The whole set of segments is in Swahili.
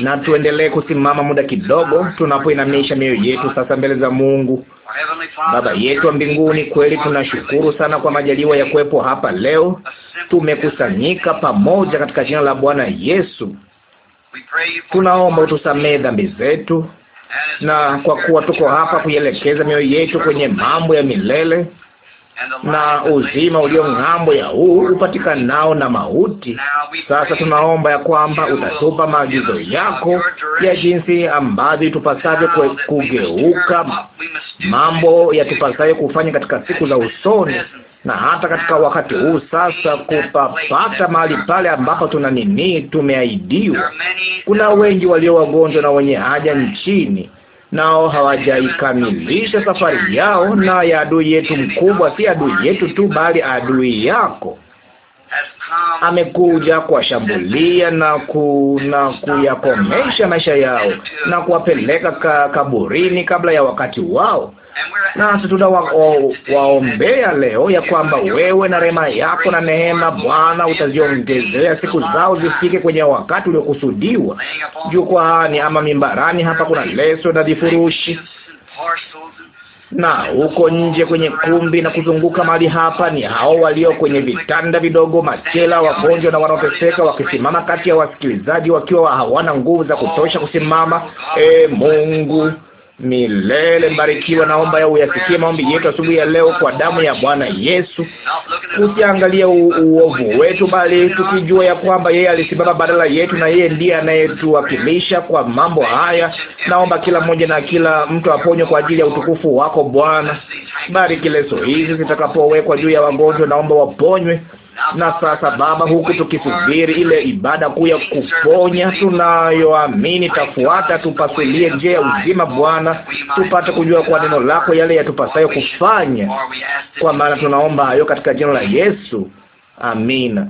na tuendelee kusimama muda kidogo, tunapoinamisha mioyo yetu sasa mbele za Mungu. Baba yetu wa mbinguni, kweli tunashukuru sana kwa majaliwa ya kuwepo hapa leo, tumekusanyika pamoja katika jina la Bwana Yesu. Tunaomba utusamehe dhambi zetu, na kwa kuwa tuko hapa kuielekeza mioyo yetu kwenye mambo ya milele na uzima ulio ng'ambo ya huu upatikanao na mauti. Sasa tunaomba ya kwamba utatupa maagizo yako ya jinsi ambavyo itupasavyo kugeuka, mambo yatupasayo kufanya katika siku za usoni na hata katika wakati huu sasa, kupapata mahali pale ambapo tuna nini, tumeahidiwa. Kuna wengi walio wagonjwa na wenye haja nchini nao hawajaikamilisha safari yao, na ya adui yetu mkubwa si adui yetu tu, bali adui yako amekuja kuwashambulia na ku, na kuyakomesha maisha yao na kuwapeleka ka, kaburini kabla ya wakati wao nasi tutawaombea leo ya kwamba wewe na rehema yako na neema Bwana utaziongezea siku zao zifike kwenye wakati uliokusudiwa. Jukwaani ama mimbarani hapa kuna leso na vifurushi na huko nje kwenye kumbi na kuzunguka mahali hapa, ni hao walio kwenye vitanda vidogo, machela, wagonjwa na wanaoteseka, wakisimama kati ya wasikilizaji wakiwa hawana nguvu za kutosha kusimama. E Mungu milele. Barikiwa, naomba ya uyasikie maombi yetu asubuhi ya leo kwa damu ya Bwana Yesu, Usiangalie uovu wetu, bali tukijua ya kwamba yeye alisimama badala yetu na yeye ndiye anayetuwakilisha kwa mambo haya. Naomba kila mmoja na kila mtu aponywe kwa ajili ya utukufu wako Bwana. Bariki leso hizi zitakapowekwa juu ya wagonjwa, naomba waponywe na sasa Baba, huku tukisubiri ile ibada kuu ya kuponya tunayoamini tafuata, tupasulie njia ya uzima Bwana, tupate kujua kwa neno lako yale yatupasayo kufanya, kwa maana tunaomba hayo katika jina la Yesu, amina.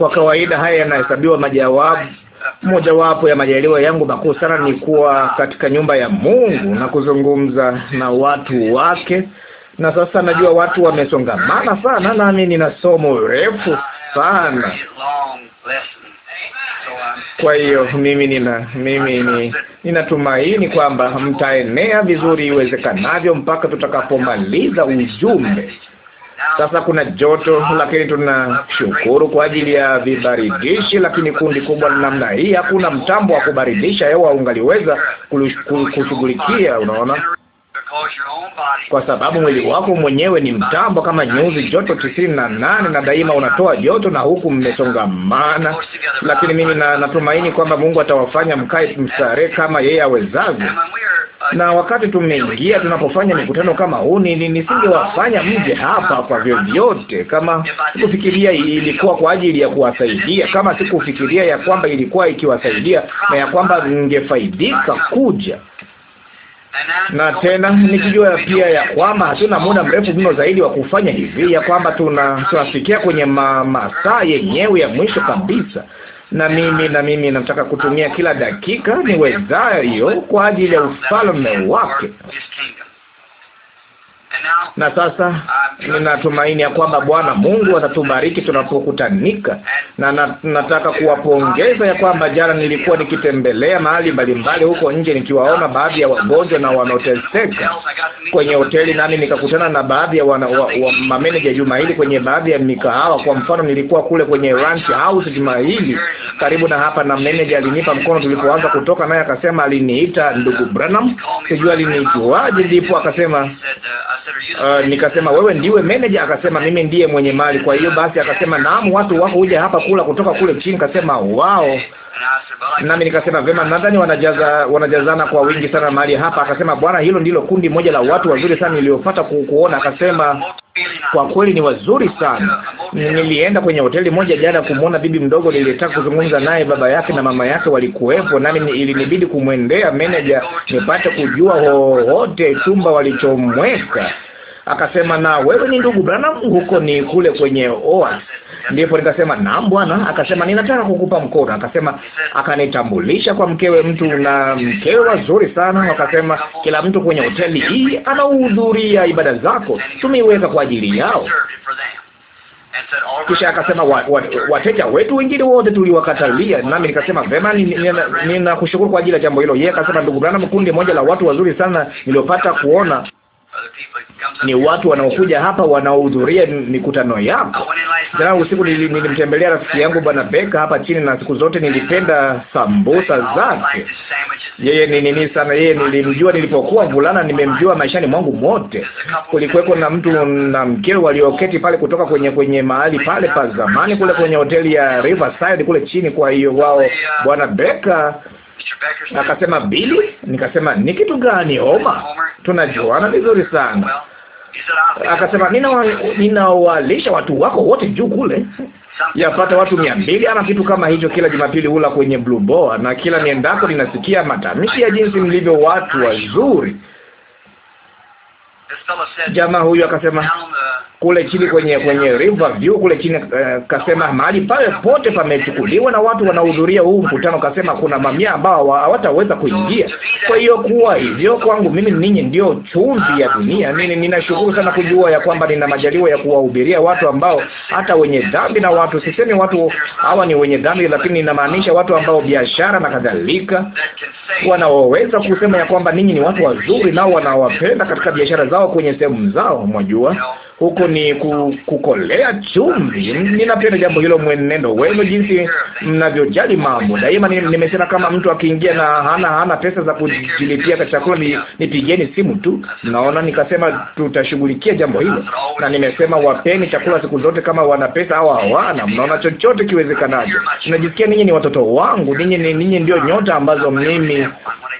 Kwa kawaida haya yanahesabiwa majawabu mojawapo ya majaliwa yangu makuu sana ni kuwa katika nyumba ya Mungu na kuzungumza na watu wake. Na sasa najua watu wamesongamana sana, nami nina somo refu sana. Kwa hiyo mimi nina mimi ni ninatumaini kwamba mtaenea vizuri iwezekanavyo mpaka tutakapomaliza ujumbe. Sasa kuna joto, lakini tunashukuru kwa ajili ya vibaridishi. Lakini kundi kubwa namna hii, hakuna mtambo wa kubaridisha hewa ungaliweza kushughulikia, unaona, kwa sababu mwili wako mwenyewe ni mtambo, kama nyuzi joto tisini na nane na daima unatoa joto, na huku mmesongamana. Lakini mimi na, natumaini kwamba Mungu atawafanya mkae mstarehe kama yeye awezavyo na wakati tumeingia, tunapofanya mikutano kama huu, ni nisingewafanya mje hapa kwa vyovyote kama sikufikiria ilikuwa kwa ajili ya kuwasaidia, kama sikufikiria ya kwamba ilikuwa ikiwasaidia na ya kwamba ningefaidika kuja na tena nikijua pia ya kwamba hatuna muda mrefu mno zaidi wa kufanya hivi, ya kwamba tuna tunafikia kwenye ma, masaa yenyewe ya mwisho kabisa na mimi na mimi nataka kutumia kila dakika niwezayo kwa ajili ya ufalme wake. Na sasa ninatumaini ya kwamba Bwana Mungu atatubariki tunapokutanika, na, nataka kuwapongeza ya kwamba jana nilikuwa nikitembelea mahali mbalimbali huko nje nikiwaona baadhi ya wagonjwa na wanaoteseka kwenye hoteli, nami nikakutana na baadhi ya wana, wa, wa, mameneja juma hili kwenye baadhi ya mikahawa. Kwa mfano, nilikuwa kule kwenye Ranch House juma hili karibu na hapa, na meneja alinipa mkono tulipoanza kutoka, naye akasema aliniita ndugu Branham, sijui alinijuaje, ndipo akasema Uh, nikasema wewe ndiwe meneja? Akasema mimi ndiye mwenye mali. Kwa hiyo basi, akasema naam, watu wako uja hapa kula kutoka kule chini. Kasema wao nami nikasema vema, nadhani wanajaza wanajazana kwa wingi sana mahali hapa. Akasema, bwana, hilo ndilo kundi moja la watu wazuri sana niliopata kuona. Akasema kwa kweli ni wazuri sana. Nilienda kwenye hoteli moja jana kumwona bibi mdogo, nilitaka kuzungumza naye. Baba yake na mama yake walikuwepo, nami ilinibidi kumwendea meneja nipate kujua hohote chumba walichomweka. Akasema, na wewe ni ndugu Branham? Huko ni kule kwenye Oa Ndipo nikasema naam bwana. Akasema ninataka kukupa mkono. Akasema, akanitambulisha kwa mkewe, mtu na mkewe wazuri sana. Wakasema kila mtu kwenye hoteli hii anahudhuria ibada zako, tumeiweka kwa ajili yao. Kisha akasema wateja wetu wengine wote tuliwakatalia. Nami nikasema vema, ninakushukuru kwa ajili ya jambo hilo. Yeye akasema, ndugu Branham, kundi moja la watu wazuri sana niliopata kuona ni watu wanaokuja hapa wanaohudhuria mikutano yako. Jana usiku nilimtembelea rafiki yangu Bwana Beka hapa chini, na siku zote nilipenda sambusa zake. Yeye ni nini sana, yeye nilimjua nilipokuwa mvulana, nimemjua maishani mwangu mote. Kulikuweko na mtu na mkewe walioketi pale kutoka kwenye kwenye mahali pale pa zamani kule kwenye hoteli ya Riverside kule chini. Kwa hiyo wao Bwana Beka Akasema, Bili? Nikasema, ni kitu gani Homa? Tunajuana vizuri sana. Akasema, ninawalisha watu wako wote juu kule, yapata watu mia mbili ama kitu kama hicho, kila Jumapili hula kwenye Blue Boa, na kila niendako ninasikia matamshi ya jinsi mlivyo watu wazuri. Jamaa huyu akasema kule chini kwenye kwenye River View kule chini uh, kasema mahali pale pote pamechukuliwa na watu wanahudhuria huu mkutano. Kasema kuna mamia ambao hawataweza kuingia. Kwa hiyo kuwa hivyo kwangu mimi, ninyi ndio chumvi ya dunia. Mimi ninashukuru sana kujua ya kwamba nina majaliwa ya kuwahubiria watu ambao hata wenye dhambi na watu, sisemi watu hawa ni wenye dhambi, lakini ninamaanisha watu ambao biashara na kadhalika, wanaoweza kusema ya kwamba ninyi ni watu wazuri, nao wanawapenda katika biashara zao, kwenye sehemu zao, mwajua huko ni kukolea chumvi. Ninapenda jambo hilo, mwenendo wenu, jinsi mnavyojali mambo daima. Nimesema kama mtu akiingia na hana hana pesa za kujilipia kwa chakula, ni nipigeni simu tu, naona. Nikasema tutashughulikia jambo hilo, na nimesema wapeni chakula siku zote, kama wana pesa au hawana. Mnaona, chochote kiwezekanacho. Najisikia ninyi ni watoto wangu, ninyi ninyi ndio nyota ambazo mimi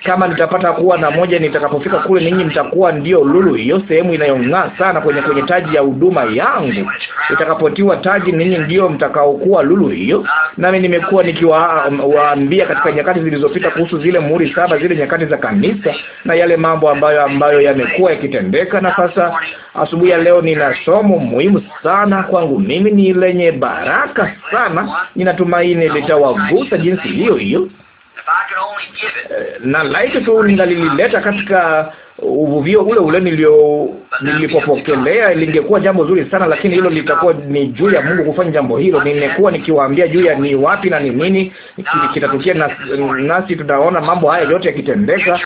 kama nitapata kuwa na moja nitakapofika kule, ninyi mtakuwa ndio lulu hiyo, sehemu inayong'aa sana kwenye kwenye taji ya huduma yangu. Itakapotiwa taji, ninyi ndio mtakaokuwa lulu hiyo. Nami nimekuwa nikiwaambia katika nyakati zilizopita kuhusu zile muhuri saba, zile nyakati za kanisa na yale mambo ambayo ambayo yamekuwa yakitendeka. Na sasa asubuhi ya leo nina somo muhimu sana kwangu mimi, ni lenye baraka sana. Ninatumaini litawagusa jinsi hiyo hiyo eh, na laiti tu ningalilileta katika uvuvio ule ule nilio nilipopokelea lingekuwa jambo zuri sana, lakini hilo litakuwa ni juu ya Mungu kufanya jambo hilo. Nimekuwa nikiwaambia juu ya ni wapi na ni nini kitatukia, na nasi tutaona mambo haya yote yakitendeka.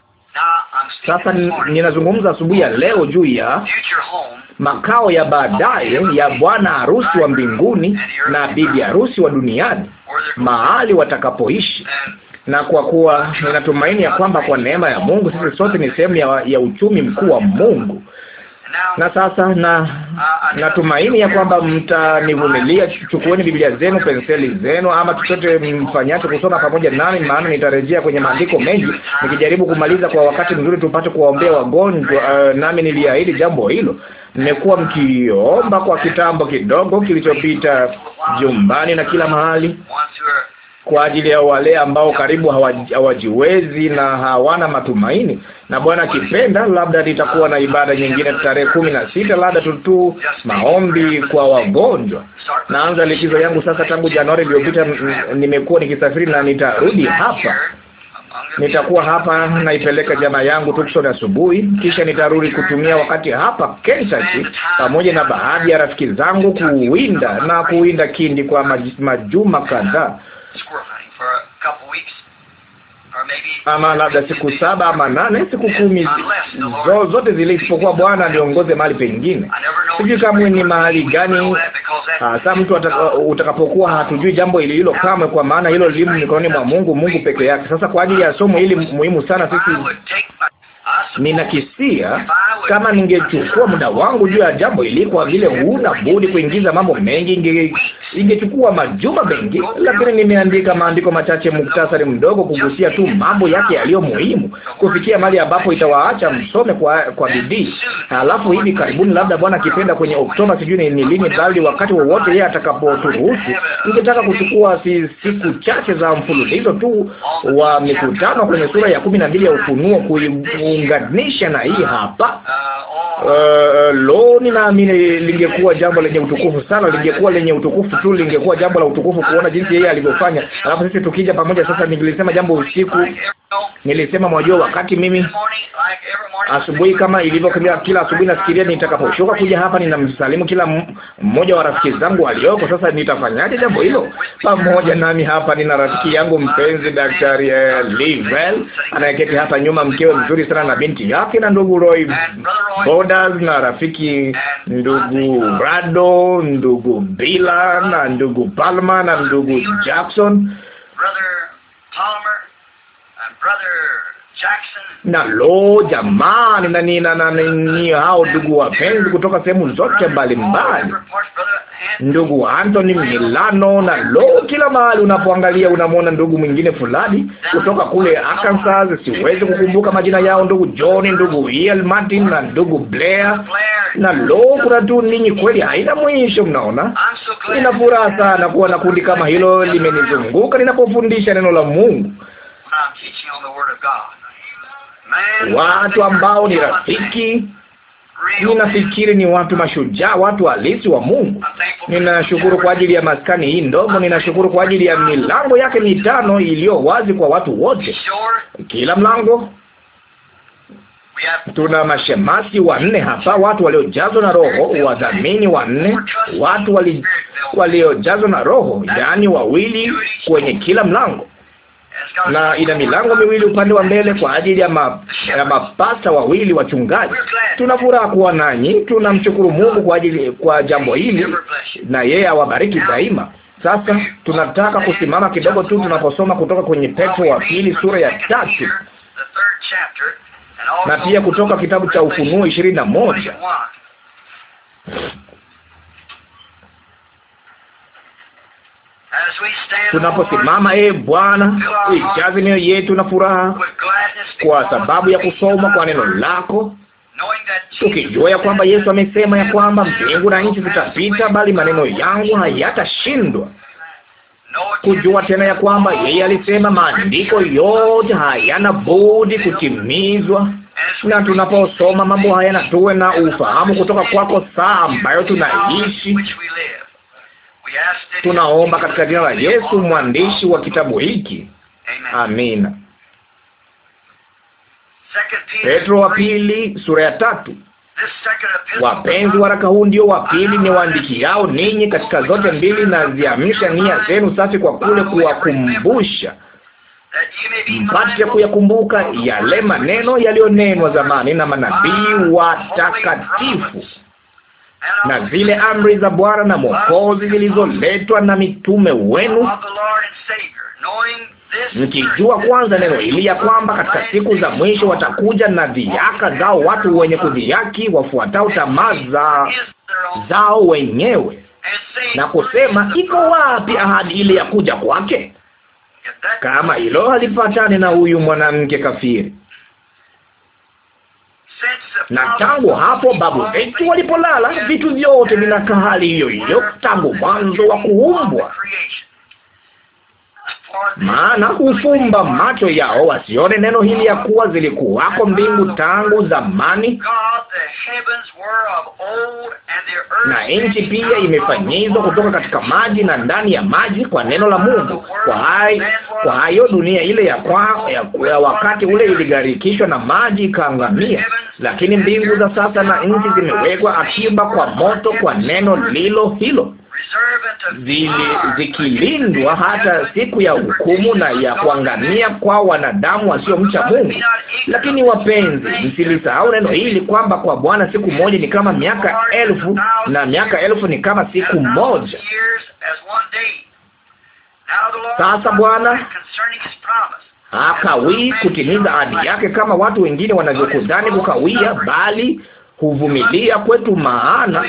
Sasa ninazungumza asubuhi ya leo juu ya makao ya baadaye ya bwana harusi wa mbinguni na bibi harusi wa duniani, mahali watakapoishi na kwa kuwa ninatumaini ya kwamba kwa neema ya Mungu sisi sote ni sehemu ya, ya uchumi mkuu wa Mungu. Na sasa na natumaini ya kwamba mtanivumilia. Chukueni Biblia zenu, penseli zenu, ama chochote mfanyacho kusoma pamoja nami, maana nitarejea kwenye maandiko mengi nikijaribu kumaliza kwa wakati mzuri, tupate kuwaombea wagonjwa. Uh, nami niliahidi jambo hilo. Mmekuwa mkiomba kwa kitambo kidogo kilichopita, jumbani na kila mahali kwa ajili ya wale ambao karibu hawajiwezi na hawana matumaini. Na Bwana akipenda, labda nitakuwa na ibada nyingine tarehe kumi na sita, labda tutu maombi kwa wagonjwa. Naanza likizo yangu sasa. Tangu Januari iliyopita nimekuwa nikisafiri na nitarudi hapa nitakuwa hapa, naipeleka jana yangu Tucson asubuhi, kisha nitarudi kutumia wakati hapa Kentucky pamoja na baadhi ya rafiki zangu kuwinda na kuwinda kindi kwa majuma kadhaa ama labda siku saba ama nane, siku kumi zote zile, isipokuwa Bwana aliongoze mahali pengine. Sijui kamwe ni mahali gani hasa mtu utakapokuwa, hatujui jambo hili hilo kamwe, kwa maana hilo limu mikononi mwa Mungu, Mungu peke yake. Sasa kwa ajili ya somo hili muhimu sana, sisi ninakisia kama ningechukua muda wangu juu ya jambo hili, kwa vile huna budi kuingiza mambo mengi, ingechukua majuma mengi, lakini nimeandika maandiko machache, muktasari mdogo, kugusia tu mambo yake yaliyo muhimu, kufikia mahali ambapo itawaacha msome kwa, kwa bidii. Halafu hivi karibuni, labda Bwana akipenda, kwenye Oktoba, sijui ni lini, bali wakati wowote yeye atakapoturuhusu, ningetaka kuchukua si, siku chache za mfululizo tu wa mikutano kwenye sura ya kumi na mbili ya Ufunuo kuiunganisha kuilinganisha na hii hapa. Ah, ah. Uh, uh lo, ninaamini lingekuwa jambo lenye utukufu sana, lingekuwa lenye utukufu tu, lingekuwa jambo la utukufu kuona jinsi yeye alivyofanya. Alafu sisi tukija pamoja. Sasa nilisema jambo usiku, nilisema mwajua, wakati mimi asubuhi, kama ilivyo kila asubuhi, nafikiria nitakaposhuka kuja hapa, ninamsalimu kila mmoja wa rafiki zangu walioko. Sasa nitafanyaje jambo hilo? Pamoja nami hapa nina rafiki yangu mpenzi Daktari eh, Livel anayeketi hapa nyuma, mkewe mzuri sana na binti yake na ndugu Roy Bodas na rafiki ndugu Brado, ndugu Bila na ndugu Palma na ndugu Jackson na lo jamani, nina na nani hao ndugu wapenzi kutoka sehemu zote mbalimbali, ndugu Anthony Milano, na lo, kila mahali unapoangalia unamwona ndugu mwingine fulani kutoka kule Arkansas, siwezi kukumbuka majina yao, ndugu John, ndugu El Martin na ndugu Blair, na lo, kuna tu ninyi kweli, haina mwisho. Mnaona, nina furaha sana kuwa na kundi kama hilo limenizunguka ninapofundisha neno la Mungu watu ambao ni rafiki. Ninafikiri ni watu mashujaa, watu halisi wa Mungu. Ninashukuru kwa ajili ya maskani hii ndogo, ninashukuru kwa ajili ya milango yake mitano iliyo wazi kwa watu wote, kila mlango tuna mashemasi wanne hapa, watu waliojazwa na Roho, wadhamini wanne, watu wali waliojazwa na Roho, yaani wawili kwenye kila mlango na ina milango miwili upande wa mbele kwa ajili ya, ma, ya mapasta wawili wachungaji. Tuna furaha kuwa nanyi, tunamshukuru Mungu kwa ajili kwa jambo hili, na yeye awabariki daima. Sasa tunataka kusimama kidogo tu tunaposoma kutoka kwenye Petro wa pili sura ya tatu na pia kutoka kitabu cha Ufunuo ishirini na moja Tunaposimama, e Bwana, ijaze ee mioyo yetu na furaha kwa sababu ya kusoma kwa neno lako, tukijua ya kwamba Yesu amesema ya kwamba mbingu na nchi zitapita, bali maneno yangu hayatashindwa kujua tena ya kwamba yeye alisema maandiko yote hayana budi kutimizwa. Na tunaposoma mambo haya, na tuwe na ufahamu kutoka kwako, saa ambayo tunaishi, Tunaomba katika jina la Yesu, mwandishi wa kitabu hiki, amina. Petro wa pili sura ya tatu. Wapenzi, waraka huu ndio wa pili ni waandikiao ninyi katika zote mbili, na ziamisha nia zenu safi kwa kule kuwakumbusha, mpate kuyakumbuka yale maneno yaliyonenwa zamani na manabii watakatifu na zile amri za Bwana na Mwokozi zilizoletwa na mitume wenu, mkijua kwanza neno hili ya kwamba katika siku za mwisho watakuja na dhihaka zao watu wenye kudhihaki, wafuatao tamaa za zao wenyewe na kusema, iko wapi ahadi ile ya kuja kwake? Kama hilo halipatani na huyu mwanamke kafiri na tangu hapo babu wetu walipolala, vitu vyote vinakaa hali hiyo hiyo tangu mwanzo wa kuumbwa maana hufumba macho yao wasione neno hili ya kuwa zilikuwako mbingu tangu zamani, na nchi pia imefanyizwa kutoka katika maji na ndani ya maji kwa neno la Mungu. Kwa hai, kwa hayo dunia ile ya, kwa, ya, ya wakati ule iligarikishwa na maji ikaangamia, lakini mbingu za sasa na nchi zimewekwa akiba kwa moto kwa neno lilo hilo zili zikilindwa hata siku ya hukumu na ya kuangamia kwa wanadamu wasiomcha Mungu. Lakini wapenzi, msilisahau neno hili kwamba kwa Bwana siku moja ni kama miaka elfu na miaka elfu ni kama siku moja. Sasa Bwana hakawii kutimiza ahadi yake kama watu wengine wanavyokudhani kukawia, bali huvumilia kwetu, maana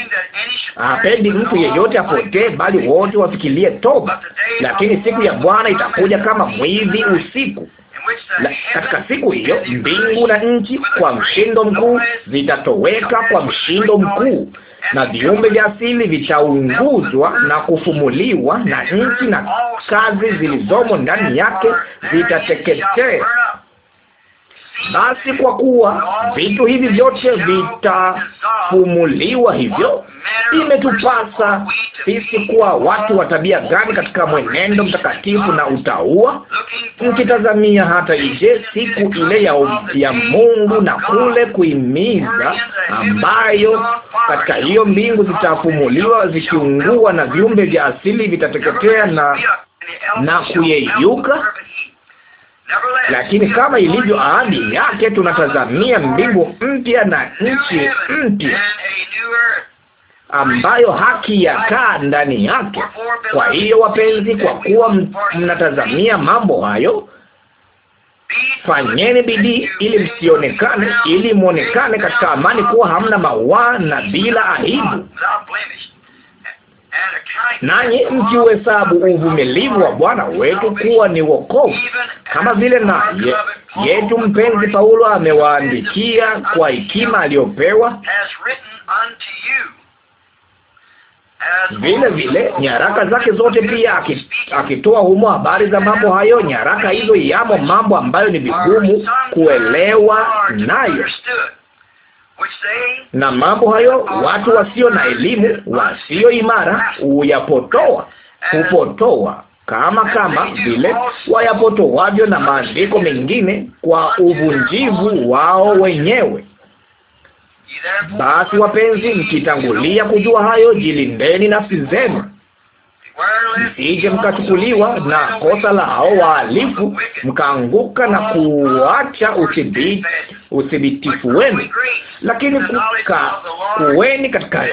hapendi mtu yeyote apotee, bali wote wafikilie toba. Lakini siku ya Bwana itakuja kama mwizi usiku. La, katika siku hiyo mbingu na nchi kwa mshindo mkuu zitatoweka kwa mshindo mkuu, na viumbe vya asili vitaunguzwa na kufumuliwa, na nchi na kazi zilizomo ndani yake zitateketea. Basi kwa kuwa vitu hivi vyote vitafumuliwa, hivyo imetupasa sisi kuwa watu wa tabia gani katika mwenendo mtakatifu na utaua, mkitazamia hata ije siku ile ya, ya Mungu na kule kuimiza, ambayo katika hiyo mbingu zitafumuliwa zikiungua na viumbe vya asili vitateketea na na kuyeyuka lakini kama ilivyo ahadi yake, tunatazamia mbingu mpya na nchi mpya ambayo haki yakaa ndani yake. Kwa hiyo, wapenzi, kwa kuwa mnatazamia mambo hayo, fanyeni bidii ili msionekane, ili mwonekane katika amani kuwa hamna mawaa na bila aibu nanyi mkiuhesabu uvumilivu wa Bwana wetu kuwa ni wokovu, kama vile naye yetu mpenzi Paulo amewaandikia kwa hekima aliyopewa vile vile nyaraka zake zote pia akitoa humo habari za mambo hayo. Nyaraka hizo yamo mambo ambayo ni vigumu kuelewa nayo na mambo hayo watu wasio na elimu, wasio imara huyapotoa, hupotoa kama kama vile wayapotoavyo na maandiko mengine kwa uvunjivu wao wenyewe. Basi wapenzi, mkitangulia kujua hayo, jilindeni nafsi zenu msije mkachukuliwa na kosa la hao wahalifu, mkaanguka na kuacha uthibiti uthibitifu wenu, lakini kuka, kuweni katika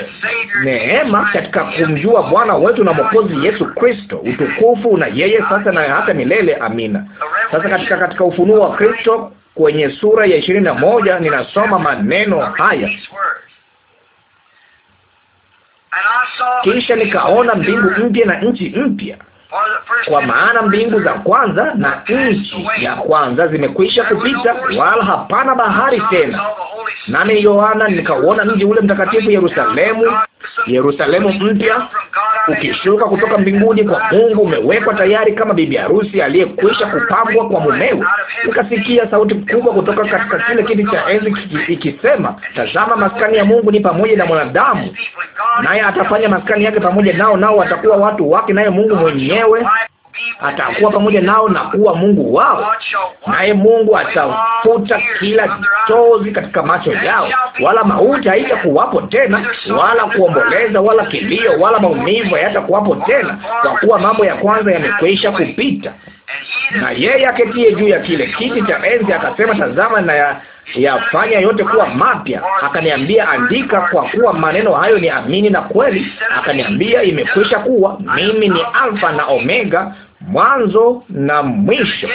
neema, katika kumjua Bwana wetu na Mwokozi Yesu Kristo. Utukufu na yeye sasa na hata milele, amina. Sasa katika katika ufunuo wa Kristo kwenye sura ya ishirini na moja ninasoma maneno haya kisha nikaona mbingu mpya na nchi mpya, kwa maana mbingu za kwanza na nchi ya kwanza zimekwisha kupita, wala hapana bahari tena. Nami Yohana nikauona mji ule mtakatifu Yerusalemu Yerusalemu mpya ukishuka kutoka mbinguni kwa Mungu, umewekwa tayari kama bibi harusi aliyekwisha kupambwa kwa mumewe. Nikasikia sauti kubwa kutoka katika kile kiti cha enzi ikisema, tazama, maskani ya Mungu ni pamoja na mwanadamu, naye atafanya maskani yake pamoja nao, nao watakuwa watu wake, naye Mungu mwenyewe atakuwa pamoja nao na kuwa Mungu wao, naye Mungu atafuta kila chozi katika macho yao, wala mauti haitakuwapo tena, wala kuomboleza, wala kilio, wala maumivu hayatakuwapo tena, kwa kuwa mambo ya kwanza yamekwisha kupita na yeye aketie juu ya kile kiti cha enzi akasema, tazama na yafanya yote kuwa mapya. Akaniambia, andika, kwa kuwa maneno hayo ni amini na kweli. Akaniambia, imekwisha kuwa. Mimi ni Alfa na Omega, mwanzo na mwisho.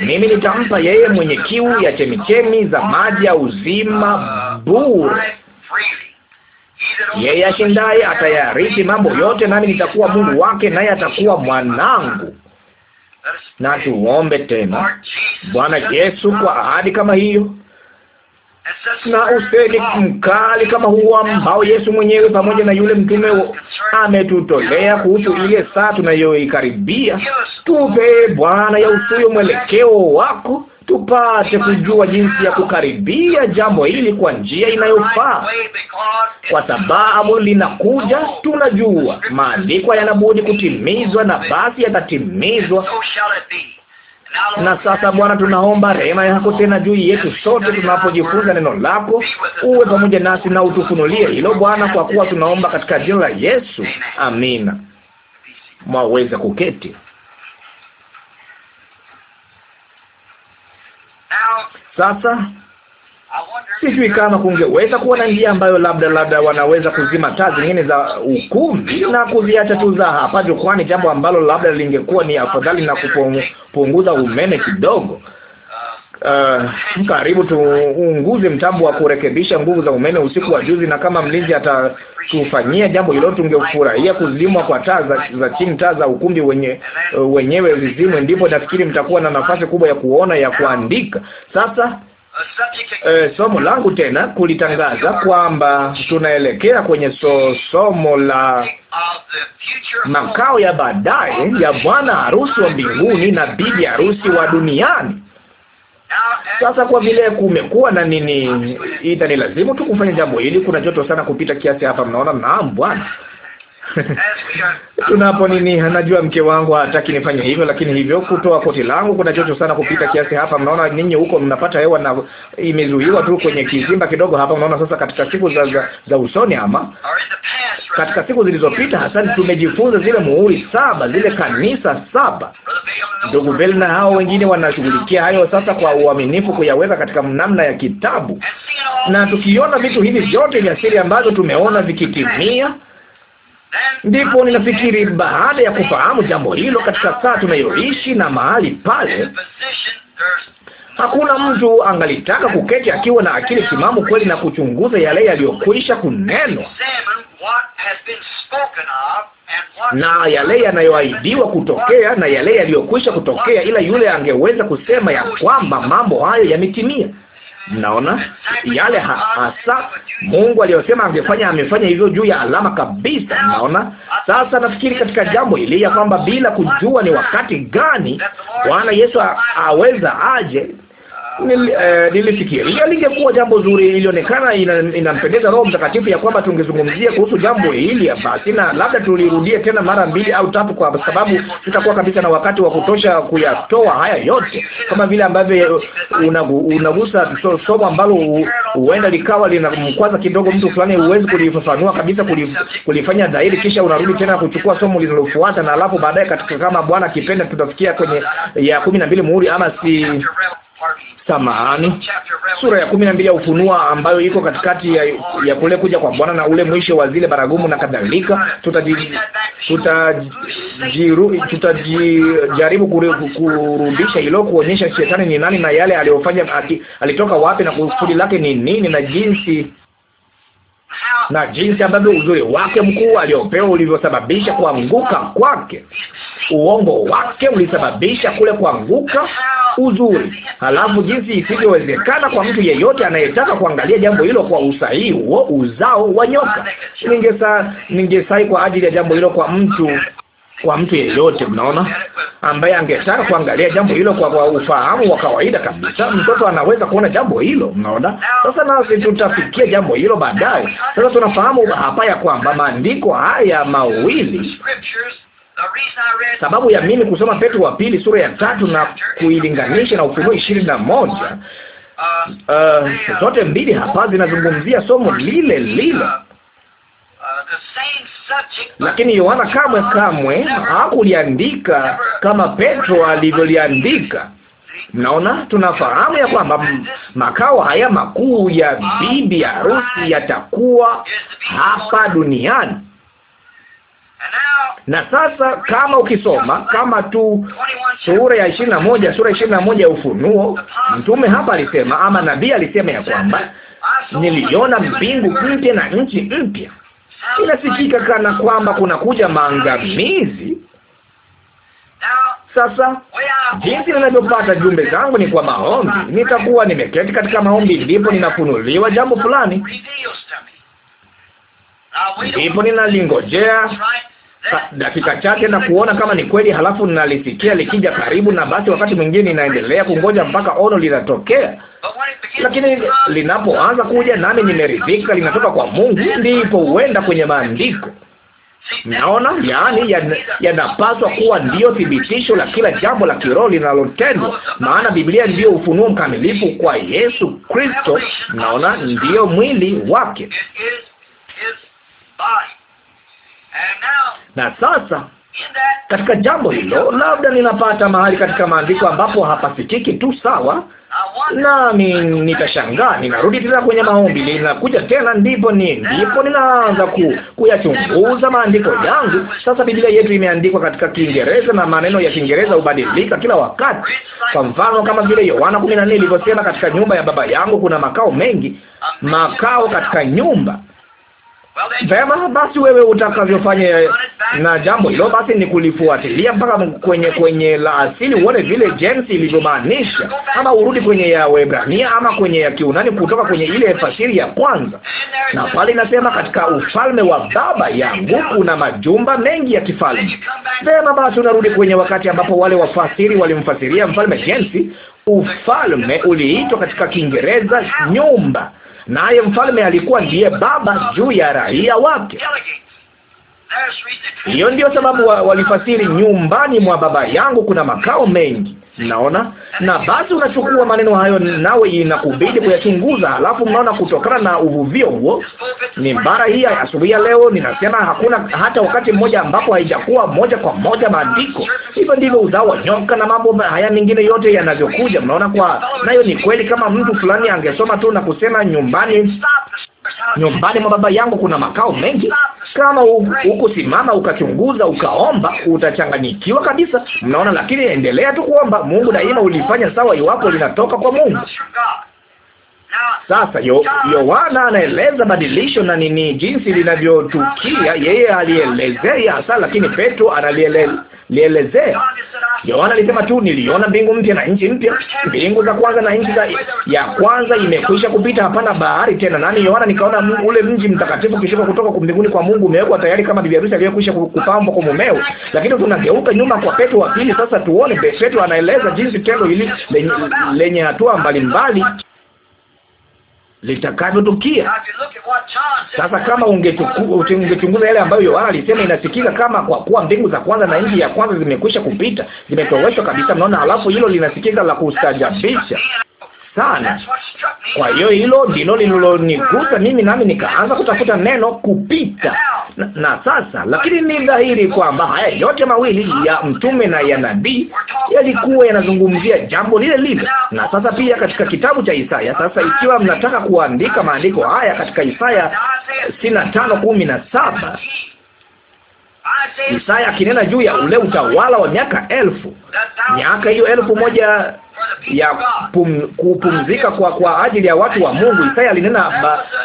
Mimi nitampa yeye mwenye kiu ya chemichemi za maji ya uzima bure. Yeye ashindaye atayarithi mambo yote, nami nitakuwa Mungu wake, naye atakuwa mwanangu. Na tuombe tena. Bwana Yesu, kwa ahadi kama hiyo na usemi mkali kama huo ambao Yesu mwenyewe pamoja na yule mtume ametutolea kuhusu ile saa tunayoikaribia, tupe Bwana ya usuyo mwelekeo wako tupate kujua jinsi ya kukaribia jambo hili kwa njia inayofaa, kwa sababu linakuja. Tunajua maandiko yanabudi kutimizwa, na basi yatatimizwa. Na sasa Bwana, tunaomba rehema yako tena juu yetu sote tunapojifunza neno lako. Uwe pamoja nasi na utufunulie hilo Bwana, kwa kuwa tunaomba katika jina la Yesu, amina. Mwaweza kuketi. Sasa sijui kama kungeweza kuwa na njia ambayo labda labda wanaweza kuzima taa zingine za ukumbi na kuziacha tu za hapa jukwani, jambo ambalo labda lingekuwa ni afadhali na kupunguza umeme kidogo. Uh, uh, karibu tuunguze mtambo wa kurekebisha nguvu za umeme usiku wa juzi, na kama mlinzi ata tufanyia jambo hilo, tungefurahia kuzimwa kwa taa za, za chini, taa za ukumbi wenye, wenyewe zizimwe. Ndipo nafikiri mtakuwa na nafasi kubwa ya kuona ya kuandika. Sasa Uh, somo langu tena kulitangaza kwamba tunaelekea kwenye so, somo la makao ya baadaye ya bwana harusi wa mbinguni na bibi harusi wa duniani. Sasa kwa vile kumekuwa na nini, itanilazimu tu kufanya jambo hili. Kuna joto sana kupita kiasi hapa, mnaona. Naam, Bwana tunapo nini. Najua mke wangu hataki nifanye hivyo, lakini hivyo kutoa koti langu kuna chocho sana kupita kiasi hapa. Mnaona ninyi huko mnapata hewa na imezuiwa tu kwenye kizimba kidogo hapa. Mnaona sasa, katika siku za, za, za usoni ama katika siku zilizopita hasani tumejifunza zile muhuri saba, zile kanisa saba. Ndugu Bell na hao wengine wanashughulikia hayo sasa kwa uaminifu kuyaweka katika namna ya kitabu, na tukiona vitu hivi vyote vya siri ambazo tumeona vikitimia Ndipo ninafikiri baada ya kufahamu jambo hilo katika saa tunayoishi na mahali pale hakuna mtu angalitaka kuketi akiwa na akili timamu kweli na kuchunguza yale yaliyokwisha kunenwa na yale yanayoahidiwa kutokea na yale yaliyokwisha kutokea, ila yule angeweza kusema ya kwamba mambo hayo yametimia. Mnaona yale hasa Mungu aliyosema angefanya, amefanya hivyo juu ya alama kabisa. Mnaona sasa, nafikiri katika jambo hili ya kwamba bila kujua ni wakati gani Bwana Yesu aweza aje Nil, eh, lingekuwa jambo zuri, ilionekana inampendeza ina Roho Mtakatifu ya kwamba tungezungumzia kuhusu jambo hili basi, na labda tulirudie tena mara mbili au tatu, kwa sababu tutakuwa kabisa na wakati wa kutosha kuyatoa haya yote, kama vile ambavyo eh, unagusa somo so ambalo huenda likawa linamkwaza kidogo mtu fulani, huwezi kulifafanua kabisa, kulif, kulifanya dhahiri, kisha unarudi tena kuchukua somo linalofuata, na alafu baadaye katika, kama Bwana akipenda, tutafikia kwenye ya kumi na mbili muhuri ama si samahani, sura ya kumi na mbili ya Ufunua, ambayo iko katikati ya, ya kule kuja kwa Bwana na ule mwisho wa zile baragumu na kadhalika. Tutajaribu tuta kurudisha hilo, kuonyesha shetani ni nani na yale aliyofanya, alitoka wapi na kusudi lake ni nini na jinsi na jinsi ambavyo uzuri wake mkuu aliopewa ulivyosababisha kuanguka kwake. Uongo wake ulisababisha kule kuanguka uzuri, halafu jinsi isivyowezekana kwa mtu yeyote anayetaka kuangalia jambo hilo kwa usahihi huo uzao wa nyoka. Ningesai, ningesai kwa ajili ya jambo hilo kwa mtu kwa mtu yeyote, mnaona, ambaye angetaka kuangalia jambo hilo kwa, kwa ufahamu wa kawaida kabisa. Mtoto anaweza kuona jambo hilo, mnaona. Sasa nasi tutafikia jambo hilo baadaye. Sasa tunafahamu hapa ya kwamba maandiko haya mawili sababu ya mimi kusoma Petro wa pili sura ya tatu na kuilinganisha na Ufunuo ishirini na moja, uh, zote mbili hapa zinazungumzia somo lile lile lakini Yohana kamwe kamwe hakuliandika kama Petro alivyoliandika. Mnaona, tunafahamu ya kwamba makao haya makuu ya bibi harusi yatakuwa hapa duniani. Na sasa kama ukisoma kama tu sura ya ishirini na moja sura ishirini na moja ya Ufunuo, mtume hapa alisema ama nabii alisema ya kwamba niliona mbingu mpya na nchi mpya Inasikika kana kwamba kuna kuja maangamizi. Sasa jinsi ninavyopata jumbe zangu ni kwa maombi. Nitakuwa nimeketi katika maombi, ndipo ninafunuliwa jambo fulani, ndipo ninalingojea dakika chache na kuona kama ni kweli, halafu nalisikia likija karibu, na basi wakati mwingine inaendelea kungoja mpaka ono linatokea. Lakini linapoanza kuja nami nimeridhika, linatoka kwa Mungu, ndipo huenda kwenye maandiko Mnaona, yaani yanapaswa ya kuwa ndiyo thibitisho la kila jambo la kiroho linalotendwa, maana Biblia ndiyo ufunuo mkamilifu kwa Yesu Kristo. Mnaona, ndiyo mwili wake. Na sasa katika jambo hilo, labda ninapata mahali katika maandiko ambapo hapasikiki tu, sawa nami nitashangaa. Ninarudi tena kwenye maombi, linakuja tena, ndipo ni ndipo ninaanza ku, kuyachunguza maandiko yangu. Sasa Biblia yetu imeandikwa katika Kiingereza na maneno ya Kiingereza hubadilika kila wakati. Kwa mfano kama vile Yohana kumi na nne ilivyosema, katika nyumba ya Baba yangu kuna makao mengi, makao katika nyumba Vema basi, wewe utakavyofanya na jambo hilo basi ni kulifuatilia mpaka kwenye kwenye la asili, uone vile jensi ilivyomaanisha, ama urudi kwenye ya Waebrania ama kwenye ya Kiunani, kutoka kwenye ile fasiri ya kwanza. Na pale inasema katika ufalme wa baba yangu kuna majumba mengi ya kifalme. Vema basi, unarudi kwenye wakati ambapo wale wafasiri walimfasiria mfalme jensi ufalme uliitwa katika Kiingereza nyumba naye mfalme alikuwa ndiye baba juu ya raia wake. Hiyo ndiyo sababu walifasiri, nyumbani mwa baba yangu kuna makao mengi. Mnaona? Na basi unachukua maneno hayo, nawe inakubidi kuyachunguza. Halafu mnaona, kutokana na uvuvio huo, ni bara hii asubuhi ya leo ninasema hakuna hata wakati mmoja ambapo haijakuwa moja kwa moja maandiko. Hivyo ndivyo uzao wa nyoka na mambo haya mengine yote yanavyokuja. Mnaona, kwa nayo ni kweli. Kama mtu fulani angesoma tu na kusema nyumbani Nyumbani mwa Baba yangu kuna makao mengi. Kama hukusimama ukachunguza, ukaomba, utachanganyikiwa kabisa. Mnaona? Lakini endelea tu kuomba. Mungu daima ulifanya sawa, iwapo linatoka kwa Mungu. Sasa Yohana anaeleza badilisho na nini, jinsi linavyotukia yeye alielezea hasa, lakini Petro analielezea. Yohana alisema tu, niliona mbingu mpya na nchi mpya, mbingu za kwanza na nchi ya kwanza imekwisha kupita, hapana bahari tena. Nani? Yohana. Nikaona ule mji mtakatifu kishuka kutoka mbinguni kwa Mungu, umewekwa tayari kama bibi harusi aliyekwisha kupambwa kwa mumewe. Lakini tunageuka nyuma kwa Petro wa pili sasa, tuone Petro anaeleza jinsi tendo hili lenye hatua mbalimbali litakavyotukia. Sasa kama ungechunguza yale ambayo Yohana alisema, inasikika kama kwa kuwa mbingu za kwanza na nchi ya kwanza zimekwisha kupita, zimetoweshwa kabisa. Mnaona, alafu hilo linasikika la kustajabisha sana. Kwa hiyo hilo ndilo lililonigusa mimi, nami nikaanza kutafuta neno kupita na, na sasa. Lakini ni dhahiri kwamba haya yote mawili ya mtume na ya nabii yalikuwa yanazungumzia jambo lile lile, na sasa pia katika kitabu cha Isaya. Sasa ikiwa mnataka kuandika maandiko haya katika Isaya sitini na tano kumi na saba Isaya akinena juu ya ule utawala wa miaka elfu miaka hiyo elfu moja ya pum, kupumzika kwa kwa ajili ya watu wa Mungu. Isaya alinena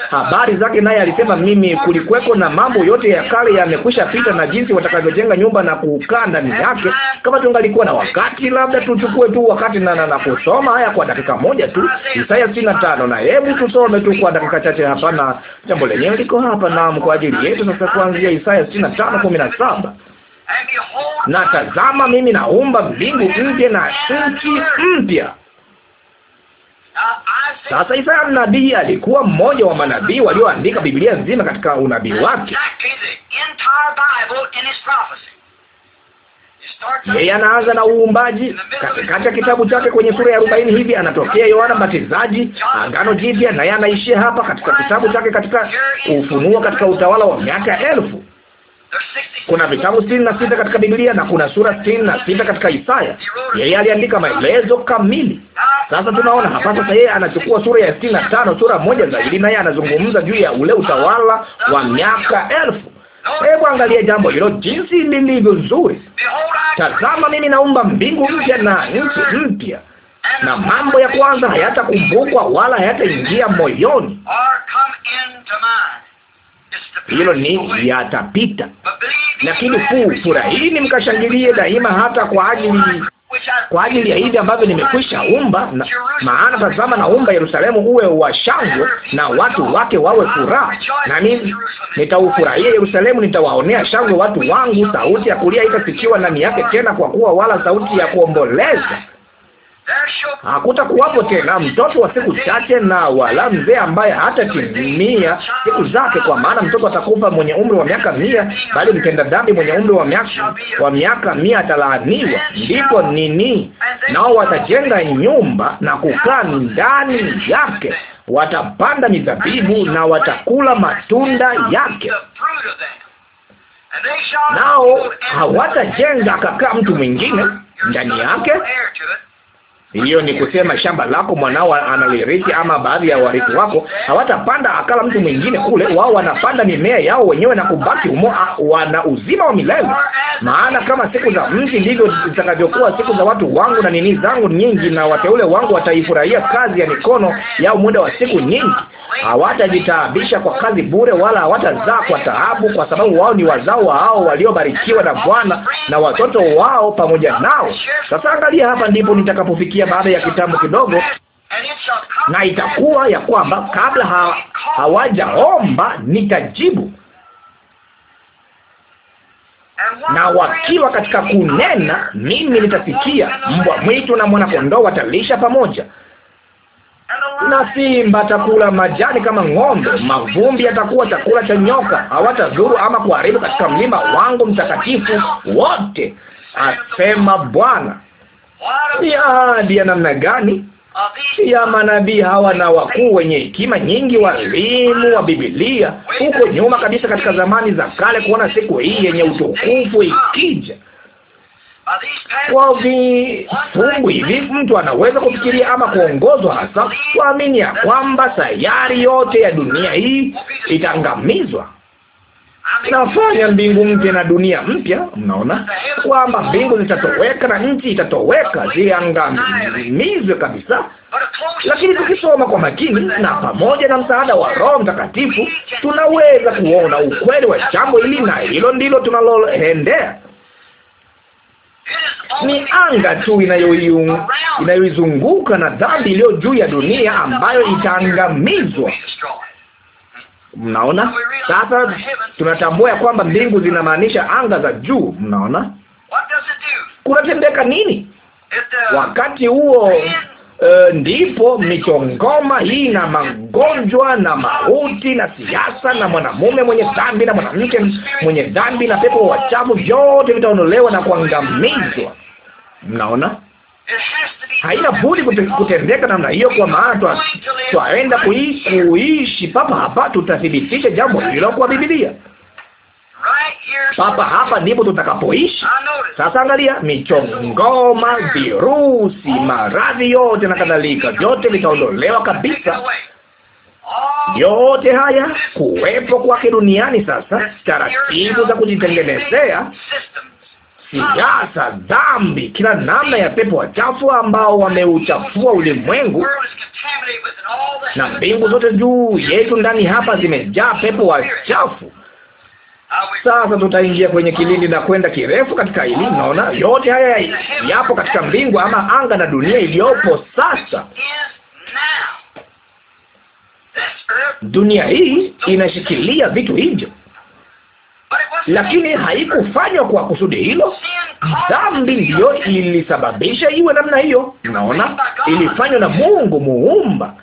habari zake, naye alisema, mimi kulikuweko na mambo yote ya kale yamekwisha pita, na jinsi watakavyojenga nyumba na kukaa ndani yake. Kama tungalikuwa na wakati, labda tuchukue tu wakati na na, na kusoma haya kwa dakika moja tu, Isaya sitini na tano, na hebu tusome tu kwa dakika chache. Hapana, jambo lenyewe liko hapa, naam, kwa ajili yetu sasa, kuanzia Isaya sitini na tano kumi na saba na tazama, mimi naumba mbingu mpya na nchi mpya. Sasa Isaya nabii alikuwa mmoja wa manabii walioandika Biblia nzima katika unabii wake. Yeye anaanza na uumbaji katikati ya kitabu chake kwenye sura ya arobaini hivi, anatokea Yohana Mbatizaji, Agano Jipya, naye anaishia hapa katika kitabu chake katika Ufunuo, katika utawala wa miaka elfu. Kuna vitabu sitini na sita katika Biblia na kuna sura sitini na sita katika Isaya. Yeye aliandika maelezo kamili. Sasa tunaona hapa sasa, yeye anachukua sura ya sitini na tano, sura moja zaidi, naye anazungumza juu ya ule utawala wa miaka elfu. Hebu angalia jambo hilo jinsi lilivyo nzuri. Tazama, mimi naumba mbingu mpya na nchi mpya, na mambo ya kwanza hayatakumbukwa wala hayataingia moyoni hilo ni yatapita, lakini fuu furahini mkashangilie daima, hata kwa ajili kwa ajili ya hivi ambavyo nimekwisha umba na, maana tazama naumba Yerusalemu uwe wa shangwe na watu wake wawe furaha. Nami nitaufurahia Yerusalemu, nitawaonea shangwe watu wangu. Sauti ya kulia itasikiwa ndani yake tena, kwa kuwa wala sauti ya kuomboleza hakutakuwapo tena mtoto wa siku chache na wala mzee ambaye hatatimia siku zake, kwa maana mtoto atakufa mwenye umri wa miaka mia, bali mtenda dhambi mwenye umri wa miaka wa miaka mia atalaaniwa. Ndipo nini? Nao watajenga nyumba na kukaa ndani yake, watapanda mizabibu na watakula matunda yake nao hawatajenga akakaa mtu mwingine ndani yake, hiyo ni kusema shamba lako mwanao analirithi, ama baadhi ya warithi wako hawatapanda akala mtu mwingine kule, wao wanapanda mimea yao wenyewe na kubaki umo, wana uzima wa milele. Maana kama siku za mti ndivyo zitakavyokuwa siku za watu wangu na nini zangu nyingi, na wateule wangu wataifurahia kazi ya mikono yao muda wa siku nyingi. Hawatajitaabisha kwa kazi bure, wala hawatazaa kwa taabu, kwa sababu wao ni wazao wa hao waliobarikiwa na Bwana na watoto wao pamoja nao. Sasa angalia, hapa ndipo nitakapofikia kuja baada ya kitambo kidogo, na itakuwa ya kwamba kabla ha, hawajaomba nitajibu. Na wakiwa katika kunena, mimi nitasikia. Mbwa mwitu na mwanakondoo watalisha pamoja na simba atakula majani kama ng'ombe. Mavumbi yatakuwa chakula cha nyoka. Hawatazuru ama kuharibu katika mlima wangu mtakatifu wote, asema Bwana ni ahadi ya namna gani ya manabii hawa na wakuu wenye hekima nyingi, walimu wa Biblia huko nyuma kabisa, katika zamani za kale, kuona siku hii yenye utukufu ikija kwa vifungu hivi, mtu anaweza kufikiria ama kuongozwa hasa kuamini ya kwamba sayari yote ya dunia hii itaangamizwa nafanya mbingu mpya na dunia mpya. Mnaona kwamba mbingu zitatoweka na nchi itatoweka, ziangamizwe kabisa. Lakini tukisoma kwa makini na pamoja na msaada wa Roho Mtakatifu, tunaweza kuona ukweli wa jambo hili, na hilo ndilo tunaloendea ni anga tu inayoizunguka na dhambi iliyo juu ya dunia ambayo itaangamizwa. Mnaona sasa, tunatambua ya kwamba mbingu zinamaanisha anga za juu. Mnaona kunatendeka nini uh, wakati huo? Uh, ndipo michongoma hii na magonjwa na mauti na siasa na mwanamume mwenye dhambi na mwanamke mwenye dhambi na pepo wachafu vyote vitaondolewa na kuangamizwa. Mnaona haina budi kutendeka namna hiyo, kwa maana twaenda kuishi papa hapa. Tutathibitisha jambo hilo kwa Biblia. Papa hapa ndipo tutakapoishi. Sasa angalia, michongoma, virusi, maradhi yote na kadhalika, vyote vitaondolewa kabisa. Yote haya kuwepo kwake duniani sasa, taratibu za kujitengenezea siasa, dhambi, kila namna ya pepo wachafu ambao wameuchafua ulimwengu, na mbingu zote juu yetu ndani hapa zimejaa pepo wachafu. Sasa tutaingia kwenye kilindi na kwenda kirefu katika hili. Naona yote haya yapo katika mbingu ama anga na dunia iliyopo sasa. Dunia hii inashikilia vitu hivyo lakini haikufanywa kwa kusudi hilo. Dhambi ndiyo ilisababisha iwe namna hiyo. Naona ilifanywa na Mungu muumba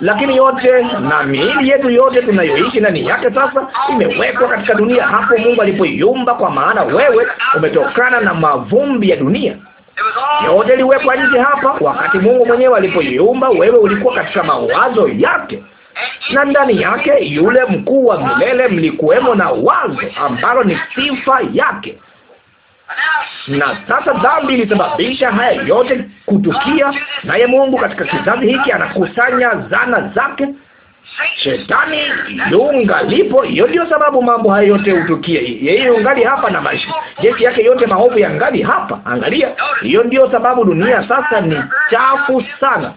lakini yote na miili yetu yote tunayoishi ndani yake sasa imewekwa katika dunia hapo Mungu alipoiumba, kwa maana wewe umetokana na mavumbi ya dunia. Yote iliwekwa nje hapa wakati Mungu mwenyewe alipoiumba. Wewe ulikuwa katika mawazo yake na ndani yake yule mkuu wa milele mlikuwemo na wazo ambalo ni sifa yake. Na sasa dhambi ilisababisha haya yote kutukia, naye Mungu katika kizazi hiki anakusanya zana zake. Shetani yungalipo. Hiyo ndio sababu mambo haya yote hutukie. Yeye yungali hapa na maisha jeshi yake yote maovu yangali hapa. Angalia, hiyo ndio sababu dunia sasa ni chafu sana.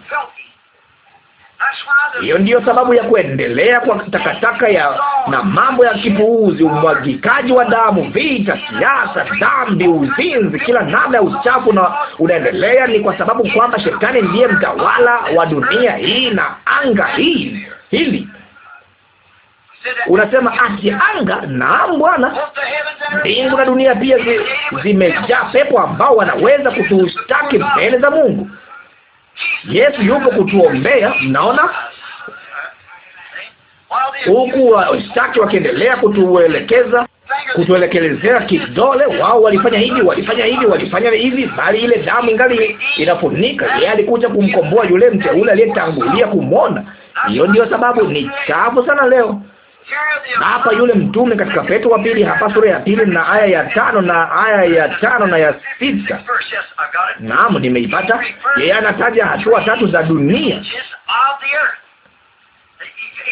Hiyo ndiyo sababu ya kuendelea kwa takataka ya na mambo ya kipuuzi, umwagikaji wa damu, vita, siasa, dhambi, uzinzi, kila namna ya uchafu na unaendelea. Ni kwa sababu kwamba shetani ndiye mtawala wa dunia hii na anga hii hili Unasema ati anga? Naam Bwana, mbingu na dunia pia zimejaa pepo ambao wanaweza kutushtaki mbele za Mungu. Yesu yuko kutuombea, mnaona huku washtaki wakiendelea kutuelekeza kutuelekelezea kidole. Wao walifanya hivi, walifanya hivi, walifanya hivi, bali ile damu ngali inafunika. Yeye alikuja kumkomboa yule mteule aliyetangulia kumwona. Hiyo ndiyo sababu ni chafu sana leo. Na hapa yule mtume katika Petro wa pili, hapa sura ya pili na aya ya tano na aya ya tano na ya sita. Naam, nimeipata. Yeye anataja hatua tatu za dunia.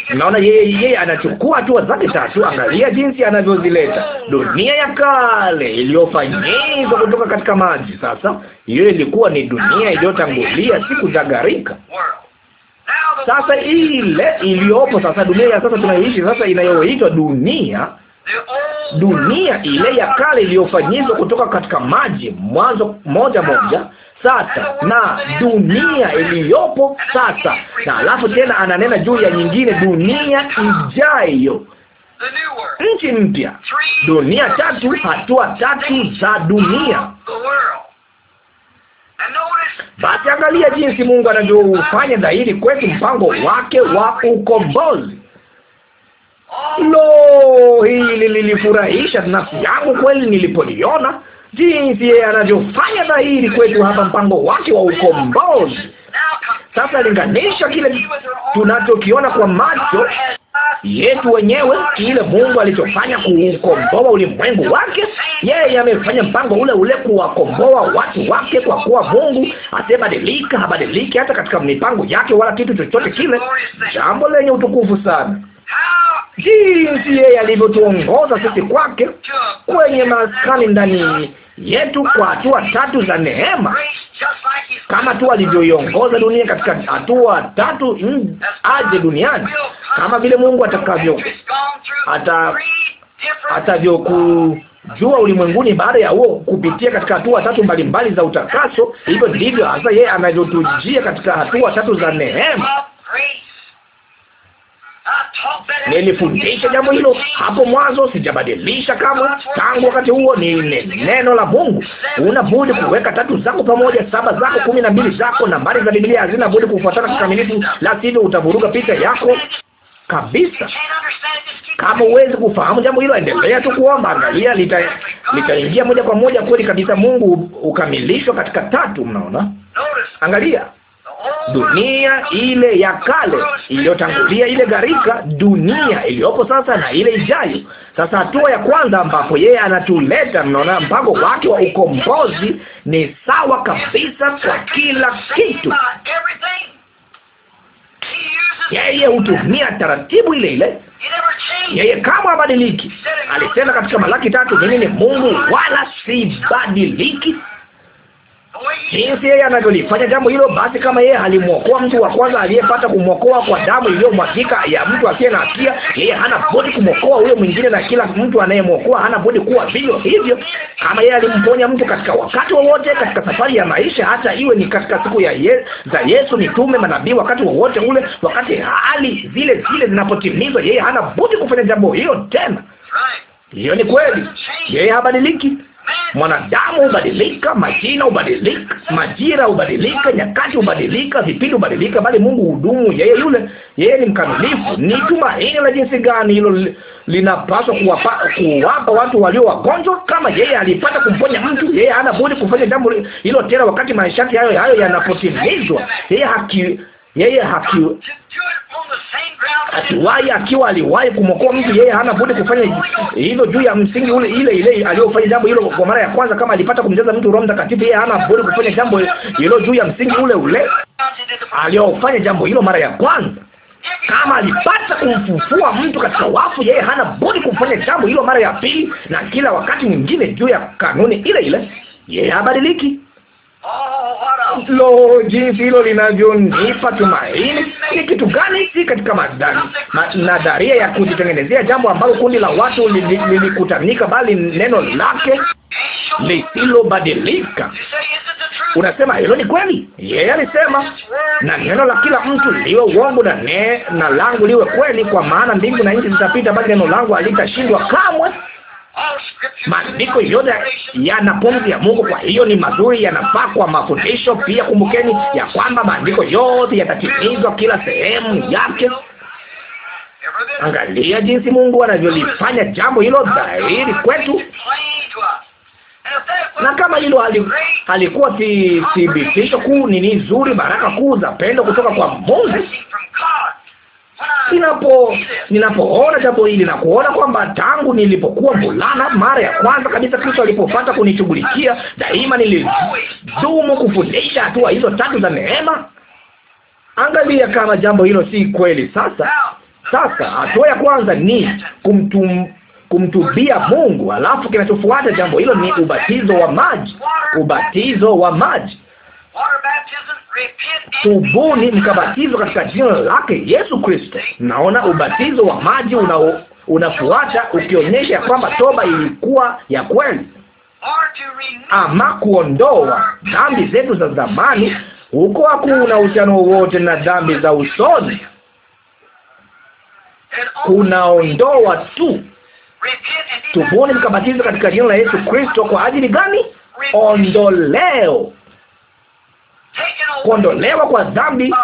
Naona yeye yeye anachukua hatua zake tatu. Angalia jinsi anavyozileta: dunia ya kale iliyofanyizwa kutoka katika maji. Sasa hiyo ilikuwa ni dunia iliyotangulia siku za gharika. Sasa ile iliyopo sasa, dunia ya sasa tunaishi sasa, inayoitwa dunia dunia ile ya kale iliyofanyizwa kutoka katika maji, Mwanzo moja moja sasa na dunia iliyopo sasa, na alafu tena ananena juu ya nyingine, dunia ijayo, nchi mpya, dunia tatu, hatua tatu za dunia. Basi angalia jinsi Mungu anavyofanya dhahiri kwetu mpango wake wa ukombozi. Lo, hili lilifurahisha nafsi yangu kweli nilipoliona, jinsi yeye anavyofanya dhahiri kwetu hapa mpango wake wa ukombozi. Sasa linganisha kile tunachokiona kwa macho yetu wenyewe, kile Mungu alichofanya kuukomboa ulimwengu wake. Yeye amefanya mpango ule ule kuwakomboa watu wake, kwa kuwa Mungu asiyebadilika habadiliki hata katika mipango yake wala kitu chochote kile. Jambo lenye utukufu sana jinsi yeye alivyotuongoza sisi kwake kwenye maskani ndani yetu kwa hatua tatu za neema, kama tu alivyoiongoza dunia katika hatua tatu aje duniani, kama vile Mungu atakavyo ata atavyokujua ulimwenguni baada ya huo kupitia katika hatua tatu mbalimbali za utakaso. Hivyo ndivyo hasa yeye anavyotujia katika hatua tatu za neema. Nilifundisha jambo hilo hapo mwanzo, sijabadilisha kamwe tangu wakati huo. Ni neno la Mungu. Una budi kuweka tatu zako pamoja, saba zako, kumi na mbili zako. Nambari za Biblia hazina budi kufuatana kikamilifu, la sivyo utavuruga picha yako kabisa. Kama huwezi kufahamu jambo hilo, endelea tu kuomba. Angalia, litaingia lita moja kwa moja kweli kabisa. Mungu ukamilishwa katika tatu. Mnaona, angalia dunia ile ya kale iliyotangulia ile gharika, dunia iliyopo sasa na ile ijayo. Sasa hatua ya kwanza ambapo yeye anatuleta, mnaona mpango wake wa ukombozi ni sawa kabisa kwa kila kitu. Yeye hutumia taratibu ile ile, yeye kama abadiliki Alisema katika Malaki tatu, mimi ni Mungu wala sibadiliki jinsi yeye anavyolifanya jambo hilo. Basi kama yeye alimwokoa mtu wa kwanza aliyepata kumwokoa kwa damu iliyomwagika ya mtu asiye na hatia, yeye hana budi kumwokoa huyo mwingine, na kila mtu anayemwokoa hana budi kuwa vivyo hivyo. Kama yeye alimponya mtu katika wakati wowote wa katika safari ya maisha, hata iwe ni katika siku ya ye, za Yesu, mitume, manabii, wakati wowote wa ule, wakati hali zile zile zinapotimizwa, yeye hana budi kufanya jambo hilo tena. Hiyo ni kweli, yeye habadiliki. Mwanadamu hubadilika, majina hubadilika, majira hubadilika, nyakati hubadilika, vipindi hubadilika, bali Mungu hudumu yeye yule. Yeye ni mkamilifu. Ni tumaini la jinsi gani hilo linapaswa kuwapa, kuwapa watu walio wagonjwa. Kama yeye alipata kumponya mtu, yeye hana budi kufanya jambo hilo tena wakati maisha yake hayo hayo yanapotimizwa. Yeye haki yeye akiwahi akiwa aliwahi kumwokoa mtu, yeye hana budi kufanya hivyo juu ya msingi ule ile ile aliyofanya jambo hilo kwa mara ya kwanza. Kama alipata kumjaza mtu Roho Mtakatifu, yeye hana budi kufanya jambo hilo juu ya msingi ule ule aliyofanya jambo hilo mara ya kwanza. Kama alipata kumfufua mtu katika wafu, yeye hana budi kufanya jambo hilo mara ya pili, na kila wakati mwingine juu ya kanuni ile ile. Yeye habadiliki. Lo, jinsi hilo linavyonipa tumaini! Ni kitu gani? hiki katika madani nadharia ya kujitengenezea jambo ambalo kundi la watu lilikutanika, bali neno lake lisilobadilika. Unasema hilo ni kweli? Yeye alisema, na neno la kila mtu liwe uongo na ne, na langu liwe kweli, kwa maana mbingu na nchi zitapita, bali neno langu halitashindwa kamwe. Maandiko yote yana pumzi ya Mungu, kwa hiyo ni mazuri, yanafaa kwa mafundisho. Pia kumbukeni ya kwamba maandiko yote yatatimizwa, kila sehemu yake. Angalia jinsi Mungu anavyolifanya jambo hilo dhahiri kwetu, na kama hilo halikuwa si thibitisho kuu, nini zuri, baraka kuu za pendo kutoka kwa Mungu Ninapo ninapoona jambo hili na kuona kwamba tangu nilipokuwa mvulana, mara ya kwanza kabisa Kristo alipopata kunishughulikia, daima nilidumu kufundisha hatua hizo tatu za neema. Angalia kama jambo hilo si kweli sasa. Sasa hatua ya kwanza ni kumtum kumtubia Mungu, alafu kinachofuata jambo hilo ni ubatizo wa maji, ubatizo wa maji tubuni mkabatizwa katika jina lake Yesu Kristo. Naona ubatizo wa maji una unafuata ukionyesha ya kwamba toba ilikuwa ya kweli, ama kuondoa dhambi zetu za zamani. Huko hakuna uhusiano wowote na dhambi za usoni, kunaondoa tu. Tubuni mkabatizwa katika jina la Yesu Kristo. Kwa ajili gani? Ondoleo kuondolewa kwa dhambi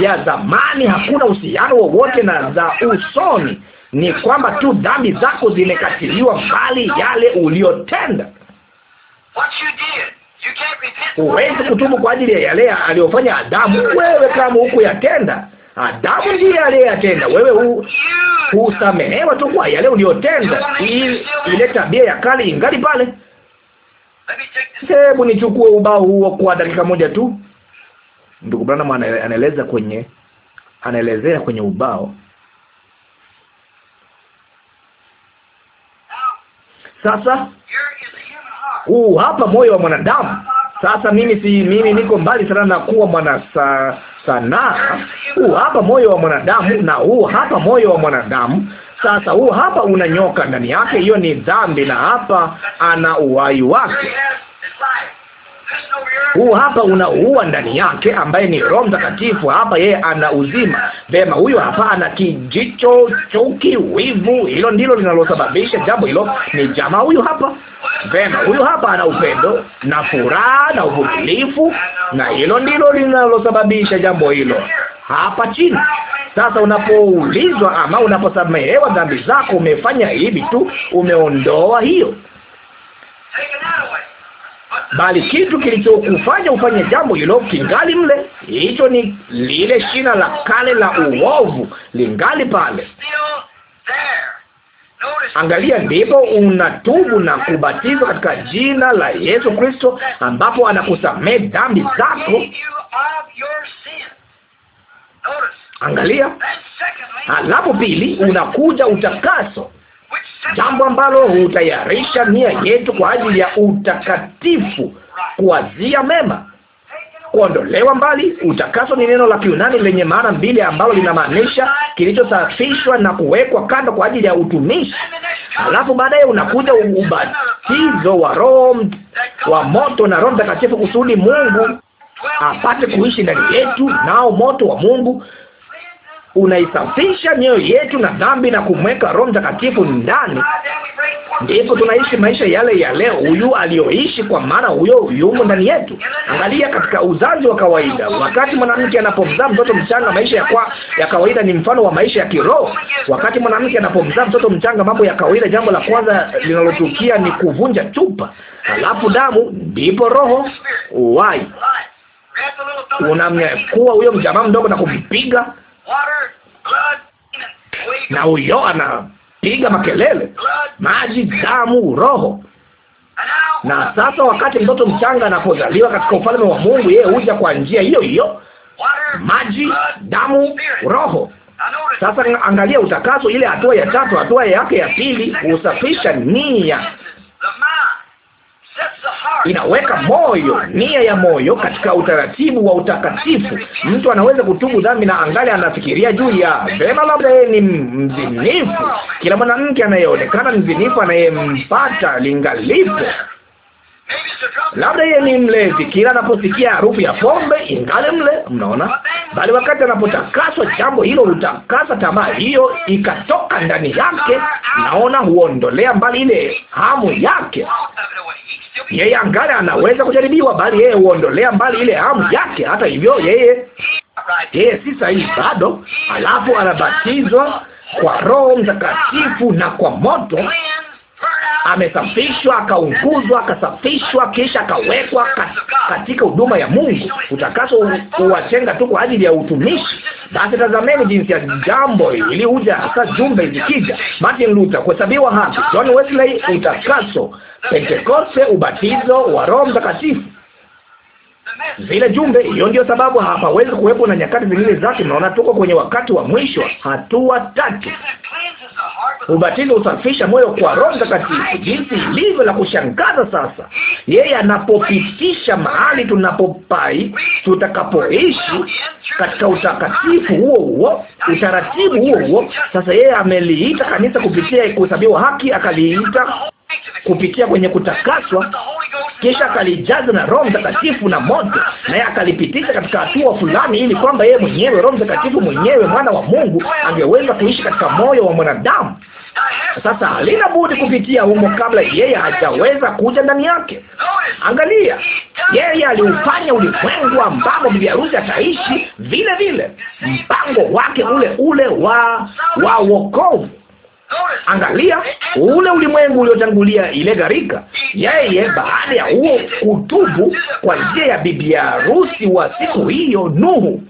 ya zamani hakuna uhusiano wowote na za usoni. Ni kwamba tu dhambi zako zimekatiliwa mbali, yale uliyotenda. Huwezi kutubu kwa ajili ya yale aliyofanya Adamu. Wewe kama hukuyatenda, Adamu ndiye aliyeyatenda. Wewe husamehewa tu kwa yale uliyotenda. Ile tabia ya kale ingali pale. Hebu nichukue ubao huo kwa dakika moja tu. Ndugu Branham anaeleza kwenye anaelezea kwenye ubao. Sasa huu hapa moyo wa mwanadamu. Sasa mimi si mimi niko mbali sana na kuwa mwana sa, sanaa. Huu hapa moyo wa mwanadamu na huu hapa moyo wa mwanadamu sasa huu hapa una nyoka ndani yake, hiyo ni dhambi, na hapa ana uhai wake. Huu hapa una ua ndani yake, ambaye ni Roho Mtakatifu. Hapa yeye ana uzima. Vema, huyu hapa ana kijicho, chuki, wivu. Hilo ndilo linalosababisha jambo hilo, ni jamaa huyu hapa. Vema, huyu hapa ana upendo na furaha na uvumilivu, na hilo ndilo linalosababisha jambo hilo hapa chini. Sasa unapoulizwa ama unaposamehewa dhambi zako, umefanya hivi tu, umeondoa hiyo bali kitu kilichokufanya ufanye jambo hilo kingali mle. Hicho ni lile shina la kale la uovu, lingali pale. Angalia, ndipo unatubu na kubatizwa katika jina la Yesu Kristo, ambapo anakusamehe dhambi zako. Angalia, halafu pili, unakuja utakaso, jambo ambalo hutayarisha nia yetu kwa ajili ya utakatifu, kuwazia mema, kuondolewa mbali. Utakaso ni neno la Kiunani lenye maana mbili, ambalo linamaanisha kilichosafishwa na kuwekwa kando kwa ajili ya utumishi. Halafu baadaye unakuja ubatizo wa Roho wa moto na Roho Mtakatifu kusudi Mungu apate kuishi ndani yetu, nao moto wa Mungu unaisafisha mioyo yetu na dhambi na kumweka Roho Mtakatifu ndani, ndipo tunaishi maisha yale ya leo huyu aliyoishi, kwa maana huyo yumo ndani yetu. Angalia katika uzazi wa kawaida, wakati mwanamke anapomzaa mtoto mchanga, maisha ya, kwa, ya kawaida ni mfano wa maisha ya kiroho. Wakati mwanamke anapomzaa mtoto mchanga, mambo ya kawaida, jambo la kwanza linalotukia ni kuvunja chupa, halafu damu, ndipo roho uwai unamnyakua huyo mjamaa mdogo na kumpiga na huyo anapiga makelele, maji, damu, roho. Na sasa wakati mtoto mchanga anapozaliwa katika ufalme wa Mungu, yeye huja kwa njia hiyo hiyo, maji, damu, roho. Sasa angalia utakaso, ile hatua ya tatu, hatua yake ya pili, husafisha nia inaweka moyo, nia ya moyo katika utaratibu wa utakatifu. Mtu anaweza kutubu dhambi na angali anafikiria juu ya vema, labda yeye ni mzinifu. Kila mwanamke anayeonekana mzinifu anayempata lingalipo labda yeye ni mlevi, kila anaposikia harufu ya pombe ingale mle. Mnaona, bali wakati anapotakaswa, jambo hilo hutakasa tamaa hiyo ikatoka ndani yake. Naona huondolea mbali ile hamu yake. Yeye angara anaweza kujaribiwa, bali yeye huondolea mbali ile hamu yake. Hata hivyo, yeye yeye si sahihi bado. Alafu anabatizwa kwa Roho Mtakatifu na kwa moto amesafishwa akaunguzwa, akasafishwa, kisha akawekwa katika huduma ya Mungu. Utakaso uwatenga tu kwa ajili ya utumishi. Basi tazameni jinsi ya jambo hili huja hasa, jumbe zikija. Martin Luther, kuhesabiwa haki, John Wesley, utakaso Pentekoste, ubatizo wa Roho Mtakatifu, zile jumbe. Hiyo ndio sababu hapawezi kuwepo na nyakati zingine zake. Naona tuko kwenye wakati wa mwisho. Hatua tatu: ubatizo usafisha moyo kwa Roho Mtakatifu, jinsi ilivyo la kushangaza. Sasa yeye anapopitisha mahali tunapopai, tutakapoishi katika utakatifu huo huo, utaratibu huo huo. Sasa yeye ameliita kanisa kupitia kuhesabiwa haki, akaliita kupitia kwenye kutakaswa, kisha akalijaza na Roho Mtakatifu na moto, naye akalipitisha katika hatua fulani, ili kwamba yeye mwenyewe Roho Mtakatifu mwenyewe, mwana wa Mungu, angeweza kuishi katika moyo wa mwanadamu. Sasa halina budi kupitia humo kabla yeye hajaweza kuja ndani yake. Angalia, yeye aliufanya ulimwengu ambamo bibi harusi ataishi, vile vile mpango wake ule ule wa wa wokovu Angalia ule ulimwengu uliotangulia ile gharika. Yeye baada ya huo kutubu kwa njia ya bibi harusi wa siku hiyo, Nuhu,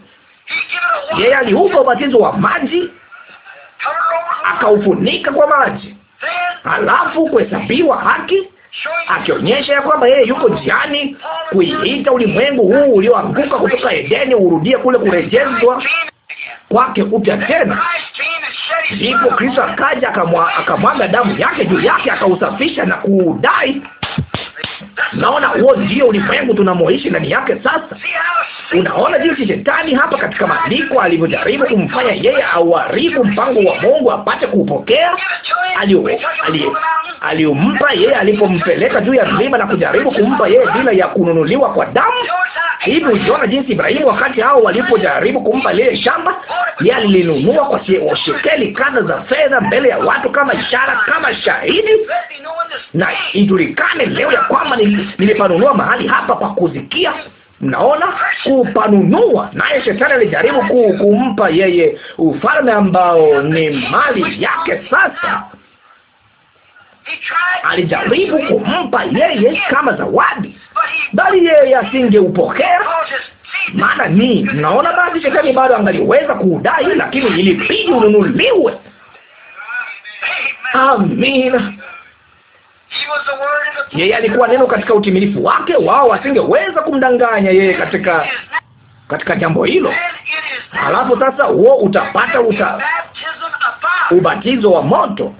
yeye aliupa ubatizo wa maji, akaufunika kwa maji, halafu kuhesabiwa haki akionyesha ya kwamba yeye yuko njiani kuiita ulimwengu huu ulioanguka kutoka Edeni urudie kule kurejezwa kwake upya tena. Ndipo Kristo akaja akamwaga damu yake juu yake, akausafisha na kuudai. Naona huo ndio ulimwengu tunamoishi ndani yake sasa. Unaona jinsi shetani hapa katika maandiko alivyojaribu kumfanya yeye auharibu mpango wa Mungu apate kupokea aliyompa yeye alipompeleka juu ya mlima na kujaribu kumpa yeye bila ya kununuliwa kwa damu. Hivi uliona jinsi Ibrahimu wakati hao walipojaribu kumpa lile shamba, yeye alilinunua kwa shekeli kadha za fedha mbele ya watu kama ishara, kama shahidi, na ijulikane leo ya kwamba nilipanunua mahali hapa pa kuzikia Mnaona, kupanunua. Naye shetani alijaribu kumpa yeye ufalme ambao ni mali yake. Sasa alijaribu kumpa yeye kama zawadi, bali yeye asingeupokea. Maana ni mnaona, basi shetani bado angaliweza kuudai, lakini ilibidi ununuliwe. Amina. Yeye alikuwa neno katika utimilifu wake. Wao wasingeweza kumdanganya yeye katika katika jambo hilo. Halafu sasa huo utapata uta, ubatizo wa moto.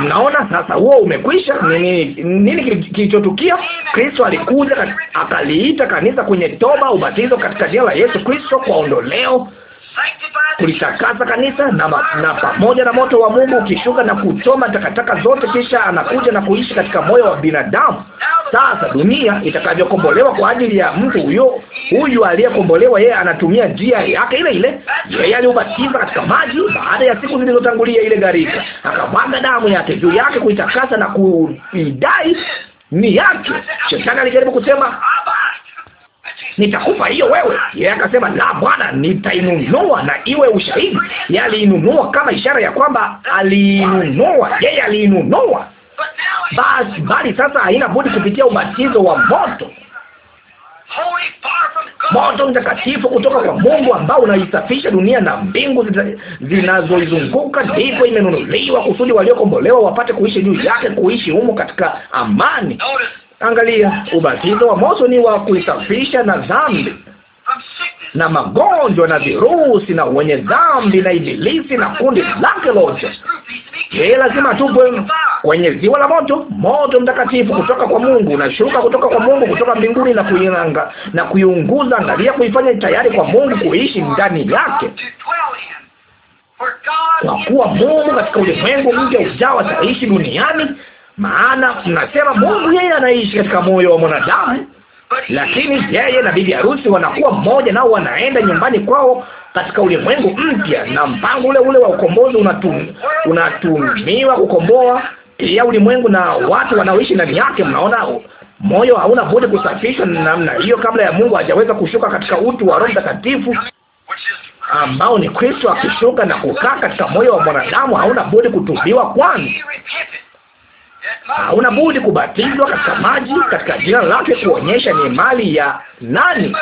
Mnaona sasa, huo umekwisha. Nini, nini kilichotukia? Kristo alikuja akaliita kanisa kwenye toba, ubatizo katika jina la Yesu Kristo kwa ondoleo kulitakasa kanisa na, na pamoja na moto wa Mungu ukishuka na kuchoma takataka zote, kisha anakuja na kuishi katika moyo wa binadamu. Sasa dunia itakavyokombolewa kwa ajili ya mtu huyo huyu aliyekombolewa, yeye anatumia njia yake ile ile. Yeye aliubatiza katika maji, baada ya siku zilizotangulia ile gharika, akamwaga damu yake juu yake kuitakasa na kuidai ni yake. Shetani alijaribu kusema nitakufa hiyo wewe. Yeye akasema, la Bwana, nitainunua na iwe ushahidi. Yeye aliinunua kama ishara ya kwamba aliinunua, yeye aliinunua. Basi bali sasa haina budi kupitia ubatizo wa moto moto mtakatifu kutoka kwa Mungu ambao unaisafisha dunia na mbingu zinazoizunguka. Ndipo imenunuliwa kusudi waliokombolewa wapate kuishi juu yake, kuishi humo katika amani. Angalia, ubatizo wa moto ni wa kuisafisha na dhambi na magonjwa na virusi na wenye dhambi na ibilisi na kundi lake lote. Yeye lazima tupwe kwenye ziwa la moto, moto mtakatifu kutoka kwa Mungu. Unashuka kutoka kwa Mungu, kutoka mbinguni na kuinanga na kuiunguza, angalia, kuifanya tayari kwa Mungu kuishi ndani yake, kwa kuwa Mungu katika ulimwengu mpya ujao ataishi duniani maana mnasema Mungu yeye anaishi katika moyo wa mwanadamu, lakini yeye na bibi harusi wanakuwa mmoja, nao wanaenda nyumbani kwao katika ulimwengu mpya, na mpango ule ule wa ukombozi unatum, unatumiwa kukomboa pia ulimwengu na watu wanaoishi ndani yake. Mnaona, moyo hauna budi kusafishwa namna hiyo kabla ya Mungu hajaweza kushuka katika utu wa Roho Mtakatifu ambao ni Kristo akishuka na kukaa katika moyo wa mwanadamu, hauna budi kutubiwa kwanza hauna budi kubatizwa katika maji katika jina lake kuonyesha ni mali ya nani.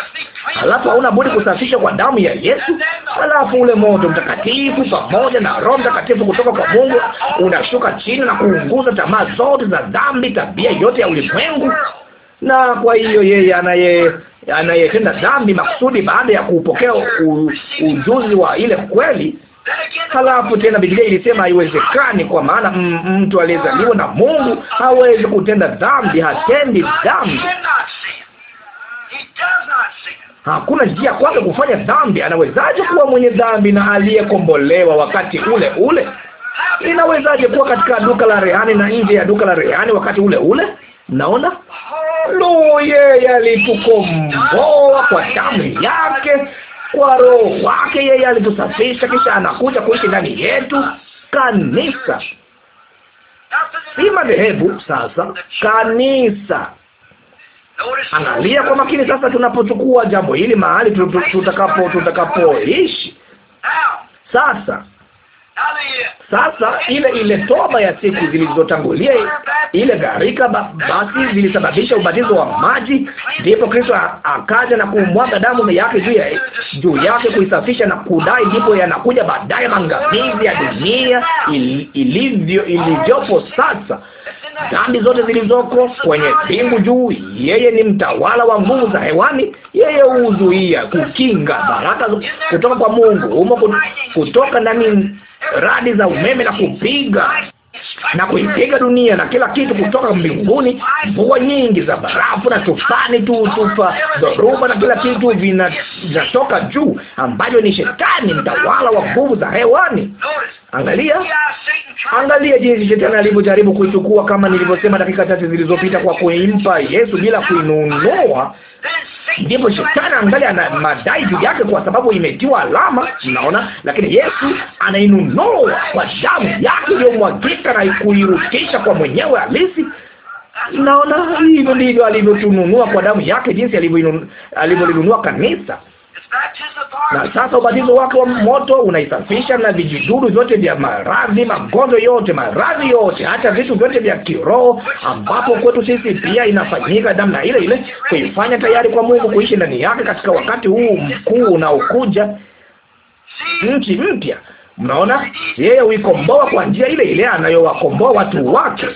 Halafu hauna budi kusafishwa kwa damu ya Yesu. Halafu ule moto mtakatifu pamoja na Roho Mtakatifu kutoka kwa Mungu unashuka chini na kuunguza tamaa zote za dhambi, tabia yote ya ulimwengu. Na kwa hiyo yeye anaye anayetenda dhambi makusudi, baada ya kupokea ujuzi wa ile kweli Halafu tena Biblia ilisema haiwezekani, kwa maana mtu aliyezaliwa na Mungu hawezi kutenda dhambi, hatendi dhambi. Hakuna njia kwake kufanya dhambi. Anawezaje kuwa mwenye dhambi na aliyekombolewa wakati ule ule? Inawezaje kuwa katika duka la rehani na nje ya duka la rehani wakati ule ule? naona lo, yeye alitukomboa kwa damu yake kwa Roho wake yeye alitusafisha, kisha anakuja kuishi ndani yetu. Kanisa si madhehebu. Sasa kanisa, angalia kwa makini sasa, tunapochukua jambo hili mahali tutakapo tutakapoishi sasa sasa ile ile toba ya siku zilizotangulia, ile gharika ba, basi zilisababisha ubatizo wa maji, ndipo Kristo akaja na kumwaga damu yake juu ya juu yake kuisafisha na kudai, ndipo yanakuja baadaye maangamizi ya dunia ilivyo ilivyopo sasa dhambi zote zilizoko kwenye mbingu juu. Yeye ni mtawala wa nguvu za hewani. Yeye huzuia, kukinga baraka kutoka kwa Mungu umo kutoka ndani radi za umeme na kupiga na kuipiga dunia na kila kitu kutoka mbinguni, mvua nyingi za barafu na tufani tu tupa dhoruba na kila kitu vinatoka juu, ambayo ni shetani mtawala wa nguvu za hewani. Angalia, angalia jinsi shetani alivyojaribu kuichukua, kama nilivyosema dakika tatu zilizopita, kwa kuimpa Yesu bila kuinunua Ndipo shetani angali ana madai juu yake, kwa sababu imetiwa alama. Mnaona, lakini Yesu anainunua kwa damu yake iliyomwagika na kuirukisha kwa mwenyewe halisi. naona hivyo ndivyo alivyotununua kwa damu yake, jinsi alivyolinunua kanisa. Na sasa ubatizo wake wa moto unaisafisha na vijidudu vyote vya maradhi, magonjwa yote, maradhi yote, hata vitu vyote vya kiroho, ambapo kwetu sisi pia inafanyika namna ile ile, kuifanya tayari kwa Mungu kuishi ndani yake katika wakati huu mkuu unaokuja, nchi mpya Mnaona, yeye huikomboa kwa njia ile ile anayowakomboa watu wake.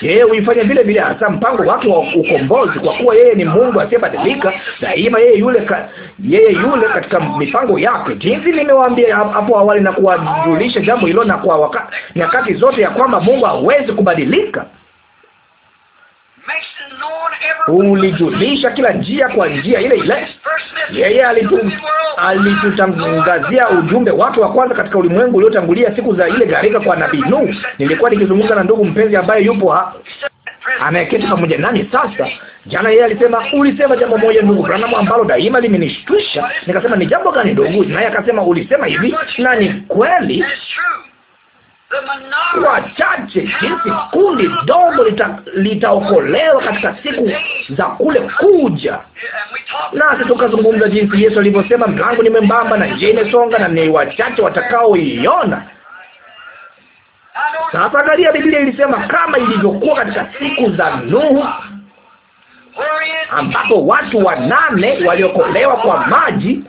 Yeye huifanya vile vile, hasa mpango wake wa ukombozi, kwa kuwa yeye ni Mungu asiyebadilika daima. Yeye yule ka, yeye yule katika mipango yake, jinsi nimewaambia hapo awali na kuwajulisha jambo hilo, na kwa wakati nyakati zote, ya kwamba Mungu hawezi kubadilika ulijulisha kila njia kwa njia ile ile. Yeye alitutangazia ujumbe wake wa kwanza katika ulimwengu uliotangulia siku za ile gharika kwa nabii Nuhu. Nilikuwa nikizungumza na ndugu mpenzi ambaye yupo anayeketi pamoja nami sasa. Jana yeye alisema, ulisema jambo moja ndugu Branham ambalo daima limenishtusha. Nikasema, ni jambo gani ndugu? Naye akasema, ulisema hivi, na ni kweli wachache jinsi kundi dogo litaokolewa lita katika siku za kule kuja. Nasi tukazungumza jinsi Yesu alivyosema, mlango ni mwembamba na njia imesonga na ni wachache watakaoiona. Sasa angalia, Biblia ilisema kama ilivyokuwa katika siku za Nuhu ambapo watu wanane waliokolewa kwa maji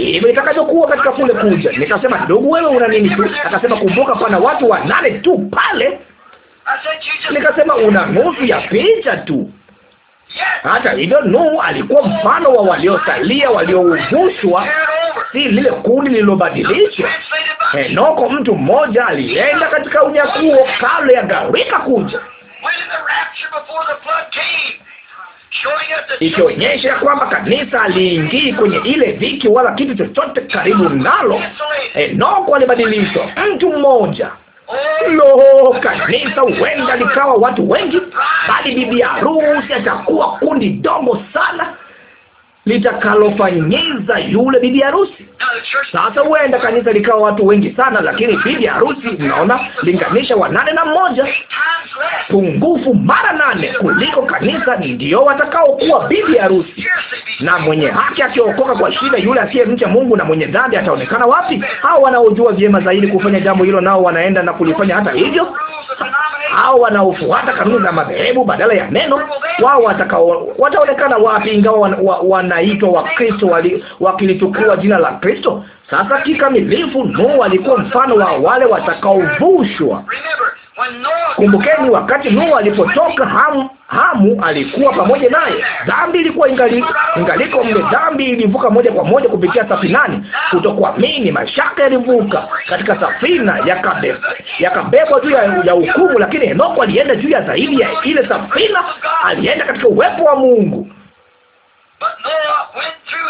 ndivyo itakavyokuwa katika kule kuja. Nikasema, ndugu, wewe una nini tu? Akasema, kumbuka, pana watu wanane tu pale. Nikasema, una nusu ya picha tu. Hata hivyo, Nuhu alikuwa mfano wa waliosalia, waliovushwa, si lile kundi lililobadilishwa. Henoko mtu mmoja alienda katika unyakuo kabla ya gharika kuja ikionyesha kwamba kanisa aliingii kwenye ile dhiki wala kitu chochote karibu nalo. Enoko eh, alibadilishwa mtu mmoja. Lo, kanisa huenda likawa watu wengi, bali bibi harusi atakuwa kundi dogo sana litakalofanyiza yule bibi harusi. Sasa huenda kanisa likawa watu wengi sana, lakini bibi harusi, unaona, linganisha wanane na mmoja, pungufu mara nane kuliko kanisa, ndio watakaokuwa bibi harusi. Na mwenye haki akiokoka kwa shida, yule asiye mcha Mungu na mwenye dhambi ataonekana wapi? Hao wanaojua vyema zaidi kufanya jambo hilo, nao wanaenda na kulifanya hata hivyo. Hao wanaofuata kanuni za madhehebu badala ya neno, wao watakao wataonekana wapi? Ingawa wana, wana wa Wakristo wakilichukua jina la Kristo. Sasa kikamilifu, Nuhu alikuwa mfano wa wale watakaovushwa. Kumbukeni wakati Nuhu alipotoka Hamu, Hamu alikuwa pamoja naye. Dhambi ilikuwa ingali ingaliko mle, dhambi ilivuka moja kwa moja kupitia safinani. Kutokuamini, mashaka yalivuka katika safina, yakabebwa yaka juu ya, ya hukumu, lakini Henoko alienda juu ya zaidi ya ile safina, alienda katika uwepo wa Mungu.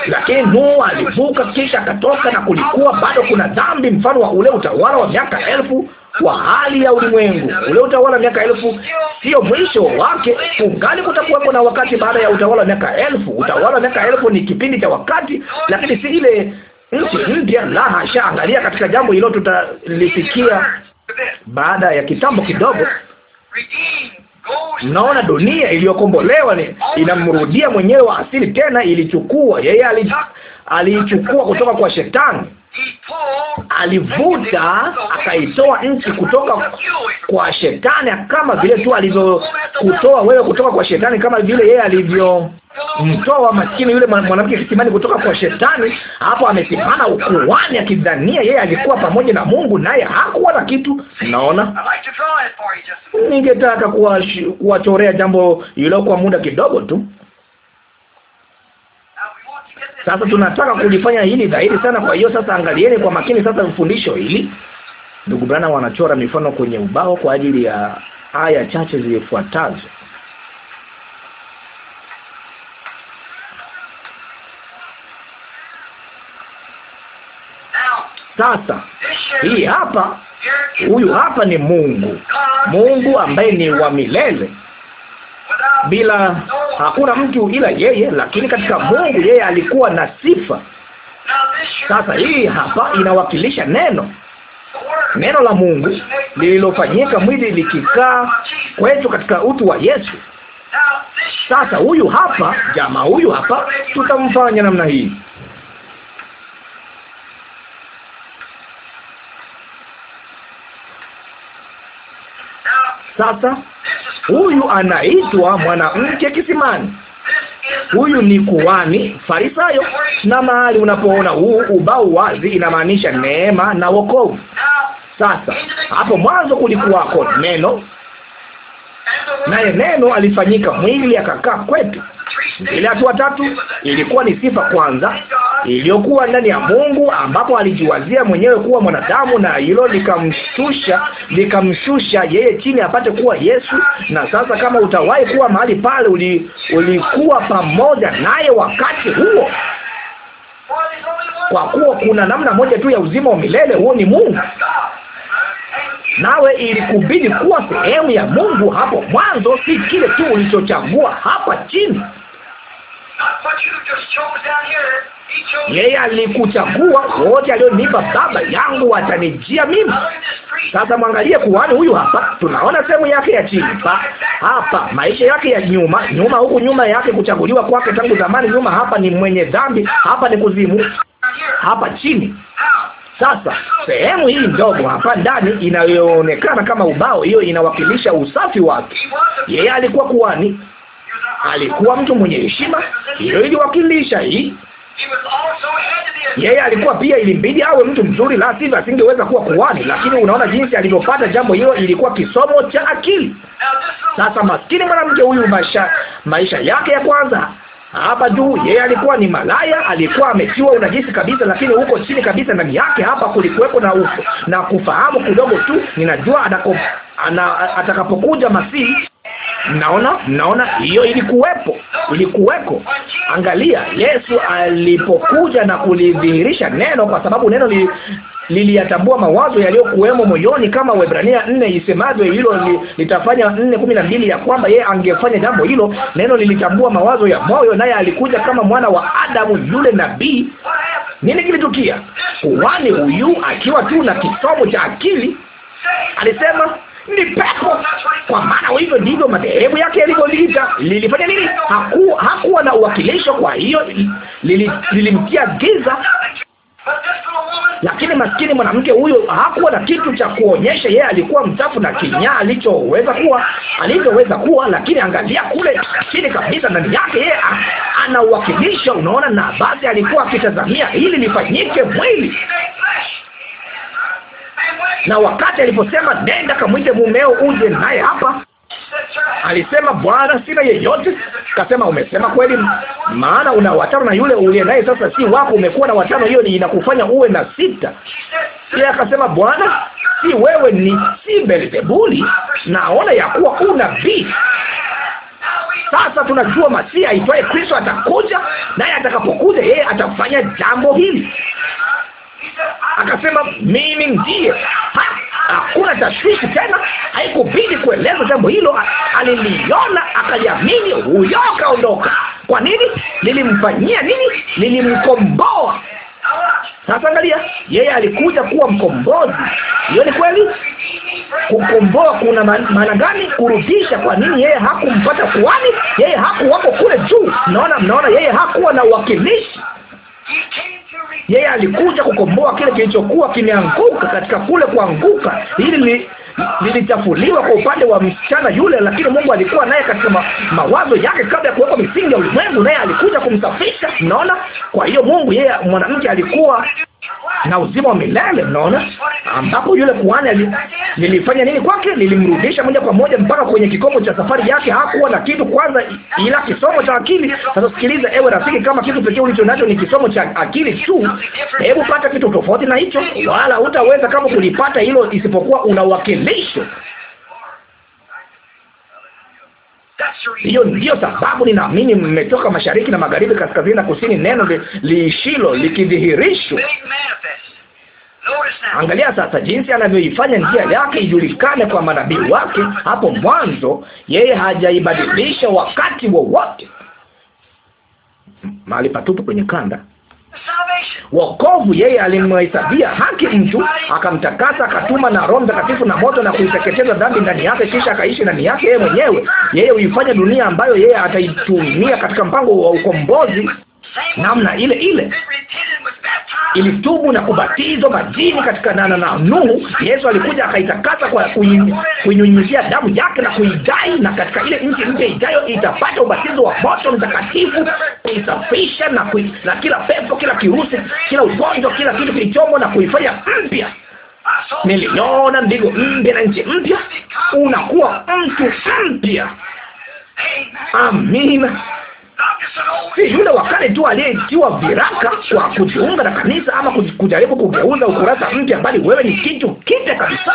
Lakini Noa alivuka, kisha akatoka, na kulikuwa bado kuna dhambi, mfano wa ule utawala wa miaka elfu wa hali ya ulimwengu. Ule utawala wa miaka elfu sio mwisho wake, ungali kutakuwepo na wakati baada ya utawala wa miaka elfu. Utawala wa miaka elfu ni kipindi cha wakati, lakini si ile nchi mpya. La hasha! Angalia katika jambo hilo, tutalifikia baada ya kitambo kidogo. Mnaona, dunia iliyokombolewa inamrudia mwenyewe wa asili tena, ilichukua yeye ali, aliichukua kutoka kwa Shetani, alivuta akaitoa nchi kutoka kwa Shetani, kama vile tu alivyokutoa wewe kutoka kwa Shetani, kama vile yeye alivyomtoa maskini yule mwanamke kisimani kutoka kwa Shetani. Hapo amesimama ukuani, akidhania yeye alikuwa pamoja na Mungu, naye hakuwa na kitu. Naona ningetaka kuwachorea jambo hilo kwa muda kidogo tu. Sasa tunataka kulifanya hili dhahiri sana. Kwa hiyo sasa, angalieni kwa makini sasa fundisho hili. Ndugu brana wanachora mifano kwenye ubao kwa ajili ya aya chache zifuatazo. Sasa hii hapa, huyu hapa ni Mungu, Mungu ambaye ni wa milele bila hakuna mtu ila yeye, lakini katika Mungu yeye alikuwa na sifa. Sasa hii hapa inawakilisha neno neno la Mungu lililofanyika mwili likikaa kwetu katika utu wa Yesu. Sasa huyu hapa jamaa, huyu hapa tutamfanya namna hii. Sasa Huyu anaitwa mwanamke kisimani. Huyu ni kuhani Farisayo, na mahali unapoona huu ubao wazi, inamaanisha neema na wokovu. Sasa hapo mwanzo kulikuwako neno, naye neno alifanyika mwili akakaa kwetu ile hatua tatu ilikuwa ni sifa kwanza iliyokuwa ndani ya Mungu, ambapo alijiwazia mwenyewe kuwa mwanadamu, na hilo likamshusha likamshusha yeye chini apate kuwa Yesu. Na sasa kama utawahi kuwa mahali pale, uli, ulikuwa pamoja naye wakati huo kwa kuwa kuna namna moja tu ya uzima wa milele, huo ni Mungu, nawe ilikubidi kuwa sehemu ya Mungu hapo mwanzo, si kile tu ulichochagua hapa chini. Yeye alikuchagua. Wote alionipa Baba yangu watanijia mimi. Sasa mwangalie kuhani huyu hapa, tunaona sehemu yake ya chini pa hapa, maisha yake ya nyuma nyuma, huku nyuma yake, kuchaguliwa kwake tangu zamani nyuma. Hapa ni mwenye dhambi, hapa ni kuzimu, hapa chini sasa sehemu hii ndogo hapa ndani inayoonekana kama ubao, hiyo inawakilisha usafi wake. Yeye alikuwa kuhani, alikuwa mtu mwenye heshima, hilo iliwakilisha hii yeye alikuwa pia, ilimbidi awe mtu mzuri, la sivyo asingeweza kuwa kuhani. Lakini unaona jinsi alivyopata jambo hilo, ilikuwa kisomo cha akili. Sasa maskini mwanamke huyu, maisha maisha yake ya kwanza hapa juu, yeye alikuwa ni malaya, alikuwa ametiwa unajisi kabisa, lakini huko chini kabisa ndani yake hapa kulikuwepo na uko na kufahamu kidogo tu. Ninajua anako, ana, atakapokuja Masihi Mnaona, mnaona, hiyo ilikuwepo, ilikuweko. Angalia, Yesu alipokuja na kulidhihirisha neno, kwa sababu neno li liliyatambua mawazo yaliyokuwemo moyoni, kama Waebrania nne isemavyo, hilo li, litafanya nne kumi na mbili ya kwamba yeye angefanya jambo hilo. Neno lilitambua mawazo ya moyo, naye alikuja kama mwana wa Adamu, yule nabii. Nini kilitukia? Kuhani huyu akiwa tu na kisomo cha akili alisema ni pepo. Kwa maana hivyo ndivyo madhehebu yake yalivyolita. Lilifanya nini? Hakuwa, hakuwa na uwakilisho. Kwa hiyo lilimtia giza lakini maskini mwanamke huyo hakuwa na kitu cha kuonyesha yeye alikuwa mchafu na kinyaa alichoweza kuwa alivyoweza kuwa. Lakini angalia kule chini kabisa, ndani yake yeye anauwakilisha, unaona. Na basi alikuwa akitazamia ili lifanyike mwili na wakati aliposema nenda kamwite mumeo uje naye hapa, alisema Bwana, sina yeyote. Kasema umesema kweli, maana una watano na yule uliye naye sasa si wako, umekuwa na watano, hiyo inakufanya uwe na sita. Yeye akasema Bwana, si wewe ni si Belzebuli, naona ya kuwa unabii. Sasa tunajua Masia aitwaye Kristo atakuja, naye atakapokuja, yeye atafanya jambo hili. Akasema mimi ndiye. Hakuna tashwishi tena, haikubidi kueleza jambo hilo. Aliliona akaliamini, huyo kaondoka. Kwa nini? Lilimfanyia nini? Lilimkomboa. Sasa angalia, yeye alikuja kuwa mkombozi. Hiyo ni kweli. Kukomboa kuna maana gani? Kurudisha. Kwa nini yeye hakumpata kuani Yeye hakuwako kule juu. Mnaona, mnaona, yeye hakuwa na uwakilishi yeye alikuja kukomboa kile kilichokuwa kimeanguka katika kule kuanguka. Hili lilichafuliwa kwa upande wa msichana yule, lakini Mungu alikuwa naye katika ma, mawazo yake kabla ya kuwekwa misingi ya ulimwengu, naye alikuja kumsafisha. Mnaona? Kwa hiyo Mungu yeye, mwanamke alikuwa na uzima wa milele. Mnaona ambapo yule kuhani nilifanya nini kwake? Nilimrudisha moja kwa moja mpaka kwenye kikomo cha safari yake. Hakuwa na kitu kwanza, ila kisomo cha akili. Sasa sikiliza, ewe rafiki, kama kitu pekee ulicho nacho ni kisomo cha akili tu, hebu pata kitu tofauti na hicho, wala hutaweza kama kulipata hilo, isipokuwa una uwakilisho hiyo ndiyo sababu ninaamini mmetoka mashariki na magharibi, kaskazini na kusini, neno liishilo li likidhihirishwa. Angalia sasa jinsi anavyoifanya njia yake ijulikane kwa manabii wake. Hapo mwanzo, yeye hajaibadilisha wakati wowote wa mahali patupu kwenye kanda wokovu, yeye alimhesabia haki mtu, akamtakasa, akatuma na Roho Mtakatifu na moto na kuiteketeza dhambi ndani yake, kisha akaishi ndani yake yeye mwenyewe. Yeye huifanya dunia ambayo yeye ataitumia katika mpango wa ukombozi namna ile ile ilitubu na kubatizwa majini katika nana na Nuhu. Yesu alikuja akaitakasa kwa kuinyunyizia damu yake na kuidai, na katika ile nchi mpya ijayo itapata ubatizo wa moto mtakatifu kuisafisha na, kui, na kila pepo, kila kirusi, kila ugonjwa, kila kitu kilichomo na kuifanya mpya. Niliona mbingu mpya na nchi mpya. Unakuwa mtu mpya. Amina si yule wa kale tu aliyetiwa viraka kwa kujiunga na kanisa ama kujaribu kugeuza ukurasa mpya, bali wewe ni kitu kipya kabisa.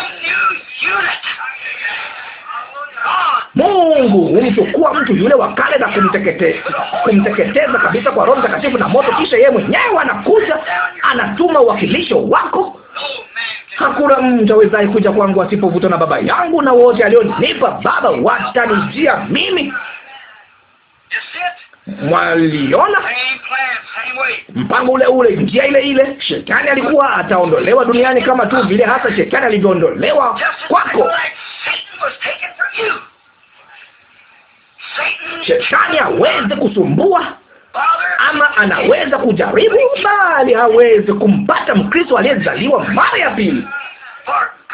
Mungu humchukua mtu yule wa kale na kumteketeza kumteketeza kabisa kwa Roho Mtakatifu na moto, kisha yeye mwenyewe anakuja, anatuma uwakilisho wako. Hakuna mtu awezaye kuja kwangu asipovutwa na Baba yangu, na wote alionipa Baba watanijia mimi. Mwaliona mpango ule ule, njia ile ile. Shetani alikuwa ataondolewa duniani kama tu vile hasa shetani alivyoondolewa kwako. Shetani aweze kusumbua ama anaweza kujaribu, bali hawezi kumpata Mkristo aliyezaliwa mara ya pili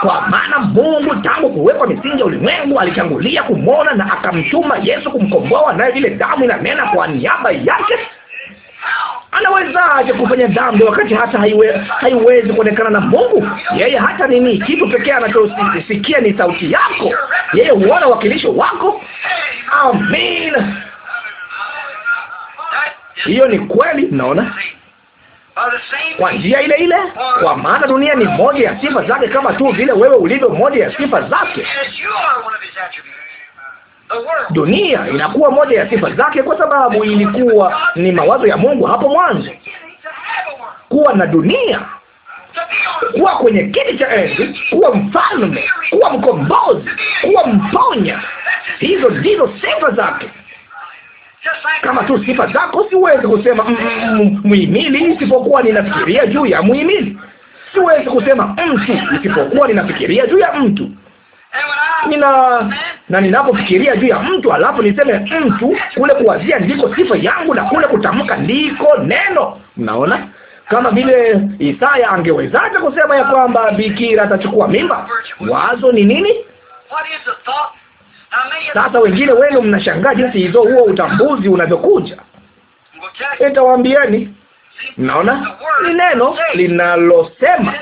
kwa maana Mungu tangu kuwekwa misingi ya ulimwengu alitangulia kumwona na akamtuma Yesu kumkomboa, naye ile damu inanena kwa niaba yake. Anawezaje kufanya dhambi wakati hata haiwe, haiwezi kuonekana na Mungu? Yeye hata nini, kitu pekee anachosikia ni sauti yako. Yeye huona wakilisho wako. Amina, hiyo ni kweli. naona kwa njia ile ile, kwa maana dunia ni moja ya sifa zake kama tu vile wewe ulivyo moja ya sifa zake. Dunia inakuwa moja ya sifa zake kwa sababu ilikuwa ni mawazo ya Mungu hapo mwanzo kuwa na dunia, kuwa kwenye kiti cha enzi, kuwa mfalme, kuwa mkombozi, kuwa mponya. Hizo ndizo sifa zake. Kama tu sifa zako, siwezi kusema mm, mm, muhimili isipokuwa ninafikiria juu ya muhimili. Siwezi kusema mtu mm, isipokuwa ninafikiria juu ya mtu nina na ninapofikiria juu ya mtu alafu niseme mtu, kule kuwazia ndiko sifa yangu na kule kutamka ndiko neno. Mnaona, kama vile Isaya angewezaje kusema ya kwamba bikira atachukua mimba? Wazo ni nini? Sasa wengine wenu mnashangaa jinsi hizo huo utambuzi unavyokuja. Nitawaambieni, mnaona ni neno linalosema,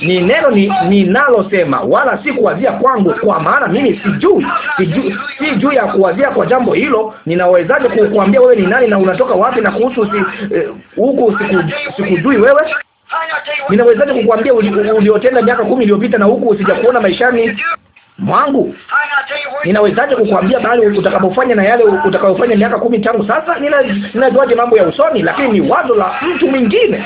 ni neno ninalosema, ni wala si kuwazia kwangu, kwa maana mimi sijui, sijui, si juu ya kuwazia kwa jambo hilo. Ninawezaje kukuambia wewe ni nani na unatoka wapi na kuhusu eh, huku si, eh, sikujui wewe ninawezaje kukuambia uliotenda miaka kumi iliyopita na huku usijakuona maishani mwangu. Ninawezaje kukuambia bali utakapofanya na yale utakayofanya miaka kumi tangu sasa? Ninajuaje mambo ya usoni? Lakini ni wazo la mtu mwingine.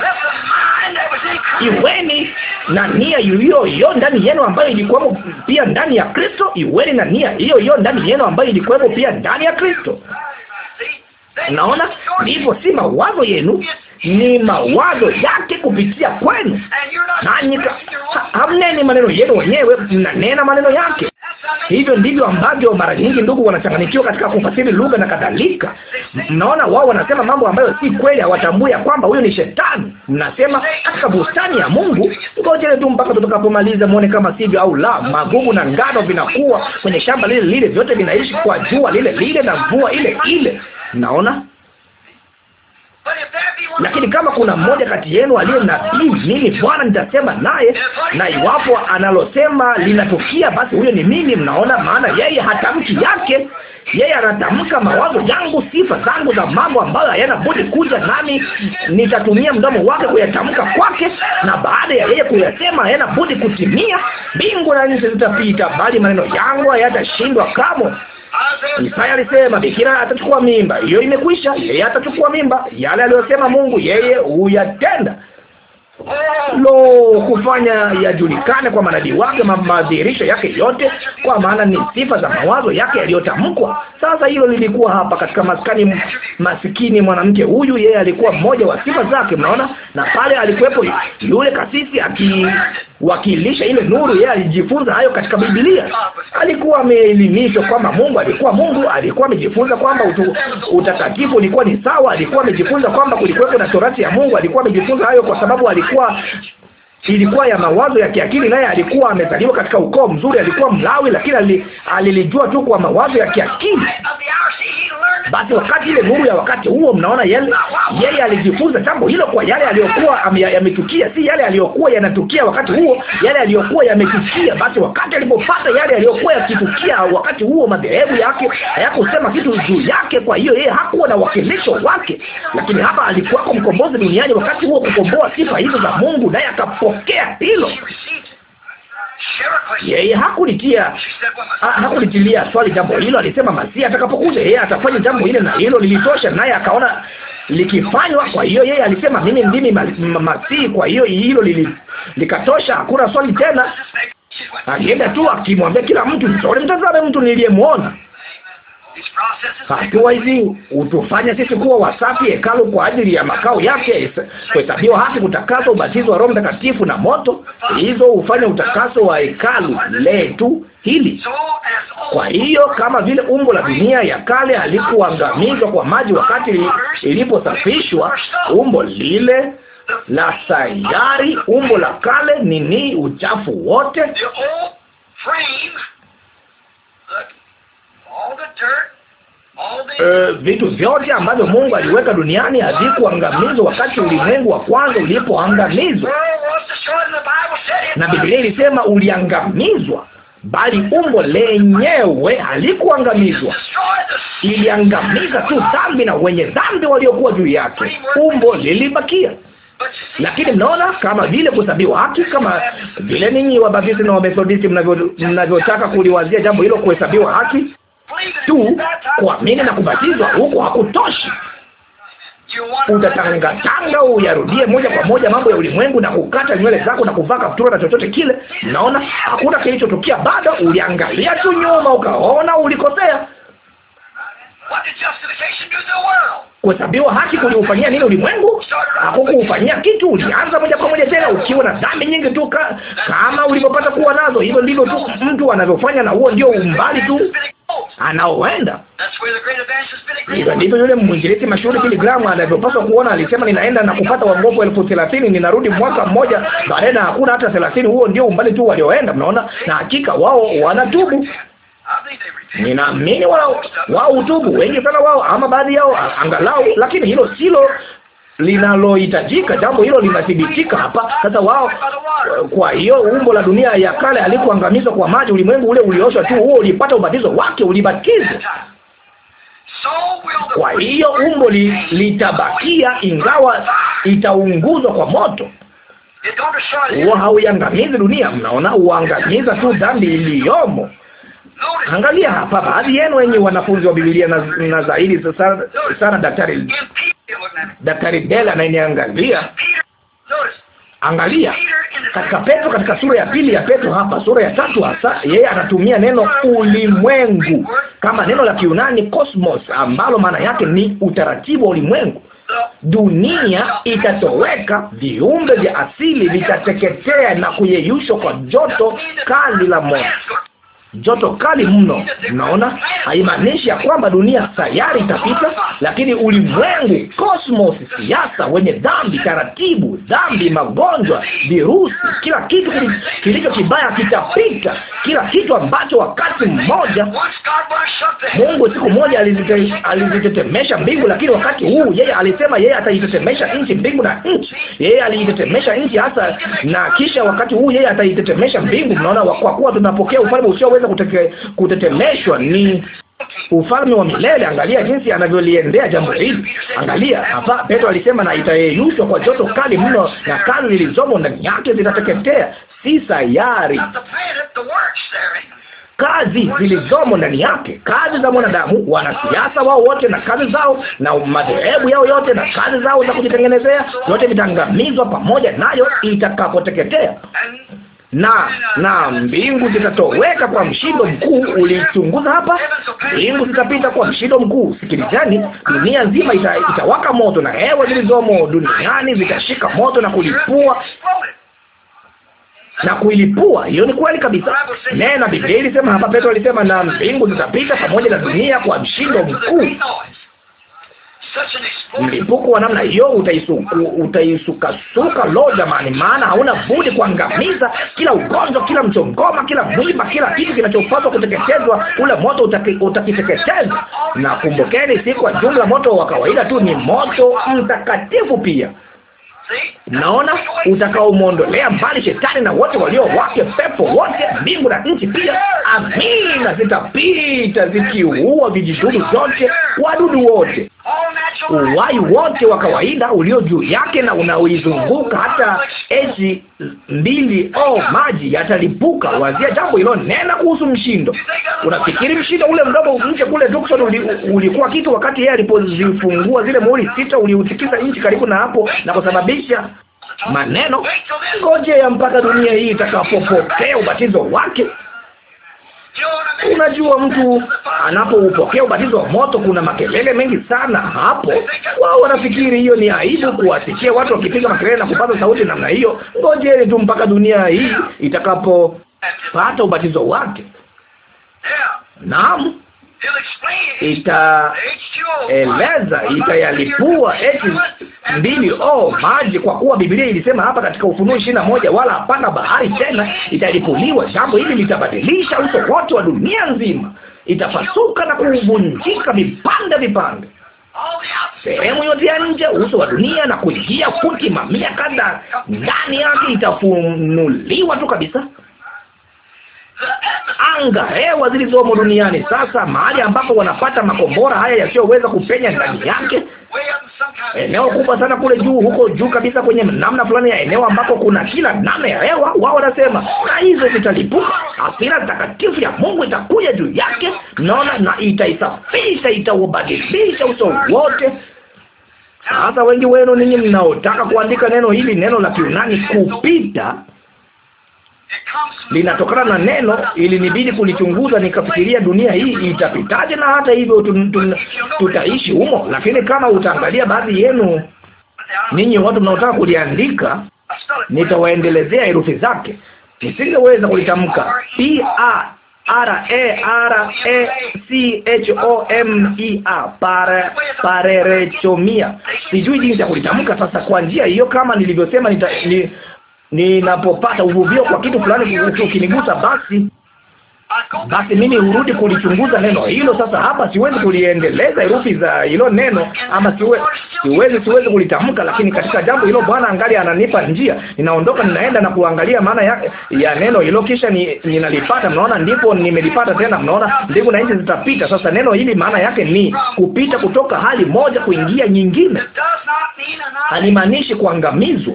Iweni na nia hiyo hiyo ndani yenu ambayo ilikuwemo pia ndani ya Kristo. Iweni na nia hiyo hiyo ndani yenu ambayo ilikuwemo pia ndani ya Kristo. Naona ndivyo, si mawazo yenu, ni mawazo yake kupitia kwenu, nanyi hamneni maneno yenu wenyewe, mnanena maneno yake. Hivyo ndivyo ambavyo mara nyingi ndugu wanachanganyikiwa katika kufasiri lugha na kadhalika. Mnaona, wao wanasema mambo ambayo si kweli, hawatambui ya kwamba huyu ni shetani. Mnasema katika bustani ya Mungu, ngojele tu mpaka tutakapomaliza muone kama sivyo au la. Magugu na ngano vinakuwa kwenye shamba lile lile, vyote vinaishi kwa jua lile lile na mvua ile ile. Naona lakini kama kuna mmoja kati yenu aliye nabii, mimi Bwana nitasema naye, na iwapo analosema linatukia, basi huyo ni mimi. Mnaona, maana yeye hatamki yake yeye anatamka mawazo yangu, sifa zangu za mambo ambayo hayana budi kuja, nami nitatumia mdomo wake kuyatamka kwake, na baada ya yeye kuyasema hayana budi kutimia. Mbingu na nchi zitapita, bali maneno yangu hayatashindwa kamwe. Isaya alisema bikira atachukua mimba, hiyo imekwisha. Yeye atachukua mimba, yale aliyosema Mungu yeye huyatenda. Lo, kufanya yajulikane kwa manabii wake, madhihirisho yake yote, kwa maana ni sifa za mawazo yake yaliyotamkwa. Sasa hilo lilikuwa hapa katika maskani. Masikini mwanamke huyu, yeye alikuwa mmoja wa sifa zake, mnaona. Na pale alikuwepo yule kasisi aki wakilisha ile nuru. Yeye alijifunza hayo katika Biblia. Alikuwa ameelimishwa kwamba Mungu alikuwa Mungu, alikuwa amejifunza kwamba utakatifu ulikuwa ni sawa, alikuwa amejifunza kwamba kulikuwa na torati ya Mungu. Alikuwa amejifunza hayo kwa sababu alikuwa ilikuwa ya mawazo ya kiakili, naye alikuwa amezaliwa katika ukoo mzuri, alikuwa Mlawi, lakini alilijua tu kwa mawazo ya kiakili. Basi wakati ile nuru ya wakati huo, mnaona yale, yeye alijifunza jambo hilo kwa yale aliyokuwa yametukia, si yale aliyokuwa yanatukia wakati huo, yale aliyokuwa yametukia. Basi wakati alipopata yale aliyokuwa yakitukia wakati huo, madhehebu yake hayakusema kitu juu yake. Kwa hiyo yeye hakuwa na wakilisho wake, lakini hapa alikuwako mkombozi duniani wakati huo, kukomboa sifa hizo za Mungu, naye akapokea hilo yeye hakulitia hakulitilia swali jambo hilo. Alisema Masihi atakapokuja yeye atafanya jambo hile na hilo lilitosha, naye akaona likifanywa. Kwa hiyo yeye alisema mimi ndimi Masihi, kwa hiyo hilo lili, likatosha. Hakuna swali tena. Alienda tu akimwambia kila mtu, mtazame mtu niliyemwona hatua hizi hutufanya sisi kuwa wasafi, hekalu kwa ajili ya makao yake, kuhesabiwa haki, kutakaswa, ubatizo wa Roho Mtakatifu na moto. Hizo hufanya utakaso wa hekalu letu hili. Kwa hiyo kama vile umbo la dunia ya kale halikuangamizwa kwa maji wakati iliposafishwa, umbo lile la sayari, umbo la kale, nini, uchafu wote Eh, vitu vyote ambavyo Mungu aliweka duniani havikuangamizwa wakati ulimwengu wa kwanza ulipoangamizwa, na Biblia ilisema uliangamizwa, bali umbo lenyewe halikuangamizwa. Iliangamiza tu dhambi na wenye dhambi waliokuwa juu yake, umbo lilibakia. Lakini mnaona kama vile kuhesabiwa haki, kama vile ninyi Wabaptisti na Wamethodisti mnavyotaka kuliwazia jambo hilo, kuhesabiwa haki tu kuamini na kubatizwa huko hakutoshi. Utatangatanga uyarudie moja kwa moja mambo ya ulimwengu na kukata nywele zako na kuvaa kaptura na chochote kile. Naona hakuna kilichotukia bado. Uliangalia tu nyuma ukaona ulikosea. Kuhesabiwa haki kuliufanyia nini ulimwengu? Hakukuufanyia kitu. Ulianza moja kwa moja tena ukiwa na dhambi nyingi tu kama ulivyopata kuwa nazo. Hivyo ndivyo tu mtu anavyofanya, na huo ndio umbali tu anaoenda. Hivyo ndivyo yule mwinjilisti mashuhuri Billy Graham anavyopaswa kuona. Alisema, ninaenda na kupata wangovu elfu thelathini, ninarudi mwaka mmoja baadaye na hakuna hata thelathini. Huo ndio umbali tu walioenda, mnaona. Na hakika wao wanatubu Ninaamini wao wao utubu wengi sana wao, ama baadhi yao angalau, lakini hilo silo linalohitajika. Jambo hilo linathibitika hapa sasa. Wao kwa hiyo umbo la dunia ya kale alikuangamizwa kwa maji, ulimwengu ule ulioshwa tu, huo ulipata ubatizo wake, ulibatizwa kwa hiyo umbo li, litabakia ingawa itaunguzwa kwa moto. Huo hauiangamizi dunia, mnaona, uangamiza tu dhambi iliyomo. Angalia hapa, baadhi yenu wenye wanafunzi wa Biblia na, na zaidi sana, sana daktari daktari Bela ananiangalia. Angalia katika Petro, katika sura ya pili ya Petro, hapa sura ya tatu hasa, yeye anatumia neno ulimwengu kama neno la Kiunani cosmos, ambalo maana yake ni utaratibu wa ulimwengu. Dunia itatoweka, viumbe vya asili vitateketea na kuyeyushwa kwa joto kali la moto joto kali mno. naona haimaanishi ya kwamba dunia tayari itapita, lakini ulimwengu, cosmos, siasa, wenye dhambi, taratibu, dhambi, magonjwa, virusi, kila kitu kilicho kibaya kitapita kila kitu ambacho wakati mmoja Mungu siku moja alizitetemesha mbingu, lakini wakati huu yeye alisema yeye ataitetemesha nchi, mbingu na nchi. Yeye aliitetemesha nchi hasa, na kisha wakati huu yeye ataitetemesha mbingu. Mnaona, kwa kuwa tunapokea ufalme usioweza kutetemeshwa ni ufalme wa milele. Angalia jinsi anavyoliendea jambo hili. Angalia hapa, Petro alisema na itayeyushwa kwa joto kali mno, na kali zilizomo ndani yake zitateketea. Si sayari kazi zilizomo ndani yake, kazi za mwanadamu, wanasiasa wao wote na kazi zao na madhehebu yao yote na kazi zao za kujitengenezea, yote vitaangamizwa pamoja nayo itakapoteketea na na mbingu zitatoweka kwa mshindo mkuu. Ulichunguza hapa, mbingu zitapita kwa mshindo mkuu. Sikilizani, dunia nzima ita, itawaka moto na hewa zilizomo duniani zitashika moto na kulipua na kuilipua. Hiyo ni kweli kabisa. Neno na Biblia ilisema hapa, Petro alisema, na mbingu zitapita pamoja na dunia kwa mshindo mkuu. Mlipuko wa namna hiyo utaisukasuka lo, jamani, maana hauna budi kuangamiza kila ugonjwa, kila mchongoma, kila mwiba, kila kitu kinachopaswa kuteketezwa, ule moto utakiteketeza. Na kumbukeni, si kwa jumla moto wa kawaida tu, ni moto mtakatifu pia. Naona utakaomwondolea mbali shetani na wote walio wake, pepo wote, mbingu na nchi pia. Amina, zitapita zikiua vijidudu vyote, wadudu wote uwai wote wa kawaida ulio juu yake na unaoizunguka hata eji mbili o oh, maji yatalipuka. Wazia jambo hilo, nena kuhusu mshindo. Unafikiri mshindo ule mdogo nje kule Tucson uli, ulikuwa kitu wakati yeye alipozifungua zile muhuri sita, uliutikisa nchi karibu na hapo na kusababisha maneno, ya mpaka dunia hii itakapopokea ubatizo wake. Unajua, mtu anapoupokea ubatizo wa moto kuna makelele mengi sana hapo. Wao wanafikiri hiyo ni aibu kuwasikia watu wakipiga makelele na kupaza sauti namna hiyo. Ngojeni tu mpaka dunia hii itakapopata ubatizo wake. Naam itaeleza itayalipua mbili o oh, maji, kwa kuwa Biblia ilisema hapa katika Ufunuo ishirini na moja wala hapana bahari tena, italipuliwa. Jambo hili litabadilisha uso wote wa dunia nzima, itapasuka na kuvunjika vipande vipande, sehemu yote ya nje, uso wa dunia na kuingia futi mamia kadhaa ndani yake, itafunuliwa tu kabisa anga hewa zilizomo duniani. Sasa mahali ambapo wanapata makombora haya yasiyoweza kupenya ndani yake, eneo kubwa sana kule juu, huko juu kabisa, kwenye namna fulani ya eneo ambako kuna kila namna ya hewa, wao wanasema na hizo zitalipuka. Hasira takatifu ya Mungu itakuja juu yake, mnaona, na itaisafisha, itaubadilisha uso wote. Sasa wengi wenu ninyi mnaotaka kuandika neno hili, neno la Kiunani kupita linatokana na neno. Ilinibidi kulichunguza, nikafikiria dunia hii itapitaje, na hata hivyo tutaishi humo. Lakini kama utaangalia baadhi yenu ninyi watu mnaotaka kuliandika, nitawaendelezea herufi zake. Nisingeweza kulitamka P A R E R E C H O M e A pare parerechomia. Sijui jinsi ya kulitamka. Sasa kwa njia hiyo, kama nilivyosema, nita, ni, ninapopata uvuvio kwa kitu fulani ukinigusa, basi basi mimi hurudi kulichunguza neno hilo. Sasa hapa siwezi kuliendeleza herufi za hilo neno, ama siwe, siwezi siwezi kulitamka, lakini katika jambo hilo Bwana angali ananipa njia. Ninaondoka, ninaenda na kuangalia maana ya, ya neno hilo, kisha ni, ninalipata. Mnaona, ndipo nimelipata tena. Mnaona, mbingu na nchi zitapita. Sasa neno hili maana yake ni kupita kutoka hali moja kuingia nyingine, halimaanishi kuangamizwa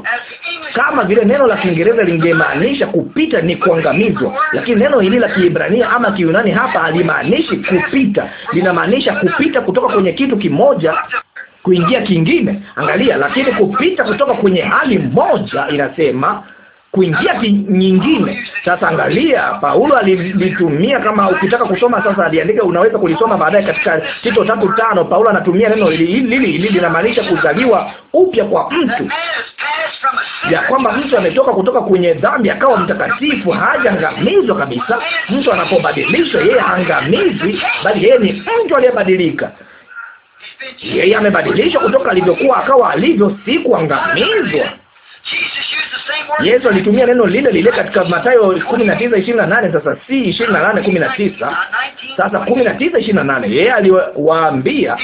kama vile neno la Kiingereza lingemaanisha kupita ni kuangamizwa, lakini neno hili la Kiebrania Kiebrania ama kiunani hapa halimaanishi kupita, linamaanisha kupita kutoka kwenye kitu kimoja kuingia kingine. Angalia, lakini kupita kutoka kwenye hali moja inasema kuingia nyingine. Sasa angalia, Paulo alitumia, kama ukitaka kusoma sasa, aliandika, unaweza kulisoma baadaye katika Tito tatu tano. Paulo anatumia neno lili lili, linamaanisha kuzaliwa upya kwa mtu ya kwamba mtu ametoka kutoka kwenye dhambi akawa mtakatifu, hajaangamizwa kabisa. Mtu anapobadilishwa, yeye haangamizwi, bali yeye ni mtu aliyebadilika. Yeye amebadilishwa kutoka alivyokuwa akawa alivyo, si kuangamizwa. Yesu alitumia neno lile lile katika Mathayo 19:28. Sasa si 28:19, sasa 19:28. Yeye aliwaambia,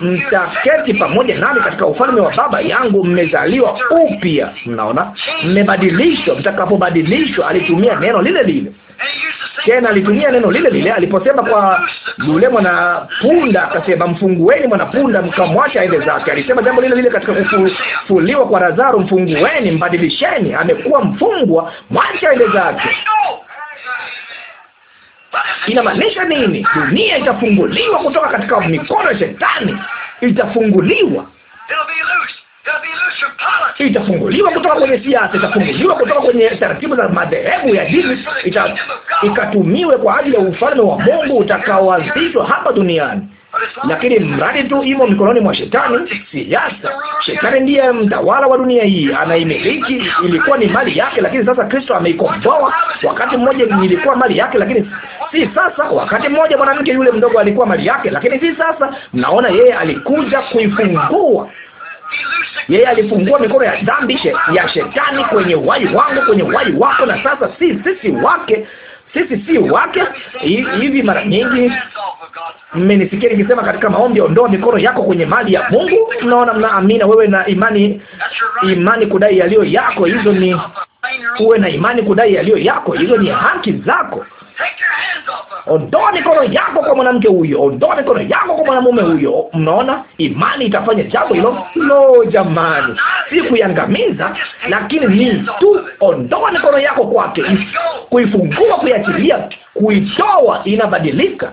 mtaketi pamoja nami katika ufalme wa Baba yangu, mmezaliwa upya. Mnaona, mmebadilishwa. Mtakapobadilishwa, alitumia neno lile lile tena alitumia neno lile lile aliposema kwa yule mwanapunda, akasema mfungueni mwanapunda mkamwacha aende zake. Alisema jambo lile lile katika kufufuliwa kwa Lazaro, mfungueni, mbadilisheni, amekuwa mfungwa, mwacha aende zake. Inamaanisha nini? Dunia itafunguliwa kutoka katika mikono ya Shetani, itafunguliwa itafunguliwa kutoka kwenye siasa, itafunguliwa kutoka kwenye taratibu za madhehebu ya dini, ikatumiwe kwa ajili ya ufalme wa Mungu utakaoanzishwa hapa duniani lakini mradi tu imo mikononi mwa shetani. Siasa, shetani ndiye mtawala wa dunia hii, anaimiliki. Ilikuwa ni mali yake, lakini sasa Kristo ameikomboa. Wakati mmoja ilikuwa mali yake, lakini si sasa. Wakati mmoja mwanamke yule mdogo alikuwa mali yake, lakini si sasa. Mnaona, yeye alikuja kuifungua yeye alifungua mikono ya dhambi ya shetani kwenye uhai wangu, kwenye uhai wako, na sasa si sisi wake sisi si wake. Hivi mara nyingi mmenisikia nikisema katika maombi, ondoa mikono yako kwenye mali ya Mungu. Mnaona, mnaamina wewe na imani, imani kudai yaliyo yako, hizo ni uwe na imani kudai yaliyo yako, hizo ni haki zako. Ondoa mikono yako kwa mwanamke huyo, ondoa mikono yako kwa mwanamume huyo. Mnaona, imani itafanya jambo hilo. Lo, jamani, si kuiangamiza, lakini ni tu ondoa mikono yako kwake, kuifungua, kuiachilia, kuitoa. Inabadilika,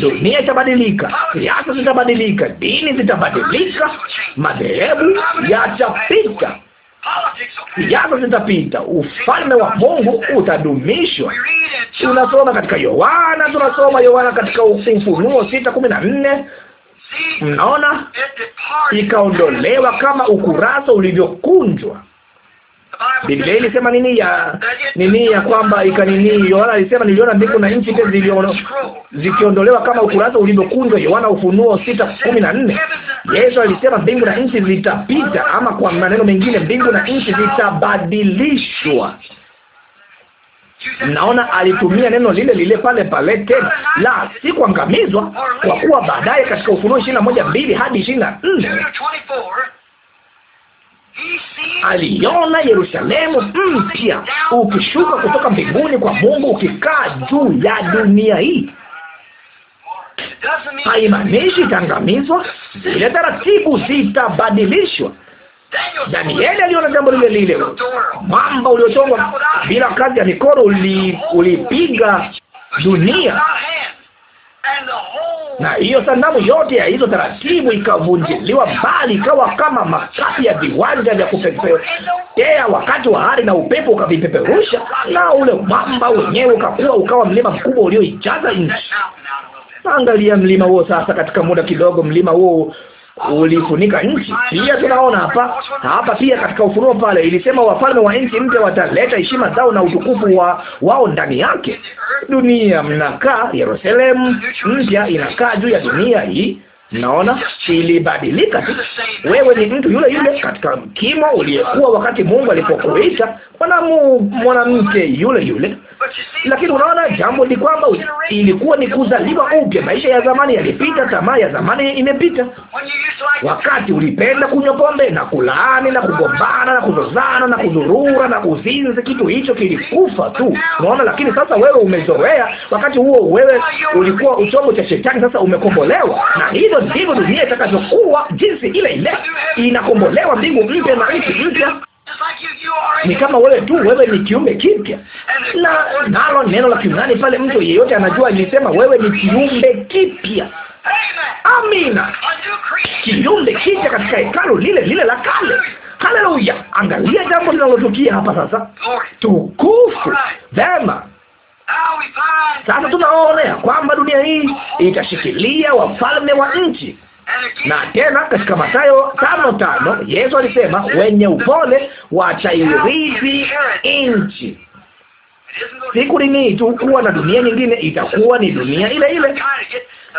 dunia itabadilika, siasa zitabadilika, dini zitabadilika, madhehebu yatapita siasa zitapita, ufalme wa Mungu utadumishwa. Tunasoma katika Yohana, tunasoma Yohana katika Ufunuo sita kumi na nne. Mnaona, ikaondolewa kama ukurasa ulivyokunjwa. Biblia ilisema nini ya nini ya kwamba ikanini. Yohana alisema niliona mbingu na nchi pia zikiondolewa kama ukurasa ulivyokunjwa, Yohana Ufunuo sita kumi na nne. Yesu alisema mbingu na nchi zitapita, ama kwa maneno mengine mbingu na nchi zitabadilishwa. Naona alitumia neno lile lile pale pale tena, la si kuangamizwa, kwa kuwa baadaye katika Ufunuo ishirini na moja mbili hadi ishirini na nne aliona Yerusalemu mpya ukishuka kutoka mbinguni kwa Mungu ukikaa juu ya dunia hii. Haimaanishi itaangamizwa, zile taratibu zitabadilishwa. Danieli aliona jambo lile lile, mwamba uliochongwa bila kazi ya mikono ulipiga uli dunia na hiyo sanamu yote ya hizo taratibu ikavunjiliwa, bali ikawa kama makapi ya viwanja vya kupepetea wakati wa hari, na upepo ukavipeperusha, na ule mwamba wenyewe ukakuwa ukawa mlima mkubwa ulioijaza nchi. Angalia mlima huo sasa. Katika muda kidogo, mlima huo ulifunika nchi. Pia tunaona hapa hapa pia katika Ufunuo pale ilisema wafalme wa nchi mpya wataleta heshima zao na utukufu wa wao ndani yake. Dunia mnakaa, Yerusalemu mpya inakaa juu ya dunia hii Naona ilibadilika tu. Wewe ni mtu yule yule katika kimo uliyekuwa wakati Mungu alipokuita mwanamu mwanamke yule yule, lakini unaona, jambo ni kwamba ilikuwa ni kuzaliwa upya. Maisha ya zamani yalipita, tamaa ya zamani imepita. Wakati ulipenda kunywa pombe na kulaani na kugombana na kuzozana na kudhurura na kuzinzi, kitu hicho kilikufa tu, unaona. Lakini sasa wewe umezoea. Wakati huo wewe ulikuwa chombo cha Shetani, sasa umekombolewa na hivyo hivyo ndivyo dunia itakavyokuwa, jinsi ile ile inakombolewa, mbingu mpya na nchi mpya. Ni kama wewe tu, wewe ni kiumbe kipya, na nalo neno la Kiunani pale, mtu yeyote anajua, ilisema wewe ni kiumbe kipya. Amina, kiumbe kipya katika hekalu lile lile la kale. Haleluya! Angalia jambo linalotukia hapa sasa. Tukufu! Vema. Sasa tunaona ya kwamba dunia hii itashikilia wafalme wa nchi na tena katika Mathayo tano tano Yesu alisema wenye upole watairithi nchi. Siku ni tu kuwa na dunia nyingine, itakuwa ni dunia ile ile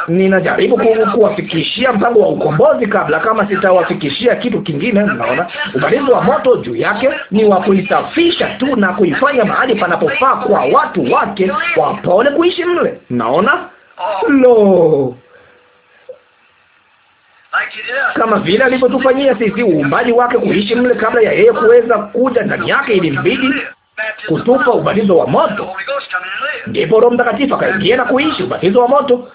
ninajaribu kuwafikishia mpango wa ukombozi kabla, kama sitawafikishia kitu kingine. Mnaona, ubatizo wa moto juu yake ni wa kuisafisha tu na kuifanya mahali panapofaa kwa watu wake wapole kuishi mle. Mnaona, lo kama vile alivyotufanyia sisi uumbaji wake kuishi mle kabla ya yeye kuweza kuja ndani yake, ili mbidi kutupa, ubatizo wa moto. Ndipo Roho Mtakatifu akaingia na kuishi, ubatizo wa moto.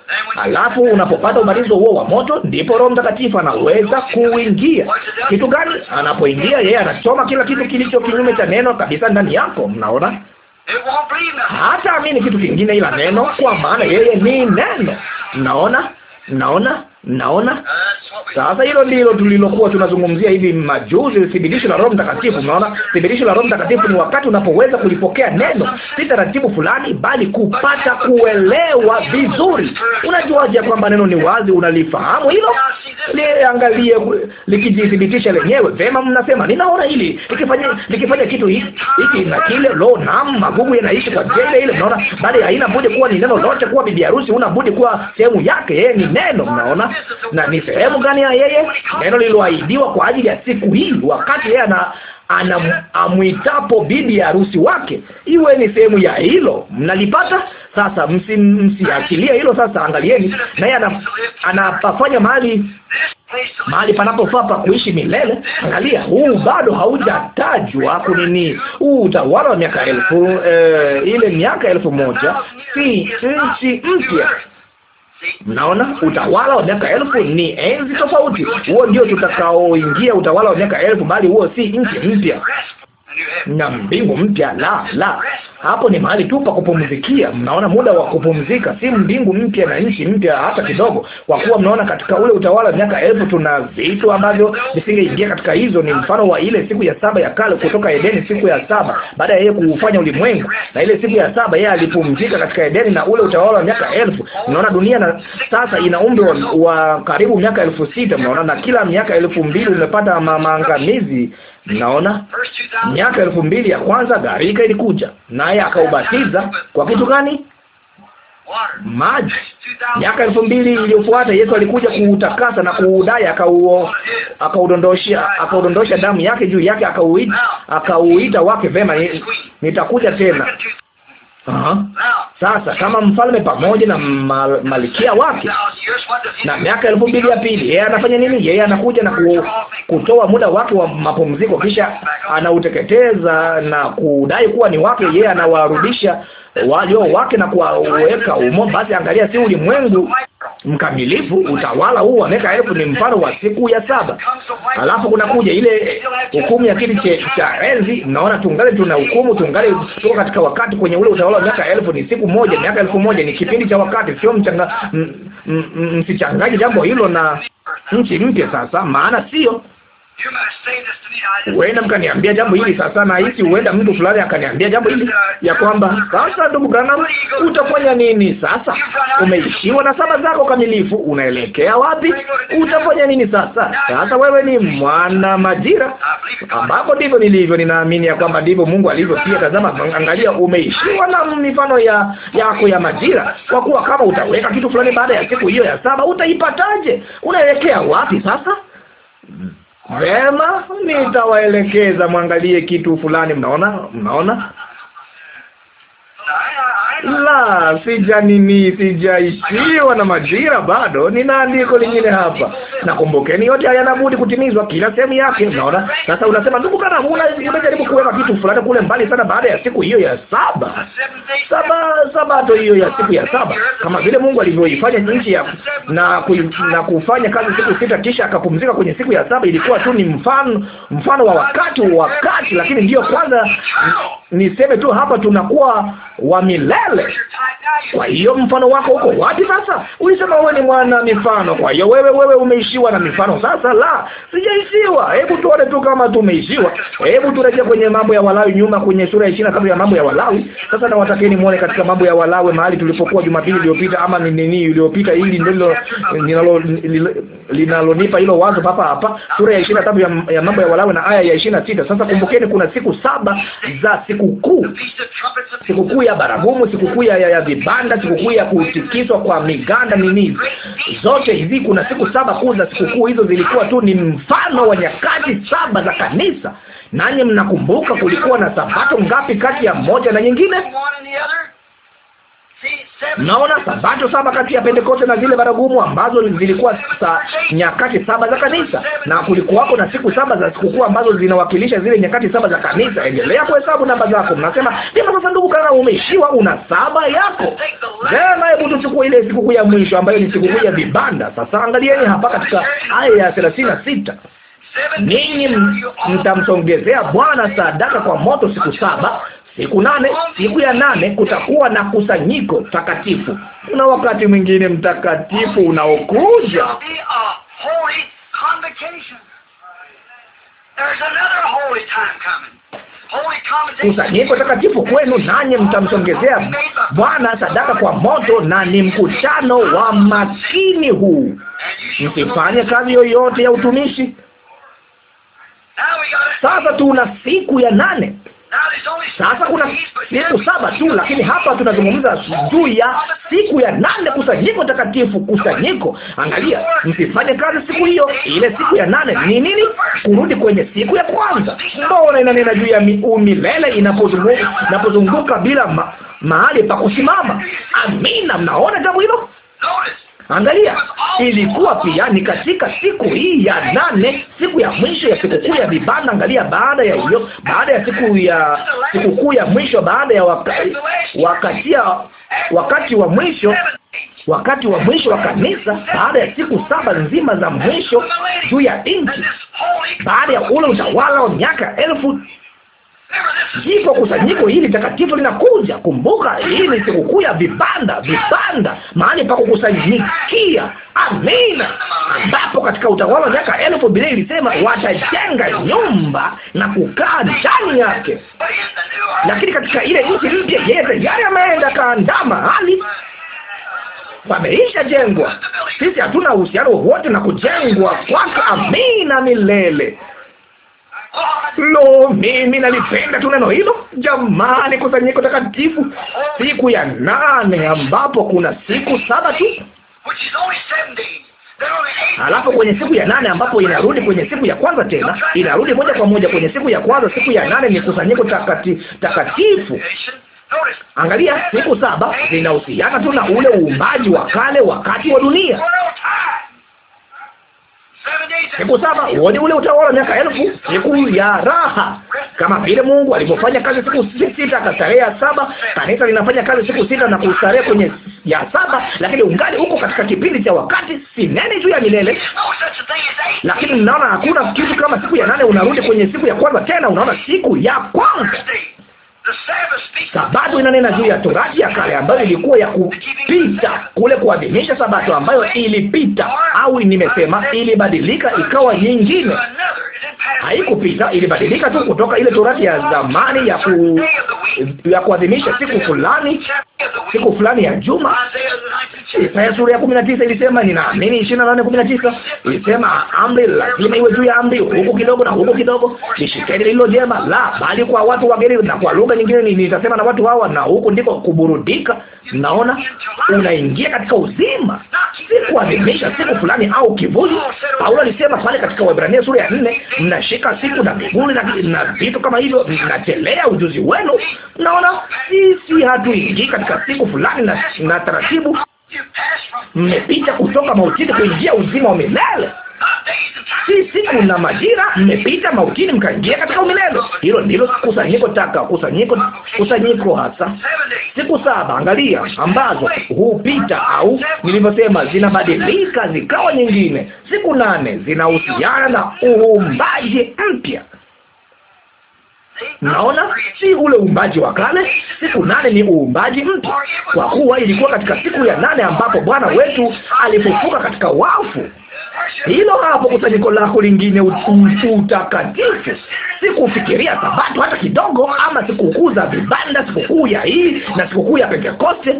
Alafu unapopata ubatizo huo wa moto, ndipo Roho Mtakatifu anaweza kuingia. Kitu gani? Anapoingia yeye anasoma kila kitu kilicho kinyume cha neno kabisa ndani yako. Mnaona, hata amini kitu kingine ila neno, kwa maana yeye ni neno. Mnaona, mnaona Mnaona ah, sasa, hilo ndilo tulilokuwa tunazungumzia hivi majuzi, thibitisho la Roho Mtakatifu. Mnaona, thibitisho la Roho Mtakatifu ni wakati unapoweza kulipokea neno, si taratibu fulani, bali kupata kuelewa vizuri. Unajuaje kwamba neno ni wazi? Unalifahamu hilo, liangalie likijithibitisha lenyewe. Vema, mnasema ninaona hili likifanya likifanya kitu hiki hiki na kile. Lo, naam, magugu yanaishi kwa jembe ile. Mnaona, bali haina budi kuwa ni neno lote, kuwa bibi harusi una budi kuwa sehemu yake. Yeye ni neno. Mnaona na ni sehemu gani ya yeye neno lililoahidiwa kwa ajili ya siku hii, wakati yeye ana amwitapo bibi ya harusi wake. Iwe ni sehemu ya hilo, mnalipata sasa. Msiachilie msi hilo sasa, angalieni naye anapafanya mahali mahali panapofaa pa kuishi milele. Angalia, huu bado haujatajwa kunini, huu utawala wa miaka elfu e, ile miaka elfu moja si nchi mpya Mnaona, utawala wa miaka elfu ni enzi tofauti. Huo ndio tutakaoingia utawala wa miaka elfu, bali huo si nchi mpya na mbingu mpya. La, la, hapo ni mahali tu pa kupumzikia. Mnaona muda wa kupumzika, si mbingu mpya na nchi mpya hata kidogo, kwa kuwa mnaona katika ule utawala wa miaka elfu tuna vitu ambavyo visingeingia katika hizo. Ni mfano wa ile siku ya saba ya kale kutoka Edeni, siku ya saba baada ya yeye kuufanya ulimwengu, na ile siku ya saba yeye alipumzika katika Edeni na ule utawala wa miaka elfu. Mnaona dunia na sasa ina umri wa, wa karibu miaka elfu sita mnaona, na kila miaka elfu mbili umepata maangamizi Mnaona, miaka elfu mbili ya kwanza gharika ilikuja naye akaubatiza kwa kitu gani? Maji. Miaka elfu mbili iliyofuata Yesu alikuja kuutakasa na kuudai, akaudondosha akaudondosha damu yake juu yake, akauita akauita wake. Vema, nitakuja tena sasa kama mfalme pamoja na mal, malikia wake na miaka elfu mbili ya pili, yeye anafanya nini? Yeye anakuja na ku, kutoa muda wake wa mapumziko, kisha anauteketeza na kudai kuwa ni wake. Yeye anawarudisha walio wake na kuwaweka umo. Basi angalia, si ulimwengu mkamilifu. Utawala huu wa miaka elfu ni mfano wa siku ya saba. Alafu kuna kuja ile hukumu ya kiti cha enzi. Mnaona, tungali tuna hukumu, tungali tuko katika wakati kwenye ule utawala wa miaka elfu. Ni siku moja, miaka elfu moja ni kipindi cha wakati, sio mchanga. Msichanganye jambo hilo na nchi mpya sasa, maana sio Huenda mkaniambia jambo hili sasa, na hisi huenda mtu fulani akaniambia jambo hili ya kwamba sasa, ndugu Branham, utafanya nini sasa? Umeishiwa na saba zako kamilifu, unaelekea wapi? Utafanya nini sasa? Sasa wewe ni mwana majira, ambapo ndivyo nilivyo. Ninaamini ya kwamba ndivyo Mungu alivyo pia. Tazama, angalia, umeishiwa na mifano ya yako ya majira, kwa kuwa kama utaweka kitu fulani baada ya siku hiyo ya saba, utaipataje? Unaelekea wapi sasa? Vema, nitawaelekeza mwangalie kitu fulani. Mnaona, mnaona la sija nini, sijaishiwa na majira bado. Nina andiko lingine hapa, nakumbukeni, yote hayana budi kutimizwa, kila sehemu yake. Unaona, sasa unasema ndugu kana huna, umejaribu kuweka kitu fulani kule mbali sana, baada ya siku hiyo ya saba saba sabato hiyo ya siku ya saba, kama vile Mungu alivyoifanya nchi ya na, kui, na kufanya kazi siku sita, kisha akapumzika kwenye siku ya saba. Ilikuwa tu ni mfano mfano wa wakati wakati, lakini ndiyo kwanza niseme tu hapa tunakuwa wa milele kwa hiyo mfano wako uko wapi sasa? Ulisema wewe ni mwana mifano, kwa hiyo wewe wewe umeishiwa na mifano sasa. La, sijaishiwa. Hebu tuone tu kama tumeishiwa. Hebu turejee kwenye mambo ya Walawi nyuma, kwenye sura ya ishirini na tatu ya mambo ya Walawi. Sasa nawatakeni muone katika mambo ya Walawi mahali tulipokuwa Jumapili iliyopita, ama ni nini iliyopita. Hili ndilo linalonipa hilo wazo papa hapa, sura ya ishirini na tatu ya, ya mambo ya Walawi na aya ya ishirini na sita. Sasa kumbukeni, kuna siku saba za sikukuu, sikukuu ya baragumu, sikukuu ya ya, ya, ya vibanda, sikukuu ya kutikiswa kwa miganda nini, zote hizi. Kuna siku saba kuu za sikukuu hizo zilikuwa tu ni mfano wa nyakati saba za kanisa. Nanyi mnakumbuka kulikuwa na sabato ngapi kati ya moja na nyingine? Naona sabato saba kati ya Pentekoste na zile baragumu ambazo zilikuwa sa nyakati saba za kanisa, na kulikuwako na siku saba za sikukuu ambazo zinawakilisha zile nyakati saba za kanisa. Endelea kuhesabu namba zako, mnasema vyema. Sasa ndugu, kana umeishiwa, una saba yako vyema. Hebu tuchukue ile sikukuu ya mwisho ambayo ni sikukuu ya vibanda. Sasa angalieni hapa katika aya ya thelathini na sita ninyi mtamsongezea Bwana sadaka kwa moto siku saba, Siku nane, siku ya nane kutakuwa na kusanyiko takatifu. Kuna wakati mwingine mtakatifu unaokuja kusanyiko takatifu kwenu, nanyi mtamsongezea Bwana sadaka kwa moto, na ni mkutano wa makini huu. Msifanye kazi yoyote ya utumishi. Sasa tuna siku ya nane. Sasa kuna siku saba tu, lakini hapa tunazungumza juu ya siku ya nane, kusanyiko takatifu, kusanyiko. Angalia, msifanye kazi siku hiyo. Ile siku ya nane ni nini? Kurudi kwenye siku ya kwanza. Mbona inanena juu ya milele inapozunguka bila ma mahali pa kusimama. Amina, mnaona jambo hilo? Angalia, ilikuwa pia ni katika siku hii ya nane, siku ya mwisho ya sikukuu ya vibanda. Angalia, baada ya hiyo, baada ya siku ya sikukuu ya mwisho, baada ya wakati, wakati ya wakati wa mwisho wakati wa mwisho wa kanisa, baada ya siku saba nzima za mwisho juu ya nchi, baada ya ule utawala wa miaka elfu Ndipo kusanyiko hili takatifu linakuja. Kumbuka, hii ni sikukuu ya vibanda, vibanda, mahali pa kukusanyikia. Amina, ambapo katika utawala wa miaka elfu bila ilisema watajenga nyumba na kukaa ndani yake, lakini katika ile nchi mpya yeye tayari ameenda kaandaa mahali pameisha jengwa. Sisi hatuna uhusiano wowote na kujengwa kwake. Amina milele Lo, mimi nalipenda tu neno hilo jamani, kusanyiko takatifu, siku ya nane ambapo kuna siku saba tu Alafu kwenye siku ya nane ambapo inarudi kwenye siku ya kwanza tena, inarudi moja kwa moja kwenye siku ya kwanza. Siku ya nane ni kusanyiko takati, takatifu. Angalia, siku saba zinahusiana tu na ule uumbaji wa kale wakati wa dunia siku saba huo ni ule utawala miaka elfu, siku ya raha, kama vile Mungu alivyofanya kazi siku sita akastarehe ya saba. Kanisa linafanya kazi siku sita na kustarehe kwenye ya saba, lakini ungali huko katika kipindi cha wakati. Sineni juu ya milele, lakini naona hakuna kitu kama siku ya nane. Unarudi kwenye siku ya kwanza tena, unaona siku ya kwanza Sabato inanena juu ya torati ya kale ambayo ilikuwa ya kupita, kule kuadhimisha sabato ambayo ilipita, au nimesema ilibadilika ikawa nyingine. Haikupita, ilibadilika tu kutoka ile torati ya zamani ya ku, ya kuadhimisha siku fulani, siku fulani ya juma. Isaya sura ya kumi na tisa ilisema, ninaamini, ishirini na nane kumi na tisa ilisema amri lazima iwe juu ya amri, huku kidogo na huku kidogo, lishikeni lililo jema, la bali kwa watu wageni na kwa lugha lugha nyingine nitasema na watu hawa, na huku ndiko kuburudika. naona unaingia katika uzima, si kuadhimisha siku fulani au kivuli. Paulo alisema pale katika Waebrania sura ya nne, mnashika siku na kivuli na vitu kama hivyo, mnatelea ujuzi wenu. naona sisi hatuingii katika siku fulani na, na taratibu mmepita kutoka mautini kuingia uzima wa milele si siku na majira, mmepita hmm. mautini mkaingia katika umilele. Hilo ndilo kusanyiko taka kusanyiko kusanyiko hasa siku saba, angalia, ambazo hupita au nilivyosema, zinabadilika zikawa nyingine. Siku nane zinahusiana na uumbaji mpya. Naona si ule uumbaji wa kale. Siku nane ni uumbaji mpya, kwa kuwa ilikuwa katika siku ya nane ambapo Bwana wetu alifufuka katika wafu. Hilo hapo kusanyiko lako lingine utakatifu. Sikufikiria sabato hata kidogo, ama sikukuu za vibanda, sikukuu ya hii na sikukuu ya Pentekoste.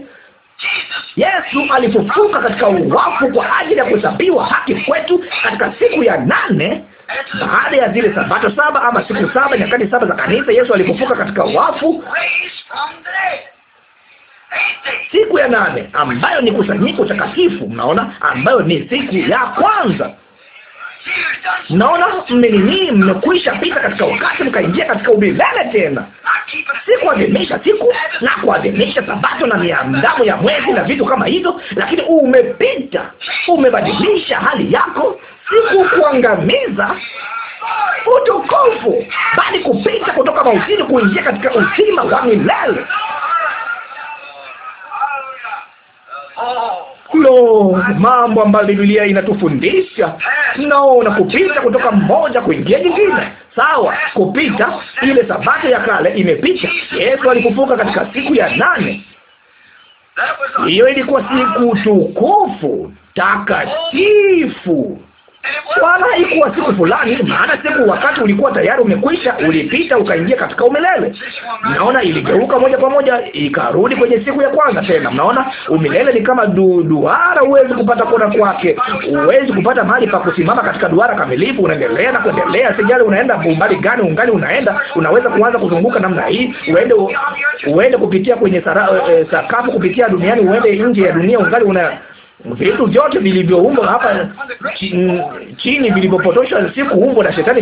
Yesu alifufuka katika uwafu kwa ajili ya kuhesabiwa haki kwetu katika siku ya nane. Baada ya zile sabato saba ama siku saba, nyakati saba za kanisa, Yesu alipofuka katika wafu siku ya nane, ambayo ni kusanyiko takatifu. Mnaona, ambayo ni siku ya kwanza. Naona mmeninii, mmekwisha pita katika wakati, mkaingia katika umilele tena. Si kuadhimisha siku na kuadhimisha sabato na miandamo ya mwezi na vitu kama hivyo, lakini umepita, umebadilisha hali yako, sikukuangamiza utukufu, bali kupita kutoka mautini kuingia katika uzima wa milele. Lo, mambo ambayo Biblia inatufundisha naona, kupita kutoka mmoja kuingia nyingine. Sawa, kupita ile sabato ya kale imepita. Yesu alifufuka katika siku ya nane. Hiyo ilikuwa siku tukufu takatifu wala haikuwa siku fulani, maana siku wakati ulikuwa tayari umekwisha, ulipita ukaingia katika umilele. Mnaona, iligeuka moja kwa moja ikarudi kwenye siku ya kwanza tena. Mnaona, umilele ni kama du duara, huwezi kupata kona kwake, huwezi kupata mahali pa kusimama katika duara kamilifu. Unaendelea na kuendelea, sijali unaenda umbali gani, ungali unaenda, unaweza kuanza kuzunguka namna hii, uende uende kupitia kwenye sara, e, sakafu kupitia duniani, uende nje ya dunia, ungali una vitu vyote vilivyoumbwa hapa chini vilivyopotoshwa umbo na Shetani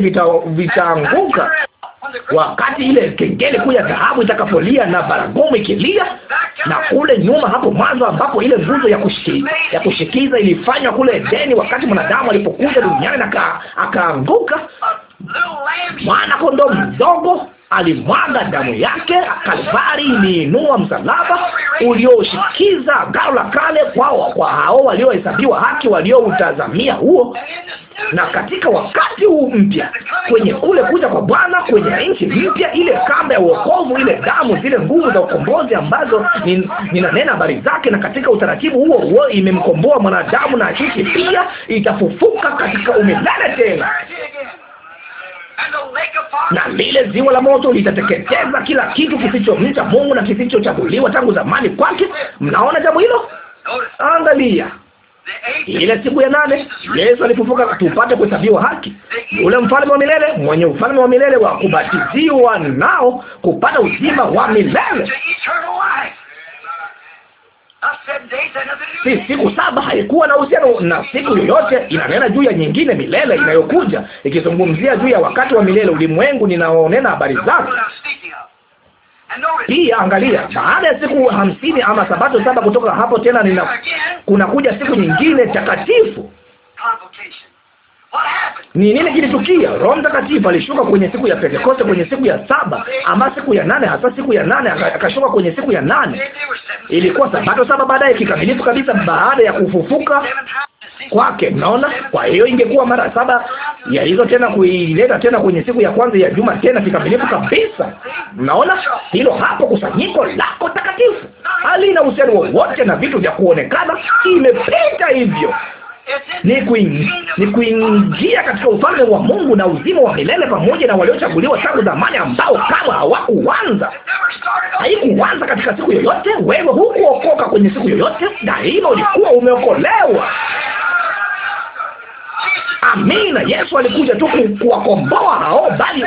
vitaanguka wakati ile kengele kuu ya dhahabu itakapolia na baragumu ikilia, na kule nyuma hapo mwanzo ambapo ile nguzo ya kushikiza ya kushikiza ilifanywa kule Edeni, wakati mwanadamu alipokuja duniani na akaanguka, mwana kondoo mdogo alimwaga damu yake. Kalvari iliinua msalaba ulioshikiza gao la kale kwao, kwa hao waliohesabiwa haki, walioutazamia huo. Na katika wakati huu mpya, kwenye kule kuja kwa Bwana, kwenye nchi mpya, ile kamba ya uokovu, ile damu, zile nguvu za ukombozi ambazo nin, ninanena habari zake, na katika utaratibu huo huo imemkomboa mwanadamu, na sisi pia itafufuka katika umilele tena na lile ziwa la moto litateketeza kila kitu kisichomcha Mungu na kisichochaguliwa tangu zamani kwake. Mnaona jambo hilo? Angalia ile siku ya nane Yesu alifufuka tupate kuhesabiwa haki, yule mfalme wa milele mwenye ufalme wa milele wa kubatiziwa nao kupata uzima wa milele si siku saba haikuwa na uhusiano na siku yoyote. Inanena juu ya nyingine milele inayokuja, ikizungumzia juu ya wakati wa milele, ulimwengu ninaonena habari zake. Pia angalia, baada ya siku hamsini ama sabato saba kutoka hapo tena nina kunakuja siku nyingine takatifu. Ni nini kilitukia? Roho Mtakatifu alishuka kwenye siku ya Pentekoste, kwenye siku ya saba ama siku ya nane, hasa siku ya nane akashuka kwenye siku ya nane. Ilikuwa sabato saba baadaye kikamilifu kabisa, baada ya kufufuka kwake. Mnaona, kwa hiyo ingekuwa mara saba ya hizo tena, kuileta tena kwenye siku ya kwanza ya juma tena kikamilifu kabisa. Mnaona hilo hapo, kusanyiko lako takatifu halina uhusiano wowote na vitu vya kuonekana, imepita hivyo ni kuingia katika ufalme wa Mungu na uzima wa milele pamoja na waliochaguliwa tangu zamani ambao kama hawakuanza haikuanza katika siku yoyote. Wewe hukuokoka kwenye siku yoyote, daima ulikuwa umeokolewa. Amina. Yesu alikuja tu kuwakomboa hao, bali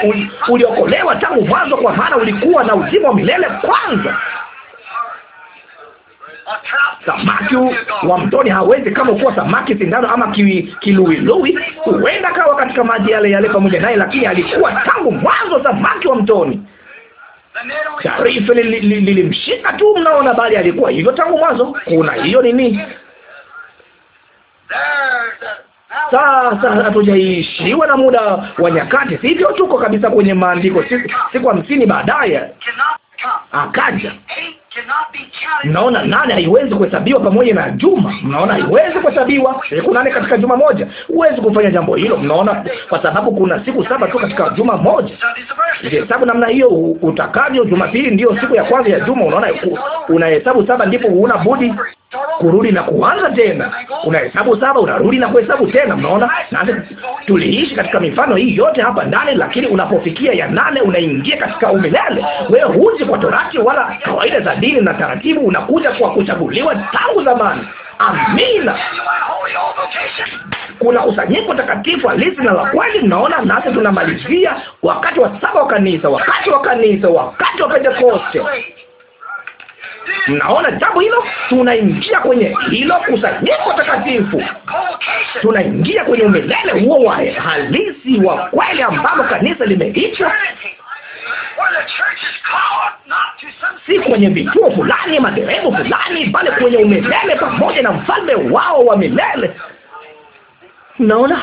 uliokolewa tangu mwanzo, kwa maana ulikuwa na uzima wa milele kwanza. Samaki wa mtoni hawezi kama kuwa samaki sindano ama ki, kiluwiluwi. Huenda kawa katika maji yale yale pamoja naye, lakini alikuwa tangu mwanzo samaki wa mtoni. Tarifa lilimshika li, li, tu, mnaona, bali alikuwa hivyo tangu mwanzo. Kuna hiyo nini sasa hatujaishiwa na muda wa nyakati, sivyo? Tuko kabisa kwenye maandiko. Siku hamsini baadaye akaja Mnaona, nane haiwezi kuhesabiwa pamoja na juma. Mnaona, haiwezi kuhesabiwa siku nane katika juma moja. Huwezi kufanya jambo hilo, mnaona, kwa sababu kuna siku saba tu katika juma moja. Hesabu namna hiyo utakavyo. Jumapili ndiyo siku ya kwanza ya juma, unaona, unahesabu saba, ndipo una budi kurudi na kuanza tena. Unahesabu saba, unarudi na kuhesabu tena. Mnaona, nasi tuliishi katika mifano hii yote hapa ndani, lakini unapofikia ya nane unaingia katika umilele. Wewe huji kwa torati wala kawaida za dini na taratibu, unakuja kwa kuchaguliwa tangu zamani. Amina. Kuna kusanyiko takatifu halisi na la kweli. Mnaona, nasi tunamalizia wakati wa saba wa kanisa, wakati wa kanisa, wakati wa Pentekoste. Mnaona jambo hilo? Tunaingia kwenye hilo kusanyiko takatifu, tunaingia kwenye umelele huo wa halisi wa kweli ambalo kanisa limeitwa si kwenye vituo fulani, madhehebu fulani, bali kwenye umilele pamoja na mfalme wao wa milele. Naona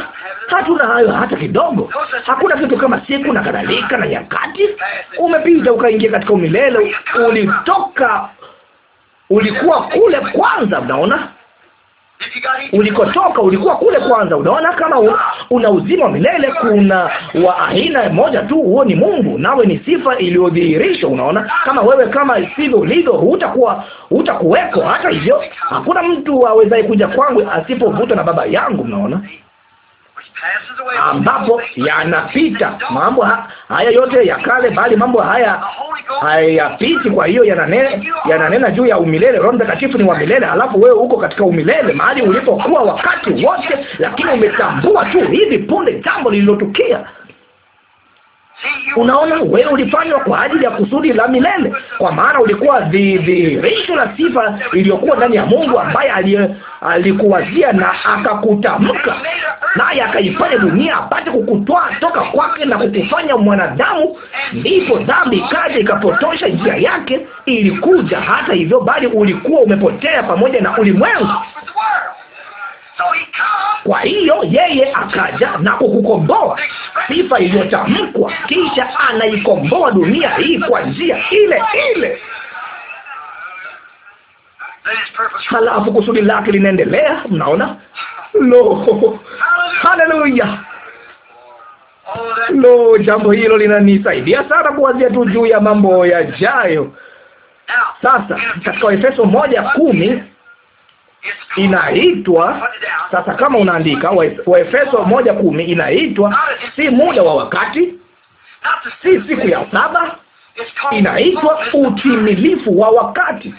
hatuna hayo hata kidogo. Hakuna kitu kama siku na kadhalika na nyakati. Umepita ukaingia katika umilele, ulitoka ulikuwa kule kwanza, unaona ulikotoka ulikuwa kule kwanza. Unaona, kama u, una uzima wa milele, kuna wa aina moja tu, huo ni Mungu, nawe ni sifa iliyodhihirishwa. Unaona, kama wewe kama sivyo ulivyo, hutakuwa hutakuweko. Hata hivyo, hakuna mtu awezaye kuja kwangu asipovutwa na Baba yangu. Mnaona, ambapo yanapita mambo ha, haya yote ya kale, bali mambo haya hayapiti. Kwa hiyo yananena, yananena juu ya umilele. Roho Mtakatifu ni wa milele, alafu wewe uko katika umilele, mahali ulipokuwa wakati wote, lakini umetambua tu hivi punde jambo lililotukia. Unaona, wewe ulifanywa kwa ajili ya kusudi la milele, kwa maana ulikuwa dhihirisho la sifa iliyokuwa ndani ya Mungu ambaye alikuwazia na akakutamka, naye akaifanya dunia apate kukutwaa toka kwake na kukufanya mwanadamu. Ndipo dhambi ikaja ikapotosha njia yake. Ilikuja hata hivyo, bali ulikuwa umepotea pamoja na ulimwengu. Kwa hiyo yeye akaja na kukukomboa, sifa iliyotamkwa, kisha anaikomboa dunia hii kwa njia ile ile. Halafu kusudi lake linaendelea. Mnaona? Lo, haleluya! Lo, jambo hilo linanisaidia sana kuwazia tu juu ya mambo yajayo. Sasa katika Efeso moja kumi inaitwa sasa, kama unaandika Waefeso moja kumi, inaitwa si muda wa wakati, si siku ya saba, inaitwa utimilifu wa wakati.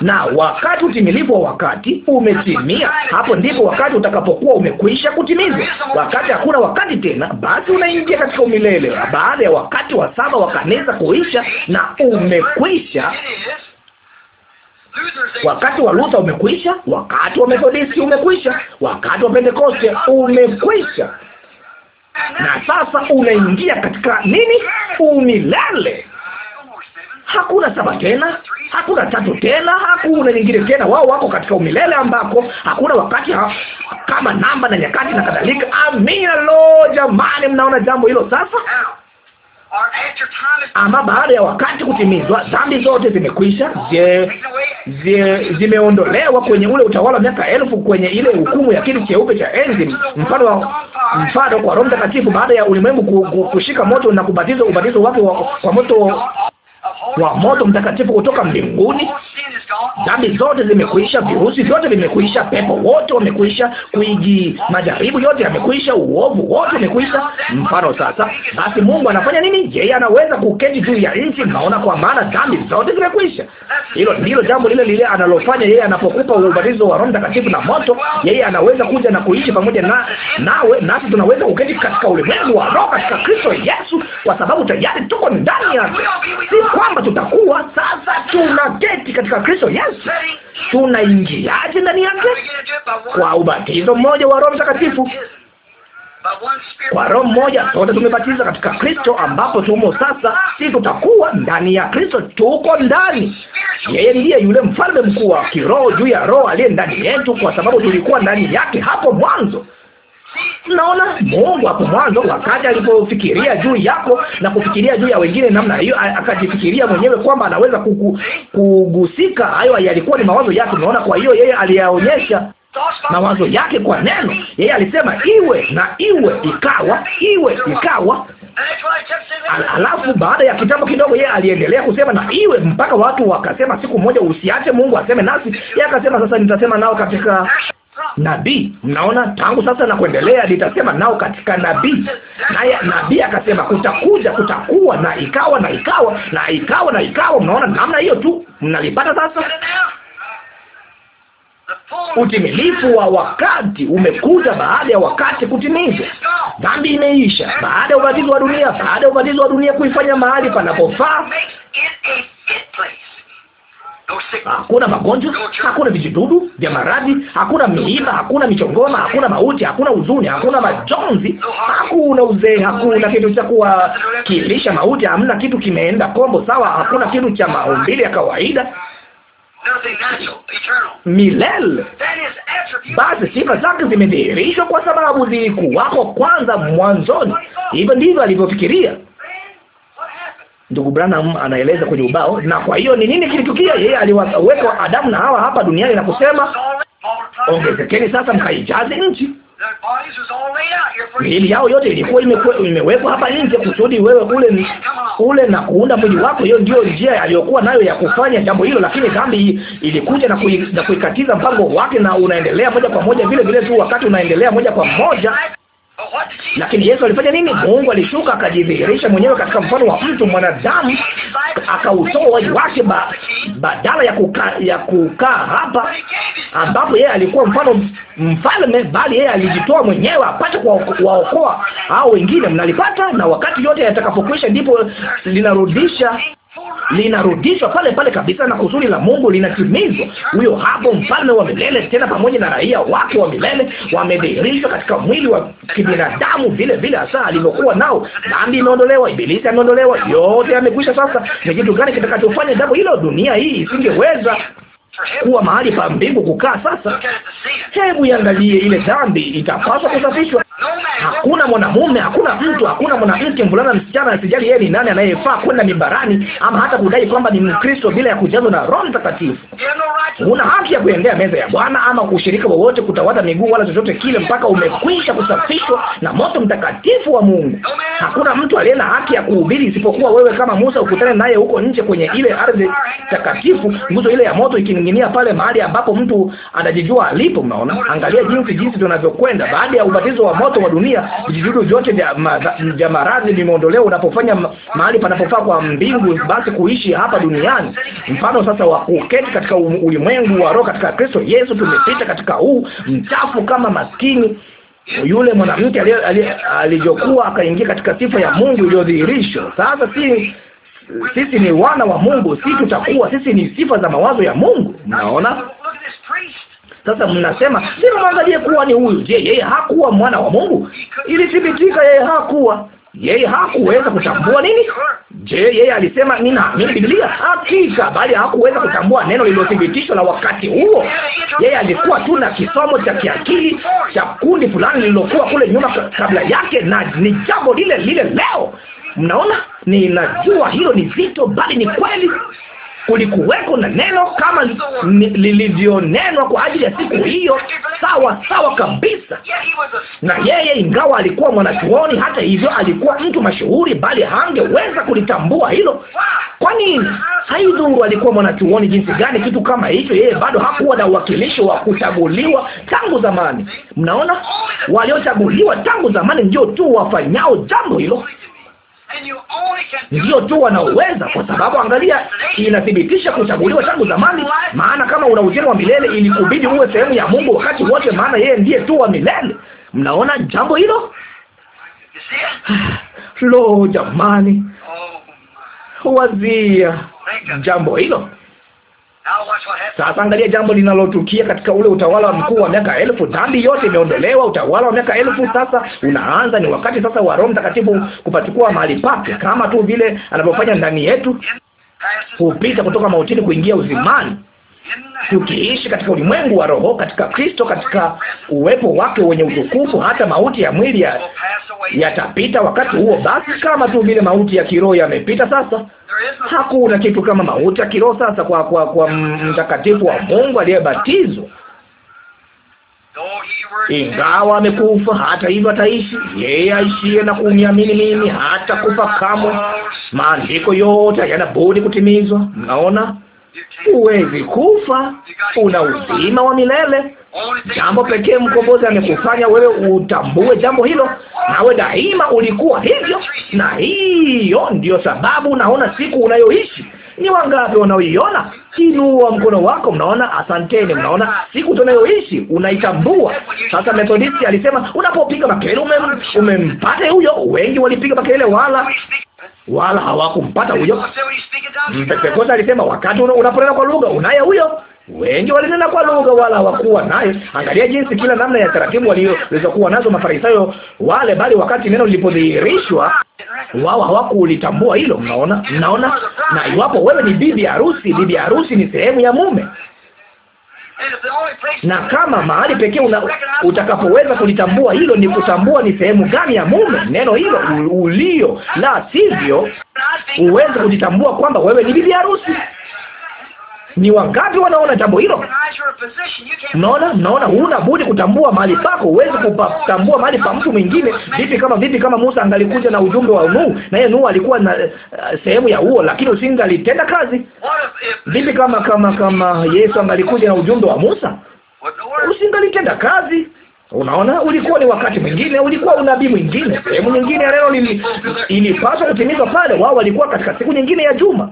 Na wakati utimilifu wa wakati umetimia, hapo ndipo wakati utakapokuwa umekwisha kutimizwa. Wakati hakuna wakati tena, basi unaingia katika umilele baada ya wakati wa saba wa kanisa kuisha, na umekwisha Wakati wa Luther umekwisha, wakati wa Methodisti umekwisha, wakati wa Pentekoste umekwisha, na sasa unaingia katika nini? Umilele. Hakuna saba tena, hakuna tatu tena, hakuna nyingine tena. Wao wako katika umilele ambako hakuna wakati ha, kama namba na nyakati na kadhalika. Amina. Lo, jamani, mnaona jambo hilo sasa? ama baada ya wakati kutimizwa, dhambi zote zimekwisha, zimeondolewa kwenye ule utawala wa miaka elfu, kwenye ile hukumu ya kitu cheupe cha enzi, mfano wa mfano kwa Roho Mtakatifu, baada ya ulimwengu kushika moto na kubatizwa ubatizo wake kwa moto wa moto mtakatifu kutoka mbinguni. Dhambi zote zimekwisha, virusi vyote vimekwisha, pepo wote wamekwisha, kuigi majaribu yote yamekwisha, uovu wote umekwisha. Mfano sasa, basi Mungu anafanya nini? Yeye anaweza kuketi juu ya nchi, mnaona, kwa maana dhambi zote zimekwisha. Hilo ndilo jambo lile lile analofanya yeye anapokupa ubatizo wa Roho Mtakatifu na moto. Yeye anaweza kuja na kuishi pamoja na nawe, nasi tunaweza kuketi katika ulimwengu wa Roho katika Kristo Yesu, kwa sababu tayari tuko ndani yake kwamba tutakuwa sasa tuna keti katika Kristo Yesu. Tunaingiaje ndani yake? Kwa ubatizo mmoja wa Roho Mtakatifu. Kwa roho mmoja sote tumebatiza katika Kristo, ambapo tumo sasa. Si tutakuwa ndani ya Kristo, tuko ndani yeye. Ndiye yule mfalme mkuu wa kiroho juu ya roho aliye ndani yetu, kwa sababu tulikuwa ndani yake hapo mwanzo. Naona Mungu hapo mwanzo, wakati alipofikiria juu yako na kufikiria juu ya wengine namna hiyo, akajifikiria mwenyewe kwamba anaweza kuku, kugusika. Hayo yalikuwa ni mawazo yake, unaona. Kwa hiyo yeye aliyaonyesha mawazo yake kwa neno. Yeye alisema iwe na iwe ikawa, iwe ikawa. Alafu baada ya kitambo kidogo, yeye aliendelea kusema na iwe, mpaka watu wakasema siku moja, usiache Mungu aseme nasi. Yeye akasema sasa, nitasema nao katika nabii. Mnaona, tangu sasa na kuendelea litasema nao katika nabii, naye nabii akasema kutakuja, kutakuwa na ikawa na ikawa na ikawa na ikawa. Mnaona namna hiyo tu, mnalipata sasa. Utimilifu wa wakati umekuja baada ya wakati kutimizwa. Dhambi imeisha baada ya ubatizo wa dunia, baada ya ubatizo wa dunia kuifanya mahali panapofaa hakuna magonjwa, hakuna vijidudu vya maradhi, hakuna miiba, hakuna michongoma, hakuna mauti, hakuna huzuni, hakuna majonzi, hakuna uzee, hakuna kitu cha kuwakilisha mauti, hamna kitu kimeenda kombo sawa, hakuna kitu cha maumbile ya kawaida milele. Basi sifa zake zimedhihirishwa kwa sababu zilikuwako kwanza mwanzoni. Hivyo ndivyo alivyofikiria. Ndugu Branham anaeleza kwenye ubao. Na kwa hiyo ni nini kilitukia? Yeye aliwaweka Adamu na Hawa hapa duniani na kusema, ongezekeni sasa mkaijaze nchi. Miili yao yote ilikuwa imewekwa hapa nje kusudi wewe ule ule na kuunda mwili wako. Hiyo ndiyo njia aliyokuwa nayo ya kufanya jambo hilo, lakini dhambi ilikuja na, kui, na kuikatiza mpango wake, na unaendelea moja kwa moja vile vile tu, wakati unaendelea moja kwa moja lakini Yesu alifanya nini? Mungu alishuka akajidhihirisha mwenyewe katika mfano wa mtu mwanadamu, akautoa uwaji wake ba, badala ya kukaa ya kukaa hapa ambapo yeye alikuwa mfano mfalme, bali yeye alijitoa mwenyewe apate kuwaokoa hao wengine. Mnalipata? Na wakati yote yatakapokwisha, ndipo linarudisha linarudishwa pale pale kabisa, na kusudi la Mungu linatimizwa. Huyo hapo mfalme wa milele tena, pamoja na raia wake wa milele, wamedhihirishwa katika mwili wa kibinadamu vile vile, hasa alivyokuwa nao. Dhambi imeondolewa, ibilisi ameondolewa, yote yamekwisha. Sasa ni kitu gani kitakachofanya jambo hilo? Dunia hii isingeweza kuwa mahali pa mbingu kukaa. Sasa hebu iangalie ile dhambi, itapaswa kusafishwa Hakuna mwanamume, hakuna mtu, hakuna mwanamke, mvulana, msichana asijali yeye ni nani anayefaa kwenda mimbarani ama hata kudai kwamba ni Mkristo bila ya kujazwa na Roho Mtakatifu. Una haki ya kuendea meza ya Bwana ama kushirika wowote, kutawadha miguu wala chochote kile, mpaka umekwisha kusafishwa na moto mtakatifu wa Mungu. Hakuna mtu aliye na haki ya kuhubiri isipokuwa wewe, kama Musa, ukutane naye huko nje kwenye ile ardhi takatifu, nguzo ile ya moto ikining'inia pale, mahali ambapo mtu anajijua alipo. Mnaona, angalia jinsi jinsi tunavyokwenda baada ya ubatizo wa moto moto wa dunia, vijidudu vyote vya, vya maradhi vimeondolewa unapofanya mahali panapofaa kwa mbingu, basi kuishi hapa duniani. Mfano sasa wa kuketi katika ulimwengu wa roho katika Kristo Yesu, tumepita katika huu mchafu kama maskini yule mwanamke alivyokuwa akaingia katika sifa ya Mungu iliyodhihirishwa. Sasa si sisi ni wana wa Mungu, si tutakuwa sisi ni sifa za mawazo ya Mungu. naona sasa mnasema si mwangalie kuwa ni huyu. Je, yeye hakuwa mwana wa Mungu? Ilithibitika yeye hakuwa yeye hakuweza kutambua nini? Je, yeye alisema ninaamini Biblia? Hakika, bali hakuweza kutambua neno lililothibitishwa la wakati huo. Yeye alikuwa tu na kisomo cha kiakili cha kundi fulani lililokuwa kule nyuma kabla yake, na ni jambo lile lile leo. Mnaona, ninajua hilo ni zito, bali ni kweli kulikuweko na neno kama lilivyonenwa kwa ajili ya siku hiyo, sawa sawa kabisa. Na yeye ingawa alikuwa mwanachuoni, hata hivyo alikuwa mtu mashuhuri, bali hangeweza kulitambua hilo. Kwa nini? Haidhuru alikuwa mwanachuoni jinsi gani, kitu kama hicho, yeye bado hakuwa na uwakilishi wa kuchaguliwa tangu zamani. Mnaona, waliochaguliwa tangu zamani ndio tu wafanyao jambo hilo ndio tu wanaoweza, kwa sababu angalia, inathibitisha kuchaguliwa tangu zamani. Maana kama una uzima wa milele, ilikubidi uwe sehemu ya Mungu wakati wote, maana yeye ndiye tu wa milele. Mnaona jambo hilo? Lo, jamani, oh, wazia jambo hilo. Sasa angalia jambo linalotukia katika ule utawala mkuu wa miaka elfu. Dhambi yote imeondolewa, utawala wa miaka elfu sasa unaanza. Ni wakati sasa wa Roho Mtakatifu kupachukua mahali pake, kama tu vile anavyofanya ndani yetu, hupita kutoka mautini kuingia uzimani tukiishi katika ulimwengu wa roho, katika Kristo, katika uwepo wake wenye utukufu. Hata mauti ya mwili yatapita ya wakati huo, basi kama tu vile mauti ya kiroho yamepita. Sasa hakuna kitu kama mauti ya kiroho sasa, kwa kwa, kwa mtakatifu wa Mungu aliyebatizwa ingawa amekufa, hata hivyo ataishi. Yeye aishie na kuniamini mimi hata kufa kamwe. Maandiko yote yanabudi budi kutimizwa. Mnaona huwezi kufa, una uzima wa milele. Jambo pekee mkombozi amekufanya wewe utambue jambo hilo, nawe daima ulikuwa hivyo, na hiyo ndiyo sababu unaona siku unayoishi ni wangapi wanaoiona? Inua mkono wako. Mnaona? Asanteni. Mnaona siku tunayoishi unaitambua sasa. Methodisti alisema unapopiga makelele umempate huyo. Wengi walipiga makelele, wala wala hawakumpata huyo Pentekoste. Alisema wakati unaponena kwa lugha unaye huyo. Wengi walinena kwa lugha wala hawakuwa naye. Angalia jinsi kila namna ya taratibu walizokuwa nazo mafarisayo wale, bali wakati neno lilipodhihirishwa wao hawakulitambua hilo. Mnaona, mnaona. Na iwapo wewe ni bibi harusi, bibi harusi ni sehemu ya mume na kama mahali pekee utakapoweza kulitambua hilo ni kutambua ni sehemu gani ya mume neno hilo ulio, la sivyo uweze kujitambua kwamba wewe ni bibi harusi. Ni wangapi wanaona jambo hilo? Naona, naona huna budi kutambua mahali pako. Huwezi kutambua mahali pa mtu mwingine. Vipi kama vipi kama Musa angalikuja na ujumbe wa Nuhu, naye Nuhu alikuwa na uh, sehemu ya huo, lakini usingalitenda kazi. Vipi kama kama kama Yesu angalikuja na ujumbe wa Musa, usingalitenda kazi. Unaona, ulikuwa ni wakati mwingine, ulikuwa unabii mwingine, sehemu nyingine ya neno lili ilipaswa kutimizwa pale. Wao walikuwa katika siku nyingine ya juma,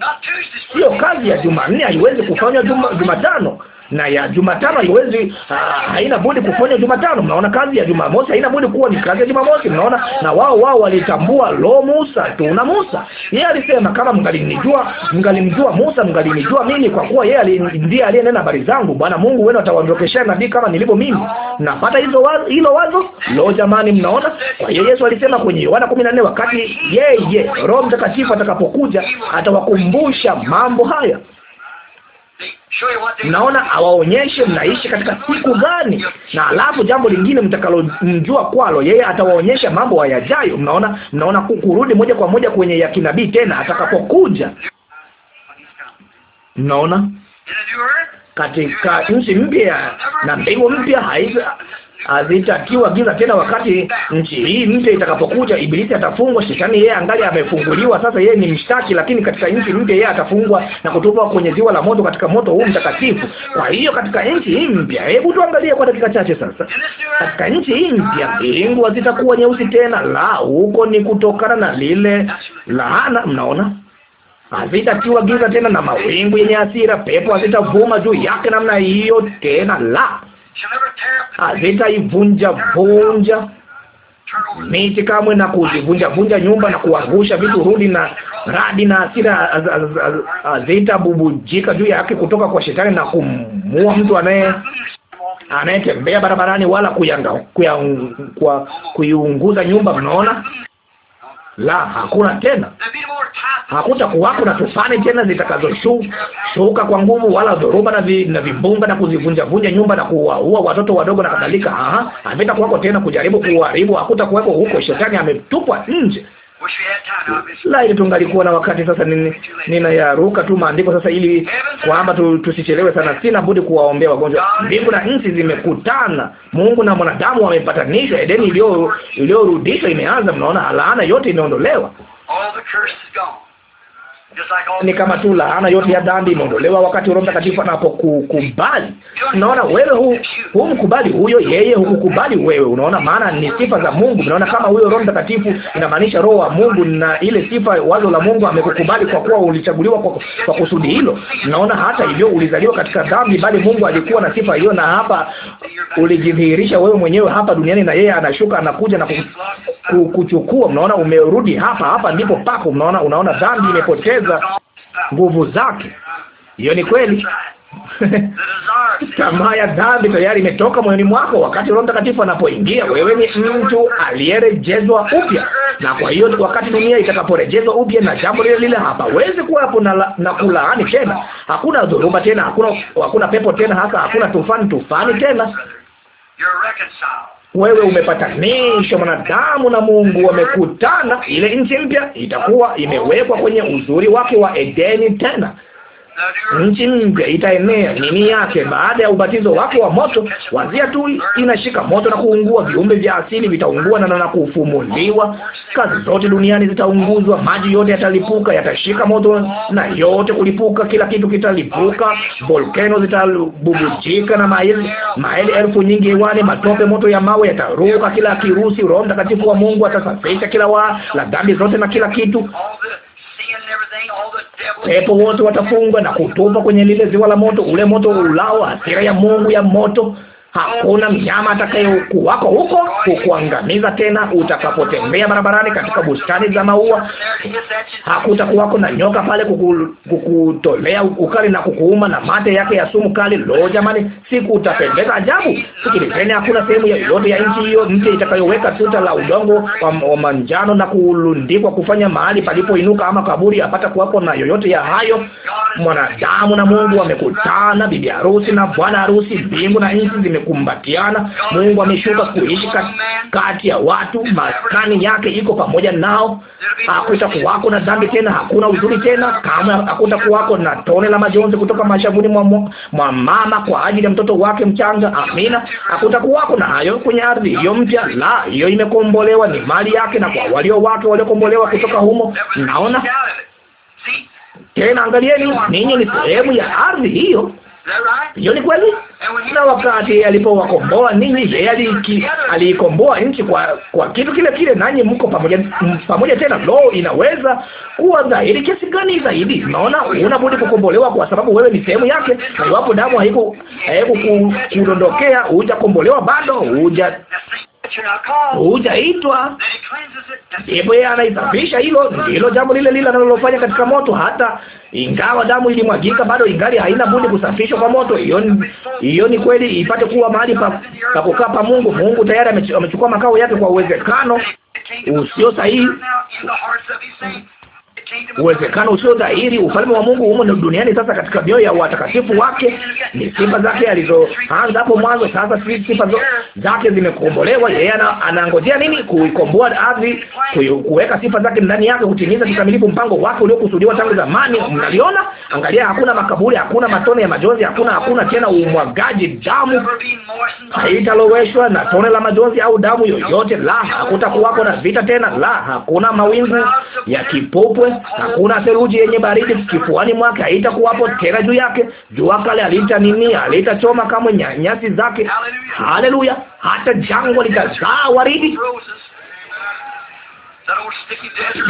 sio kazi ya Jumanne haiwezi kufanywa juma Jumatano na ya Jumatano haiwezi ah, haina budi kufanya Jumatano. Mnaona, kazi ya Jumamosi haina budi kuwa ni kazi ya Jumamosi. Mnaona, na wao wao walitambua, lo, Musa, tuna Musa. Yeye alisema kama mngalinijua, mngalimjua Musa, mngalinijua mimi, kwa kuwa yeye ndiye aliyenena habari zangu. Bwana Mungu wenu atawaondokeshea nabii kama nilivyo mimi. Napata hizo wazo, hilo wazo. Lo, jamani, mnaona. Kwa hiyo Yesu alisema kwenye Yohana 14 wakati yeye Roho Mtakatifu atakapokuja atawakumbusha mambo haya. Mnaona, awaonyeshe mnaishi katika siku gani, na alafu jambo lingine mtakalomjua kwalo, yeye atawaonyesha mambo hayajayo. Mnaona, mnaona kurudi moja kwa moja kwenye ya kinabii tena atakapokuja. Mnaona, katika nchi mpya na mbingu mpya hazitakiwa giza tena. Wakati nchi hii mpya itakapokuja, ibilisi atafungwa. Shetani yeye angali amefunguliwa, sasa yeye ni mshtaki, lakini katika nchi mpya yeye atafungwa na kutupwa kwenye ziwa la moto, katika moto huu mtakatifu. Kwa hiyo katika nchi hii mpya, hebu tuangalie kwa dakika chache sasa, katika nchi hii mpya mbingu hazitakuwa nyeusi tena, la huko ni kutokana na lile laana. Mnaona, hazitakiwa giza tena na mawingu yenye hasira, pepo hazitavuma juu yake namna hiyo tena, la hazitaivunja vunja miti kamwe na kuzivunja vunja nyumba na kuangusha vitu rudi na radi na hasira hazitabubujika juu yake kutoka kwa shetani na kumua mtu anaye anayetembea barabarani wala kuiunguza nyumba. Mnaona la hakuna tena, hakutakuwako na tufani tena zitakazoshuka kwa nguvu, wala dhoruba na, vi, na vimbunga na kuzivunjavunja nyumba na kuwaua watoto wadogo na kadhalika. Havitakuwako tena kujaribu kuharibu, hakutakuwako huko. Shetani ametupwa nje. Laiti tungalikuwa na wakati sasa. Ninayaruka tu maandiko sasa, ili kwamba tusichelewe sana. Sina budi kuwaombea wagonjwa. Mbingu na nchi zimekutana, Mungu na mwanadamu wamepatanishwa. Edeni iliyorudishwa imeanza. Mnaona, alaana yote imeondolewa ni kama tu laana yote ya dhambi imeondolewa wakati Roho Mtakatifu anapokukubali. Unaona, wewe humkubali hu huyo, yeye hukukubali wewe. Unaona, maana ni sifa za Mungu. Unaona, kama huyo Roho Mtakatifu inamaanisha Roho wa Mungu na ile sifa, wazo la Mungu, amekukubali kwa kuwa ulichaguliwa kwa, kwa kusudi hilo. Unaona, hata hivyo ulizaliwa katika dhambi, bali Mungu alikuwa na sifa hiyo, na hapa ulijidhihirisha wewe mwenyewe hapa duniani, na yeye anashuka anakuja na kuchukua. Mnaona, umerudi hapa hapa, ndipo pako. Mnaona, unaona dhambi imepoteza kupunguza nguvu zake. Hiyo ni kweli. Tamaa ya dhambi tayari imetoka moyoni mwako. Wakati Roho Mtakatifu anapoingia, wewe ni mtu aliyerejezwa upya, na kwa hiyo wakati dunia itakaporejezwa upya na jambo lile lile, hapawezi kuwapo na, na kulaani tena. Hakuna dhoruba tena, hakuna hakuna pepo tena, hasa hakuna tufani tufani tena wewe umepatanisha mwanadamu na Mungu, wamekutana. Ile nchi mpya itakuwa imewekwa kwenye uzuri wake wa Edeni tena nchi mpya itaenea nini yake baada ya ubatizo wako wa moto. Wazia tu inashika moto na kuungua, viumbe vya asili vitaungua na na kufumuliwa, kazi zote duniani zitaunguzwa, maji yote yatalipuka, yatashika moto na yote kulipuka, kila kitu kitalipuka, volcano zitabubujika na maili maili elfu nyingi hewani, matope, moto ya mawe yataruka, kila kirusi. Roho Mtakatifu wa Mungu atasafisha kila waa la dhambi zote na kila kitu pepo wote watafungwa na kutupa kwenye lile ziwa la moto, ule moto ulao, hasira ya Mungu ya moto. Hakuna mnyama atakayekuwako huko kukuangamiza tena. Utakapotembea barabarani katika bustani za maua, hakutakuwako na nyoka pale kukutolea ukali na kukuuma na mate yake ya sumu kali. Lo, jamani, siku utapendeza ajabu! Sikilizeni, hakuna sehemu yoyote ya nchi hiyo mte itakayoweka tuta la udongo wa manjano na kulundikwa kufanya mahali palipoinuka ama kaburi apata kuwako na yoyote ya hayo. Mwanadamu na Mungu wamekutana, bibi harusi na bwana harusi, mbingu na nchi zime wamekumbatiana. Mungu ameshuka kuishi kati ya watu, maskani yake iko pamoja nao. kuwako na dhambi tena, hakuna uzuri tena hakuta kuwako na tone la majonzi kutoka mashavuni mwa, mwa mama kwa ajili ya mtoto wake mchanga. Amina, kuwako na hayo kwenye ardhi hiyo mpya. La, hiyo imekombolewa, ni mali yake na kwa walio wake waliokombolewa kutoka humo. Naona tena, angalieni, ninyi ni sehemu ya ardhi hiyo hiyo ni kweli. Na wakati alipowakomboa ninyi, yeye aliikomboa nchi kwa kwa kitu kile kile, nanyi mko pamoja pamoja tena. Lo, inaweza kuwa dhahiri kiasi gani zaidi? Unaona, unabudi kukombolewa kwa sababu wewe ni sehemu yake, na iwapo damu haiku kudondokea, hujakombolewa bado, huja hujaitwa. Ndipo yeye anaisafisha hilo. Ndilo jambo lile lile analofanya katika moto. Hata ingawa damu ilimwagika, bado ingali haina budi kusafishwa kwa moto. Hiyo ni kweli, ipate kuwa mahali pa, pa kukaa pa Mungu. Mungu tayari amechukua makao yake kwa uwezekano usio sahihi uwezekano usio dhahiri. Ufalme wa Mungu humo duniani sasa, katika mioyo ya watakatifu wake. Ni sifa zake alizoanza hapo mwanzo. Sasa si sifa zake zimekombolewa, yeye anangojea nini? Kuikomboa ardhi, kuweka sifa zake ndani yake, kutimiza kikamilifu mpango wake uliokusudiwa tangu zamani. Mnaliona, angalia, hakuna makaburi, hakuna matone ya majonzi, hakuna hakuna tena umwagaji damu, haitaloweshwa na tone la majonzi au damu yoyote, la hakutakuwako na vita tena, la hakuna mawingu ya kipopwe hakuna theluji yenye baridi kifuani mwake, haitakuwapo tena juu yake. Jua kale alita nini? Alitachoma kamwe nyasi zake. Haleluya! hata jangwa litazaa waridi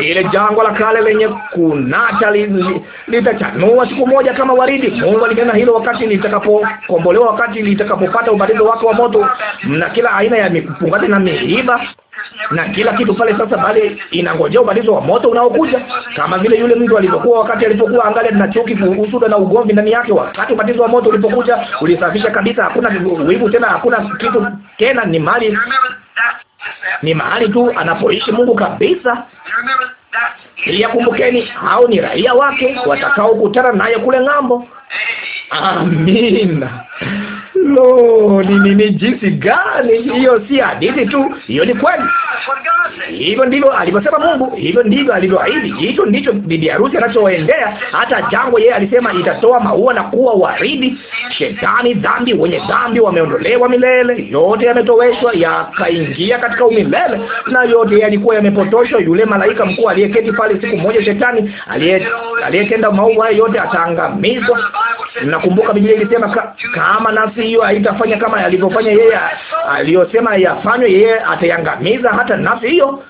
ile jangwa la kale lenye kunata litachanua li, siku moja kama waridi. Mungu alinena hilo wakati litakapokombolewa, wakati litakapopata ubatizo wake wa moto, na kila aina ya mipungate na miiba na kila kitu pale sasa, bali inangojea ubatizo wa moto unaokuja, kama vile yule mtu alivyokuwa wakati alipokuwa angali na chuki, usuda na ugomvi ndani yake. Wakati ubatizo wa moto ulipokuja, ulisafisha kabisa, hakuna wivu tena, hakuna kitu tena, ni mali ni mahali tu anapoishi Mungu kabisa. Iya, kumbukeni, hao ni raia wake watakao kutana naye kule ng'ambo. Amina. Lo, ni ni, ni Jinsi gani! Hiyo si hadithi tu, hiyo ni kweli. Hivyo ndivyo alivyosema Mungu, hivyo ndivyo alivyoahidi. Hicho ndicho bibi harusi anachoendea. Hata jangwa, yeye alisema itatoa maua na kuwa waridi. Shetani, dhambi, wenye dhambi wameondolewa milele, yote yametoweshwa yakaingia katika umilele, na yote yalikuwa yamepotoshwa. Yule malaika mkuu aliyeketi pale, siku moja shetani aliyetenda maovu hayo yote ataangamizwa. Nakumbuka Biblia ilisema ka, kama nafsi hiyo haitafanya kama alivyofanya yeye, aliyosema yafanywe, yeye ataiangamiza hata nafsi hiyo.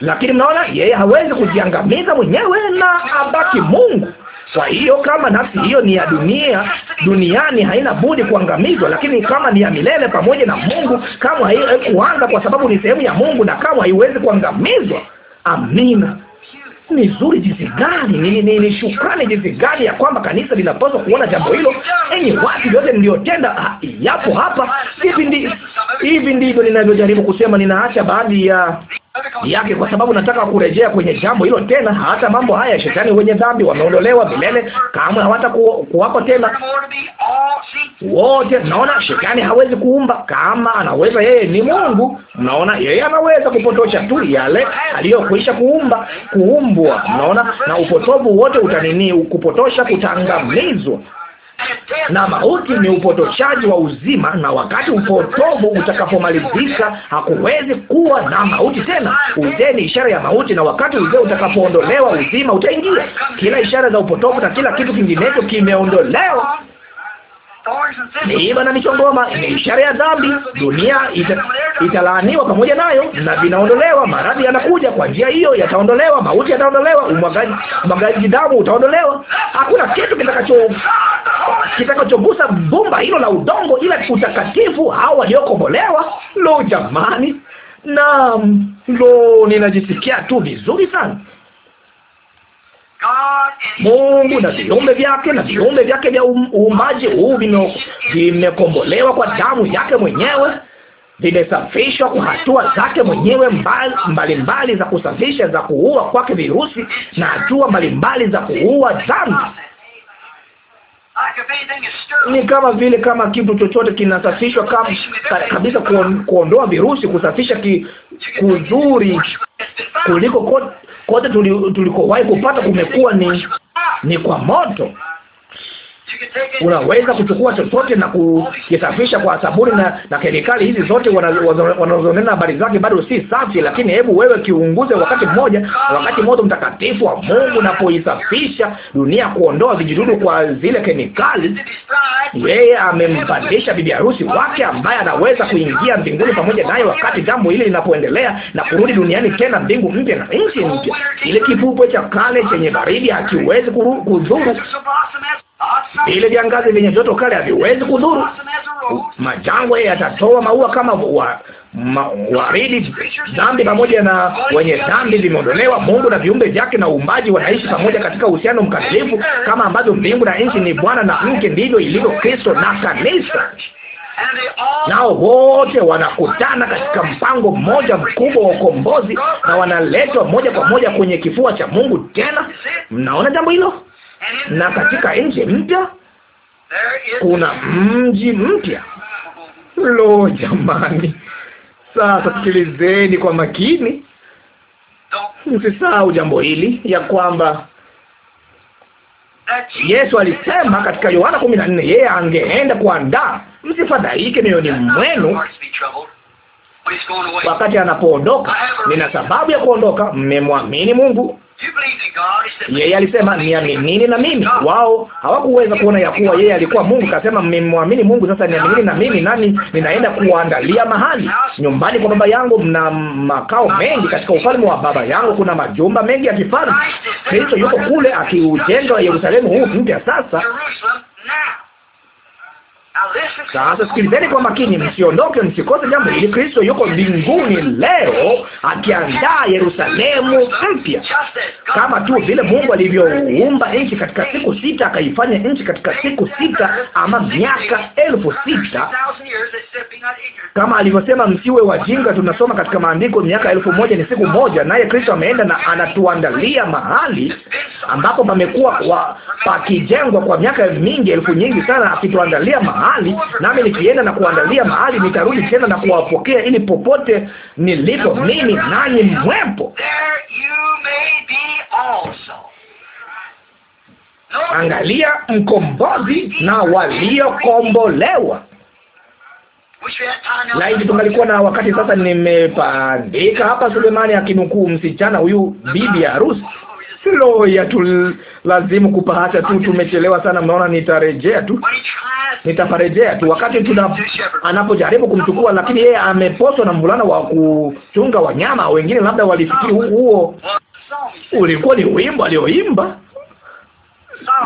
Lakini mnaona yeye hawezi kujiangamiza mwenyewe na abaki Mungu. Kwa hiyo kama nafsi hiyo ni ya dunia duniani, haina budi kuangamizwa, lakini kama ni ya milele pamoja na Mungu, kamwe haikuanza, kwa sababu ni sehemu ya Mungu na kama haiwezi kuangamizwa. Amina ni zuri jinsi gani, ni, ni, ni shukrani jinsi gani ya kwamba kanisa linapaswa kuona jambo hilo. Enyi watu, yote mliyotenda yapo hapa. Hivi ndivyo ninavyojaribu kusema. Ninaacha baadhi ya yake, kwa sababu nataka kurejea kwenye jambo hilo tena. Hata mambo haya, shetani wenye dhambi wameondolewa milele, kamwe hawata ku, tena oh, wote. naona shetani hawezi kuumba. Kama anaweza yeye, ni Mungu. Mnaona, yeye anaweza kupotosha tu yale aliyokwisha kuumba, kuumbwa. Mnaona, na upotovu wote utanini, kupotosha, kutangamizwa na mauti ni upotoshaji wa uzima, na wakati upotovu utakapomalizika hakuwezi kuwa na mauti tena. Uzee ni ishara ya mauti, na wakati uzee utakapoondolewa uzima utaingia. Kila ishara za upotovu na kila kitu kinginecho kimeondolewa miiba na michongoma ni ishara ya dhambi. Dunia ita, italaaniwa pamoja nayo, na vinaondolewa. Maradhi yanakuja kwa njia hiyo, yataondolewa. Mauti yataondolewa. Umwagaji umwagaji damu utaondolewa. Hakuna kitu kitakacho kitakachogusa bumba hilo la udongo, ila utakatifu hao waliokombolewa. Lo, jamani! Naam, lo, ninajisikia tu vizuri sana. Mungu na viumbe vyake na viumbe vyake vya um-, uumbaji huu vimekombolewa kwa damu yake mwenyewe, vimesafishwa kwa hatua zake mwenyewe mbalimbali mbali za kusafisha za kuua kwake virusi na hatua mbalimbali za kuua dhambi. Ni kama vile kama kitu chochote kinasafishwa kama, kabisa kuondoa virusi, kusafisha ki, kuzuri kuliko kote tulikowahi kupata kumekuwa ni, ni kwa moto. Unaweza kuchukua chochote na kukisafisha kwa sabuni na, na kemikali hizi zote wanazonena habari zake bado si safi, lakini hebu wewe kiunguze wakati mmoja, wakati moto mtakatifu wa Mungu unapoisafisha dunia, kuondoa vijidudu kwa zile kemikali. Yeye amempandisha bibi harusi wake ambaye anaweza kuingia mbinguni pamoja naye wakati jambo hili linapoendelea na kurudi duniani tena, mbingu mpya na nchi mpya. Ile kipupwe cha kale chenye baridi hakiwezi kudhuru vile viangazi vyenye joto kale haviwezi kudhuru. Majangwa yatatoa maua kama wa, waridi. Dhambi pamoja na wenye dhambi zimeondolewa. Mungu na viumbe vyake na uumbaji wanaishi pamoja katika uhusiano mkamilifu. Kama ambavyo mbingu na nchi ni bwana na mke, ndivyo ilivyo Kristo na kanisa nao wote wanakutana katika mpango mmoja mkubwa wa ukombozi, na wanaletwa moja kwa moja kwenye kifua cha Mungu. Tena mnaona jambo hilo? na katika nchi mpya kuna mji mpya. Lo, jamani! Sasa sikilizeni kwa makini, msisahau jambo hili ya kwamba Yesu alisema katika Yohana kumi na nne yeye angeenda kuandaa. Msifadhaike mioyoni mwenu wakati anapoondoka. Nina sababu ya kuondoka. Mmemwamini Mungu, yeye alisema niaminini na mimi. Wao hawakuweza kuona ya kuwa yeye alikuwa Mungu. Kasema mmemwamini Mungu, sasa niaminini na mimi, nami ninaenda kuandalia mahali. Nyumbani kwa Baba yangu mna makao mengi, katika ufalme wa Baba yangu kuna majumba mengi ya kifalme. Kristo yuko kule akiujenga Yerusalemu huu mpya sasa sasa sikilizeni kwa makini, msiondoke, msikose jambo hili. Kristo yuko mbinguni leo akiandaa Yerusalemu mpya, kama tu vile Mungu alivyoumba nchi katika siku sita, akaifanya nchi katika siku sita ama miaka elfu sita kama alivyosema, msiwe wajinga. Tunasoma katika maandiko miaka elfu moja ni siku moja, naye Kristo ameenda na anatuandalia mahali ambapo pamekuwa pakijengwa kwa miaka mingi elfu nyingi sana, akituandalia mahali mahali, nami nikienda na kuandalia mahali, nitarudi tena na kuwapokea, ili popote nilipo mimi nanyi mwepo. Angalia mkombozi na waliokombolewa. Laiti tungalikuwa na wakati sasa. Nimepandika hapa Sulemani akinukuu msichana huyu bibi ya harusi. Silo ya tu lazimu kupaacha tu, tumechelewa sana. Mnaona, nitarejea tu nitaparejea tu wakati tuna anapojaribu kumchukua, lakini yeye ameposwa na mvulana wa kuchunga wanyama. Wengine labda walifikiri huo ulikuwa ni wimbo alioimba.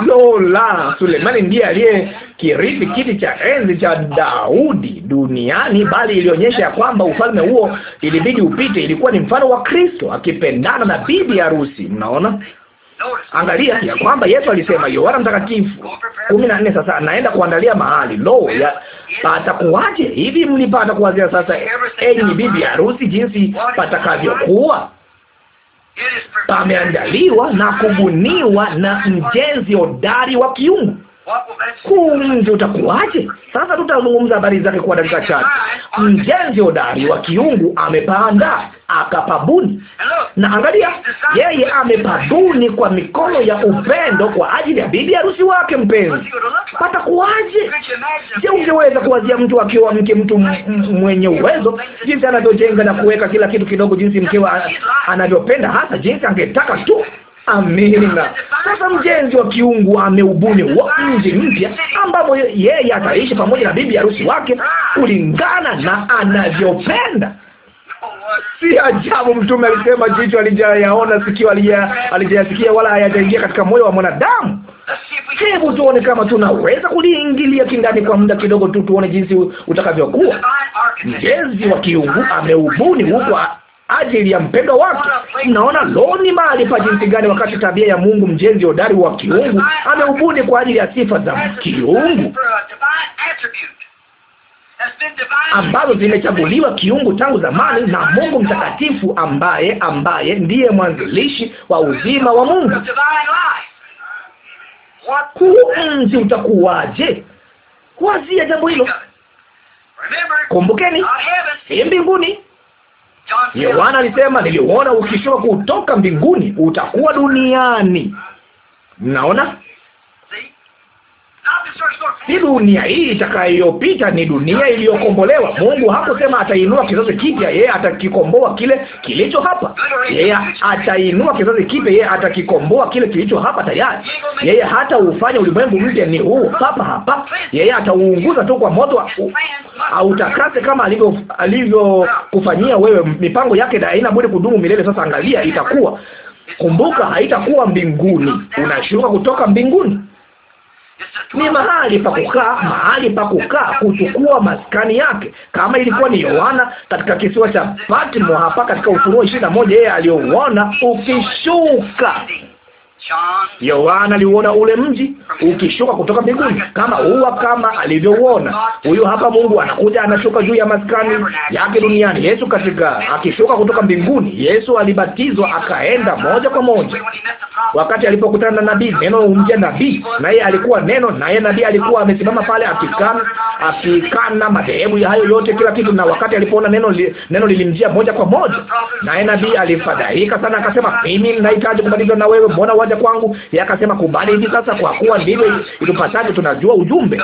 Lo la, Sulemani ndiye aliye kirithi kiti cha enzi cha Daudi duniani, bali ilionyesha ya kwamba ufalme huo ilibidi upite. Ilikuwa ni mfano wa Kristo akipendana na bibi harusi. Mnaona Angalia ya kwamba Yesu alisema Yohana Mtakatifu kumi na nne, sasa naenda kuandalia mahali. Lo, patakuwaje? Hivi mlipata kuwazia sasa, enyi bibi harusi, jinsi patakavyokuwa pameandaliwa na kubuniwa na mjenzi hodari wa kiungu huu mji utakuwaje? Sasa tutazungumza habari zake kwa dakika chache. Mjenzi hodari wa kiungu amepanda akapabuni, na angalia, yeye amepabuni kwa mikono ya upendo kwa ajili ya bibi harusi wake mpenzi. Patakuwaje? Je, ungeweza kuwazia mtu akiwa mke, mtu mwenye uwezo, jinsi anavyojenga na kuweka kila kitu kidogo, jinsi mkewa anavyopenda hasa, jinsi angetaka tu Amina. Sasa mjenzi wa kiungu ameubuni wa mji mpya ambapo yeye ataishi pamoja na bibi harusi wake kulingana na anavyopenda. Si ajabu mtume alisema jicho alijayaona, sikio alijayasikia, wala hayajaingia katika moyo wa mwanadamu. Hebu tuone kama tunaweza kuliingilia kindani kwa muda kidogo tu, tuone jinsi utakavyokuwa. Mjenzi wa kiungu ameubuni huko ajili ya mpendo wake. Mnaona loni mahali pa jinsi gani, wakati tabia ya Mungu mjenzi hodari wa kiungu ameubuni kwa ajili ya sifa za kiungu ambazo zimechaguliwa kiungu tangu zamani na Mungu mtakatifu, ambaye ambaye ndiye mwanzilishi wa uzima wa Mungu. Huu mji utakuwaje? Wazia jambo hilo. Kumbukeni, si e mbinguni Yohana alisema, niliuona ukishuka kutoka mbinguni utakuwa duniani. Mnaona, si dunia hii itakayopita, ni dunia iliyokombolewa. Mungu hakusema atainua kizazi kipya, yeye atakikomboa kile kilicho hapa. Yeye atainua kizazi kipya, yeye atakikomboa kile kilicho hapa tayari. Yeye hata ufanya ulimwengu mpya, ni huu papa hapa. Yeye atauunguza tu kwa moto, autakase kama alivyo alivyokufanyia wewe. Mipango yake haina budi kudumu milele. Sasa angalia, itakuwa kumbuka, haitakuwa mbinguni, unashuka kutoka mbinguni ni mahali pa kukaa, mahali pa kukaa, kuchukua maskani yake, kama ilikuwa ni Yohana katika kisiwa cha Patmo hapa katika Ufunuo ishirini na moja, yeye aliyouona ukishuka Yohana aliuona ule mji ukishuka kutoka mbinguni kama huwa kama alivyouona. Huyu hapa Mungu anakuja anashuka juu ya maskani yake duniani. Yesu katika akishuka kutoka mbinguni, Yesu alibatizwa akaenda moja kwa moja. Wakati alipokutana na nabii, neno humjia nabii, naye alikuwa neno, naye nabii alikuwa amesimama pale akikana akikana madhehebu hayo yote, kila kitu. Na wakati alipoona neno, li, neno lilimjia moja kwa moja, naye nabii alifadhaika sana, akasema mimi nahitaji kubatizwa na wewe, mbona moja kwangu, akasema kubali hivi sasa, kwa kuwa ndivyo itupasavyo. Tunajua ujumbe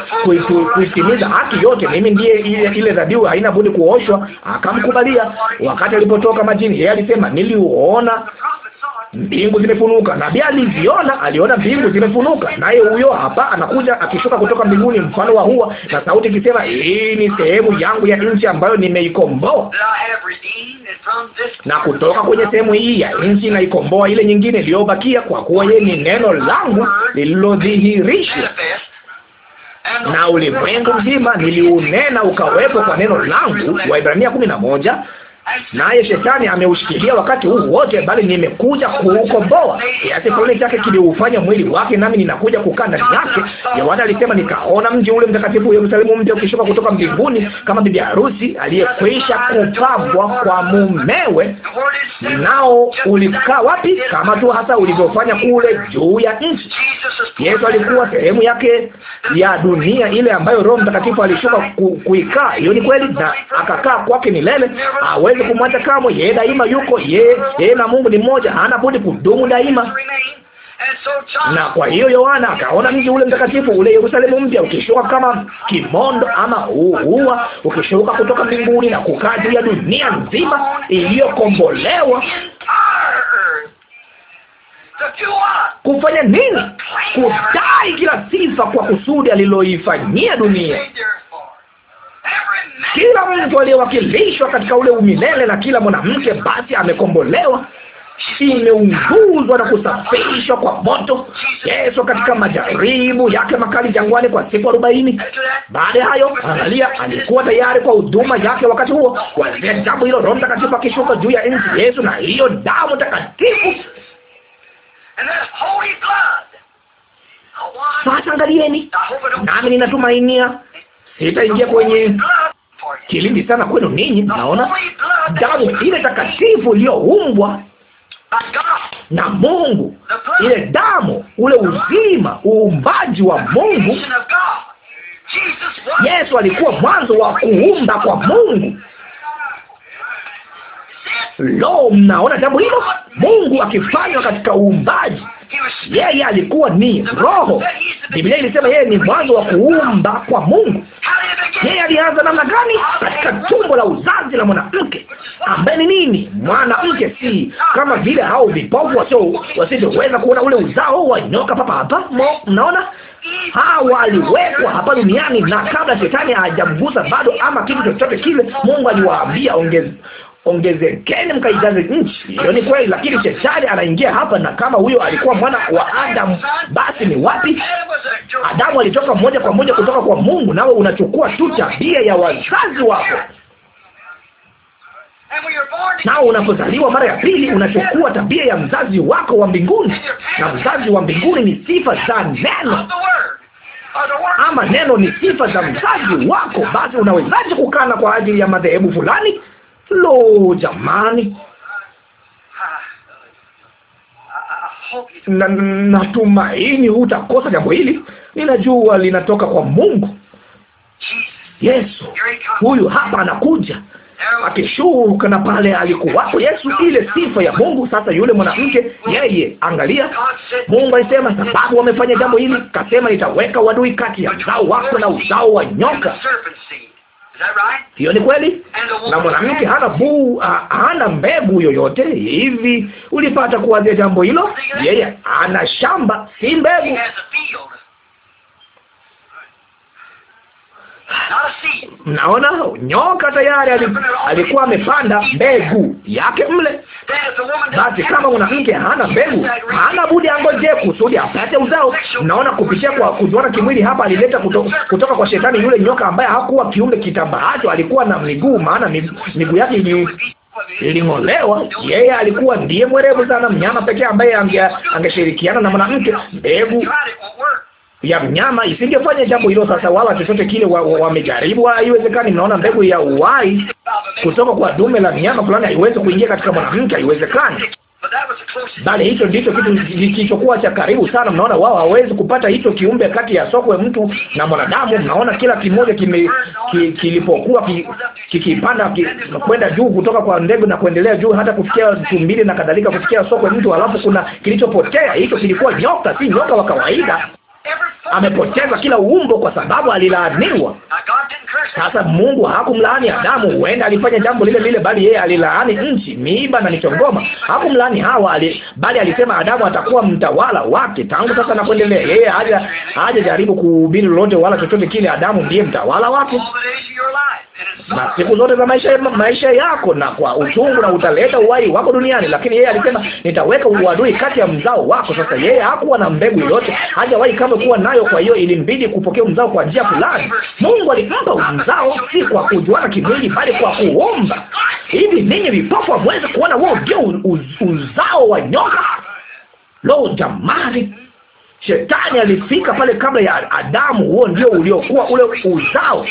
kuitimiza haki yote, mimi ndiye ile ile dhabihu, haina budi kuoshwa. Akamkubalia. Wakati alipotoka majini, yeye alisema niliuona mbingu zimefunuka. Nabii aliziona, aliona mbingu zimefunuka, naye huyo hapa anakuja akishuka kutoka mbinguni, mfano wa hua, na sauti ikisema, hii ni sehemu yangu ya nchi ambayo nimeikomboa, na kutoka kwenye sehemu hii ya nchi naikomboa ile nyingine iliyobakia, kwa kuwa yeye ni neno langu lililodhihirishwa na ulimwengu mzima niliunena ukawepo kwa neno langu. Waibrania kumi na moja naye shetani ameushikilia wakati huu wote, bali nimekuja kuukomboa. Kiasi fulani chake kiliufanya mwili wake, nami ninakuja kukaa ndani yake. Yohana alisema, nikaona mji ule mtakatifu Yerusalemu mpya ukishuka kutoka mbinguni kama bibi harusi aliyekwisha kupambwa kwa mumewe. Nao ulikaa wapi? Kama tu hasa ulivyofanya kule juu ya nchi. Yesu alikuwa sehemu yake ya dunia ile ambayo Roho Mtakatifu alishuka ku, kuikaa. Hiyo ni kweli, na akakaa kwake milele hawezi kumwacha kamwe. Yeye daima yuko yeye, yeye na Mungu ni mmoja, hana budi kudumu daima. Na kwa hiyo Yohana akaona mji ule mtakatifu ule Yerusalemu mpya ukishuka kama kimondo ama uua ukishuka kutoka mbinguni na kukaa juu ya dunia nzima iliyokombolewa kufanya nini? Kudai kila sifa kwa kusudi aliloifanyia dunia. Kila mtu aliyewakilishwa katika ule umilele na kila mwanamke basi amekombolewa, imeunguzwa na kusafishwa kwa moto. Yesu katika majaribu yake makali jangwani kwa siku arobaini, baada ya hayo, angalia, alikuwa tayari kwa huduma yake wakati huo. Kuanzia jambo hilo, Roho Mtakatifu akishuka juu ya nchi Yesu, na hiyo damu takatifu sasa angalieni, nami ninatumainia sitaingia kwenye kilindi sana kwenu ninyi. Naona damu ile takatifu iliyoumbwa na Mungu, ile damu, ule uzima, uumbaji wa Mungu. Yesu alikuwa mwanzo wa kuumba kwa Mungu. Lo, mnaona jambo hilo, Mungu akifanywa katika uumbaji. Yeye alikuwa ni Roho. Biblia ilisema yeye ni mwanzo wa kuumba kwa Mungu. Yeye alianza namna gani? Katika tumbo la uzazi la mwanamke, ambaye ni nini? Mwanamke si kama vile hao vipofu wasio wasivyoweza kuona ule uzao wa nyoka papa hapa. Mnaona, hawa aliwekwa hapa duniani, na kabla shetani hajamgusa bado ama kitu chochote kile, Mungu aliwaambia ongeze ongezekeni mkaijaze nchi. Hiyo ni kweli, lakini shetani anaingia hapa, na kama huyo alikuwa mwana wa Adamu, basi ni wapi? Adamu alitoka moja kwa moja kutoka kwa Mungu, nawe unachukua tu tabia ya wazazi wako nao unapozaliwa mara ya pili unachukua tabia ya mzazi wako wa mbinguni, na mzazi wa mbinguni ni sifa za neno, ama neno ni sifa za mzazi wako. Basi unawezaje kukana kwa ajili ya madhehebu fulani? Lo, jamani! Na natumaini hutakosa jambo hili. Ninajua linatoka kwa Mungu. Yesu huyu hapa anakuja akishuka, na pale alikuwapo Yesu, ile sifa ya Mungu. Sasa yule mwanamke yeye, angalia, Mungu alisema, sababu wamefanya jambo hili, kasema nitaweka wadui kati ya uzao wako na uzao wa nyoka. Hiyo ni kweli. Na mwanamke hana buu, hana mbegu yoyote. Hivi ulipata kuwazia jambo hilo? Yeye ana shamba, si mbegu. Mnaona, nyoka tayari alikuwa amepanda mbegu yake mle. Basi kama mwanamke hana mbegu, hana budi angoje kusudi apate uzao. Mnaona, kupitia kwa kuzuana kimwili hapa alileta kuto, kutoka kwa shetani yule nyoka ambaye hakuwa kiumbe kitambaacho, alikuwa na miguu, maana miguu yake ni iling'olewa. Yeye alikuwa ndiye mwerevu sana, mnyama pekee ambaye angeshirikiana na mwanamke mbegu ya mnyama isingefanya jambo hilo. Sasa wala chochote kile wamejaribu, wa, ah, haiwezekani. Mnaona, mbegu ya uhai kutoka kwa dume la mnyama fulani haiwezi kuingia katika mwanamke, haiwezekani. Bali hicho ndicho kitu kilichokuwa cha karibu sana. Mnaona, wao hawezi kupata hicho kiumbe kati ya sokwe mtu na mwanadamu. Mnaona, kila kimoja kime ki, kilipokuwa kikipanda ki, ki, kwenda juu kutoka kwa ndege na kuendelea juu hata kufikia tumbili na kadhalika, kufikia sokwe mtu, alafu kuna kilichopotea. Hicho kilikuwa nyoka, si nyoka wa kawaida amepoteza kila uumbo kwa sababu alilaaniwa. Sasa Mungu hakumlaani Adamu, huenda alifanya jambo lile lile, bali yeye alilaani nchi, miiba na michongoma. Hakumlaani Hawa ali, bali alisema Adamu atakuwa mtawala wake tangu sasa na kuendelea. Yeye haja hajajaribu kuhubiri lolote wala chochote kile. Adamu ndiye mtawala wake na siku zote za maisha maisha yako, na kwa uchungu na utaleta uhai wako duniani. Lakini yeye alisema nitaweka uadui kati ya mzao wako. Sasa yeye hakuwa na mbegu yoyote, hajawahi kama kuwa nayo, kwa hiyo ilimbidi kupokea mzao kwa njia fulani. Mungu alimpa mzao, si kwa kujuana kimwili, bali kwa kuomba. Hivi ninyi vipofu hamwezi kuona Wao ndio uzao wa nyoka? Lo, jamani! Shetani alifika pale kabla ya Adamu. Huo ndio uliokuwa ule uzao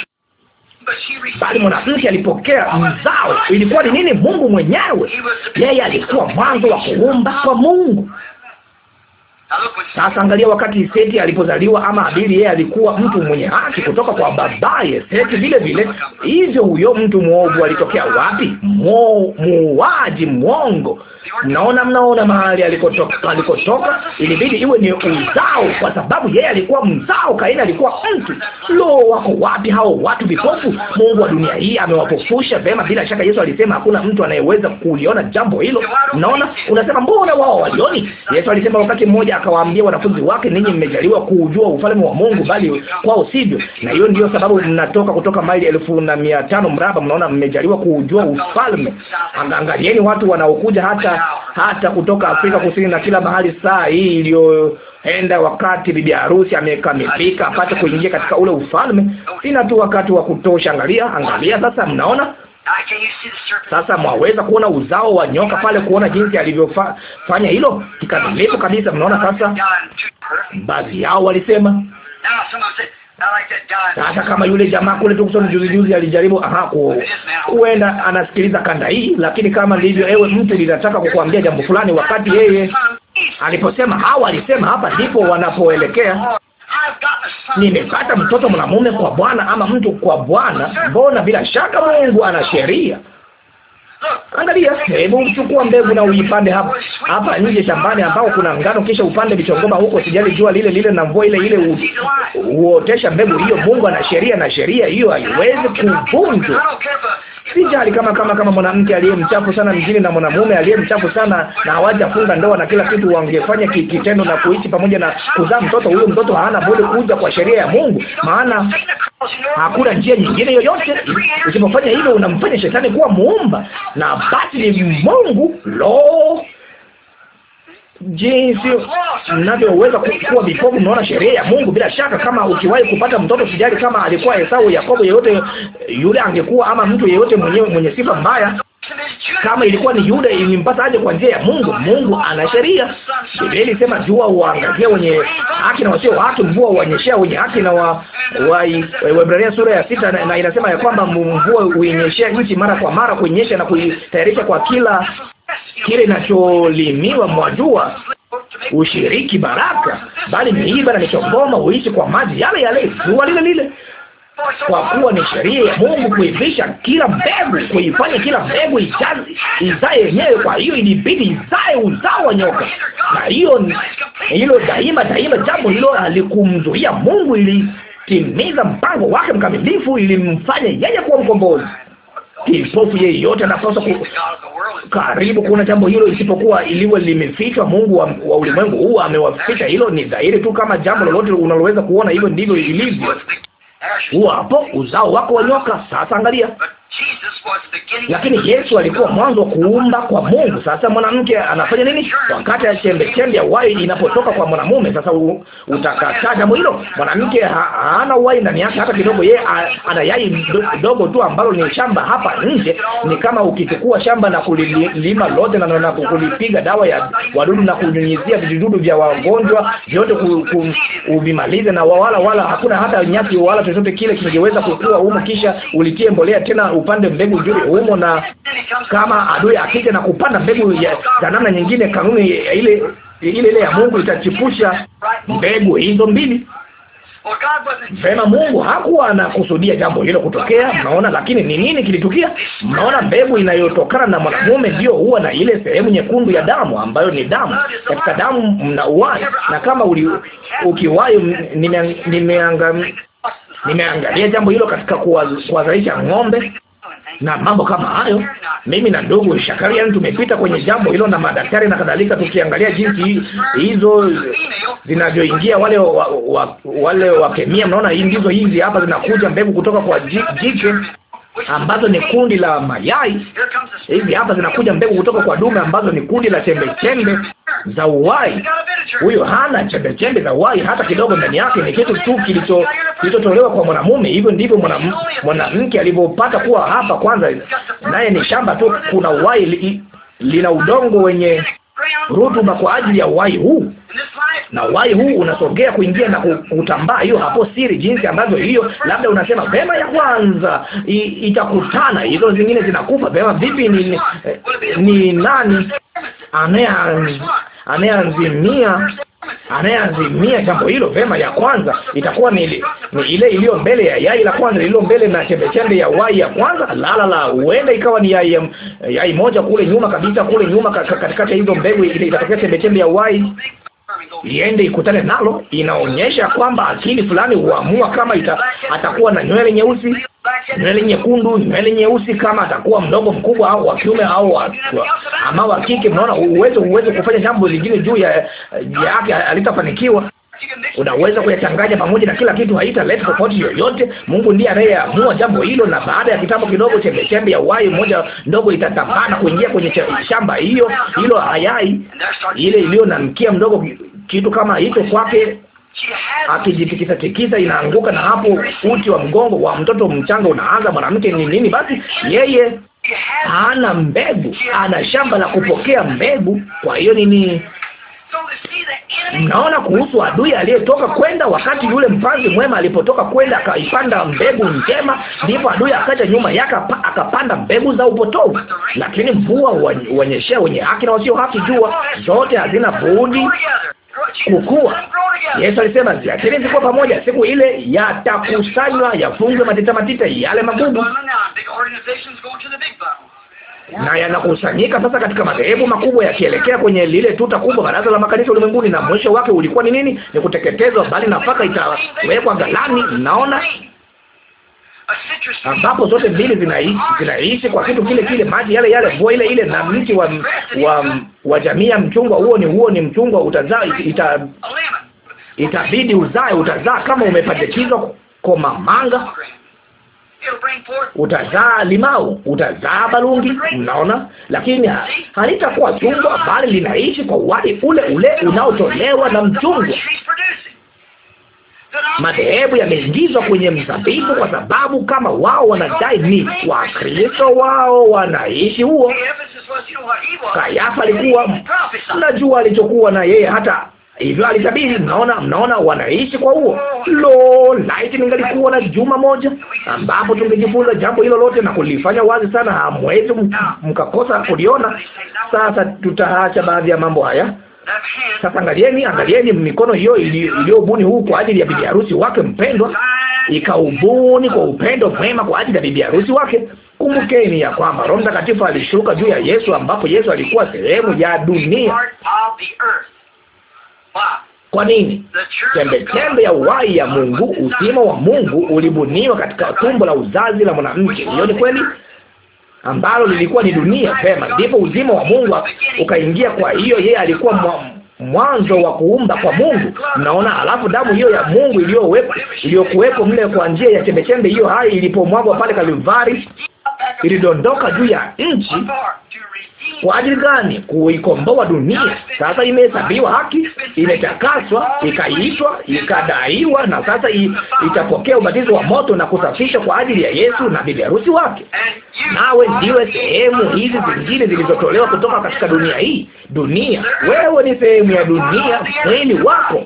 bali mwanamke alipokea mzao. Ilikuwa ni nini? Mungu mwenyewe. Yeye alikuwa mwanzo wa kuumba kwa Mungu. Sasa angalia, wakati Seti alipozaliwa ama Abili, yeye alikuwa mtu mwenye haki kutoka kwa babaye Seti vile vile. Hivyo huyo mtu mwovu alitokea wapi? Muuaji, mwongo Mnaona, mnaona mahali alikotoka, alikotoka ilibidi iwe ni uzao, kwa sababu yeye alikuwa mzao. Kaini alikuwa mtu. Lo, wako wapi hao watu vipofu? Mungu wa dunia hii amewapofusha vema. Bila shaka Yesu alisema hakuna mtu anayeweza kuliona jambo hilo. Naona unasema mbona wao walioni? Yesu alisema wakati mmoja akawaambia wanafunzi wake, ninyi mmejaliwa kuujua ufalme wa Mungu, bali kwao sivyo. Na hiyo ndiyo sababu mnatoka kutoka maili elfu na mia tano mraba. Mnaona, mmejaliwa kuujua ufalme. Angalieni watu wanaokuja hata hata kutoka Afrika Kusini na kila mahali, saa hii iliyoenda, wakati bibi harusi amekamilika apate kuingia katika ule ufalme. Sina tu wakati wa kutosha. Angalia, angalia sasa, mnaona sasa mwaweza kuona uzao wa nyoka pale, kuona jinsi alivyofanya hilo kikamilifu kabisa. Mnaona sasa, baadhi yao walisema sasa kama yule jamaa kule Tucson juzi juzi alijaribu, ahaku, huenda anasikiliza kanda hii, lakini kama ndivyo, ewe mtu, ninataka kukuambia jambo fulani. Wakati yeye aliposema hawa, alisema hapa ndipo wanapoelekea nimepata mtoto mwanamume kwa Bwana ama mtu kwa Bwana. Mbona bila shaka Mungu ana sheria Angalia, hebu chukua mbegu na uipande hapa hapa nje shambani ambao kuna ngano, kisha upande michongoma huko, sijali jua lile lile na mvua ile ile, huotesha mbegu hiyo. Mungu ana sheria, na sheria hiyo haiwezi kuvunjwa. Si hali kama kama kama mwanamke aliye mchafu sana mjini na mwanamume aliye mchafu sana na hawajafunga ndoa na kila kitu, wangefanya kitendo na kuishi pamoja na kuzaa mtoto, huyo mtoto hana budi kuja kwa sheria ya Mungu, maana hakuna njia nyingine yoyote. Usipofanya hivyo, unamfanya shetani kuwa muumba na basi ni Mungu. Lo, jinsi mnavyoweza kuwa vipofu. Mnaona sheria ya Mungu. Bila shaka, kama ukiwahi kupata mtoto, sijali kama alikuwa Esau, Yakobo, yeyote yule angekuwa, ama mtu yeyote mwenyewe mwenye sifa mbaya kama ilikuwa ni Yuda, ilimpata aje kwa njia ya Mungu? Mungu ana sheria. Biblia ilisema jua huangazia wenye haki na wasio haki, mvua huanyeshea wenye haki na wa Waebrania sura ya sita na, na inasema ya kwamba mvua huinyeshea nchi mara kwa mara, kuinyesha na kuitayarisha kwa kila kile inacholimiwa, mwajua ushiriki baraka, bali miiba na michongoma huishi kwa maji yale yale, jua lile lile, kwa kuwa ni sheria ya Mungu kuivisha kila mbegu, kuifanya kila mbegu izae yenyewe. Kwa hiyo ilibidi izae uzao wa nyoka, na hiyo hilo daima daima, jambo hilo alikumzuia Mungu, ilitimiza mpango wake mkamilifu, ilimfanya yeye kuwa mkombozi kipofu yeyote anapaswa ku, karibu kuna jambo hilo, isipokuwa ilivyo limefichwa. Mungu wa, wa ulimwengu huu amewaficha hilo. Ni dhahiri tu kama jambo lolote unaloweza kuona, hivyo ndivyo ilivyo. huwa hapo uzao wako wa nyoka. Sasa angalia lakini Yesu alikuwa mwanzo wa kuumba kwa Mungu. Sasa mwanamke anafanya nini wakati ya chembe chembe ya uhai inapotoka kwa mwanamume? Sasa utakataa jambo hilo? Mwanamke hana uhai ndani yake hata kidogo, yeye ana yai dogo tu ambalo ni shamba hapa nje. Ni kama ukichukua shamba na kulilima lote na, na kulipiga dawa ya wadudu na kunyunyizia vijidudu vya wagonjwa vyote uvimalize, na wala wala hakuna hata nyasi wala chochote kile kingeweza kukua humo, kisha ulitie mbolea tena upande mbegu nzuri humo, na kama adui akija na kupanda mbegu ya, ya namna nyingine, kanuni ile ile ile ya Mungu itachipusha mbegu hizo mbili. Vema, Mungu hakuwa anakusudia jambo hilo kutokea, mnaona. Lakini ni nini kilitukia? Mnaona, mbegu inayotokana na mwanamume ndio huwa na ile sehemu nyekundu ya damu ambayo ni damu. Katika damu mna uwai, na kama uli, ukiwai, nimeangalia nime jambo hilo katika kuwazalisha ng'ombe na mambo kama hayo. Mimi na ndugu Shakarian tumepita kwenye jambo hilo na madaktari na kadhalika, tukiangalia jinsi hizo zinavyoingia wale wa, wa, wale wa kemia. Mnaona, ndizo hizi hapa zinakuja mbegu kutoka kwa jike ambazo ni kundi la mayai. Hivi hapa zinakuja mbegu kutoka kwa dume ambazo ni kundi la chembe chembe za uhai. Huyo hana chembe chembe za uhai hata kidogo ndani yake, ni kitu tu kilicho kilichotolewa kwa mwanamume. Hivyo ndivyo mwanamke alivyopata kuwa hapa kwanza, naye ni shamba tu. Kuna uhai li, lina udongo wenye rutuba kwa ajili ya uhai huu, na uhai huu unasogea kuingia na kutambaa. Hiyo hapo siri, jinsi ambavyo hiyo, labda unasema pema ya kwanza itakutana hizo zingine zinakufa. Pema vipi? Ni, ni, ni nani anayeanzimia anayeazimia jambo hilo, vema, ya kwanza itakuwa ni ile ni ile iliyo mbele ya yai la kwanza lililo mbele na chembe chembe ya wai ya kwanza. La, la, la, huenda ikawa ni yai yai moja kule nyuma kabisa, kule nyuma katikati ya hizo mbegu, itatokea chembe chembe ya wai iende ikutane nalo. Inaonyesha kwamba akili fulani huamua kama ita, atakuwa na nywele nyeusi, nywele nyekundu, nywele nyeusi, kama atakuwa mdogo, mkubwa, au wa kiume au wa, ama wa kike. Mnaona, uwezo uwezo kufanya jambo lingine juu ya yake alitafanikiwa. Unaweza kuyachanganya pamoja na kila kitu, haitaleta tofauti yoyote. Mungu ndiye anayeamua jambo hilo, na baada ya kitambo kidogo, chembe chembe ya uhai moja ndogo itatambana kuingia kwenye shamba hiyo hilo hayai ile iliyo na mkia mdogo, kitu kama hicho kwake akijitikisa tikisa inaanguka, na hapo uti wa mgongo wa mtoto mchanga unaanza. Mwanamke ni nini basi? Yeye hana mbegu, ana shamba la kupokea mbegu. Kwa hiyo nini Mnaona kuhusu adui aliyetoka kwenda, wakati yule mpanzi mwema alipotoka kwenda akaipanda mbegu njema, ndipo adui akaja nyuma yake akapanda mbegu za upotovu. Lakini mvua huonyeshea wenye haki na wasio haki, jua zote hazina budi kukua. Yesu alisema ziacheni zikuwa pamoja, siku ile yatakusanywa, yafungwe matita matita yale magugu na yanakusanyika sasa katika madhehebu makubwa yakielekea kwenye lile tuta kubwa, baraza la makanisa ulimwenguni. Na mwisho wake ulikuwa ni nini? Ni kuteketezwa, bali nafaka itawekwa ghalani. Mnaona ambapo zote mbili zinaishi zinaishi kwa kitu kile kile, maji yale yale, mvua ile ile, na mti wa wa, wa jamii ya mchungwa, huo ni huo ni mchungwa, utazaa ita, itabidi uzae, utazaa kama umepandikizwa komamanga utazaa limau, utazaa balungi. Mnaona, lakini halitakuwa chungwa, bali linaishi kwa uwai ule ule unaotolewa na mchungwa. Madhehebu yameingizwa kwenye mzabibu, kwa sababu kama wao wanadai ni Wakristo, wao wanaishi huo. Kayafa alikuwa, najua alichokuwa na yeye hata hivyo alitabiri. Mnaona, mnaona wanaishi kwa huo. Lo, laiti ningalikuwa na juma moja ambapo tungejifunza jambo hilo lote na kulifanya wazi sana, hamwezi mkakosa kuliona. Sasa tutaacha baadhi ya mambo haya. Sasa angalieni, angalieni mikono hiyo iliyobuni huu kwa ajili ya bibi harusi wake mpendwa, ikaubuni kwa upendo mwema kwa ajili ya bibi harusi wake. Kumbukeni ya kwamba Roho Mtakatifu alishuka juu ya Yesu, ambapo Yesu alikuwa sehemu ya dunia kwa nini? Chembe chembe ya uhai ya Mungu, uzima wa Mungu ulibuniwa katika tumbo la uzazi la mwanamke. Hiyo ni kweli, ambalo lilikuwa ni dunia pema, ndipo uzima wa Mungu ukaingia. Kwa hiyo yeye alikuwa mwanzo wa kuumba kwa Mungu. Mnaona, alafu damu hiyo ya Mungu iliyowekwa iliyokuwepo mle kwa njia ya chembechembe hiyo hai ilipomwagwa pale kalivari ilidondoka juu ya nchi kwa ajili gani? Kuikomboa dunia. Sasa imehesabiwa haki, imetakaswa, ikaitwa, ikadaiwa, na sasa itapokea ubatizo wa moto na kusafishwa kwa ajili ya Yesu na bibi harusi wake. Nawe ndiwe sehemu hizi zingine zilizotolewa kutoka katika dunia hii. Dunia, wewe ni sehemu ya dunia, mwili wako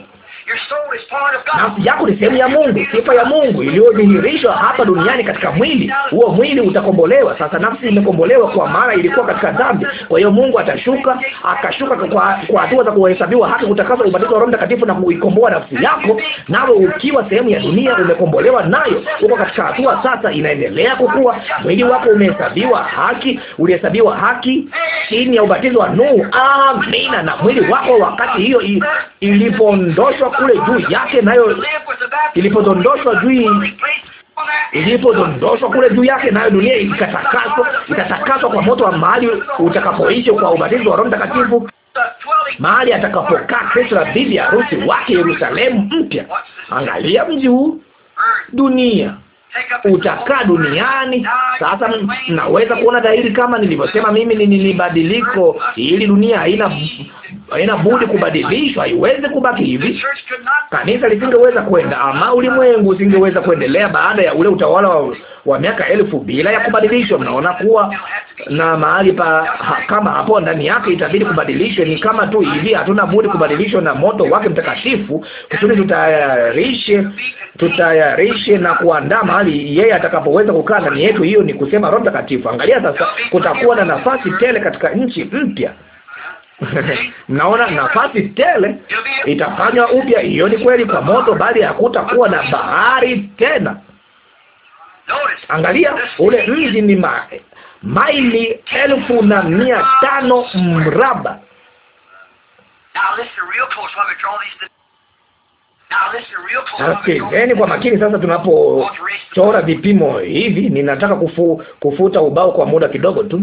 Nafsi yako ni sehemu ya Mungu, sifa ya Mungu iliyodhihirishwa hapa duniani katika mwili. Huo mwili utakombolewa. Sasa nafsi imekombolewa, kwa maana ilikuwa katika dhambi. Kwa hiyo Mungu atashuka, akashuka kwa, kwa hatua za kuhesabiwa haki, kutakasa, ubatizo wa Roho Mtakatifu na kuikomboa nafsi yako, nawe ukiwa sehemu ya dunia umekombolewa nayo, uko katika hatua sasa inaendelea kukua. Mwili wako umehesabiwa haki, ulihesabiwa haki chini ya ubatizo wa Nuhu. Amina. Na mwili wako wakati hiyo ilipoondoshwa kule juu yake, nayo ilipodondoshwa juu ilipodondoshwa kule juu yake, nayo dunia ikatakaswa, ikatakaswa kwa moto wa mahali utakapoishi kwa ubatizo wa Roho Mtakatifu, mahali atakapokaa Kristo na bibi harusi wake Yerusalemu mpya. Angalia mji huu dunia utakaa duniani. Sasa naweza kuona dhahiri, kama nilivyosema, mimi ni badiliko hili. Dunia haina haina budi kubadilishwa, haiwezi kubaki hivi. Kanisa lisingeweza kwenda ama ulimwengu usingeweza kuendelea baada ya ule utawala wa, wa miaka elfu bila ya kubadilishwa. Mnaona kuwa na mahali pa ha, kama hapo ndani yake itabidi kubadilishwe. Ni kama tu hivi, hatuna budi kubadilishwa na moto wake mtakatifu, kusudi tutayarishe tutayarishe na kuandaa mahali yeye atakapoweza kukaa ndani yetu. Hiyo ni kusema Roho Mtakatifu. Angalia sasa, kutakuwa na nafasi tele katika nchi mpya. Naona nafasi tele itafanywa upya. Hiyo ni kweli kwa moto, bali hakutakuwa na bahari tena. Angalia ule mji ni ma, maili elfu na mia tano mraba ni kwa makini sasa, tunapochora vipimo hivi, ninataka kufu, kufuta ubao kwa muda kidogo tu,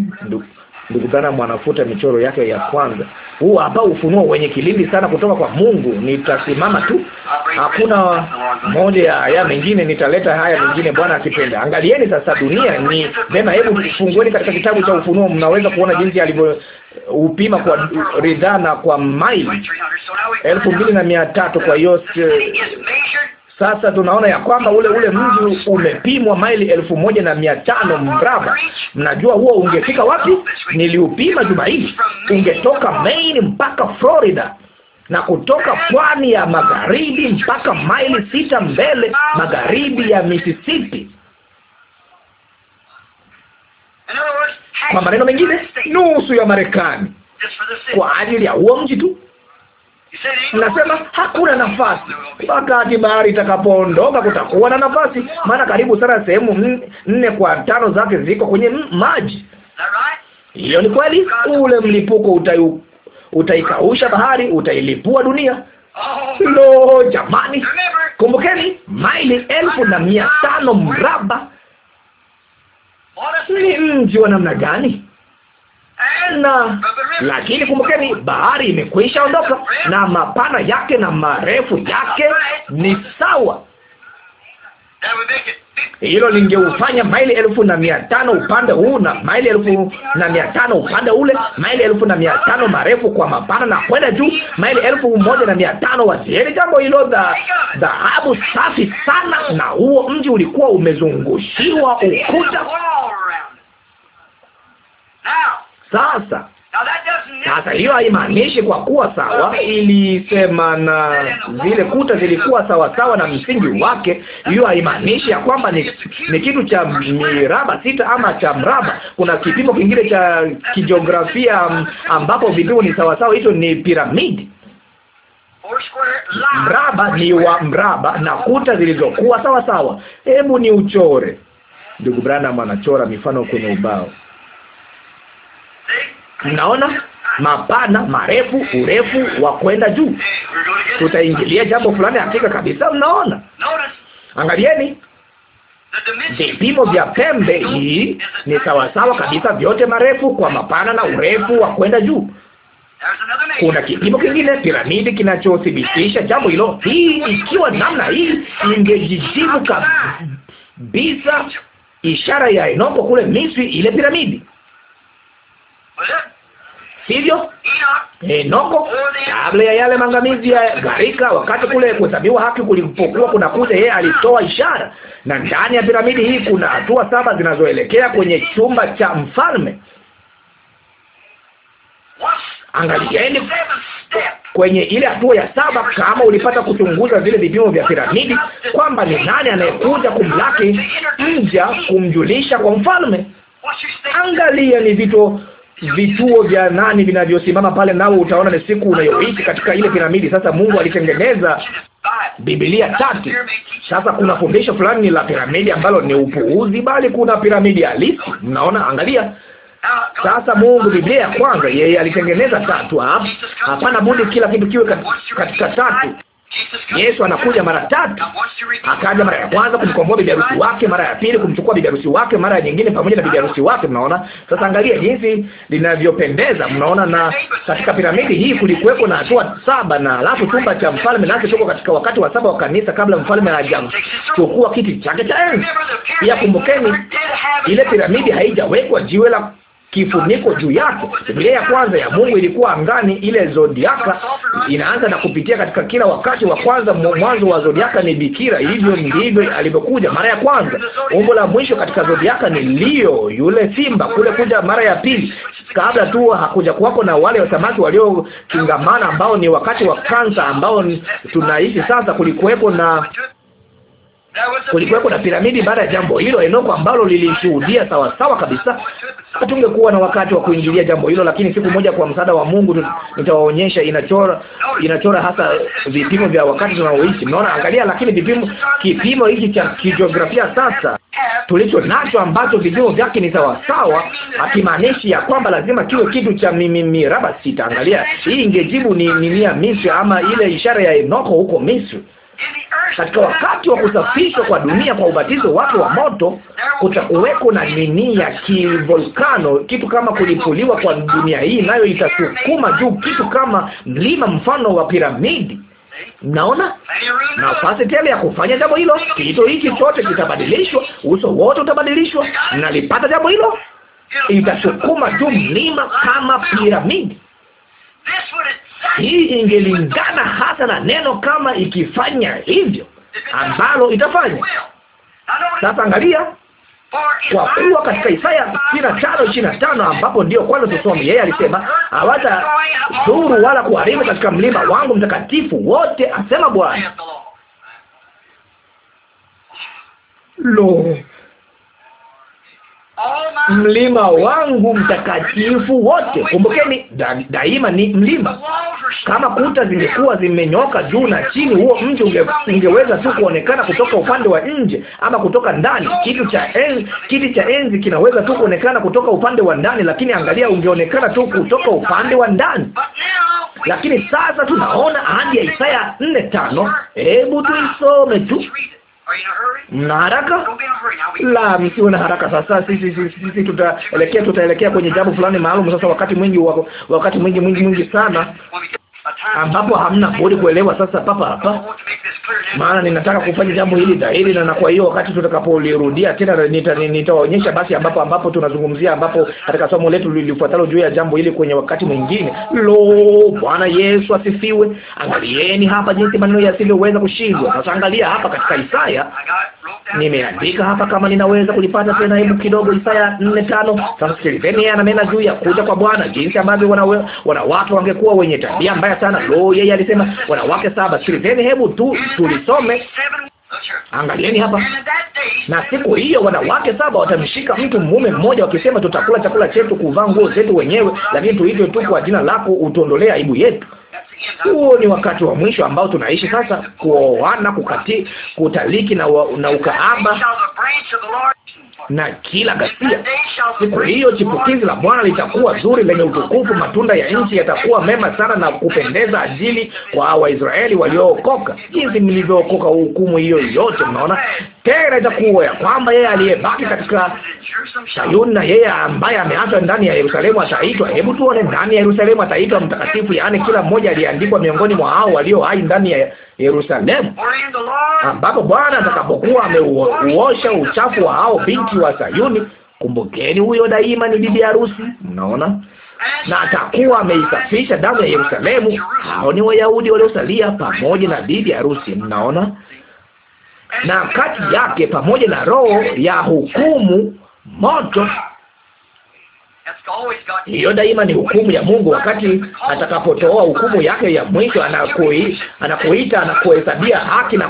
Ndugu Branham anafuta michoro yake ya kwanza. Huu hapa ufunuo wenye kilindi sana kutoka kwa Mungu. Nitasimama tu, hakuna moja ya haya mengine, nitaleta haya mengine Bwana akipenda. Angalieni sasa, dunia ni vema. Hebu fungueni katika kitabu cha Ufunuo, mnaweza kuona jinsi alivyo uh, upima kwa ridhaa na kwa maili elfu mbili na mia tatu. Kwa hiyo uh, sasa tunaona ya kwamba ule ule mji umepimwa maili elfu moja na mia tano mraba. Mnajua huo ungefika wapi? Niliupima juma hili, ungetoka Maine mpaka Florida na kutoka pwani ya magharibi mpaka maili sita mbele magharibi ya Mississippi. Kwa maneno mengine, nusu ya Marekani kwa ajili ya huo mji tu. Nasema hakuna nafasi. Wakati bahari itakapoondoka, kutakuwa na nafasi, maana karibu sana sehemu nne kwa tano zake ziko kwenye maji. Hiyo ni kweli. Ule mlipuko utai- utaikausha bahari, utailipua dunia. Lo, jamani, kumbukeni maili elfu na mia tano mraba ni mji wa namna gani? na lakini kumbukeni, bahari imekwisha ondoka, na mapana yake na marefu yake ni sawa. Hilo lingeufanya maili elfu na mia tano upande huu na maili elfu na mia tano upande ule, maili elfu na mia tano marefu kwa mapana na kwenda juu, maili elfu moja na mia tano wazieni jambo hilo, dhahabu safi sana. Na huo mji ulikuwa umezungushiwa ukuta. Sasa sasa hiyo haimaanishi kwa kuwa sawa, ilisema na zile kuta zilikuwa sawa sawa na msingi wake. Hiyo haimaanishi ya kwamba ni, ni kitu cha miraba sita ama cha mraba. Kuna kipimo kingine cha kijiografia ambapo vipimo ni sawa sawa, hicho ni piramidi. Mraba ni wa mraba na kuta zilizokuwa sawa sawa. Hebu ni uchore. Ndugu Branham anachora mifano kwenye ubao. Mnaona, mapana, marefu, urefu wa kwenda juu. Tutaingilia jambo fulani hakika kabisa. Mnaona, angalieni vipimo vya pembe hii ni sawasawa kabisa, vyote marefu kwa mapana na urefu wa kwenda juu. Kuna kipimo kingine piramidi kinachothibitisha jambo hilo. Hii ikiwa namna hii ingejijibu kabisa ishara ya Enoko kule Misri, ile piramidi sivyo? Enoko, eh, kabla ya yale maangamizi ya gharika, wakati kule kuhesabiwa haki kulipokuwa kuna kuja, yeye alitoa ishara, na ndani ya piramidi hii kuna hatua saba zinazoelekea kwenye chumba cha mfalme. Angalieni kwenye ile hatua ya saba, kama ulipata kuchunguza vile vipimo vya piramidi, kwamba ni nani anayekuja kumlaki mja kumjulisha kwa mfalme. Angalia ni vitu vituo vya nani vinavyosimama pale, nao utaona ni siku unayoishi katika ile piramidi. Sasa Mungu alitengeneza Biblia tatu. Sasa kuna fundisho fulani la piramidi ambalo ni upuuzi, bali kuna piramidi halisi. Mnaona, angalia sasa Mungu, Biblia ya kwanza, yeye alitengeneza tatu. Hapana budi kila kitu kiwe katika tatu. Yesu anakuja mara tatu. Akaja mara ya kwanza kumkomboa bibi harusi wake, mara ya pili kumchukua bibi harusi wake, mara nyingine pamoja na bibi harusi wake. Mnaona sasa, angalia jinsi linavyopendeza. Mnaona, na katika piramidi hii kulikuwepo na hatua saba, na alafu chumba cha mfalme nacho choko katika wakati wa saba wa kanisa, kabla mfalme hajachukua kiti chake cha enzi. Pia kumbukeni, ile piramidi haijawekwa jiwe la kifuniko juu yake. Biblia ya kwanza ya Mungu ilikuwa angani. Ile zodiaka inaanza na kupitia katika kila wakati wa kwanza. Mwanzo wa zodiaka ni bikira, hivyo ndivyo alivyokuja mara ya kwanza. Umbo la mwisho katika zodiaka ni Leo, yule simba kule kuja mara ya pili. Kabla tu hakuja kuwako na wale wa samaki waliokingamana, ambao ni wakati wa kansa ambao tunaishi sasa. Kulikuwepo na Kulikuweko na piramidi baada ya jambo hilo Enoko, ambalo lilishuhudia sawasawa kabisa. Hatungekuwa na wakati wa kuingilia jambo hilo, lakini siku moja kwa msaada wa Mungu nitawaonyesha. Inachora, inachora hasa vipimo vya wakati tunaoishi. Mnaona, angalia, lakini vipimo, kipimo hiki cha kijiografia sasa tulicho nacho ambacho vipimo vyake ni sawasawa, hakimaanishi ya kwamba lazima kiwe kitu cha miraba sita. Angalia, hii ingejibu ni nini ya Misri ama ile ishara ya Enoko huko Misri. Katika wakati wa kusafishwa kwa dunia kwa ubatizo wake wa moto, kutakuweko na nini ya kivolkano, kitu kama kulipuliwa kwa dunia hii, nayo itasukuma juu kitu kama mlima, mfano wa piramidi. Mnaona nafasi tele ya kufanya jambo hilo. Kitu hiki chote kitabadilishwa, uso wote utabadilishwa. Nalipata jambo hilo, itasukuma juu mlima kama piramidi. Hii ingelingana hasa na neno kama ikifanya hivyo, ambalo itafanya sasa. Angalia, kwa kuwa katika Isaya ishirini na tano ishirini na tano ambapo ndiyo kwanza tusome, yeye alisema hawata dhuru wala kuharibu katika mlima wangu mtakatifu wote, asema Bwana. Lo, mlima wangu mtakatifu wote. Kumbukeni da, daima ni mlima. Kama kuta zingekuwa zimenyoka juu na chini, huo mji unge, ungeweza tu kuonekana kutoka upande wa nje ama kutoka ndani. Kitu cha enzi, kiti cha enzi kinaweza tu kuonekana kutoka upande wa ndani, lakini angalia, ungeonekana tu kutoka upande wa ndani. Lakini sasa tunaona ahadi ya Isaya nne tano. Hebu tuisome tu Mna haraka? La, msiwe na haraka. Sasa sisi sisi sisi tutaelekea tutaelekea kwenye jambo fulani maalum. Sasa wakati mwingi wako, wakati mwingi mwingi mwingi sana Ah, ambapo hamna budi kuelewa sasa papa hapa, maana ninataka kufanya jambo hili dhahiri, na kwa hiyo wakati tutakapolirudia tena nitawaonyesha basi, ambapo ambapo tunazungumzia ambapo katika somo letu lilifuatalo juu ya jambo hili kwenye wakati mwingine. Lo, Bwana Yesu asifiwe! Angalieni hapa jinsi maneno huweza kushindwa. Sasa angalia hapa katika Isaya Nimeandika hapa kama ninaweza kulipata tena. Hebu kidogo, Isaya nne tano. Sasa sikilizeni, yeye ananena juu ya kuja kwa Bwana, jinsi ambavyo wanawake wangekuwa wenye tabia mbaya sana. Lo, yeye alisema wanawake saba. Sikilizeni, hebu tu tulisome. Angalieni hapa. Na siku hiyo wanawake saba watamshika mtu mume mmoja, wakisema, tutakula chakula chetu, kuvaa nguo zetu wenyewe, lakini tuitwe tu kwa jina lako, utuondolee aibu yetu. Huo ni wakati wa mwisho ambao tunaishi sasa, kuoana, kukati, kutaliki na, wa, na ukaaba na kila ghasia. Siku hiyo chipukizi la Bwana litakuwa zuri lenye utukufu, matunda ya nchi yatakuwa mema sana na kupendeza ajili kwa Waisraeli waliookoka. Jinsi mlivyookoka hukumu hiyo yote, mnaona tena itakuwa ya kwamba yeye aliyebaki katika Sayuni na yeye ambaye ameachwa ndani ya Yerusalemu ataitwa. Hebu tuone, ndani ya Yerusalemu ataitwa mtakatifu, yaani kila mmoja aliyeandikwa miongoni mwa hao walio hai ndani ya Yerusalemu, ambapo Bwana atakapokuwa ameuosha uchafu wa hao binti wa Sayuni. Kumbukeni, huyo daima ni bibi harusi, mnaona, na atakuwa ameisafisha damu ya Yerusalemu. Hao ni Wayahudi waliosalia pamoja na bibi harusi, mnaona, na kati yake pamoja na roho ya hukumu moto hiyo daima ni hukumu ya Mungu. Wakati atakapotoa hukumu yake ya mwisho, anakui, anakuita anakuhesabia haki na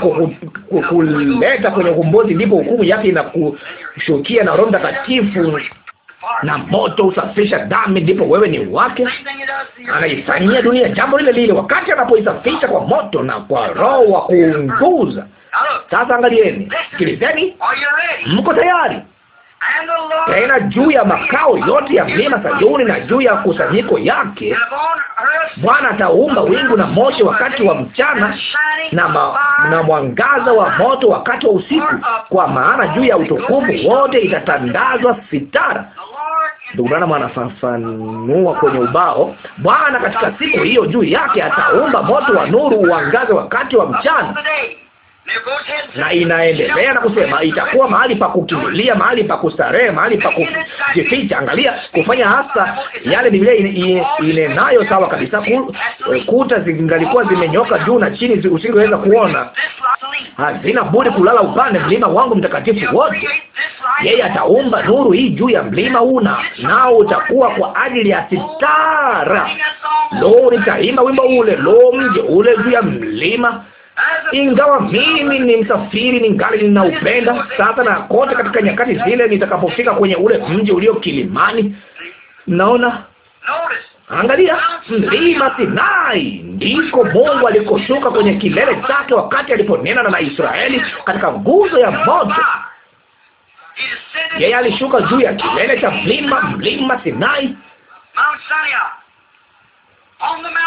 kukuleta kwenye ukombozi, ndipo hukumu yake inakushukia na Roho Mtakatifu na moto husafisha dhambi, ndipo wewe ni wake. Anaifanyia dunia jambo lile lile wakati anapoisafisha kwa moto na kwa roho wa kuunguza. Sasa angalieni, sikilizeni, mko tayari? tena juu ya makao yote ya mlima Sayuni na juu ya kusanyiko yake. Bwana ataumba wingu na moshi wakati wa mchana na, ma, na mwangaza wa moto wakati wa usiku, kwa maana juu ya utukufu wote itatandazwa sitara. Ndugu Branham anafafanua kwenye ubao, Bwana katika siku hiyo juu yake ataumba moto wa nuru uangaze wakati wa mchana na inaendelea na kusema itakuwa mahali pa kukimbilia, mahali pa kustarehe, mahali pa kujificha. Angalia kufanya hasa yale Biblia inenayo ine, sawa kabisa. Eh, kuta zingalikuwa zimenyoka juu na chini, usingeweza kuona, hazina budi kulala upande mlima wangu mtakatifu wote. Yeye ataumba nuru hii juu ya mlima huu, na nao utakuwa kwa ajili ya sitara. Lo, nitaimba wimbo ule, lo, mje ule juu ya mlima ingawa mimi ni msafiri, ni ngali ninaupenda sasa, na kote katika nyakati zile nitakapofika kwenye ule mji ulio kilimani, naona Angalia mlima Sinai, ndiko Mungu alikoshuka kwenye kilele chake wakati aliponena na Israeli katika nguzo ya moto. Yeye alishuka juu ya kilele cha mlima mlima Sinai,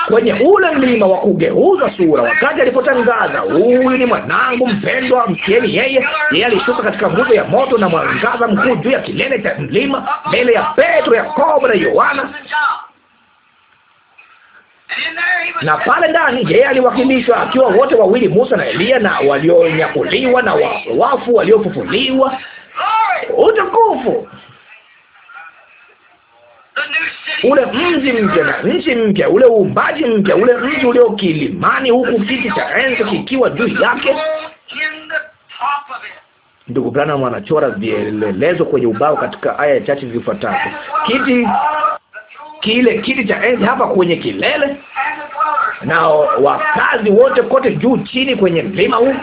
kwenye ule mlima wa kugeuza sura, wakati alipotangaza huyu ni mwanangu mpendwa, msikieni yeye. Yeye alishuka katika nguzo ya moto na mwangaza mkuu juu ya kilele cha mlima, mbele ya Petro, Yakobo na Yohana na pale ndani yeye aliwakilishwa akiwa wote wawili, Musa na Eliya, na walionyakuliwa na wafu waliofufuliwa. Utukufu! ule mji mpya na nchi mpya, ule uumbaji mpya, ule mji ulio kilimani, huku kiti cha enzi kikiwa juu yake. Ndugu Branham anachora vielelezo kwenye ubao katika aya ya chache zifuatazo. Kiti kile kiti cha enzi hapa kwenye kilele na wakazi wote kote juu chini kwenye mlima huu,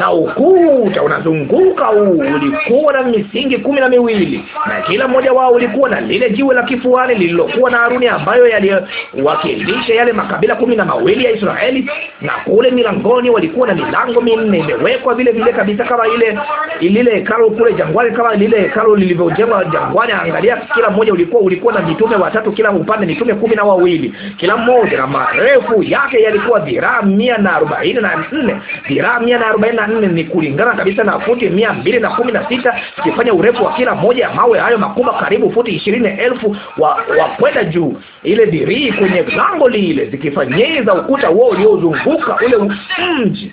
na ukuta unazunguka huu ulikuwa na misingi kumi na miwili, na kila mmoja wao ulikuwa na lile jiwe la kifuani lililokuwa na Haruni, ambayo yaliwakilisha yale makabila kumi na mawili ya Israeli. Na kule milangoni walikuwa na milango minne imewekwa vile vile kabisa kama ile lile hekalu kule jangwani, kama lile hekalu lilivyojengwa jangwani. Angalia, kila mmoja ulikuwa ulikuwa na mitume watatu kila upande, mitume kumi na wawili kila mmoja, na marefu ya yake yalikuwa dhiraa mia na arobaini na nne. Dhiraa mia na arobaini na nne ni kulingana kabisa na futi mia mbili na kumi na sita ikifanya urefu wa kila moja ya mawe hayo makubwa karibu futi ishirini elfu wa, wa kwenda juu. Ile dhirii kwenye lango lile zikifanyiza ukuta huo uliozunguka ule mji.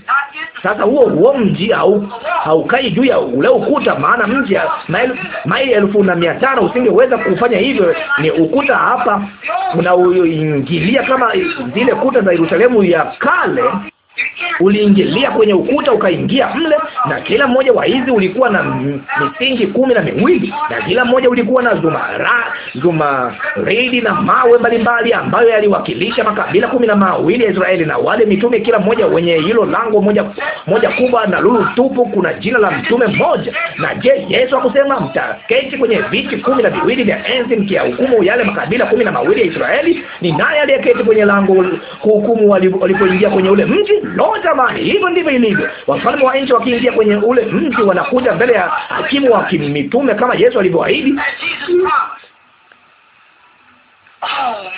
Sasa huo huo mji au haukai juu ya ule ukuta, maana mji ya maili elfu na mia tano usingeweza kufanya hivyo. Ni ukuta hapa unaoingilia kama zile kuta za Yerusalemu ya kale uliingilia kwenye ukuta ukaingia mle, na kila mmoja wa hizi ulikuwa na misingi kumi na miwili, na kila mmoja ulikuwa na zumara zumaridi na mawe mbalimbali ambayo yaliwakilisha makabila kumi na mawili ya Israeli na wale mitume, kila mmoja wenye hilo lango moja moja kubwa na lulu tupu, kuna jina la mtume mmoja. Na je, Yesu akusema mtaketi kwenye viti kumi na viwili vya enzi mkiyahukumu yale makabila kumi na mawili ya Israeli? Ni naye aliyeketi kwenye lango kuhukumu walipoingia kwenye ule mji Lo, jamani, hivyo ndivyo ilivyo. Wafalme wa nchi wakiingia kwenye ule mji, wanakuja mbele ya hakimu wa kimitume kama Yesu alivyoahidi.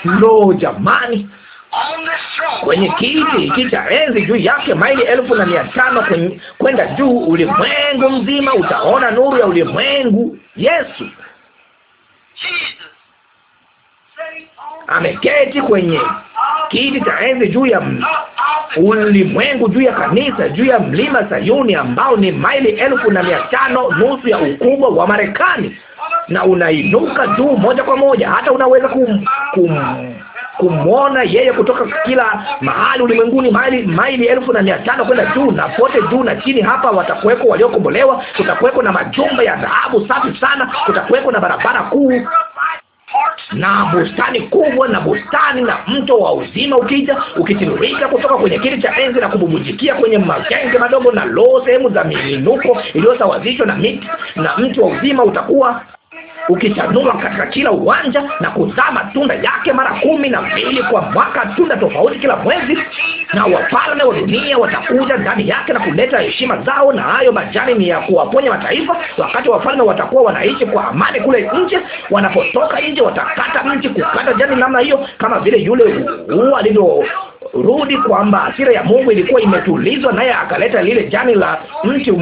Lo, jamani kwenye kiti hiki cha enzi juu yake maili elfu na mia tano kwenda juu, ulimwengu mzima utaona nuru ya ulimwengu. Yesu ameketi kwenye kiti cha enzi juu ya ulimwengu juu ya kanisa juu ya mlima Sayuni ambao ni maili elfu na mia tano nusu ya ukubwa wa Marekani, na unainuka juu moja kwa moja, hata unaweza kum, kum kumwona yeye kutoka kila mahali ulimwenguni, maili maili elfu na mia tano kwenda juu, na pote juu na chini. Hapa watakuweko waliokombolewa, kutakuweko na majumba ya dhahabu safi sana, kutakuweko na barabara kuu na bustani kubwa na bustani na mto wa uzima ukija ukitiririka kutoka kwenye kiti cha enzi na kububujikia kwenye magenge madogo na loo, sehemu za miinuko iliyosawazishwa na miti, na mti wa uzima utakuwa ukichanua katika kila uwanja na kuzaa matunda yake mara kumi na mbili kwa mwaka, tunda tofauti kila mwezi, na wafalme wa dunia watakuja ndani yake na kuleta heshima zao, na hayo majani ni ya kuwaponya mataifa. Wakati wafalme watakuwa wanaishi kwa amani kule nje, wanapotoka nje watakata mti kukata jani namna hiyo, kama vile yule huu alivyo rudi kwamba asira ya Mungu ilikuwa imetulizwa, naye akaleta lile jani la mti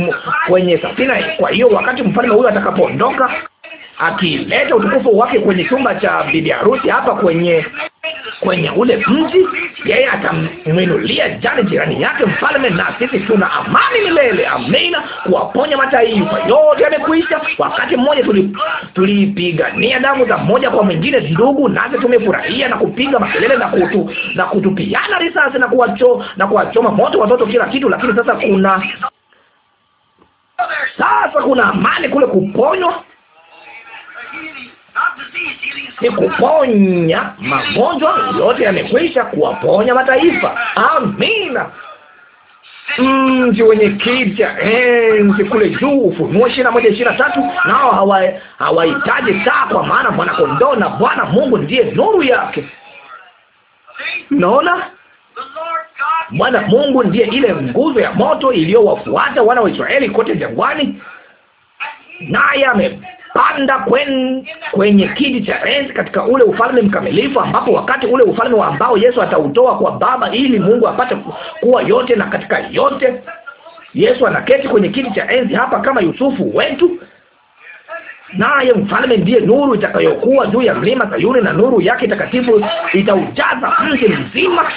kwenye safina. Kwa hiyo wakati mfalme huyo atakapoondoka akileta utukufu wake kwenye chumba cha bibi harusi hapa kwenye kwenye ule mji, yeye atamwinulia jani jirani yake mfalme, na sisi tuna amani milele. Amina. Kuwaponya mataifa yote yamekwisha. Wakati mmoja tulipigania tuli damu za mmoja kwa mwingine, ndugu, nasi tumefurahia na kupiga makelele na kutu, na kutupiana risasi na kuwacho, na kuwachoma moto watoto, kila kitu, lakini sasa kuna sasa kuna amani kule kuponywa sikuponya magonjwa yote, yamekwisha kuwaponya mataifa. Amina. Mji wenye kiti cha enzi kule juu, Ufunuo ishirini na moja ishirini na tatu. Nao hawahitaji hawa taa, kwa maana mwanakondoo na Bwana Mungu ndiye nuru yake. Naona Bwana Mungu ndiye ile nguzo ya moto iliyowafuata wana wa Israeli kote jangwani, naye ame panda kwen, kwenye kiti cha enzi katika ule ufalme mkamilifu, ambapo wakati ule ufalme wa ambao Yesu atautoa kwa Baba ili Mungu apate kuwa yote na katika yote. Yesu anaketi kwenye kiti cha enzi hapa kama Yusufu wetu, naye mfalme ndiye nuru itakayokuwa juu ya mlima Sayuni, na nuru yake takatifu itaujaza mji mzima.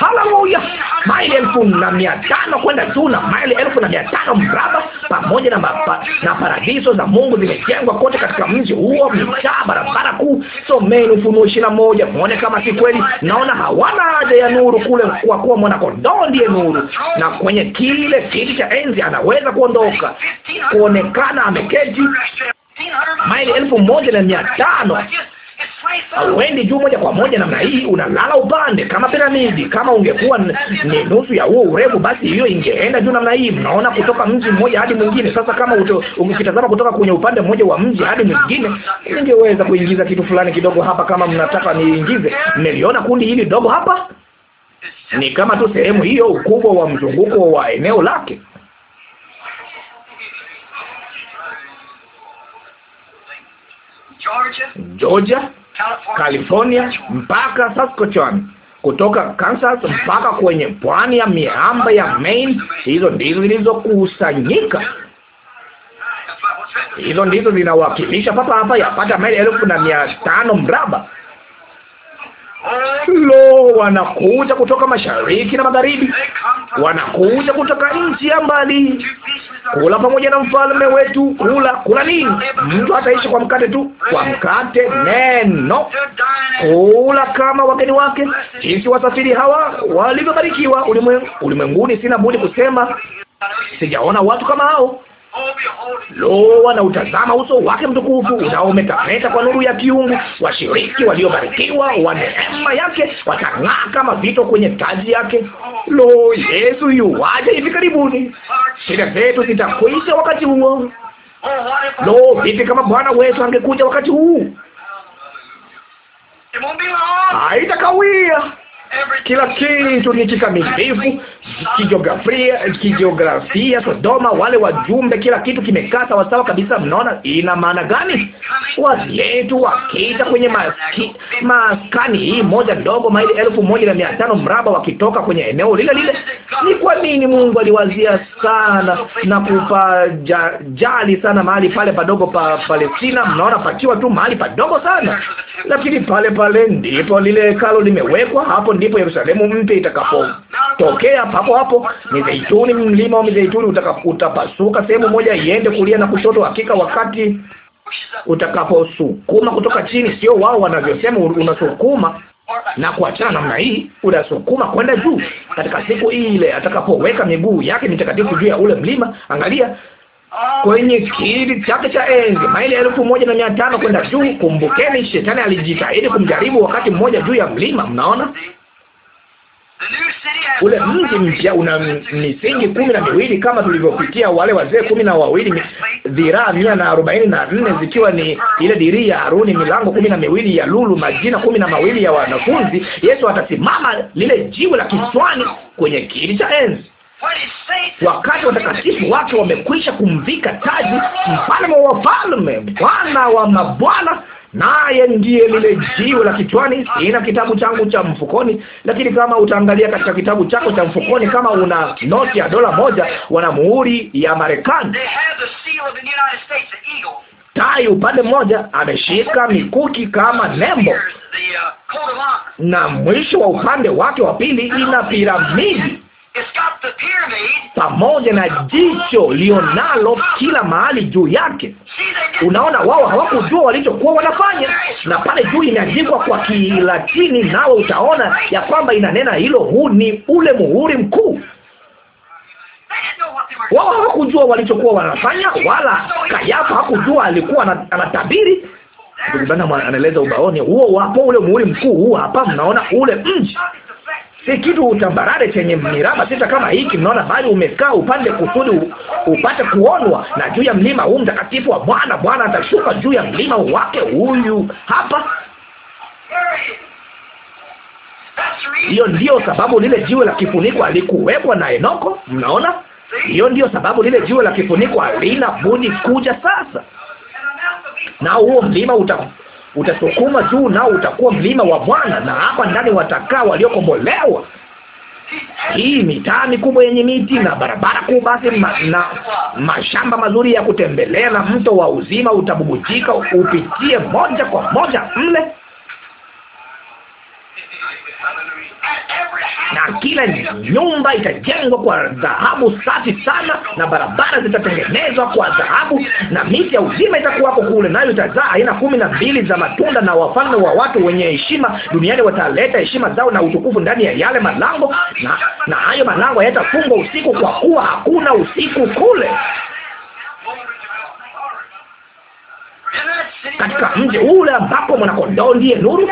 Haleluya! maili elfu na mia tano kwenda juu na maili elfu na mia tano mraba pamoja na, mapa, na paradiso za Mungu zimejengwa kote katika mji huo, mitaa, barabara kuu. Someni Ufunuo ishirini na moja mwone kama si kweli. Naona hawana haja ya nuru kule, kwa kuwa mwanakondoo ndiye nuru, na kwenye kile kiti cha enzi anaweza kuondoka kuonekana ameketi maili elfu moja na mia tano hauendi juu moja kwa moja namna hii, unalala upande kama piramidi. Kama ungekuwa ni nusu ya huo urefu, basi hiyo ingeenda juu namna hii. Mnaona, kutoka mji mmoja hadi mwingine. Sasa kama ukitazama kutoka kwenye upande mmoja wa mji hadi mwingine, ningeweza kuingiza kitu fulani kidogo hapa, kama mnataka niingize. Mmeliona kundi hili dogo hapa, ni kama tu sehemu hiyo, ukubwa wa mzunguko wa eneo lake. Georgia California mpaka Saskatchewan, kutoka Kansas mpaka kwenye pwani ya miamba ya Maine. Hizo ndizo zilizokusanyika, hizo ndizo zinawakilisha papa hapa yapata maili elfu na mia tano mraba. Lo, wanakuja kutoka mashariki na magharibi, wanakuja kutoka nchi ya mbali kula pamoja na mfalme wetu. Kula kula nini? Mtu ataishi kwa mkate tu, kwa mkate neno. Kula kama wageni wake, jinsi wasafiri hawa walivyobarikiwa ulimwenguni. Sina budi kusema, sijaona watu kama hao. Lo, wanautazama uso wake mtukufu unaometameta kwa nuru ya kiungu. Washiriki waliobarikiwa wa neema yake watang'aa kama vito kwenye taji yake. Lo, Yesu yuwaja hivi karibuni. Shida zetu zitakwisha wakati huo. Lo, vipi kama Bwana wetu angekuja wakati huu? Haitakawia. Kila kitu ni kikamilifu kijiografia, kijiografia Sodoma, wale wajumbe, kila kitu kimekaa sawasawa kabisa. Mnaona ina maana gani? Wazletu wakita kwenye maski, maskani hii moja ndogo, maili elfu moja na mia tano mraba, wakitoka kwenye eneo lile lile. Ni kwa nini Mungu aliwazia sana na kupajali sana mahali pale padogo pa Palestina? Mnaona, pakiwa tu mahali padogo sana, lakini pale pale ndipo lile hekalo limewekwa. Hapo ndipo Yerusalemu mpya itakapotokea hapo hapo. Mizeituni, mlima wa mizeituni utapasuka sehemu moja iende kulia na kushoto. Hakika wakati utakaposukuma kutoka chini, sio wao wanavyosema, unasukuma na kuachana namna hii, unasukuma kwenda juu. Katika siku ile atakapoweka miguu yake mitakatifu juu ya ule mlima, angalia kwenye kiti chake cha enzi maili elfu moja na mia tano kwenda juu. Kumbukeni, shetani alijitahidi kumjaribu wakati mmoja juu ya mlima. Mnaona Ule mji mpya una misingi kumi na miwili kama tulivyopitia wale wazee kumi na wawili dhiraa mia na arobaini na nne zikiwa ni ile dirii ya Haruni, milango kumi na miwili ya lulu, majina kumi na mawili ya wanafunzi. Yesu atasimama lile jiwe la kiswani kwenye kiti cha enzi wakati watakatifu wake wamekwisha kumvika taji, mfalme wa wafalme, Bwana wa mabwana naye ndiye lile jiwe la kichwani. ina kitabu changu cha mfukoni, lakini kama utaangalia katika kitabu chako cha mfukoni, kama una noti ya dola moja, wana muhuri ya Marekani tai upande mmoja ameshika mikuki kama nembo, uh, na mwisho wa upande wake wa pili ina piramidi pamoja na jicho lionalo kila mahali juu yake. Unaona, wao hawakujua walichokuwa wanafanya, na pale juu imeandikwa kwa Kilatini, nawe utaona ya kwamba inanena hilo, huu ni ule muhuri mkuu. Wao hawakujua walichokuwa wanafanya, wala Kayafa hakujua alikuwa anatabiri. Ndugu Branham anaeleza ubaoni huo, wapo ule muhuri mkuu huu hapa, mnaona ule mji mm si kitu utambarare chenye miraba sita kama hiki, mnaona, bali umekaa upande kusudi upate kuonwa. Na juu ya mlima huu mtakatifu wa Bwana, Bwana atashuka juu ya mlima wake. Huyu hapa. Hiyo ndiyo sababu lile jiwe la kifuniko alikuwekwa na Enoko. Mnaona, hiyo ndiyo sababu lile jiwe la kifuniko halina budi kuja sasa, na huo mlima utasukuma juu, nao utakuwa mlima wa Bwana, na hapa ndani watakaa waliokombolewa. Hii mitaa mikubwa yenye miti na barabara kuu basi ma, na mashamba mazuri ya kutembelea, na mto wa uzima utabubujika upitie moja kwa moja mle. na kila nyumba itajengwa kwa dhahabu safi sana, na barabara zitatengenezwa kwa dhahabu, na miti ya uzima itakuwako kule, nayo itazaa aina kumi na mbili za matunda, na wafalme wa watu wenye heshima duniani wataleta heshima zao na utukufu ndani ya yale malango, na na hayo malango hayatafungwa usiku, kwa kuwa hakuna usiku kule. Katika mji ule ambapo mwanakondoo ndiye nuru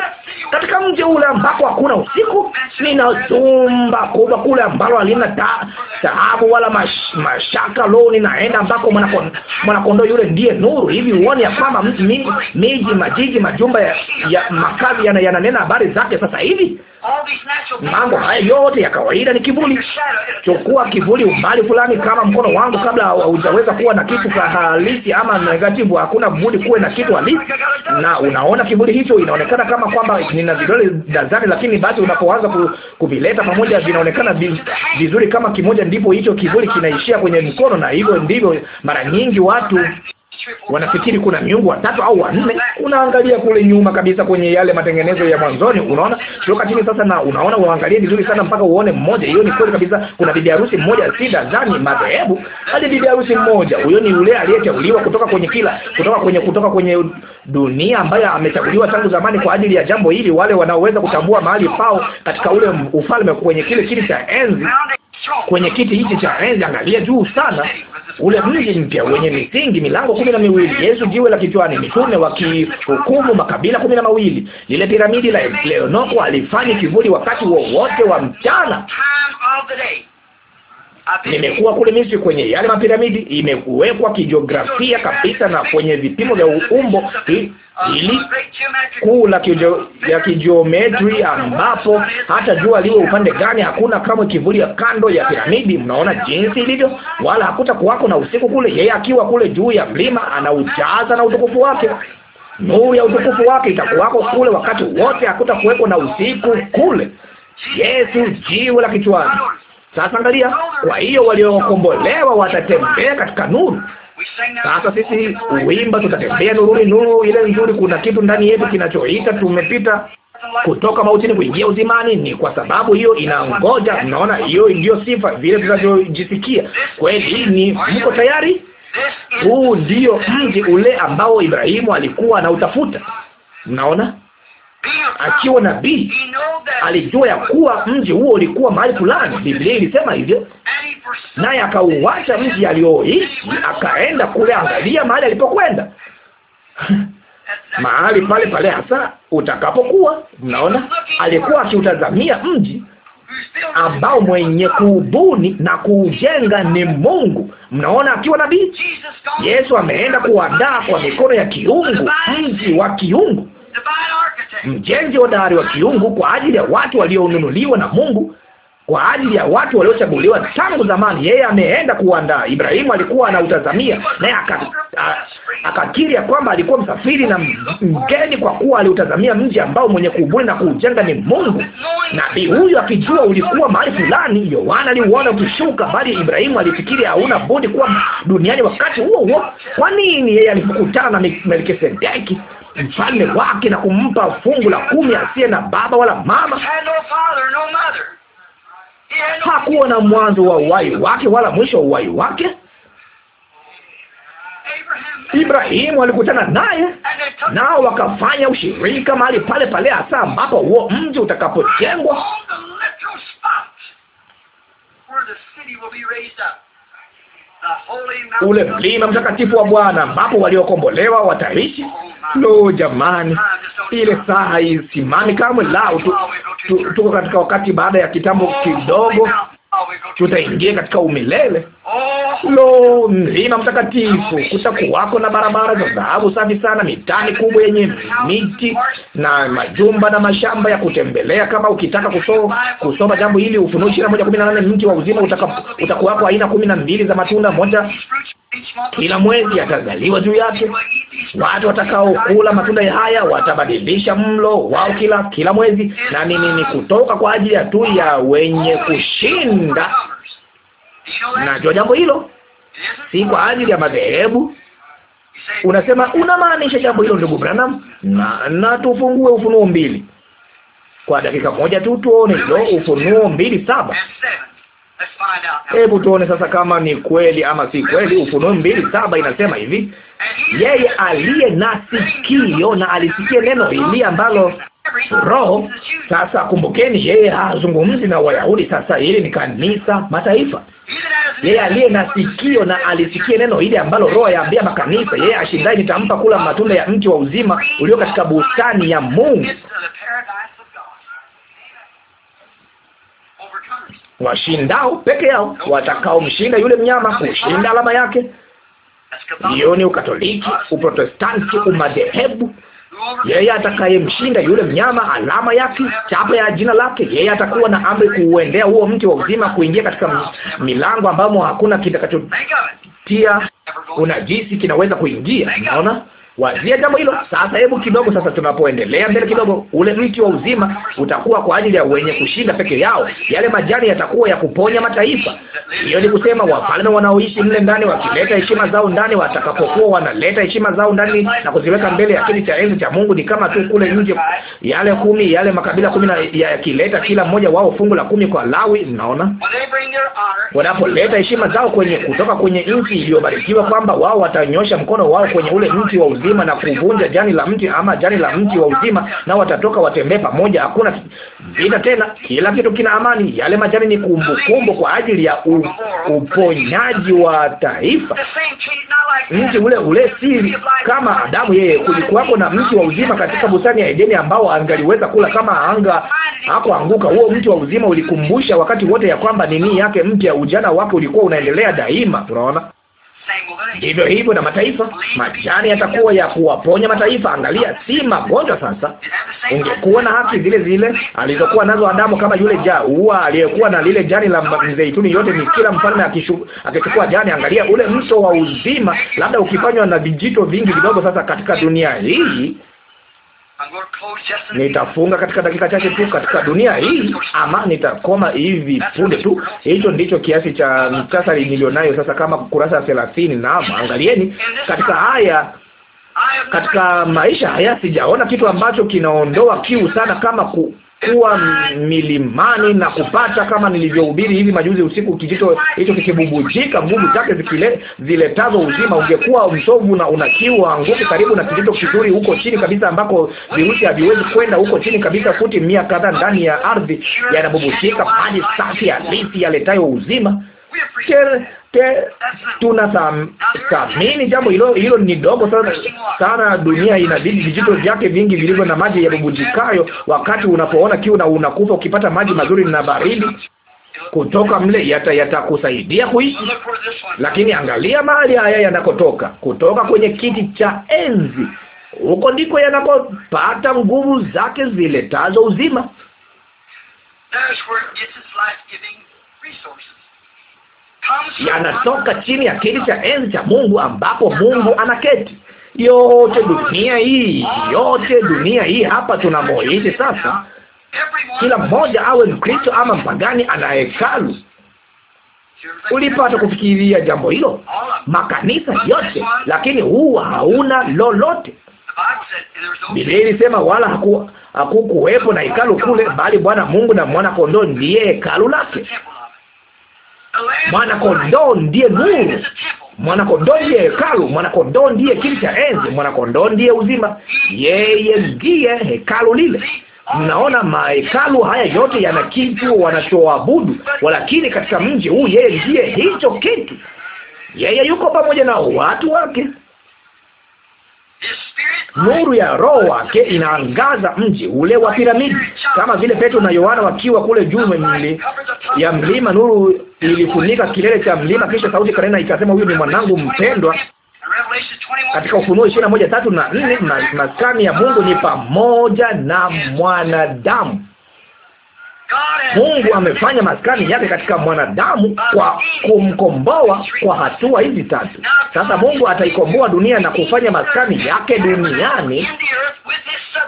katika mji ule ambako hakuna usiku, nina jumba kubwa kule ambalo halina taabu wala mash, mashaka. Lo, ninaenda ambako mwanakondoo yule ndiye nuru. Hivi uone ya kwamba miji, majiji, majumba ya, ya makazi yananena habari zake sasa hivi. Mambo haya yote ya kawaida ni kivuli. Chukua kivuli umbali fulani kama mkono wangu, kabla hujaweza kuwa na kitu halisi ama negativu. Hakuna budi kuwe na kitu halisi, na unaona kivuli hicho, inaonekana kama kwamba nina vidole dazani, lakini basi unapoanza ku, kuvileta pamoja vinaonekana vizuri kama kimoja, ndipo hicho kivuli kinaishia kwenye mkono, na hivyo ndivyo mara nyingi watu wanafikiri kuna miungu watatu au wanne. Unaangalia kule nyuma kabisa kwenye yale matengenezo ya mwanzoni, unaona shuka chini sasa, na unaona uangalie vizuri sana mpaka uone mmoja. Hiyo ni kweli kabisa. Kuna bibi harusi mmoja, si dhani madhehebu, hadi bibi harusi mmoja. Huyo ni yule aliyeteuliwa kutoka kwenye kila kutoka kwenye kutoka kwenye dunia, ambaye amechaguliwa tangu zamani kwa ajili ya jambo hili, wale wanaoweza kutambua mahali pao katika ule ufalme, kwenye kile kiti cha enzi kwenye kiti hiki cha enzi. Angalia juu sana, ule mji mpya wenye misingi, milango kumi na miwili, Yesu jiwe la kichwani, mitume wakihukumu makabila kumi na mawili, lile piramidi la Leonoko alifanya kivuli wakati wowote wa, wa mchana Nimekuwa kule Misri kwenye yale mapiramidi, imewekwa kijiografia kabisa na kwenye vipimo vya umbo ili kuu la ya kijiometri, ambapo hata jua liwe upande gani, hakuna kamwe kivuli ya kando ya piramidi. Mnaona jinsi ilivyo, wala hakuta kuwako na usiku kule. Yeye akiwa kule juu ya mlima, anaujaza na utukufu wake nuru ya utukufu wake itakuwako kule wakati wote, hakutakuweko na usiku kule. Yesu, jiwe la kichwani, sasa angalia, kwa hiyo waliokombolewa watatembea katika nuru. Sasa sisi uimba, tutatembea nuruni, nuru ile nzuri. Kuna kitu ndani yetu kinachoita tumepita kutoka mautini kuingia uzimani. Ni kwa sababu hiyo inangoja. Mnaona, hiyo ndiyo sifa, vile tunavyojisikia kweli. Ni mko tayari? Huu ndio mji ule ambao Ibrahimu alikuwa anautafuta. Mnaona akiwa nabii alijua ya kuwa mji huo ulikuwa mahali fulani, Biblia ilisema hivyo, naye akauacha mji alioishi akaenda kule. Angalia mahali alipokwenda mahali pale pale hasa utakapokuwa. Mnaona, alikuwa akiutazamia mji ambao mwenye kuubuni na kuujenga ni Mungu. Mnaona, akiwa nabii Yesu ameenda kuandaa kwa mikono ya kiungu mji wa kiungu mjenzi hodari wa kiungu kwa ajili ya watu walionunuliwa na Mungu, kwa ajili ya watu waliochaguliwa tangu zamani. Yeye ameenda kuandaa. Ibrahimu alikuwa anautazamia, naye akakiri ya kwamba alikuwa msafiri na mgeni, kwa kuwa aliutazamia mji ambao mwenye kuubuni na kuujenga ni Mungu. Nabii huyu akijua ulikuwa mahali fulani, Yohana aliuona ukishuka, bali Ibrahimu alifikiri hauna budi kuwa duniani wakati huo huo. Kwa nini yeye alikutana na Melkisedeki? mfalme wake na kumpa fungu la kumi asiye na baba wala mama. Hakuwa na mwanzo wa uhai wake wala mwisho wa uhai wake. Ibrahimu alikutana naye nao wakafanya ushirika mahali pale pale, hasa ambapo huo mji utakapojengwa ule mlima mtakatifu wa Bwana ambapo waliokombolewa wataishi. Lo, jamani, ile saa haisimami kamwe. Lao, tuko tu, tu katika wakati baada ya kitambo kidogo tutaingia katika umilele. Ah. Lo, mlima mtakatifu! Kutakuwako na barabara za dhahabu safi sana, mitani kubwa yenye miti na majumba na mashamba ya kutembelea. Kama ukitaka kusoma kusoma jambo hili, Ufunuo ishirini na moja kumi na nane mti wa uzima utakapo, utakuwako aina kumi na mbili za matunda, moja kila mwezi atazaliwa juu yake. Watu watakaokula matunda haya watabadilisha mlo wao kila kila mwezi, na mimi ni kutoka kwa ajili ya tu ya wenye kushinda. Najua jambo hilo, si kwa ajili ya madhehebu. Unasema unamaanisha jambo hilo, ndugu Branham? Na, na tufungue Ufunuo mbili kwa dakika moja tu tuone hilo, Ufunuo mbili saba Hebu tuone sasa kama ni kweli ama si kweli. Ufunuo mbili saba inasema hivi, yeye aliye na sikio na alisikie neno hili ambalo Roho. Sasa kumbukeni, yeye hazungumzi na Wayahudi. Sasa hili ni kanisa mataifa. Yeye aliye na sikio na alisikie neno hili ambalo Roho yaambia makanisa, yeye ashindaye nitampa kula matunda ya mti wa uzima ulio katika bustani ya Mungu. washindao peke yao watakaomshinda yule mnyama, kushinda alama yake. Hiyo ni Ukatoliki, Uprotestanti, umadhehebu yeye atakayemshinda yule mnyama, alama yake, chapa ya jina lake, yeye atakuwa na amri kuuendea huo mti wa uzima, kuingia katika milango ambamo hakuna kitakachotia unajisi kinaweza kuingia. Unaona? wazia jambo hilo sasa. Hebu kidogo sasa, tunapoendelea mbele kidogo, ule mti wa uzima utakuwa kwa ajili ya wenye kushinda peke yao, yale majani yatakuwa ya kuponya mataifa. Hiyo ni kusema wafalme wanaoishi mle ndani, wakileta heshima zao ndani, watakapokuwa wanaleta heshima zao ndani na kuziweka mbele ya kiti cha enzi cha Mungu, ni kama tu kule nje, yale kumi, yale makabila kumi na yakileta kila mmoja wao fungu la kumi kwa Lawi. Mnaona, wanapoleta heshima zao kwenye kutoka kwenye nchi iliyobarikiwa, kwamba wao watanyosha mkono wao kwenye ule mti wa uzima uzima na kuvunja jani la mti ama jani la mti wa uzima, na watatoka watembee pamoja, hakuna vita tena, kila kitu kina amani. Yale majani ni kumbukumbu kwa ajili ya u, uponyaji wa taifa. Mti ule ule si kama Adamu, yeye kulikuwako na mti wa uzima katika bustani ya Edeni ambao angaliweza kula kama anga hakuanguka. Huo mti wa uzima ulikumbusha wakati wote ya kwamba nini yake mpya, ujana wake ulikuwa unaendelea daima. Tunaona ndivyo hivyo na mataifa, majani yatakuwa ya kuwaponya mataifa. Angalia, si magonjwa sasa. Ungekuwa na haki zile zile alizokuwa nazo Adamu, kama yule jaua aliyekuwa na lile jani la mzeituni. Yote ni kila mfalme akichukua jani. Angalia ule mto wa uzima, labda ukifanywa na vijito vingi vidogo. Sasa katika dunia hii Nitafunga katika dakika chache tu katika dunia hii, ama nitakoma hivi punde tu. Hicho ndicho kiasi cha mtasari nilionayo sasa, kama kurasa thelathini. Naam, angalieni katika haya katika maisha haya sijaona kitu ambacho kinaondoa kiu sana kama ku, kuwa milimani na kupata, kama nilivyohubiri hivi majuzi usiku, kijito hicho kikibubujika, nguvu zake zikile ziletazo uzima. Ungekuwa msovu na unakiwa nguvu karibu na kijito kizuri huko chini kabisa, ambako virusi haviwezi kwenda huko chini kabisa, futi mia kadhaa ndani ya ardhi, yanabubujika maji safi halisi yaletayo uzima tunathamini jambo hilo. Hilo ni dogo sana sana. Dunia ina vijito vyake vingi vilivyo na maji yabubujikayo. Wakati unapoona kiu na unakufa, ukipata maji mazuri na baridi kutoka mle yatakusaidia kuishi. Lakini angalia mahali haya yanakotoka, kutoka kwenye kiti cha enzi. Huko ndiko yanapopata nguvu zake ziletazo uzima yanatoka chini ya kiti cha enzi cha Mungu ambapo Mungu anaketi. Yote dunia hii, yote dunia hii hapa tunamoishi sasa, kila mmoja awe Mkristo ama mpagani, ana hekalu. Ulipata kufikiria jambo hilo? Makanisa yote, lakini huu hauna lolote. Biblia ilisema wala hakukuwepo haku na hekalu kule, bali Bwana Mungu na mwana kondoo ndiye hekalu lake. Mwanakondoo ndiye nuru, mwanakondoo ndiye hekalu, mwanakondoo ndiye kiti cha enzi, mwanakondoo ndiye uzima, yeye ndiye hekalu lile. Mnaona, mahekalu haya yote yana kitu wanachoabudu, walakini katika mji huu yeye ndiye hicho kitu. Yeye yuko pamoja na watu wake. Nuru ya Roho wake inaangaza mji ule wa piramidi, kama vile Petro na Yohana wakiwa kule juu mli ya mlima. Nuru ilifunika kilele cha mlima, kisha sauti kanena ikasema, huyu ni mwanangu mpendwa. Katika Ufunuo ishirini na moja tatu na nne maskani ya Mungu ni pamoja na mwanadamu. Mungu amefanya maskani yake katika mwanadamu kwa kumkomboa kwa hatua hizi tatu. Sasa Mungu ataikomboa dunia na kufanya maskani yake duniani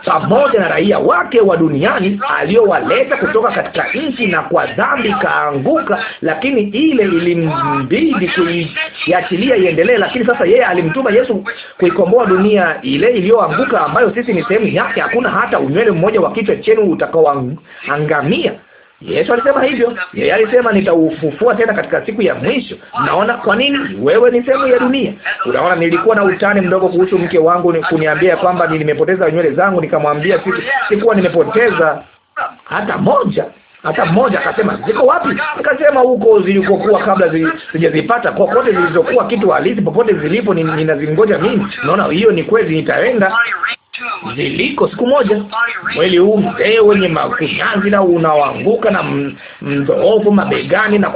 pamoja na raia wake wa duniani aliyowaleta kutoka katika nchi, na kwa dhambi kaanguka, lakini ile ilimbidi kuiachilia iendelee. Lakini sasa yeye alimtuma Yesu kuikomboa dunia ile iliyoanguka, ambayo sisi ni sehemu yake. Hakuna hata unywele mmoja wa kichwa chenu utakaoangamia. Yesu alisema hivyo, yeye alisema nitaufufua tena katika siku ya mwisho. Naona kwa nini? Wewe ni sehemu ya dunia. Unaona, nilikuwa na utani mdogo kuhusu mke wangu kuniambia kwamba nimepoteza nywele zangu, nikamwambia siku sikuwa nimepoteza hata moja hata mmoja akasema ziko wapi? Nikasema huko zilikokuwa kabla sijazipata, kokote zilizokuwa kitu halisi, popote zilipo ninazingoja mimi. Naona hiyo ni kweli, nitaenda ziliko siku moja. Mwili huu mzee wenye makunyanzi na unaoanguka na mdhoofu mabegani na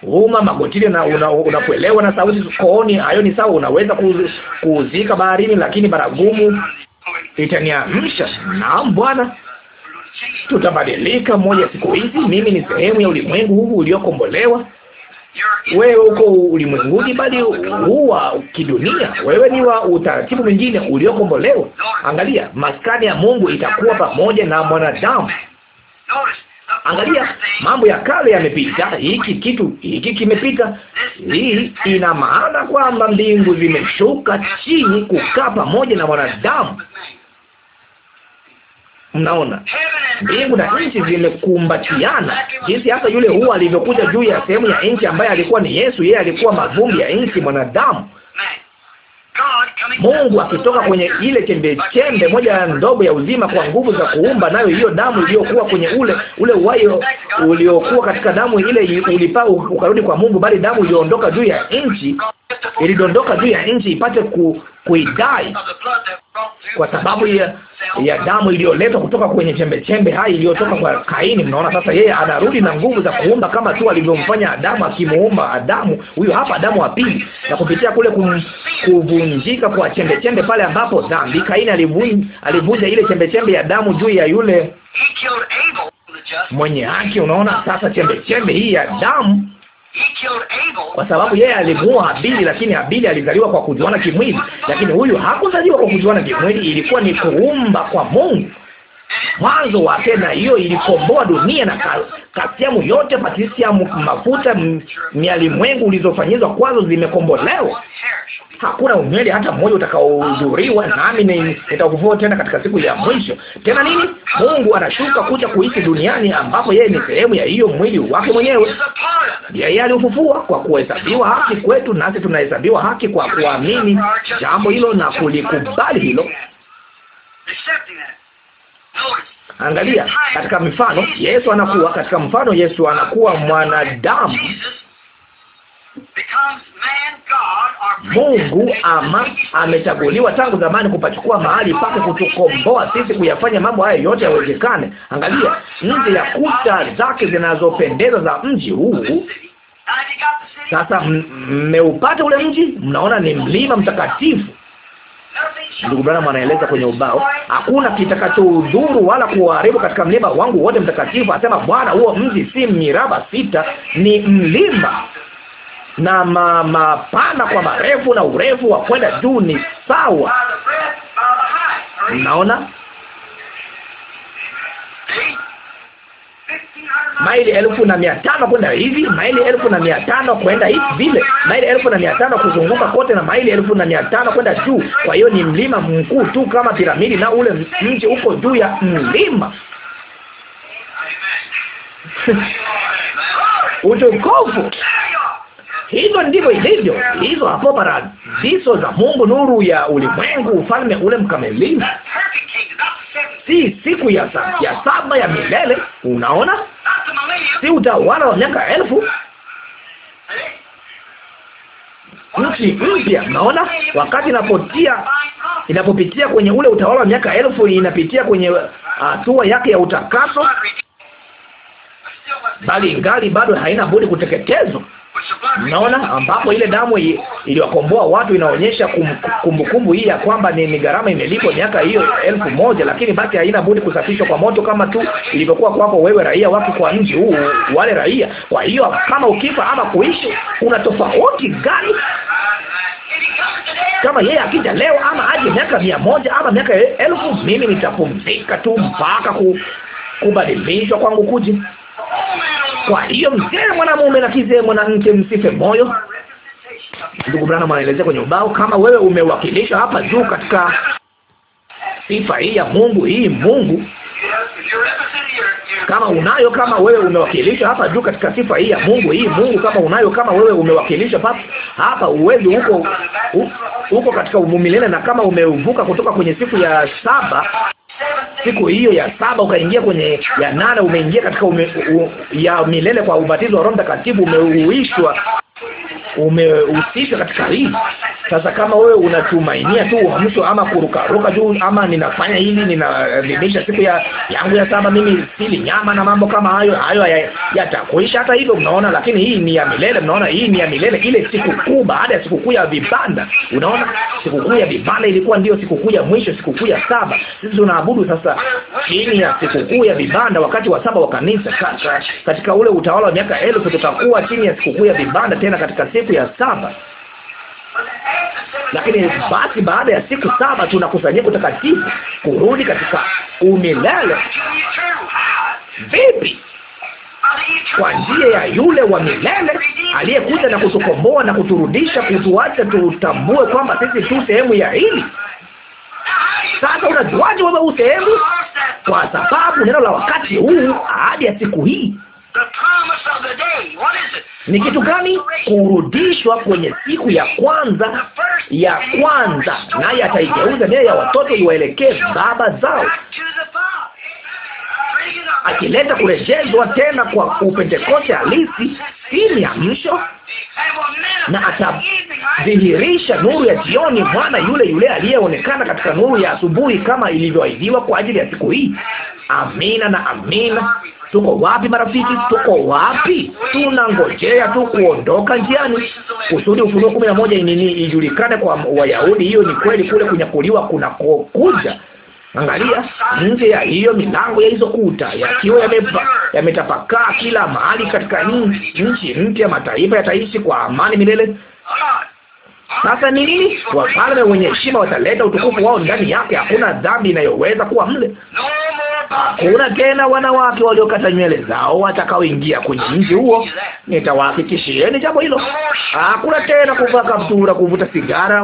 kuuma magotini na unapoelewa una na sauti kooni, hayo ni sawa. Unaweza kuuzika baharini, lakini baragumu itaniamsha. Naam Bwana, tutabadilika moja siku hizi. Mimi ni sehemu ya ulimwengu huu uliokombolewa wewe uko ulimwenguni, bali huwa kidunia. Wewe ni wa utaratibu mwingine uliokombolewa. Angalia, maskani ya Mungu itakuwa pamoja na mwanadamu. Angalia, mambo ya kale yamepita, hiki kitu hiki kimepita. Hii ina maana kwamba mbingu zimeshuka chini kukaa pamoja na mwanadamu. Mnaona, mbingu na nchi zimekumbatiana, jinsi hasa yule huwa alivyokuja juu ya sehemu ya nchi ambaye alikuwa ni Yesu. Yeye alikuwa mavumbi ya nchi, mwanadamu. Mungu akitoka kwenye ile chembe chembe moja ndogo ya uzima kwa nguvu za kuumba, nayo hiyo damu iliyokuwa kwenye ule ule uwayo uliokuwa katika damu ile ulipaa ukarudi kwa Mungu, bali damu iliondoka juu ya nchi, ilidondoka juu ya nchi ipate ku, kuidai kwa sababu ya ya damu iliyoletwa kutoka kwenye chembe chembe hai iliyotoka kwa Kaini. Mnaona sasa, yeye anarudi na nguvu za kuumba kama tu alivyomfanya Adamu, akimuumba Adamu. Huyo hapa Adamu wa pili, na kupitia kule kum, kuvunjika kwa chembe chembe pale ambapo dhambi, Kaini alivunja alivunja ile chembe chembe ya damu juu ya yule mwenye haki. Unaona sasa, chembe chembe hii ya damu kwa sababu yeye alimuua Habili, lakini Habili alizaliwa kwa kujuana kimwili, lakini huyu hakuzaliwa kwa kujuana kimwili. Ilikuwa ni kuumba kwa Mungu mwanzo wake, na hiyo ilikomboa dunia na kasiamu yote, patisiamu, mafuta, mialimwengu ulizofanyizwa kwazo zimekombolewa hakuna unywele hata mmoja utakaohudhuriwa, nami ni nitakuvua tena katika siku ya mwisho. Tena nini? Mungu anashuka kuja kuishi duniani, ambapo yeye ni sehemu ya hiyo mwili wake mwenyewe. Yeye aliufufua kwa kuhesabiwa haki kwetu, nasi tunahesabiwa haki kwa kuamini jambo hilo na kulikubali hilo. Angalia katika mifano, Yesu anakuwa katika mfano, Yesu anakuwa mwanadamu Mungu ama amechaguliwa tangu zamani kupachukua mahali pake kutukomboa sisi, kuyafanya mambo haya yote yawezekane. Angalia nje ya kuta zake zinazopendeza za mji huu. Sasa mmeupata ule mji, mnaona ni mlima mtakatifu. Ndugu Branham anaeleza kwenye ubao, hakuna kitakachoudhuru wala kuharibu katika mlima wangu wote mtakatifu, asema Bwana. Huo mji si miraba sita, ni mlima na ma mapana kwa marefu na urefu wa kwenda juu ni sawa. naona maili elfu na mia tano kwenda hivi, maili elfu na mia tano kwenda hivi vile, maili elfu na mia tano kuzunguka kote, na maili elfu na mia tano kwenda juu. Kwa hiyo ni mlima mkuu tu kama piramidi, na ule mji uko juu ya mlima utukufu Hivyo ndivyo ilivyo, hizo hapo paradiso za Mungu, nuru ya ulimwengu, ufalme ule mkamilifu, si siku ya, sa, ya saba ya milele. Unaona, si utawala wa miaka elfu nchi mpya. Naona wakati inapotia inapopitia kwenye ule utawala wa miaka elfu, inapitia kwenye ah, hatua uh, yake ya utakaso, bali ngali bado haina budi kuteketezwa. Mnaona ambapo ile damu iliwakomboa watu inaonyesha kumbukumbu kumbu hii ya kwamba ni, ni gharama imelipwa miaka hiyo elfu moja, lakini basi haina budi kusafishwa kwa moto kama tu ilivyokuwa kwako wewe raia wako kwa mji huu wale raia. Kwa hiyo kama ukifa ama kuishi kuna tofauti gani? Kama yeye akija leo ama aje miaka mia moja ama miaka elfu, mimi nitapumzika tu mpaka ku, kubadilishwa kwangu kuji kwa hiyo mzee mwanamume na kizee mwanamke, msife moyo. Ndugu Branham anaelezea kwenye ubao, kama wewe umewakilisha hapa juu katika sifa hii ya Mungu, hii Mungu kama unayo, kama wewe umewakilisha hapa juu katika sifa hii ya Mungu, hii Mungu kama unayo, kama wewe umewakilisha hapa hapa, uwezi huko huko katika umumilene, na kama umeuvuka kutoka kwenye siku ya saba siku hiyo ya saba, ukaingia kwenye ya nane, umeingia katika ume, u, ya milele kwa ubatizo wa Roho Mtakatifu, umeuishwa umehusika katika hili. Sasa kama wewe unatumainia tu uamsho ama kurukaruka juu ama ninafanya hili, ninaadhimisha siku ya yangu ya saba, mimi sili nyama na mambo kama hayo, hayo yatakuisha hata hivyo, mnaona. Lakini hii ni ya milele, mnaona, hii ni ya milele. Ile sikukuu baada ya sikukuu ya vibanda, unaona, sikukuu ya vibanda ilikuwa ndio sikukuu ya mwisho, sikukuu ya saba. Sisi tunaabudu sasa chini ya sikukuu ya vibanda, wakati wa saba wa kanisa. katika ule utawala wa miaka elfu tutakuwa chini ya sikukuu ya vibanda tena katika siku yetu ya saba. Lakini basi baada ya siku saba tunakusanyika utakatifu takatifu, kurudi katika umilele. Vipi? Kwa njia ya yule wa milele aliyekuja na kutukomboa na kuturudisha, kutuacha tutambue kwamba sisi tu sehemu ya hili. Sasa unajuaje wewe sehemu Kwa sababu neno la wakati huu, ahadi ya siku hii ni kitu gani? Kurudishwa kwenye siku ya kwanza ya kwanza, naye ataigeuza mioyo ya watoto iwaelekee baba zao akileta kurejezwa tena kwa upentekoste halisi chini ya msho, na atadhihirisha nuru ya jioni, mwana yule yule aliyeonekana katika nuru ya asubuhi, kama ilivyoahidiwa kwa ajili ya siku hii. Amina na amina. Tuko wapi marafiki? Tuko wapi? Tunangojea tu kuondoka njiani, kusudi Ufunuo kumi na moja nini ijulikane kwa Wayahudi. Hiyo ni kweli, kule kunyakuliwa kunakokuja Angalia nje ya hiyo milango ya hizo kuta, yakiwa yametapakaa ya kila mahali katika nchi. Nchi ya mataifa yataishi kwa amani milele. Sasa ni nini? Wafalme wenye heshima wataleta utukufu wao ndani yake. Hakuna dhambi inayoweza kuwa mle kuna tena wanawake waliokata nywele zao watakaoingia kwenye mji huo, nitawahakikishieni jambo hilo. Hakuna tena kuvaa kaptura, kuvuta sigara,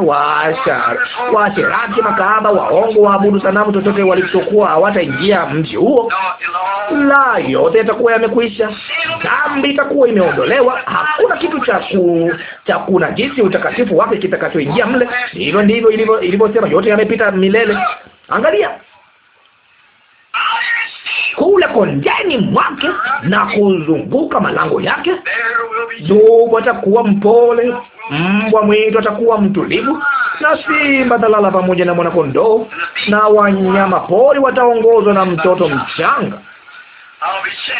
waasherati, makahaba, waongo, waabudu sanamu, chochote walichokuwa hawataingia mji huo. La, yote yatakuwa yamekwisha, dhambi itakuwa imeondolewa. Hakuna kitu cha ku cha kunajisi utakatifu wake kitakachoingia mle. Hivyo ndivyo ilivyosema, yote yamepita milele. Angalia kule kondeni mwake na kuzunguka malango yake. Dubu atakuwa mpole, mbwa mwitu atakuwa mtulivu, na simba dhalala pamoja na mwanakondoo na wanyama pori wataongozwa na mtoto mchanga.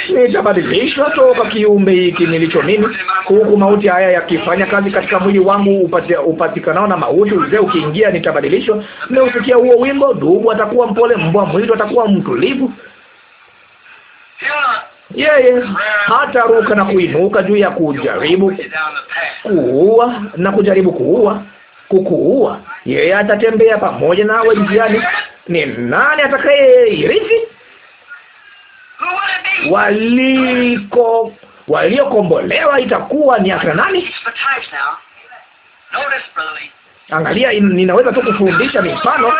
Nitabadilishwa toka kiumbe hiki nilicho mimi, huku mauti haya yakifanya kazi katika mwili wangu upati, upatikanao na mauti, uzee ukiingia, nitabadilishwa. Nimeusikia huo wimbo, dubu atakuwa mpole, mbwa mwitu atakuwa mtulivu yeye hata ruka na kuinuka juu ya kujaribu kuua na kujaribu kuua kukuua. Yeye atatembea pamoja nawe njiani. Ni nani irithi? Waliko waliokombolewa itakuwa ni akina nani? Angalia, ninaweza tu kufundisha mifano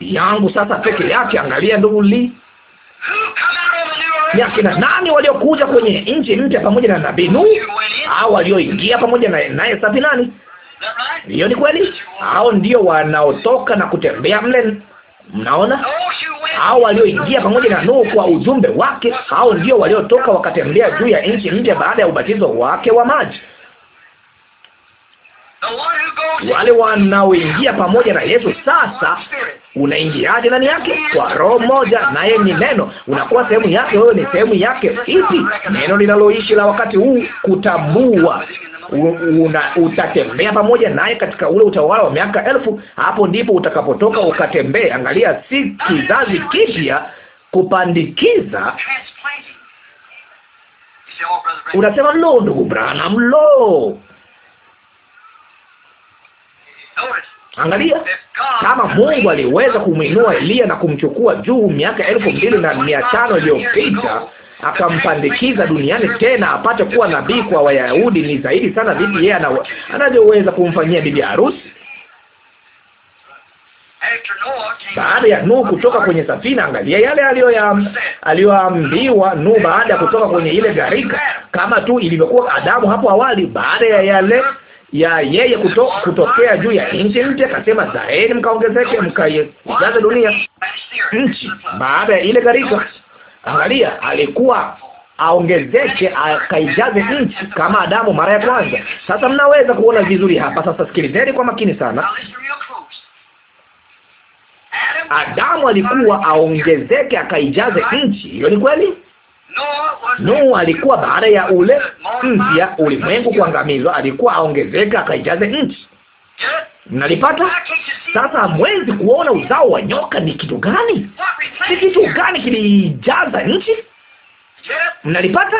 yangu sasa peke yake. Angalia ndugu Li ya na nani waliokuja kwenye nchi mpya pamoja na nabii Nuhu, au walioingia pamoja na naye nani Hiyo ni kweli. Hao ndio wanaotoka na kutembea mle, mnaona. Hao walioingia pamoja na Nuhu kwa ujumbe wake, hao ndio waliotoka wakatembea juu ya nchi mpya baada ya ubatizo wake wa maji. Wale wanaoingia pamoja na Yesu sasa unaingiaje ndani yake? Kwa roho moja, naye ni neno. Unakuwa sehemu yake, wewe ni sehemu yake. Ipi neno linaloishi la wakati huu? Kutambua utatembea pamoja naye katika ule utawala wa miaka elfu. Hapo ndipo utakapotoka ukatembee. Angalia, si kizazi kipya kupandikiza Unasema lo, ndugu Branham, lo Angalia kama Mungu aliweza kumwinua Eliya na kumchukua juu miaka elfu mbili na mia tano iliyopita akampandikiza duniani tena apate kuwa nabii kwa Wayahudi, ni zaidi sana vipi yeye anavyoweza kumfanyia bibi harusi. Baada ya Nuhu kutoka kwenye safina, angalia yale aliyoambiwa Nuhu baada ya kutoka kwenye ile gharika, kama tu ilivyokuwa Adamu hapo awali, baada ya yale ya yeye kuto, kutokea juu ya nchi mpya, akasema zaeni mkaongezeke mkaijaze dunia nchi. Baada ya ile gharika, angalia, alikuwa aongezeke akaijaze nchi kama Adamu mara ya kwanza. Sasa mnaweza kuona vizuri hapa. Sasa sikilizeni kwa makini sana. Adamu alikuwa aongezeke akaijaze nchi, hiyo ni kweli. Nuhu alikuwa baada ya ule mpya ulimwengu kuangamizwa, alikuwa aongezeka akaijaze nchi. Mnalipata sasa? Hamwezi kuona uzao wa nyoka ni kitu gani? Ni kitu gani kiliijaza nchi? Mnalipata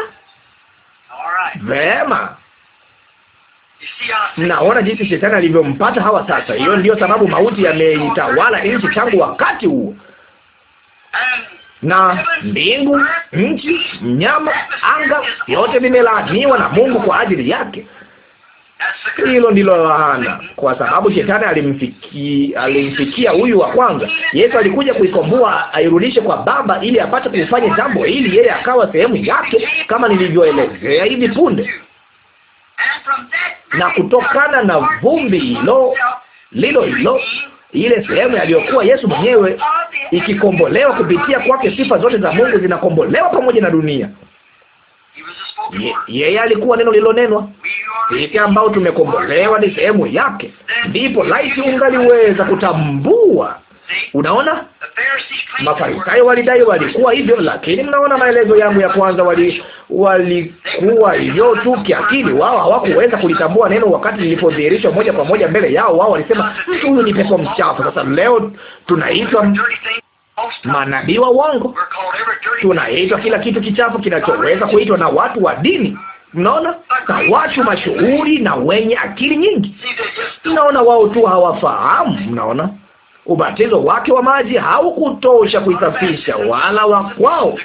vema? Mnaona jinsi shetani alivyompata hawa. Sasa hiyo ndiyo sababu mauti yameitawala nchi tangu wakati huo na mbingu, nchi, mnyama, anga, yote vimelaaniwa na Mungu kwa ajili yake. Hilo ndilo laana, kwa sababu shetani alimfiki, alimfikia huyu wa kwanza. Yesu alikuja kuikomboa, airudishe kwa Baba ili apate kufanya jambo hili, yeye akawa sehemu yake, kama nilivyoelezea hivi punde. Na kutokana na vumbi hilo lilo hilo ile sehemu aliyokuwa Yesu mwenyewe ikikombolewa kupitia kwake. Sifa zote za Mungu zinakombolewa pamoja na dunia. Ye, yeye alikuwa neno lilonenwa Sisi ambao tumekombolewa ni sehemu yake, ndipo laiti ungaliweza kutambua Unaona, Mafarisayo walidai walikuwa hivyo, lakini mnaona maelezo yangu ya kwanza, wali- walikuwa hivyo tu kiakili. Wao hawakuweza kulitambua neno wakati lilipodhihirishwa moja kwa moja mbele yao. Wao walisema mtu huyu ni pepo mchafu. Sasa leo tunaitwa manabii wa uongo, tunaitwa kila kitu kichafu kinachoweza kuitwa na watu wa dini. Mnaona, na watu mashuhuri na wenye akili nyingi. Mnaona, wao tu hawafahamu. Mnaona Ubatizo wake wa maji haukutosha kuisafisha wala wa kwao.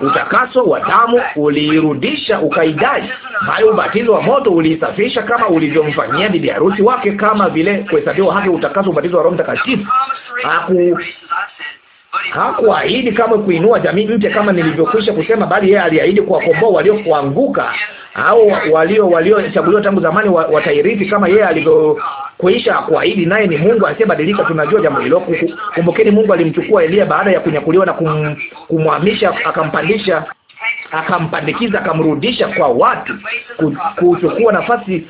Utakaso wa damu uliirudisha ukaidai bali ubatizo wa moto uliisafisha, kama ulivyomfanyia bibi harusi wake, kama vile kuhesabiwa haki, utakaso, ubatizo wa Roho Mtakatifu. Hakuahidi kama kuinua jamii mpya kama nilivyokwisha kusema, bali yeye aliahidi kuwakomboa waliokuanguka au walio waliochaguliwa tangu zamani watairithi kama yeye alivyokuisha kuahidi, naye ni Mungu asiyebadilika. Tunajua jambo hilo. Kumbukeni, Mungu alimchukua elia baada ya kunyakuliwa na kum, kumhamisha akampandisha akampandikiza akamrudisha kwa watu kuchukua nafasi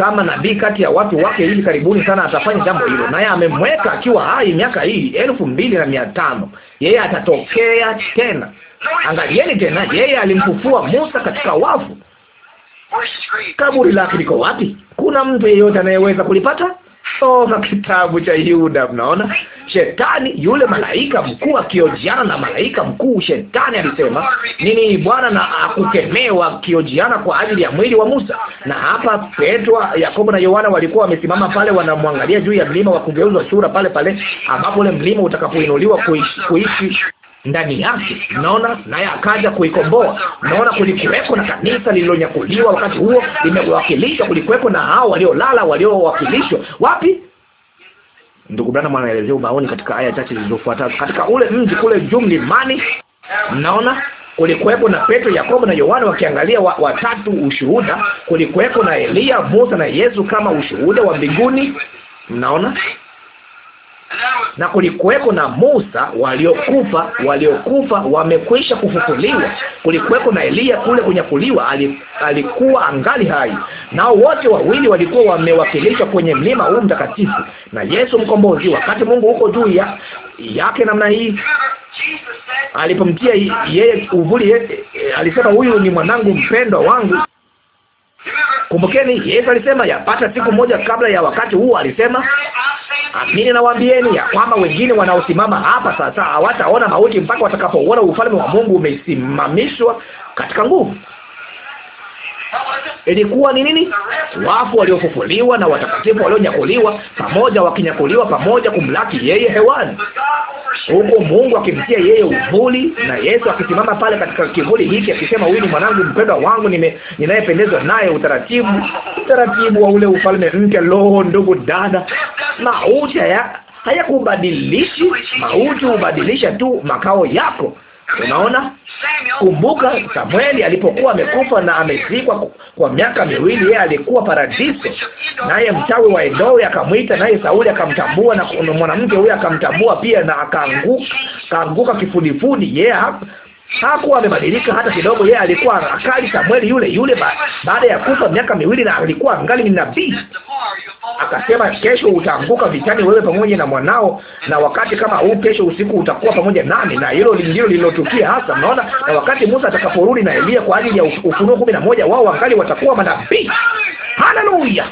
kama nabii kati ya watu wake hivi karibuni sana atafanya jambo hilo, naye amemweka akiwa hai miaka hii elfu mbili na mia tano. Yeye atatokea tena. Angalieni tena, yeye alimfufua Musa katika wafu. Kaburi lake liko wapi? Kuna mtu yeyote anayeweza kulipata? Soma kitabu cha Yuda, mnaona shetani yule malaika mkuu akiojiana na malaika mkuu. Shetani alisema nini? Bwana na akukemewa, akiojiana kwa ajili ya mwili wa Musa. Na hapa Petro, Yakobo na Yohana walikuwa wamesimama pale, wanamwangalia juu ya mlima wa kugeuzwa sura, pale pale ambapo ule mlima utakapoinuliwa kuishi, kuishi ndani yake, naona naye akaja kuikomboa. Naona kulikuweko na kanisa lililonyakuliwa wakati huo, limewakilishwa. Kulikuweko na hao waliolala, waliowakilishwa wapi? Ndugu Branham anaelezea ubaoni katika aya chache zilizofuatazo, katika ule mji kule jumlimani, mnaona kulikuwepo na Petro, Yakobo na Yohana wakiangalia watatu wa ushuhuda. Kulikuwepo na Eliya, Musa na Yesu kama ushuhuda wa mbinguni. Mnaona na kulikuweko na Musa, waliokufa waliokufa wamekwisha kufufuliwa. Kulikuweko na Eliya kule kunyakuliwa, alikuwa angali hai, nao wote wawili walikuwa wamewakilishwa kwenye mlima huu mtakatifu na Yesu mkombozi. Wakati Mungu huko juu ya yake namna hii alipomtia yeye uvuli, e, alisema huyu ni mwanangu mpendwa wangu Kumbukeni, Yesu alisema yapata siku moja kabla ya wakati huu, alisema amini nawaambieni ya kwamba wengine wanaosimama hapa sasa hawataona mauti mpaka watakapouona ufalme wa Mungu umesimamishwa katika nguvu. Ilikuwa ni nini? Wafu waliofufuliwa na watakatifu walionyakuliwa pamoja, wakinyakuliwa pamoja kumlaki yeye hewani, huko Mungu akimtia yeye uvuli, na Yesu akisimama pale katika kivuli hiki akisema, huyu ni mwanangu mpendwa wangu, nime ninayependezwa naye. Utaratibu, utaratibu wa ule ufalme mpya. Loho, ndugu dada, mauti haya hayakubadilishi. Mauti hubadilisha tu makao yako. Unaona, kumbuka Samueli alipokuwa amekufa na amezikwa kwa miaka miwili, yeye alikuwa paradiso, naye mchawi wa edoe akamwita, naye Sauli akamtambua, na mwanamke huyo akamtambua pia, na akaanguka kaanguka kifudifudi. Yeye hakuwa amebadilika hata kidogo. Yeye alikuwa akali Samueli yule yule baada ya kufa miaka miwili, na alikuwa angali ni nabii. Akasema, kesho utaanguka vitani wewe pamoja na mwanao, na wakati kama huu kesho usiku utakuwa pamoja nami. Na hilo ndilo lililotukia hasa, mnaona. Na wakati Musa atakaporudi na Elia kwa ajili ya Ufunuo kumi na moja, wao wangali watakuwa manabii. Haleluya!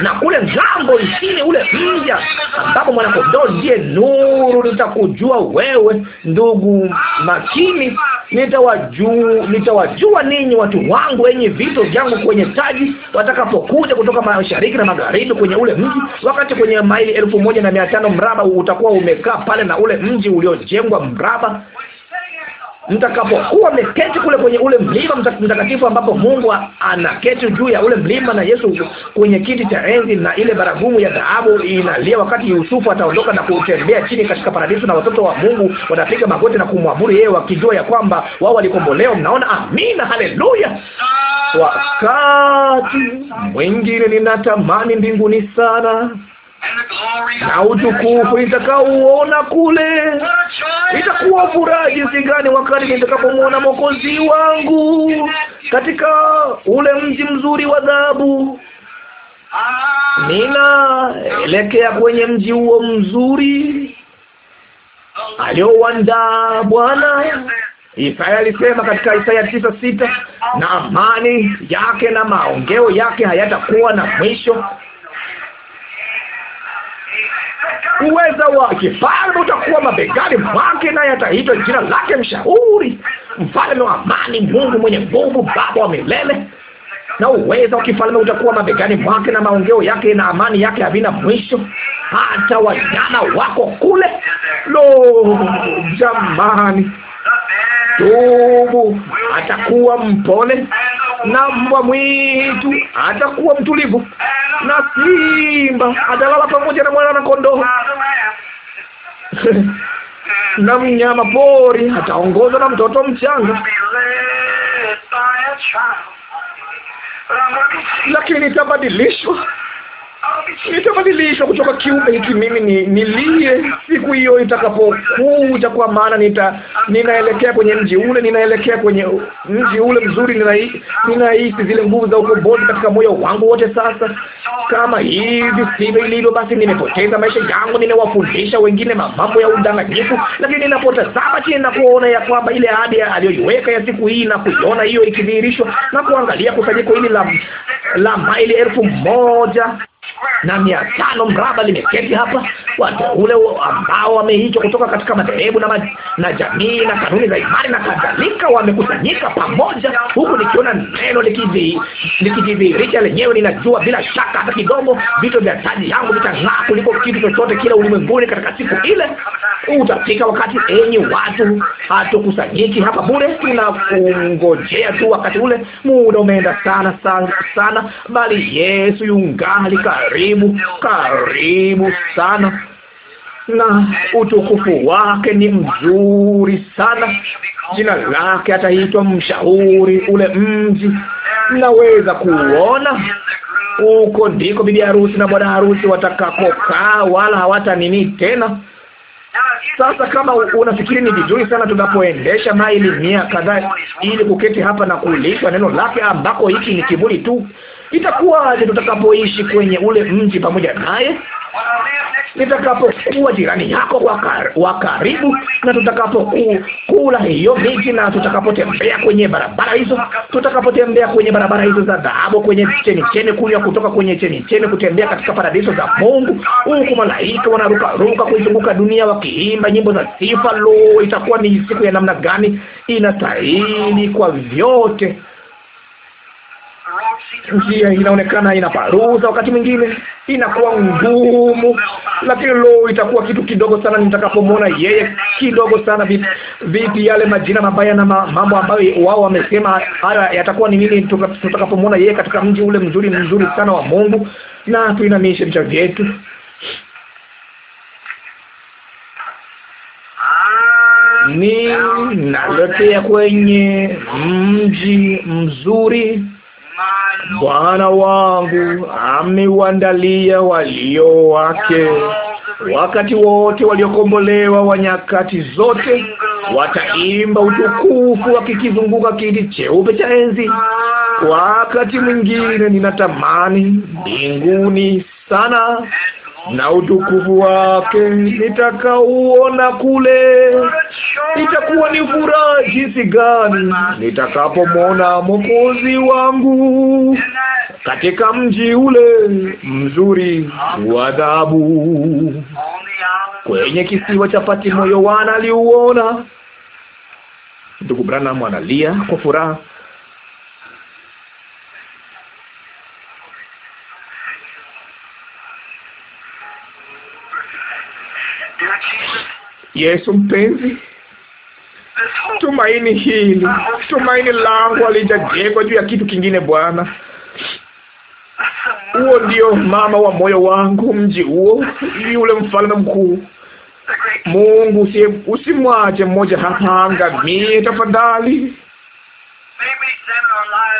na kule ng'ambo nchini ule mja ambapo mwanakondoo ndiye nuru, nitakujua wewe ndugu makini, nitawajua nitawajua ninyi watu wangu wenye vito vyangu kwenye taji, watakapokuja kutoka mashariki na magharibi kwenye ule mji. Wakati kwenye maili elfu moja na mia tano mraba utakuwa umekaa pale, na ule mji uliojengwa mraba mtakapokuwa mmeketi kule kwenye ule mlima mtakatifu, ambapo Mungu anaketi juu ya ule mlima na Yesu kwenye kiti cha enzi, na ile baragumu ya dhahabu inalia wakati Yusufu ataondoka na kutembea chini katika paradiso, na watoto wa Mungu watapiga magoti na kumwabudu yeye, wakijua ya kwamba wao walikombolewa. Mnaona? Amina, haleluya. Wakati mwingine ninatamani mbinguni sana na utukufu nitakaouona kule. Itakuwa furaha jinsi gani wakati nitakapomwona Mwokozi wangu katika ule mji mzuri wa dhahabu. Ninaelekea kwenye mji huo mzuri aliowandaa Bwana. Isaya alisema katika Isaya tisa sita, na amani yake na maongeo yake hayatakuwa na mwisho, uweza wa kifalme utakuwa mabegani mwake, naye ataitwa jina lake Mshauri, Mfalme wa Amani, Mungu mwenye nguvu, Baba wa milele na uweza wa kifalme utakuwa mabegani mwake, na maongeo yake na amani yake havina mwisho. Hata wanyama wako kule. Lo, jamani, tubu atakuwa mpole, na mbwa mwitu atakuwa mtulivu, na simba atalala pamoja na mwana na kondoo na mnyama pori ataongozwa na mtoto mchanga. Lakini itabadilishwa nitabadilishwa kutoka kiumbe hiki mimi ni niliye siku hiyo itakapokuja, kwa maana nita ninaelekea kwenye mji ule, ninaelekea kwenye mji ule mzuri. Ninahisi nina zile nguvu za ukombozi katika moyo wangu wote. Sasa kama hivi sivyo ilivyo, basi nimepoteza maisha yangu, nimewafundisha wengine mambo ya udanganyifu. Lakini ninapotazama chini na kuona ya kwamba ile ahadi aliyoiweka ya siku hii na kuiona hiyo ikidhihirishwa na kuangalia kusanyiko hili la la maili elfu moja na mia tano mraba limeketi hapa, wateule ambao wameitwa kutoka katika madhehebu na, ma, na jamii na kanuni za imani na kadhalika, wamekusanyika pamoja, huku nikiona neno likijidhihirisha lenyewe. Ninajua bila shaka hata kidogo vito vya taji yangu vitang'aa kuliko kitu chochote kile ulimwenguni katika siku ile. Utafika wakati, enyi watu, hatukusanyiki hapa bure, tunakungojea tu. Wakati ule muda umeenda sana sana sana, bali Yesu yungali karibu, karibu sana, na utukufu wake ni mzuri sana. Jina lake ataitwa mshauri, ule mji naweza kuona huko ndiko bibi harusi na bwana harusi watakakokaa wala hawata nini tena. Sasa kama unafikiri ni vizuri sana tunapoendesha maili mia kadhaa ili kuketi hapa na kulishwa neno lake, ambako hiki ni kivuli tu Itakuwaje tutakapoishi kwenye ule mji pamoja naye, nitakapokuwa jirani yako wa karibu, na tutakapokula hiyo miti, na tutakapotembea kwenye barabara hizo, tutakapotembea kwenye barabara hizo za dhahabu, kwenye cheni cheni, kunywa kutoka kwenye cheni cheni, kutembea katika paradiso za Mungu, huku malaika wanarukaruka kuizunguka dunia wakiimba nyimbo za sifa. Lo, itakuwa ni siku ya namna gani! Inastahili kwa vyote njia inaonekana inaparuza, wakati mwingine inakuwa ngumu, lakini lo, itakuwa kitu kidogo sana nitakapomwona yeye. Kidogo sana vipi? Vipi yale majina mabaya na mambo ambayo wao wamesema, haya yatakuwa ni nini tutakapomwona yeye katika mji ule mzuri mzuri sana wa Mungu? Na tuinamishe vichwa vyetu. Ni nalotea kwenye mji mzuri Bwana wangu ameuandalia walio wake. Wakati wote waliokombolewa wa nyakati zote wataimba utukufu, wakikizunguka kiti cheupe cha enzi. Wakati mwingine ninatamani mbinguni sana na utukufu wake nitakauona kule. Itakuwa ni furaha jinsi gani nitakapomwona Mwokozi wangu katika mji ule mzuri wa dhahabu. Kwenye kisiwa cha Patmo, Yohana aliuona. Ndugu Branham analia kwa furaha Yesu mpenzi, tumaini hili, tumaini langu alijajengwa juu ya kitu kingine. Bwana, huo ndio mama wa moyo wangu, mji huo, yule mfalme mkuu. Mungu usimwache mmoja hapa angamie, tafadhali.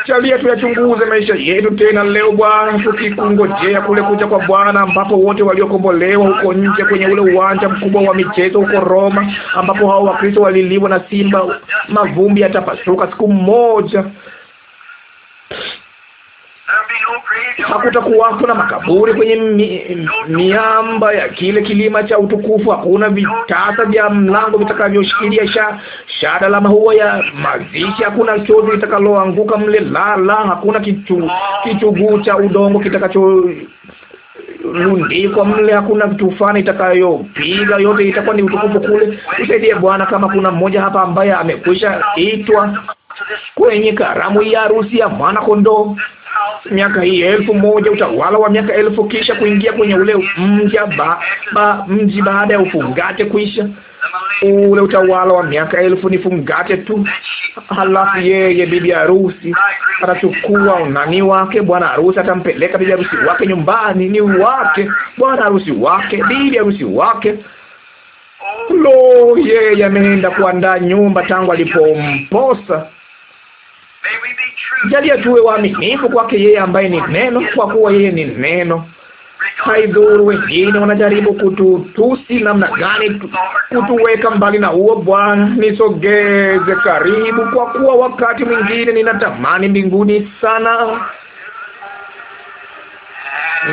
Chalia tuyachunguze maisha yetu tena leo Bwana, tukikungojea kule kuja kwa Bwana, ambapo wote waliokombolewa huko nje kwenye ule uwanja mkubwa wa michezo huko Roma, ambapo hao Wakristo waliliwa na simba, mavumbi yatapasuka siku moja. Hakutakuwako na makaburi kwenye mi, miamba ya kile kilima cha utukufu. Hakuna vitasa vya mlango vitakavyoshikilia sha, shada la maua ya mazishi. Hakuna chozi litakaloanguka mle, la la. Hakuna kichuguu cha udongo kitakacho lundikwa mle. Hakuna tufani itakayopiga, yote itakuwa ni utukufu kule. Usaidie Bwana, kama kuna mmoja hapa ambaye amekwisha itwa kwenye karamu ya harusi ya mwana kondoo miaka hii elfu moja utawala wa miaka elfu kisha kuingia kwenye ule mji ba, ba, mji baada ya ufungate kuisha ule utawala wa miaka elfu ni fungate tu. Halafu yeye bibi harusi atachukua unani wake, bwana harusi atampeleka bibi harusi wake nyumbani, ni wake bwana harusi wake, bibi harusi wake. Lo, yeye ameenda kuandaa nyumba tangu alipomposa Jalia tuwe waaminifu kwake yeye ambaye ni neno, kwa kuwa yeye ni neno. Haidhuru wengine wanajaribu kututusi namna gani, kutuweka mbali na huo Bwana, nisogeze karibu, kwa kuwa wakati mwingine ninatamani mbinguni sana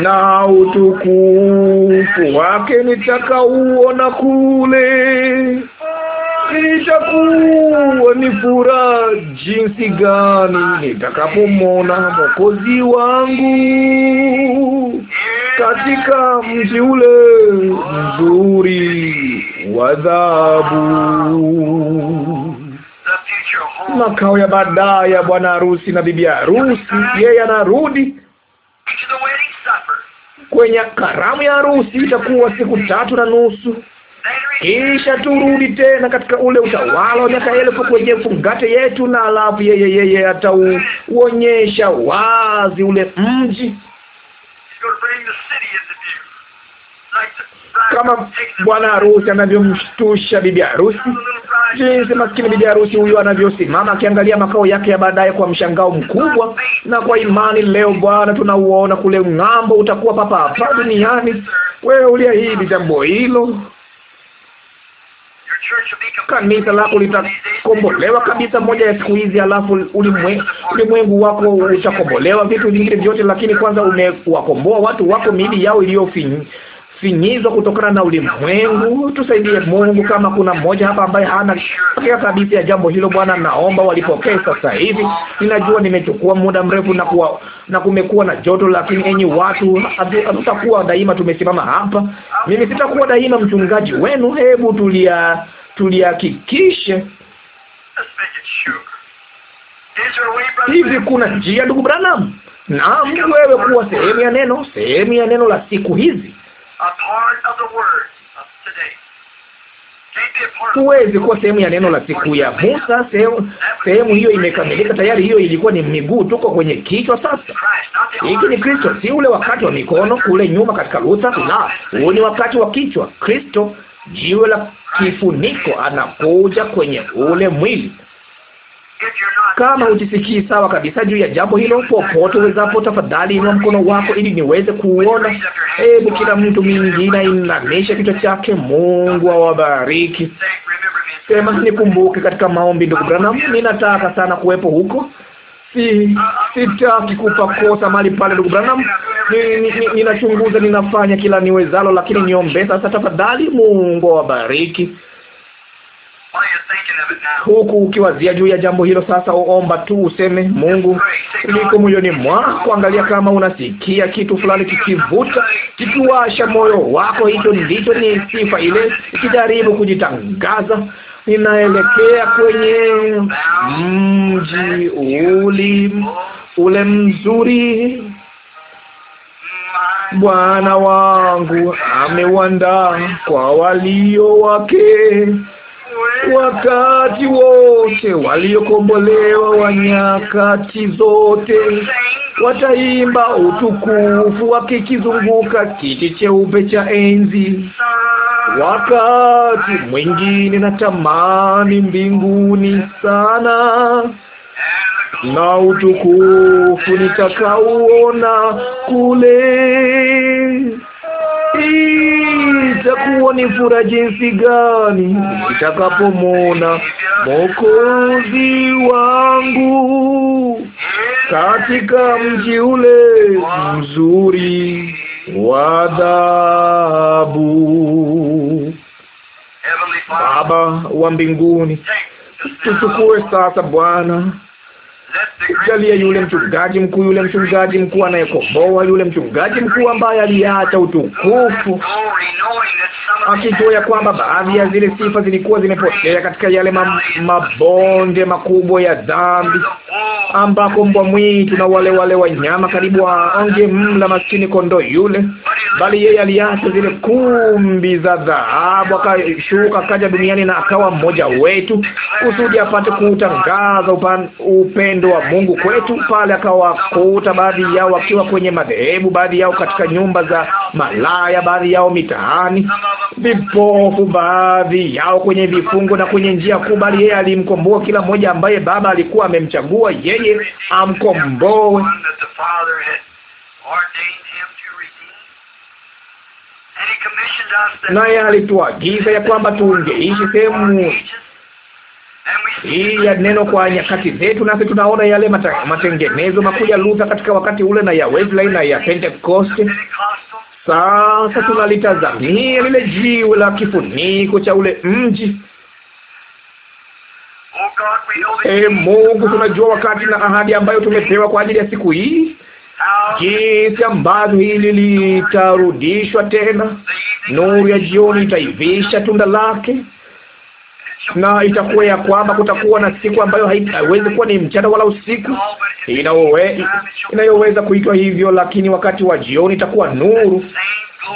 na utukufu wake nitakauona kule kisha kuwa ni furaha jinsi gani nitakapomwona Mwokozi wangu katika mji ule mzuri wa dhahabu makao ya baadaye ya bwana harusi na bibi harusi. Yeye anarudi kwenye karamu ya harusi, itakuwa siku tatu na nusu kisha turudi tena katika ule utawala wa miaka elfu kwenye fungate yetu, na alafu yeye yeye atauonyesha wazi ule mji kama bwana harusi anavyomshtusha bibi harusi, jinsi maskini bibi harusi huyo anavyosimama akiangalia makao yake ya baadaye kwa mshangao mkubwa. Na kwa imani leo, Bwana, tunauona kule ng'ambo utakuwa papa hapa duniani. Wewe uliahidi jambo hilo. Kanisa lako litakombolewa kabisa moja ya siku hizi, alafu ulimwe, ulimwengu wako utakombolewa, vitu vingine vyote. Lakini kwanza umewakomboa watu wako miili yao iliyofinyi kufinyizwa kutokana na ulimwengu. Tusaidie Mungu, kama kuna mmoja hapa ambaye hana hakika kabisa ya jambo hilo, Bwana, naomba walipokee sasa hivi. Ninajua nimechukua muda mrefu na kuwa, na kumekuwa na joto, lakini enyi watu, hatutakuwa daima tumesimama hapa. Mimi sitakuwa daima mchungaji wenu. Hebu tulia tulihakikishe hivi. Kuna njia, ndugu Branham? Naam, wewe kuwa sehemu ya neno, sehemu ya neno la siku hizi Huwezi kuwa sehemu ya neno la siku ya Musa. Sehemu, sehemu hiyo imekamilika tayari. Hiyo ilikuwa ni miguu, tuko kwenye kichwa sasa. Hiki ni Kristo, si ule wakati wa mikono kule nyuma katika Lutha. La, huu ni wakati wa kichwa. Kristo, jiwe la kifuniko, anakuja kwenye ule mwili. Kama hujisikii sawa kabisa juu ya jambo hilo, popote uwezapo, tafadhali inua mkono wako ili niweze kuona. Hebu kila mtu mwingine inamisha kichwa chake. Mungu awabariki. Sema nikumbuke katika maombi, ndugu Branham, ninataka sana kuwepo huko. Si, sitaki kupakosa mali pale, ndugu Branham. Ninachunguza, ninafanya kila niwezalo, lakini niombe sasa, tafadhali. Mungu awabariki huku ukiwazia juu ya jambo hilo. Sasa uomba tu, useme Mungu, liko moyoni mwako, angalia kama unasikia kitu fulani kikivuta, kikiwasha moyo wako. Hicho ndicho ni sifa ile ikijaribu kujitangaza inaelekea kwenye mji uli ule mzuri, Bwana wangu amewandaa kwa walio wake wakati wote waliokombolewa wa nyakati zote wataimba utukufu wakikizunguka kiti cheupe cha enzi. Wakati mwingine natamani mbinguni sana na utukufu nitakauona kule itakuwa ni fura jinsi gani nitakapomwona Mwokozi wangu katika mji ule mzuri wa dhahabu. Baba wa mbinguni, tuchukue sasa Bwana Jalia yule mchungaji mkuu, yule mchungaji mkuu anayekomboa, yule mchungaji mkuu ambaye aliacha utukufu, akijua ya kwamba baadhi ya zile sifa zilikuwa zimepotea katika yale ma mabonde makubwa ya dhambi, ambako mbwa mwitu na wale wale wanyama karibu waonge mla maskini kondoo yule, bali yeye aliacha zile kumbi za dhahabu, akashuka akaja duniani na akawa mmoja wetu kusudi apate kuutangaza upendo upendo wa Mungu kwetu. Pale akawakuta baadhi yao wakiwa kwenye madhehebu, baadhi yao katika nyumba za malaya, baadhi yao mitaani, vipofu, baadhi yao kwenye vifungo na kwenye njia kuu, bali yeye alimkomboa kila mmoja ambaye Baba alikuwa amemchagua yeye amkomboe naye alituagiza ya kwamba tungeishi sehemu hii ya neno kwa nyakati zetu, nasi tunaona yale matengenezo makuu ya Luther katika wakati ule na ya Wesley na ya Pentecost. Sasa tunalitazamia lile jiwe la kifuniko cha ule mji. E Mungu, tunajua wakati na ahadi ambayo tumepewa kwa ajili ya siku hii, jinsi ambavyo hili litarudishwa tena. Nuru ya jioni itaivisha tunda lake na itakuwa ya kwamba kutakuwa na siku ambayo haiwezi kuwa ni mchana wala usiku, inayowe inayoweza kuitwa hivyo, lakini wakati wa jioni itakuwa nuru.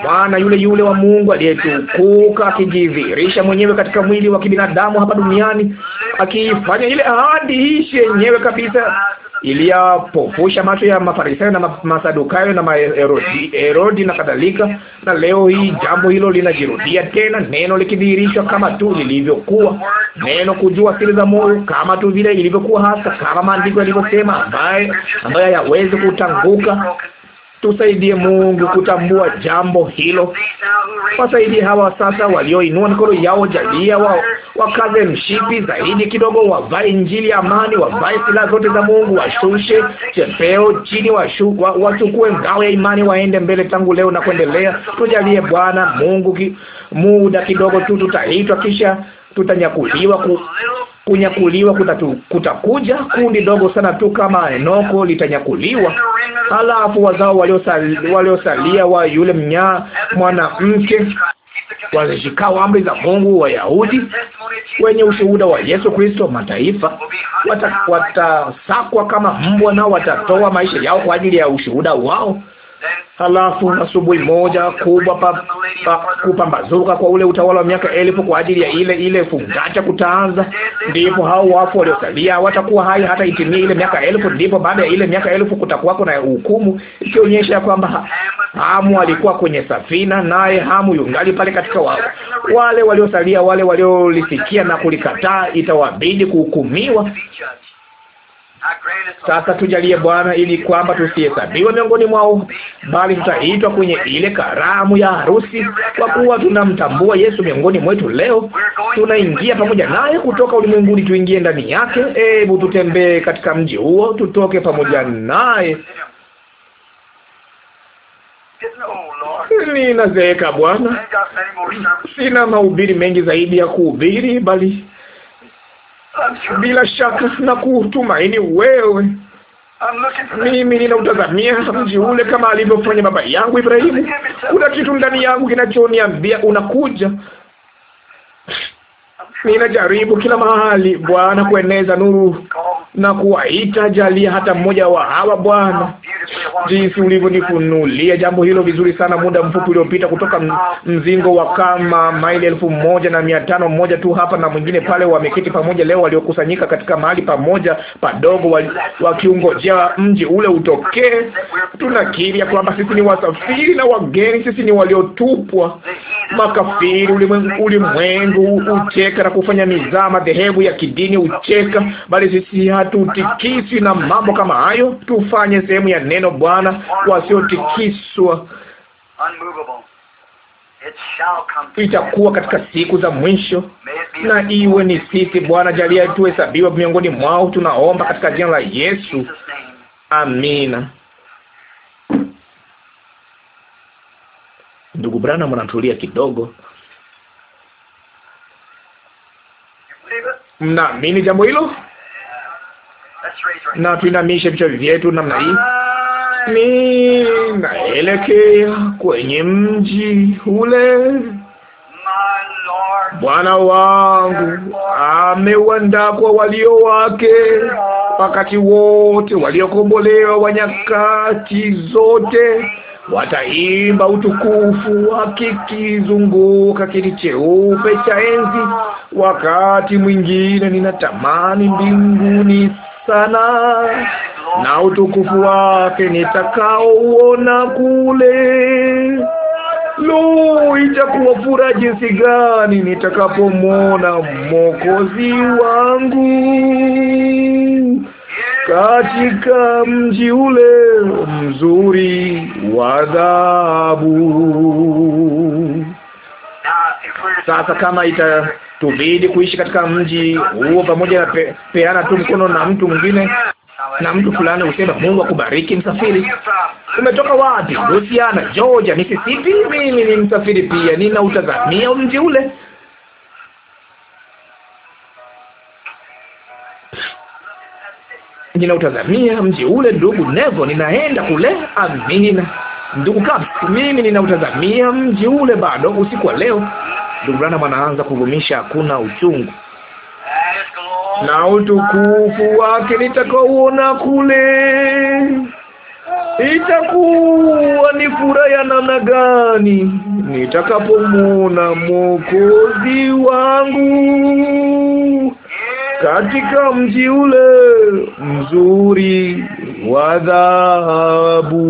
Bwana yule yule wa Mungu aliyetukuka akijidhihirisha mwenyewe katika mwili wa kibinadamu hapa duniani, akiifanya ile ahadi hii yenyewe kabisa iliyapofusha macho ya Mafarisayo na Masadukayo na Maherodi na kadhalika. Na leo hii jambo hilo linajirudia tena, neno likidhihirishwa kama tu lilivyokuwa, neno kujua siri za moyo kama tu vile ilivyokuwa hasa, kama maandiko yalivyosema, ambaye ambayo hayawezi kutanguka Tusaidie Mungu kutambua jambo hilo. Wasaidie hawa sasa walioinua mikono yao, jalia wao wakaze mshipi zaidi kidogo, wavae injili ya amani, wavae silaha zote za Mungu, washushe chepeo chini, washu, wa, wachukue ngao ya imani, waende mbele tangu leo na kuendelea. Tujalie Bwana Mungu ki, muda kidogo tu tutaitwa, kisha tutanyakuliwa ku, kunyakuliwa kutatu, kutakuja kundi dogo sana tu kama Enoko litanyakuliwa. Halafu wazao waliosalia wa yule mnyaa mwanamke wazishikao amri za Mungu, Wayahudi wenye ushuhuda wa Yesu Kristo, mataifa watasakwa wata kama mbwa, nao watatoa maisha yao kwa ajili ya ushuhuda wao. Halafu asubuhi moja kubwa pa, pa kupambazuka kwa ule utawala wa miaka elfu kwa ajili ya ile ile fungacha kutaanza, ndipo hao wafu waliosalia watakuwa hai hata itimie ile miaka elfu. Ndipo baada ya ile miaka elfu kutakuwako na hukumu, ikionyesha kwamba Hamu alikuwa kwenye safina, naye Hamu yungali pale katika wao. Wale waliosalia, wale waliolisikia na kulikataa, itawabidi kuhukumiwa. Sasa tujalie Bwana, ili kwamba tusihesabiwe miongoni mwao, bali tutaitwa kwenye ile karamu ya harusi, kwa kuwa tunamtambua Yesu miongoni mwetu. Leo tunaingia pamoja naye kutoka ulimwenguni, tuingie ndani yake. Hebu tutembee katika mji huo, tutoke pamoja naye. Ninazeeka Bwana, sina mahubiri mengi zaidi ya kuhubiri, bali bila shaka na kutumaini yaani wewe. Mimi ninautazamia mji ule kama alivyofanya baba yangu Ibrahimu. Kuna kitu ndani yangu kinachoniambia unakuja. Ninajaribu kila mahali Bwana kueneza nuru na kuwaita, jalia hata mmoja wa hawa Bwana. Jinsi ulivyonifunulia jambo hilo vizuri sana muda mfupi uliopita, kutoka mzingo wa kama maili elfu moja na mia tano mmoja tu hapa na mwingine pale, wameketi pamoja leo, waliokusanyika katika mahali pamoja padogo, wakiungojea mji ule utokee. Tunakiri ya kwamba sisi ni wasafiri na wageni, sisi ni waliotupwa makafiri. Ulimwengu ucheka na kufanya mizaa, madhehebu ya kidini ucheka, bali sisi hatutikiswi na mambo kama hayo. Tufanye sehemu ya neno Bwana, wasiotikiswa itakuwa katika siku za mwisho, na iwe ni sisi. Bwana, jalia tuhesabiwa miongoni mwao, tunaomba katika jina la Yesu, amina. Ndugu Branham anatulia kidogo. Mnaamini jambo hilo? na tuinamishe vichwa vyetu namna hii. Ninaelekea kwenye mji ule Bwana wangu ameuandaa kwa walio wake wakati wote, waliokombolewa wa nyakati zote wataimba utukufu wakikizunguka kiti cheupe cha enzi. Wakati mwingine ninatamani mbinguni sana na utukufu wake nitakaouona kule. Lo, itakuwa furaha jinsi gani nitakapomwona Mwokozi wangu katika mji ule mzuri wa dhahabu. Sasa kama ita tubidi kuishi katika mji huo pamoja na pe, peana tu mkono na mtu mwingine na mtu fulani useme Mungu akubariki msafiri. Umetoka wapi? Louisiana, Georgia, Mississippi? Mimi ni msafiri pia, ninautazamia mji ule. Ninautazamia mji ule, ndugu Nevo, ninaenda kule. Amina, ndugu Kabs, mimi ninautazamia mji ule bado usiku wa leo. Ndugu Branham anaanza kuvumisha, hakuna uchungu na utukufu wake nitakaoona kule itakuwa ni furaha ya namna gani nitakapomwona Mwokozi wangu katika mji ule mzuri wa dhahabu.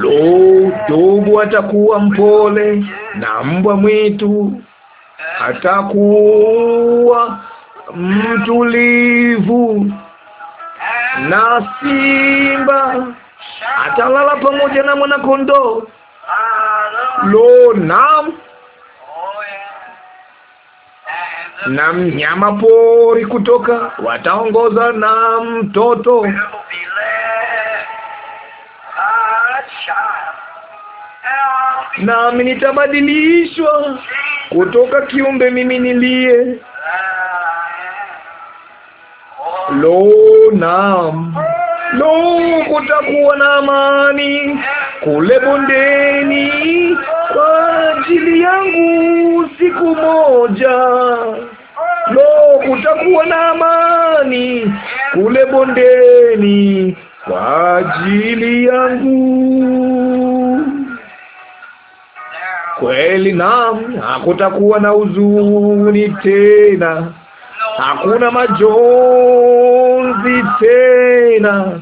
Lo, dubu atakuwa mpole na mbwa mwitu atakuwa mtulivu, na simba atalala pamoja na kondoo. Lo, nam na mnyama pori kutoka wataongoza na mtoto nami nitabadilishwa kutoka kiumbe mimi niliye lo naam lo kutakuwa na amani kule bondeni kwa ajili yangu siku moja lo kutakuwa na amani kule bondeni kwa ajili yangu. Kweli naam, hakutakuwa na huzuni tena, hakuna majonzi tena,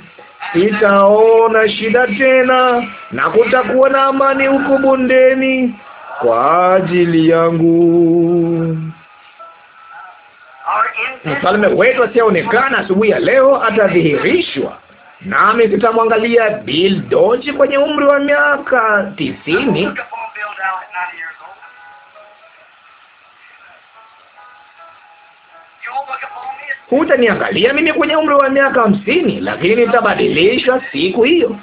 sitaona shida tena, na kutakuwa na amani huko bondeni kwa ajili yangu. Mfalme wetu asiyeonekana asubuhi ya leo atadhihirishwa nami sitamwangalia Bill Dodge kwenye umri wa miaka tisini hutaniangalia mimi kwenye umri wa miaka hamsini, lakini nitabadilishwa siku hiyo.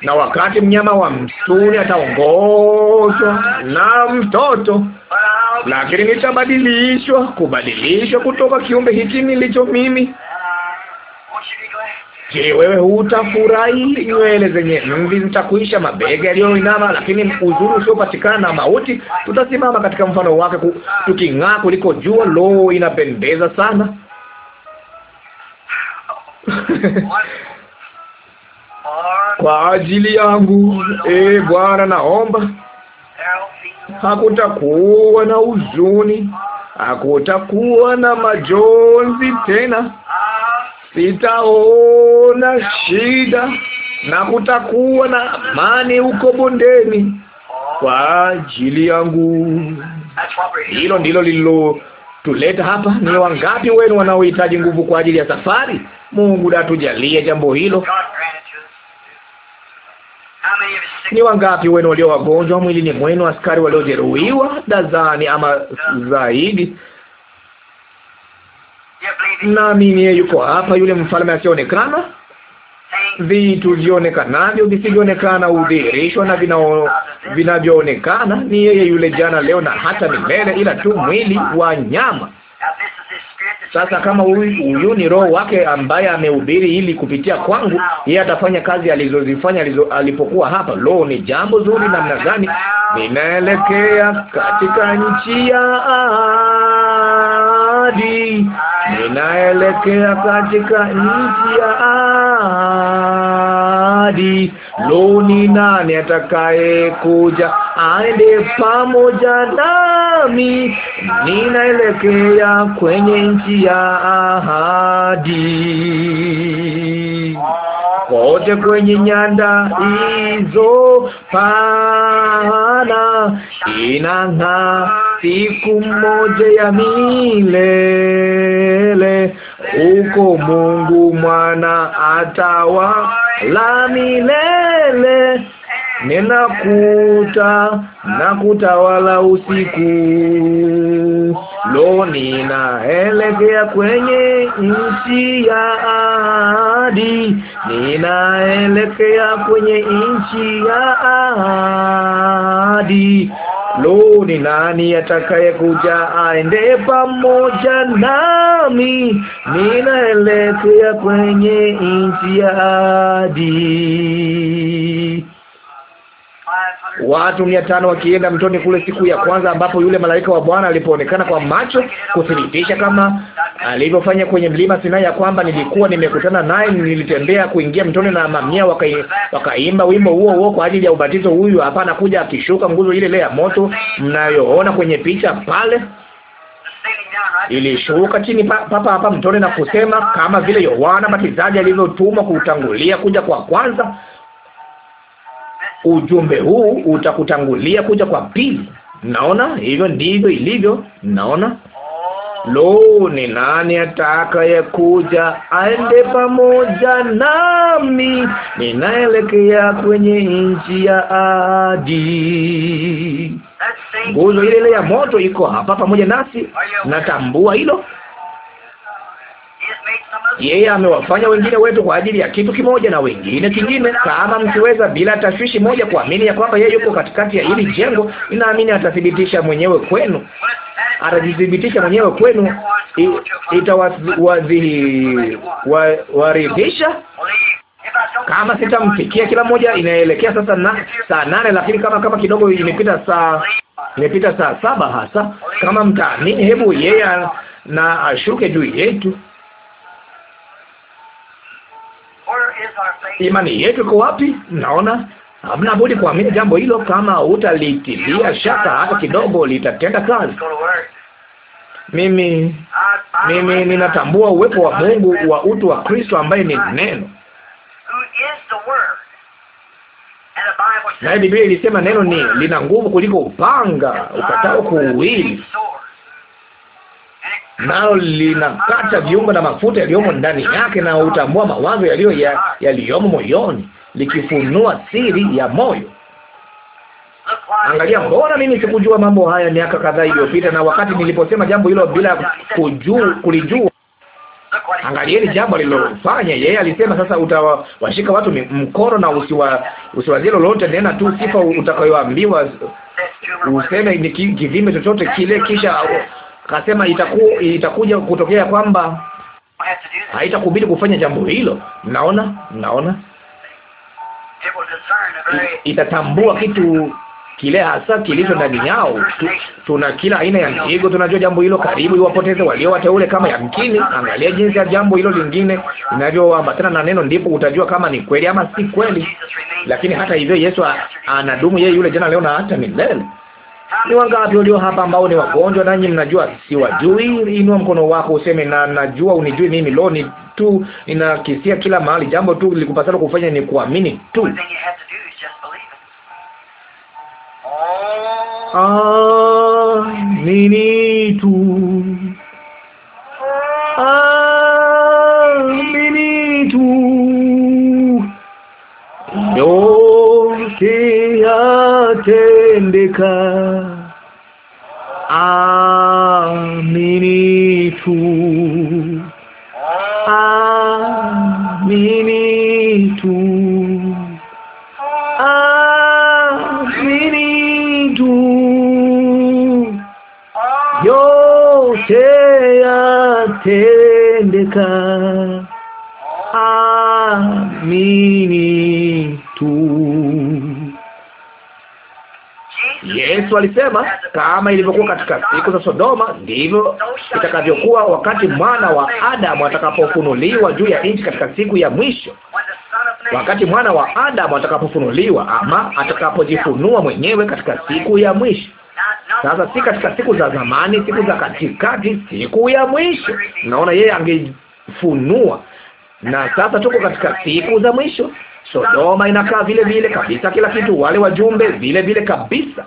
Na wakati mnyama wa msituni ataongozwa na mtoto, lakini nitabadilishwa, kubadilishwa kutoka kiumbe hiki nilicho mimi Je, wewe hutafurahi? Nywele zenye mvi zitakuisha, mabega yaliyoinama, lakini uzuri usiopatikana na mauti. Tutasimama katika mfano wake, tuking'aa kuliko jua. Lo, inapendeza sana kwa ajili yangu. E Bwana, naomba hakutakuwa na huzuni, hakutakuwa na majonzi tena sitaona shida na kutakuwa na amani huko bondeni kwa ajili yangu. Hilo ndilo lililotuleta hapa. Ni wangapi wenu wanaohitaji nguvu kwa ajili ya safari? Mungu natujalie jambo hilo. Ni wangapi wenu walio wagonjwa mwilini mwenu, askari waliojeruhiwa dazani ama zaidi? naamini yeye yuko hapa, yule mfalme asionekana. Vitu vyonekanavyo visivyoonekana udhihirishwa na vinavyoonekana, ni yeye yule jana, leo na hata milele, ila tu mwili wa nyama. Sasa kama huyu ni roho wake ambaye amehubiri ili kupitia kwangu, yeye atafanya kazi alizozifanya alizo, alipokuwa hapa. Lo, ni jambo zuri namna gani! Ninaelekea katika nchi ya ahadi inaelekea katika nchi ya ahadi. Lo, ni nani atakayekuja aende pamoja nami? Ninaelekea kwenye nchi ya ahadi, kote kwenye nyanda hizo pana inang'aa, siku moja ya milele, huko Mungu mwana atawa la milele ninakuta na kutawala usiku. Lo, ninaelekea kwenye nchi ya ahadi, ninaelekea kwenye nchi ya ahadi. Lo, ni nani atakaye kuja aende pamoja nami? Ninaelekea kwenye nchi ya ahadi watu mia tano wakienda mtoni kule siku ya kwanza, ambapo yule malaika wa Bwana alipoonekana kwa macho kuthibitisha kama alivyofanya kwenye mlima Sinai ya kwamba nilikuwa nimekutana naye. Nilitembea kuingia mtoni na mamia wakaimba wimbo huo huo kwa ajili ya ubatizo. Huyu hapa anakuja akishuka nguzo ile ile ya moto mnayoona kwenye picha pale ilishuka chini papa hapa mtoni na kusema kama vile Yohana Mbatizaji alivyotumwa kutangulia kuja kwa kwanza ujumbe huu utakutangulia kuja kwa pili. Naona hivyo ndivyo ilivyo. Naona lo, ni nani kuja aende pamoja nami, ninaelekea kwenye nchi ya ahadi. Nguzo ile ile ya moto iko hapa pamoja nasi, natambua hilo. Yeye amewafanya wengine wetu kwa ajili ya kitu kimoja na wengine kingine. Kama mkiweza bila tashwishi moja kuamini ya kwamba yeye yuko katikati ya hili jengo, ninaamini atathibitisha mwenyewe kwenu, atajithibitisha mwenyewe kwenu, itawaridhisha kama sitamfikia kila mmoja, inaelekea sasa na saa nane, lakini kama kama kidogo imepita saa imepita saa saba hasa, kama mtaamini, hebu yeye na ashuke juu yetu. imani yetu iko wapi? Naona hamna budi kuamini jambo hilo. Kama utalitilia shaka hata kidogo, litatenda kazi. Mimi mimi ninatambua uwepo wa Mungu wa utu wa Kristo ambaye ni neno, naye Biblia ilisema neno ni lina nguvu kuliko upanga ukatao kuuwili nalo linakata viungo na mafuta yaliyomo ndani yake, na utambua mawazo yaliyo yaliyomo moyoni, likifunua siri ya moyo. Angalia, mbona mimi sikujua mambo haya miaka kadhaa iliyopita, na wakati niliposema jambo hilo bila kujua, kulijua Angalieni jambo alilofanya yeye. Alisema, sasa utawashika watu mkono na usiwa, usiwazie lolote, nena tu sifa utakayoambiwa, useme ni kivime chochote kile, kisha Akasema itaku, itakuja kutokea kwamba haitakubidi kufanya jambo hilo. Mnaona, mnaona, itatambua kitu kile hasa kilicho ndani yao. Tu, tuna kila aina ya mzigo, tunajua jambo hilo karibu iwapoteze walio wateule kama yamkini. Angalia jinsi ya jambo hilo lingine linavyoambatana na neno, ndipo utajua kama ni kweli ama si kweli. Lakini hata hivyo, Yesu anadumu yeye yule jana, leo na hata milele. Ni wangapi walio hapa ambao ni wagonjwa, nanyi mnajua siwajui? Inua mkono wako useme, na najua unijui mimi. Lo, ni tu ninakisia kila mahali. Jambo tu likupasalo kufanya ni kuamini tu. Ah, nini tu kutendeka. Aminifu, aminifu, aminifu, yote yatendeka. Aminifu. Yesu alisema, kama ilivyokuwa katika siku za Sodoma, ndivyo itakavyokuwa wakati mwana wa Adamu atakapofunuliwa juu ya nchi katika siku ya mwisho. Wakati mwana wa Adamu atakapofunuliwa, ama atakapojifunua mwenyewe katika siku ya mwisho. Sasa si katika siku za zamani, siku za katikati, siku ya mwisho. Naona yeye angefunua, na sasa tuko katika siku za mwisho. Sodoma inakaa vile vile kabisa, kila kitu, wale wajumbe vile vile kabisa.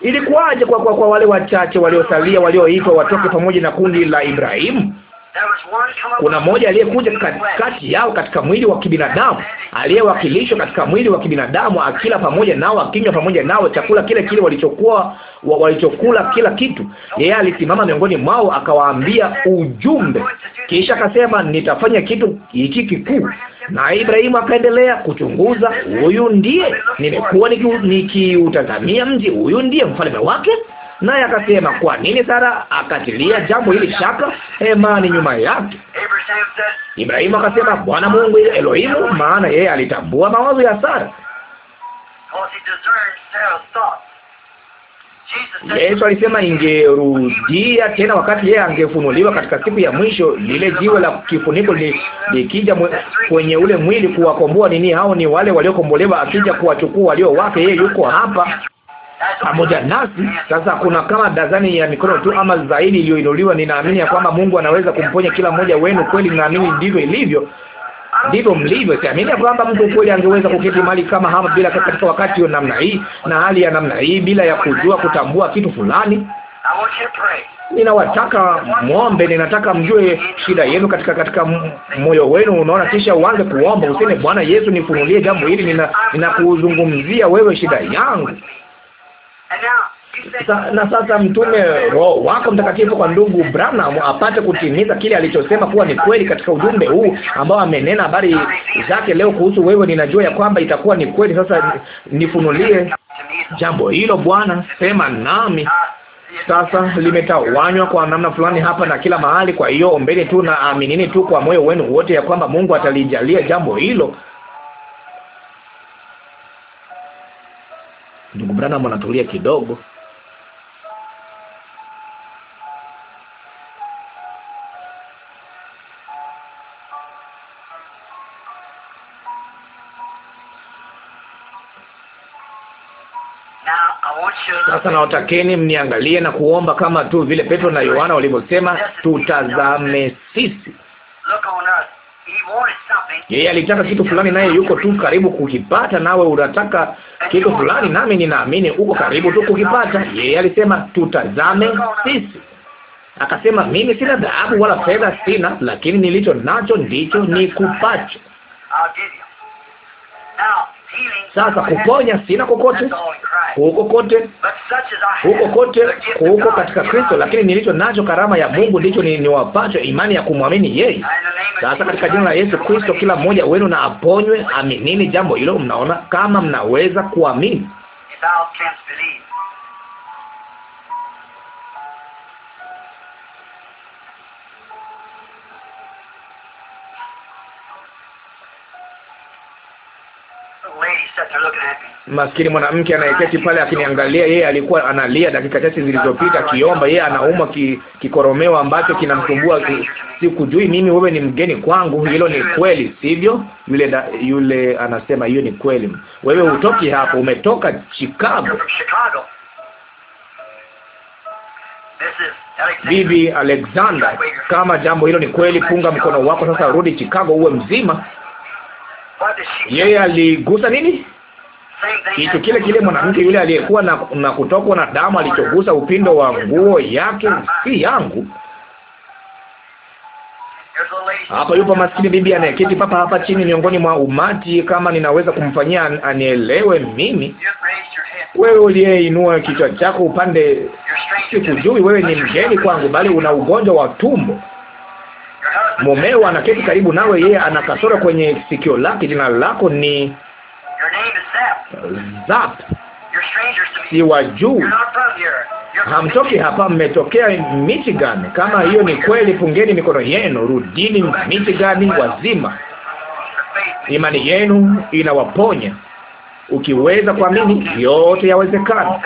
Ilikuwaje kwa, kwa, kwa wale wachache waliosalia walioitwa watoke pamoja na kundi la Ibrahimu? Kuna mmoja aliyekuja kati yao katika mwili wa kibinadamu, aliyewakilishwa katika mwili wa kibinadamu, akila pamoja nao, akinywa pamoja nao chakula kile kile walichokuwa walichokula kila kitu. Yeye alisimama miongoni mwao akawaambia ujumbe, kisha akasema, nitafanya kitu hiki kikuu. Na Ibrahimu akaendelea kuchunguza, huyu ndiye nimekuwa nikiutazamia mji, huyu ndiye mfalme wake. Naye akasema, kwa nini Sara akatilia jambo hili shaka hemani nyuma yake? Ibrahimu akasema, Bwana Mungu Elohimu, maana yeye alitambua mawazo ya Sara Yesu alisema ingerudia tena wakati yeye angefunuliwa katika siku ya mwisho, lile jiwe la kifuniko likija li kwenye ule mwili kuwakomboa nini? Hao ni wale waliokombolewa, akija kuwachukua walio wake, yeye yuko hapa pamoja nasi. Sasa kuna kama dazani ya mikono tu ama zaidi iliyoinuliwa. Ninaamini ya kwamba Mungu anaweza kumponya kila mmoja wenu kweli, ninaamini ndivyo ilivyo ndivyo mlivyo. Siamini ya kwamba mtu kweli angeweza kuketi mali kama hapa bila katika wakati wa namna hii na hali ya namna hii bila ya kujua kutambua kitu fulani. Ninawataka mwombe, ninataka mjue shida yenu katika katika moyo wenu, unaona, kisha uanze kuomba, useme Bwana Yesu, nifunulie jambo hili, nina ninakuzungumzia wewe shida yangu. Sa, na sasa mtume Roho wako Mtakatifu kwa ndugu Branham apate kutimiza kile alichosema kuwa ni kweli katika ujumbe huu ambao amenena habari zake leo kuhusu wewe. Ninajua ya kwamba itakuwa ni kweli. Sasa nifunulie jambo hilo Bwana, sema nami. Sasa limetawanywa kwa namna fulani hapa na kila mahali. Kwa hiyo ombeni tu na aminini tu kwa moyo wenu wote ya kwamba Mungu atalijalia jambo hilo. Ndugu Branham anatulia kidogo. Sasa nawatakeni mniangalie na kuomba kama tu vile Petro na Yohana walivyosema, tutazame sisi. Yeye alitaka kitu fulani, naye yuko tu karibu kukipata, nawe unataka kitu fulani, nami ninaamini uko karibu tu kukipata. Yeye alisema tutazame sisi. Akasema mimi sina dhahabu wala fedha sina, lakini nilicho nacho ndicho nikupacho. Sasa kuponya sina kokote huko kote huko kote huko katika Kristo, lakini nilicho nacho karama ya Mungu ndicho niwapacho ni imani ya kumwamini yeye. Sasa katika jina la Yesu Kristo, kila mmoja wenu na aponywe. Aminini jambo hilo, mnaona kama mnaweza kuamini. Maskini mwanamke anayeketi pale akiniangalia, yeye alikuwa analia dakika chache zilizopita akiomba. Yeye anaumwa ki, kikoromeo ambacho kinamsumbua. Sikujui mimi, wewe ni mgeni kwangu. Hilo ni kweli, sivyo? Yule da, yule anasema hiyo ni kweli. Wewe hutoki hapo, umetoka Chicago. Bibi Alexander, kama jambo hilo ni kweli, punga mkono wako sasa, rudi Chicago uwe mzima yeye aligusa nini? Kitu kile kile mwanamke yule aliyekuwa na, na kutokwa na damu alichogusa upindo wa nguo yake, si yangu. Hapa yupo maskini bibi anayeketi papa hapa chini miongoni mwa umati. Kama ninaweza kumfanyia anielewe mimi, wewe uliyeinua kichwa chako upande, sikujui, wewe ni mgeni kwangu, bali una ugonjwa wa tumbo mumeo anaketi karibu nawe, yeye ana kasoro kwenye sikio lake. Jina lako ni Zap, si wa juu, hamtoki hapa, mmetokea Michigan. Kama hiyo ni kweli, fungeni mikono yenu, rudini Michigan wazima. Imani yenu inawaponya. Ukiweza kuamini, yote yawezekana.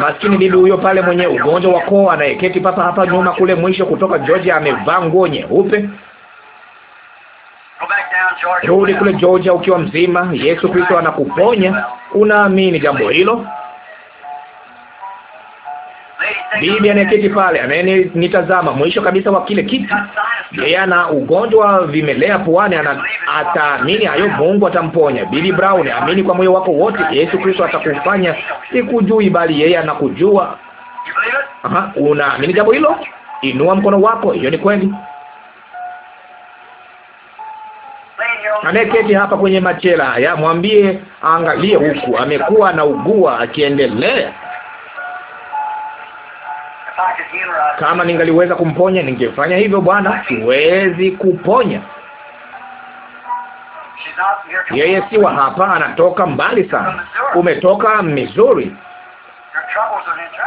Maskini bibi huyo pale mwenye ugonjwa wa koo anayeketi papa hapa nyuma kule mwisho kutoka Georgia, amevaa nguo nyeupe. Rudi kule Georgia ukiwa mzima. Yesu Kristo anakuponya. Unaamini jambo hilo? bibi anayeketi pale anayenitazama, mwisho kabisa wa kile kiti, yeye ana ugonjwa vimelea puani, ana ataamini hayo, Mungu atamponya. Bibi Brown, amini kwa moyo wako wote, Yesu Kristo atakufanya. Sikujui, bali yeye anakujua. Aha, unaamini jambo hilo? Inua mkono wako. Hiyo ni kweli. Anayeketi hapa kwenye machela haya, mwambie angalie huku, amekuwa anaugua akiendelea kama ningaliweza kumponya ningefanya hivyo. Bwana, siwezi kuponya yeye, si wa hapa, anatoka mbali sana. Umetoka Missouri,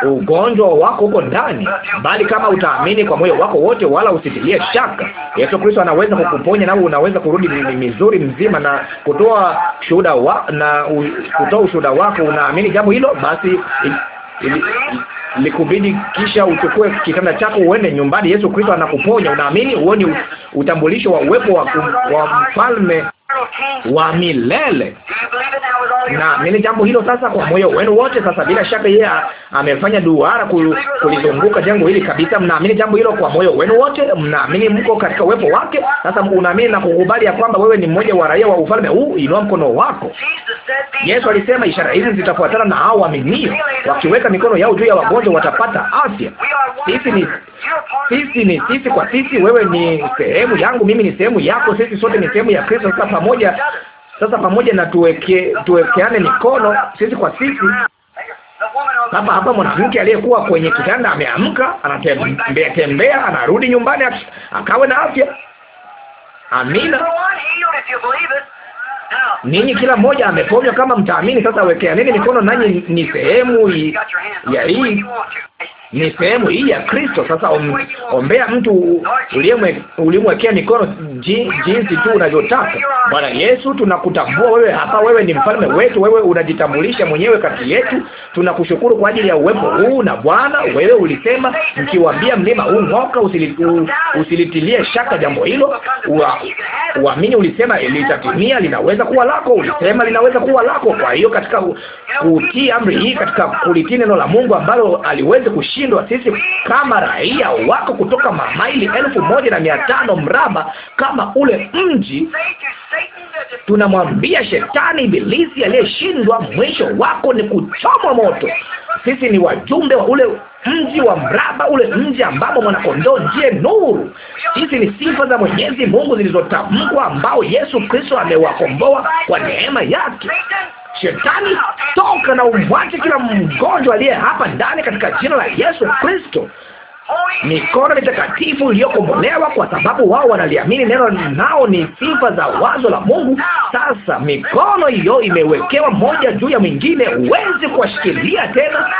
ugonjwa wako uko ndani, bali kama utaamini kwa moyo wako wote, wala usitilie shaka, Yesu Kristo anaweza kukuponya, nawe unaweza kurudi Missouri mzima na kutoa shuhuda wa na kutoa ushuhuda wako. Unaamini jambo hilo? Basi ili, ili, likubidi kisha uchukue kitanda chako uende nyumbani. Yesu Kristo anakuponya. Unaamini? Huo ni utambulisho wa uwepo wa, wa mfalme wa milele. Na Naamini jambo hilo sasa kwa moyo wenu wote. Sasa bila shaka yeye amefanya duara kulizunguka jengo hili kabisa. Mnaamini jambo hilo kwa moyo wenu wote, mnaamini mko katika uwepo wake. Sasa unaamini na kukubali ya kwamba wewe ni mmoja wa raia wa ufalme huu, inua mkono wako. Yesu alisema ishara hizi zitafuatana na hao waaminio, wakiweka mikono yao juu ya wagonjwa watapata afya. Sisi ni sisi, ni sisi kwa sisi. Wewe ni sehemu yangu, mimi ni sehemu yako, sisi sote ni sehemu ya Kristo. Sasa pamoja sasa, pamoja na tuweke, tuwekeane mikono sisi kwa sisi. Hapa hapa mwanamke aliyekuwa kwenye kitanda ameamka, anatembea tembea, anarudi nyumbani, akawe na afya. Amina ninyi kila mmoja ameponywa kama mtaamini. Sasa wekea nini mikono, nanyi ni sehemu ya hii, ni sehemu hii ya Kristo. Sasa om, ombea mtu uliyemwekea mikono jinsi tu unavyotaka. Bwana Yesu, tunakutambua wewe hapa, wewe ni mfalme wetu, wewe unajitambulisha mwenyewe kati yetu. Tunakushukuru kwa ajili ya uwepo huu, na Bwana, wewe ulisema, mkiwaambia mlima huu ng'oka, usilitilie shaka jambo hilo, uamini. Ulisema litatimia, linaweza linaweza kuwa lako, unasema linaweza kuwa lako. Kwa hiyo katika kutii amri hii, katika kulitii neno la Mungu ambalo aliwezi kushindwa, sisi kama raia wako kutoka mamaili elfu moja na mia tano mraba kama ule mji, tunamwambia Shetani, Ibilisi aliyeshindwa, mwisho wako ni kuchomwa moto. Sisi ni wajumbe wa ule mji wa mraba, ule mji ambapo mwanakondoo ndiye nuru. Hizi ni sifa za Mwenyezi Mungu zilizotamkwa, ambao Yesu Kristo amewakomboa kwa neema yake. Shetani, toka na umwache kila mgonjwa aliye hapa ndani katika jina la Yesu Kristo mikono mitakatifu iliyokombolewa, kwa sababu wao wanaliamini neno, nao ni sifa za wazo la Mungu. Sasa mikono hiyo imewekewa moja juu ya mwingine, huwezi kuwashikilia tena.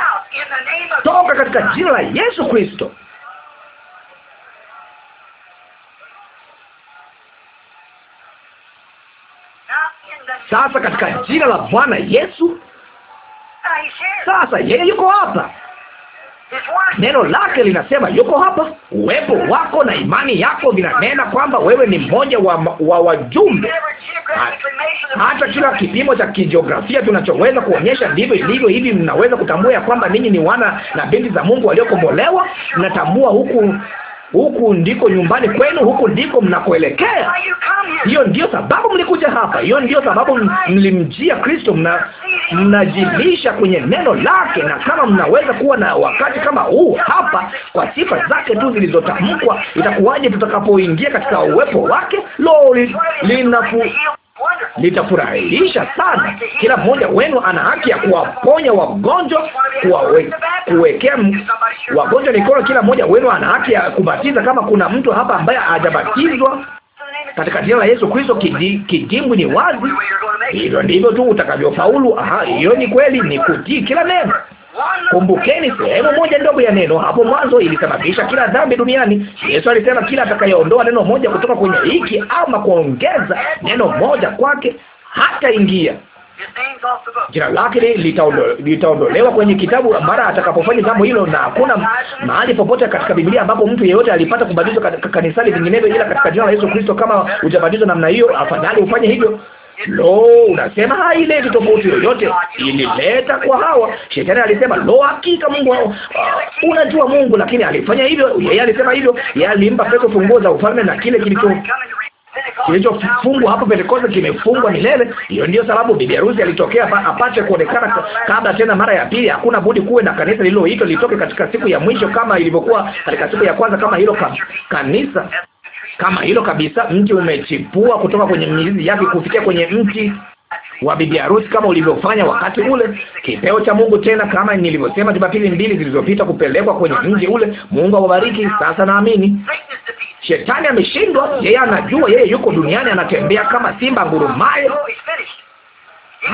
Toka katika jina la Yesu Kristo. Sasa katika jina la Bwana Yesu. Sasa yeye yuko hapa. Neno lake linasema yuko hapa. Uwepo wako na imani yako vinanena kwamba wewe ni mmoja wa, wa wajumbe. Hata kila kipimo cha kijiografia tunachoweza kuonyesha ndivyo ilivyo. Hivi mnaweza kutambua ya kwamba ninyi ni wana na binti za Mungu waliokombolewa. Mnatambua huku Huku ndiko nyumbani kwenu, huku ndiko mnakoelekea. Hiyo ndiyo sababu mlikuja hapa, hiyo ndiyo sababu mlimjia Kristo. Mna mnajilisha kwenye neno lake, na kama mnaweza kuwa na wakati kama huu hapa kwa sifa zake tu zilizotamkwa, itakuwaje tutakapoingia katika uwepo wake? Lo, linafu litafurahisha sana. Kila mmoja wenu ana haki ya kuwaponya wagonjwa, kuwekea wagonjwa mikono. Kila mmoja wenu ana haki ya kubatiza. Kama kuna mtu hapa ambaye hajabatizwa katika jina la Yesu Kristo, kidimbwi ni wazi. Hivyo ndivyo tu utakavyofaulu. Aha, hiyo ni kweli, ni kutii kila neno. Kumbukeni, sehemu moja ndogo ya neno hapo mwanzo ilisababisha kila dhambi duniani. Yesu alisema kila atakayeondoa neno moja kutoka kwenye hiki ama kuongeza neno moja kwake hataingia jina lake litaondolewa kwenye kitabu mara atakapofanya jambo hilo, na hakuna mahali popote katika Biblia ambapo mtu yeyote alipata kubatizwa kanisani vinginevyo ila katika jina la Yesu Kristo. Kama hujabatizwa namna hiyo, afadhali ufanye hivyo. Lo, unasema haileti tofauti yoyote, ilileta kwa hawa. Shetani alisema lo, hakika Mungu wao, uh, unajua Mungu, lakini alifanya hivyo yeye, alisema hivyo yeye, alimpa Petro funguo za ufalme na kile kilicho kilichofungwa hapo Pentekoste kimefungwa milele. Hiyo ndio sababu bibi harusi alitokea apate kuonekana kabla tena mara ya pili. Hakuna budi kuwe na kanisa lililoitwa litoke katika siku ya mwisho kama ilivyokuwa katika siku ya kwanza, kama hilo ka, kanisa kama hilo kabisa. Mti umechipua kutoka kwenye mizizi yake kufikia kwenye mti wa bibi harusi, kama ulivyofanya wakati ule. Kipeo cha Mungu tena, kama nilivyosema Jumapili mbili zilizopita, kupelekwa kwenye mji ule. Mungu awabariki. Sasa naamini Shetani ameshindwa. Yeye anajua, yeye yuko duniani, anatembea kama simba ngurumaye,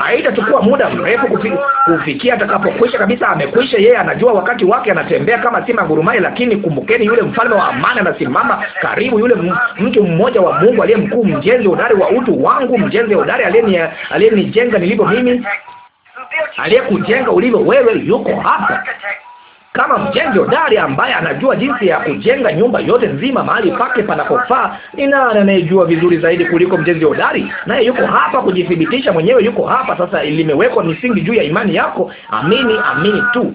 haitachukua muda mrefu kufi, kufikia atakapokwisha kabisa. Amekwisha, yeye anajua wakati wake, anatembea kama si ngurumai. Lakini kumbukeni, yule mfalme wa amani anasimama karibu, yule mtu mmoja wa Mungu aliye mkuu, mjenzi hodari wa utu wangu, mjenzi hodari aliyenijenga nilivyo mimi, aliyekujenga ulivyo wewe, yuko hapa. Kama mjenzi hodari ambaye anajua jinsi ya kujenga nyumba yote nzima mahali pake panapofaa, ni nani anayejua vizuri zaidi kuliko mjenzi hodari? Naye yuko hapa kujithibitisha mwenyewe, yuko hapa sasa. Limewekwa misingi juu ya imani yako. Amini, amini tu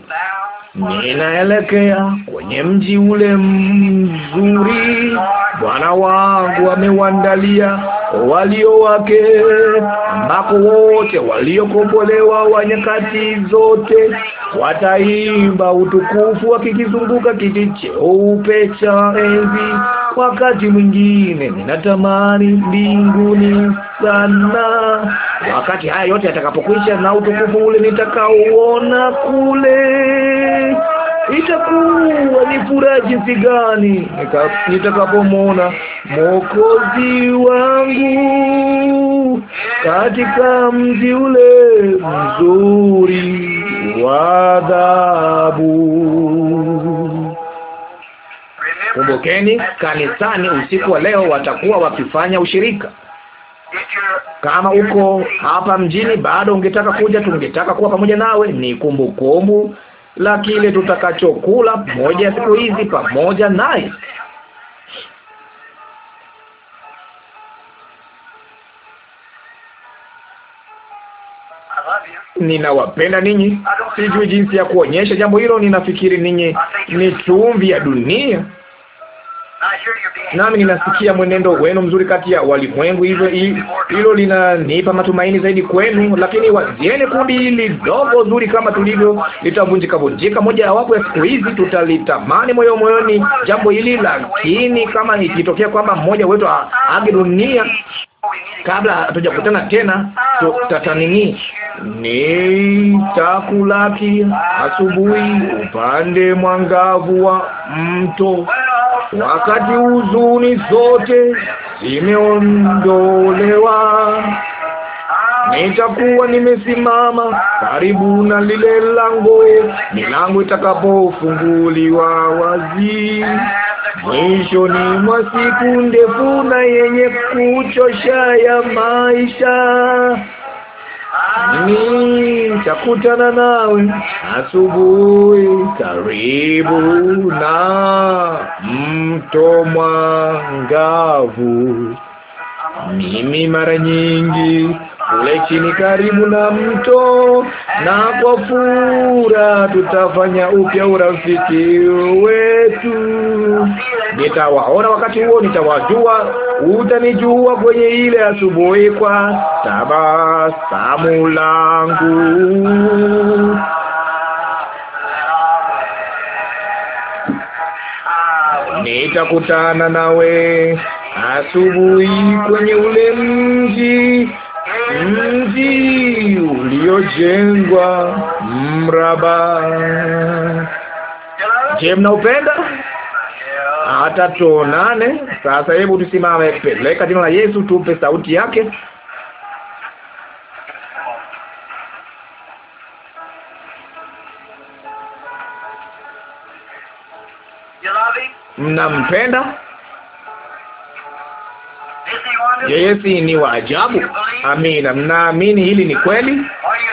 ninaelekea kwenye mji ule mzuri Bwana wangu amewandalia walio wake, ambako wote waliokombolewa wa nyakati zote wataimba utukufu, wakikizunguka kiti cheupe cha enzi. Wakati mwingine ninatamani mbinguni sana, wakati haya yote yatakapokwisha na utukufu ule nitakaoona kule itakuwa ni furaha jinsi gani nitakapomwona Mwokozi wangu katika mji ule mzuri wa dhabu Kumbukeni, kanisani usiku wa leo watakuwa wakifanya ushirika. Kama uko hapa mjini bado ungetaka kuja, tungetaka kuwa pamoja nawe. Ni kumbukumbu la kile tutakachokula moja ya siku hizi pamoja naye. Ninawapenda ninyi, sijui jinsi ya kuonyesha jambo hilo. Ninafikiri ninyi ni chumvi ya dunia nami ninasikia mwenendo wenu mzuri kati ya walimwengu, hivyo hilo linanipa matumaini zaidi kwenu. Lakini wazieni kundi hili dogo zuri kama tulivyo, litavunjika vunjika moja wapo ya siku hizi. Tutalitamani moyo moyoni jambo hili, lakini kama ikitokea kwamba mmoja wetu aage dunia kabla hatujakutana tena, tutatanini ni takulaki asubuhi upande mwangavu wa mto wakati huzuni zote zimeondolewa, nitakuwa nimesimama karibu na lile lango, milango itakapofunguliwa wazi mwishoni mwa siku ndefu na yenye kuchosha ya maisha nitakutana nawe asubuhi karibu na mto mwangavu. Mimi mara nyingi kule chini karibu na mto, na kwa fura tutafanya upya urafiki wetu. Nitawaona wakati huo, nitawajua, utanijua kwenye ile asubuhi kwa tabasamu langu. Nitakutana nawe asubuhi kwenye ule mji mji uliojengwa mraba. Je, mnaupenda? Hata tuonane sasa. Hebu tusimame, peleka jina la Yesu, tupe sauti yake. Mnampenda? Yeye si ni wa ajabu. Amina, mnaamini hili ni kweli?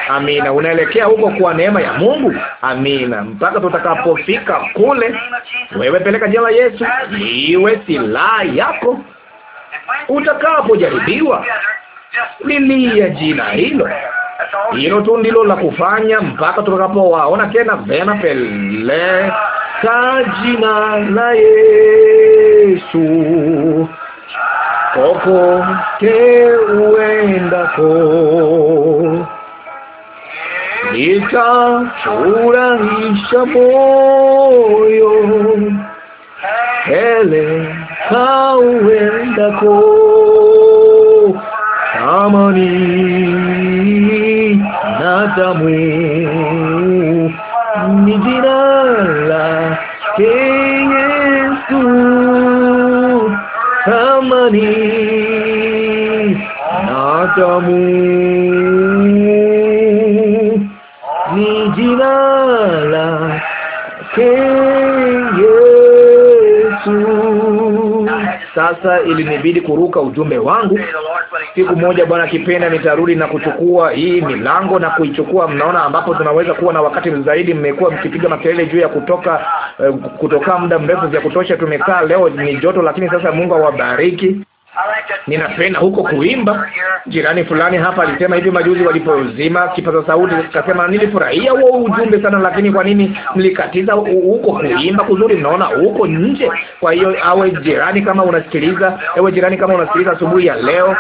Amina, unaelekea huko kwa neema ya Mungu. Amina, mpaka tutakapofika kule, wewe peleka jina la Yesu liwe silaha yako. Utakapojaribiwa, lilia jina hilo hilo tu ndilo la kufanya mpaka tutakapowaona tena. Vema, peleka jina la Yesu popote uendako, litafurahisha moyo hele kauendako, kama ni na damu ni jina lake tamu ni jina lake Yesu. Sasa ilinibidi kuruka ujumbe wangu. Siku moja Bwana akipenda, nitarudi na kuchukua hii milango na kuichukua. Mnaona ambapo tunaweza kuwa na wakati zaidi. Mmekuwa mkipiga makelele juu ya kutoka eh, kutoka muda mrefu vya kutosha. Tumekaa leo ni joto, lakini sasa Mungu awabariki. Ninapenda huko kuimba. Jirani fulani hapa alisema hivi majuzi walipozima kipaza sauti, akasema nilifurahia huo ujumbe sana, lakini kwa nini mlikatiza huko kuimba kuzuri? Naona huko nje. Kwa hiyo, awe jirani, kama unasikiliza, ewe jirani, kama unasikiliza asubuhi ya leo,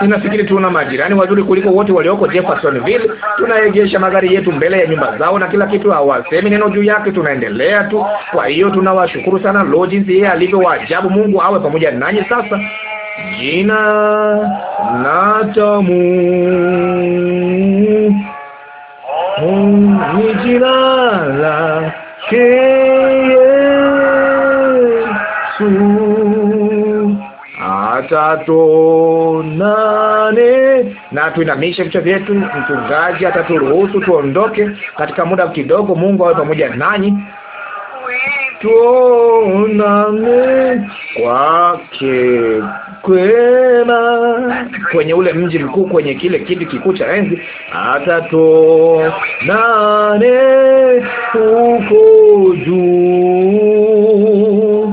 Ninafikiri tuna majirani wazuri kuliko wote walioko Jeffersonville. Tunaegesha magari yetu mbele ya nyumba zao na kila kitu, hawasemi neno juu yake, tunaendelea tu. Kwa hiyo tunawashukuru sana. Lo, jinsi yeye alivyo waajabu! Mungu awe pamoja nanyi. Sasa jina natamu ni jina lake tatu nane na tuinamishe vichwa vyetu. Mchungaji ataturuhusu tuondoke katika muda kidogo. Mungu awe pamoja nanyi. Tuonane kwake kwema kwenye ule mji mkuu, kwenye kile kiti kikuu cha enzi. Atatuonane huko juu.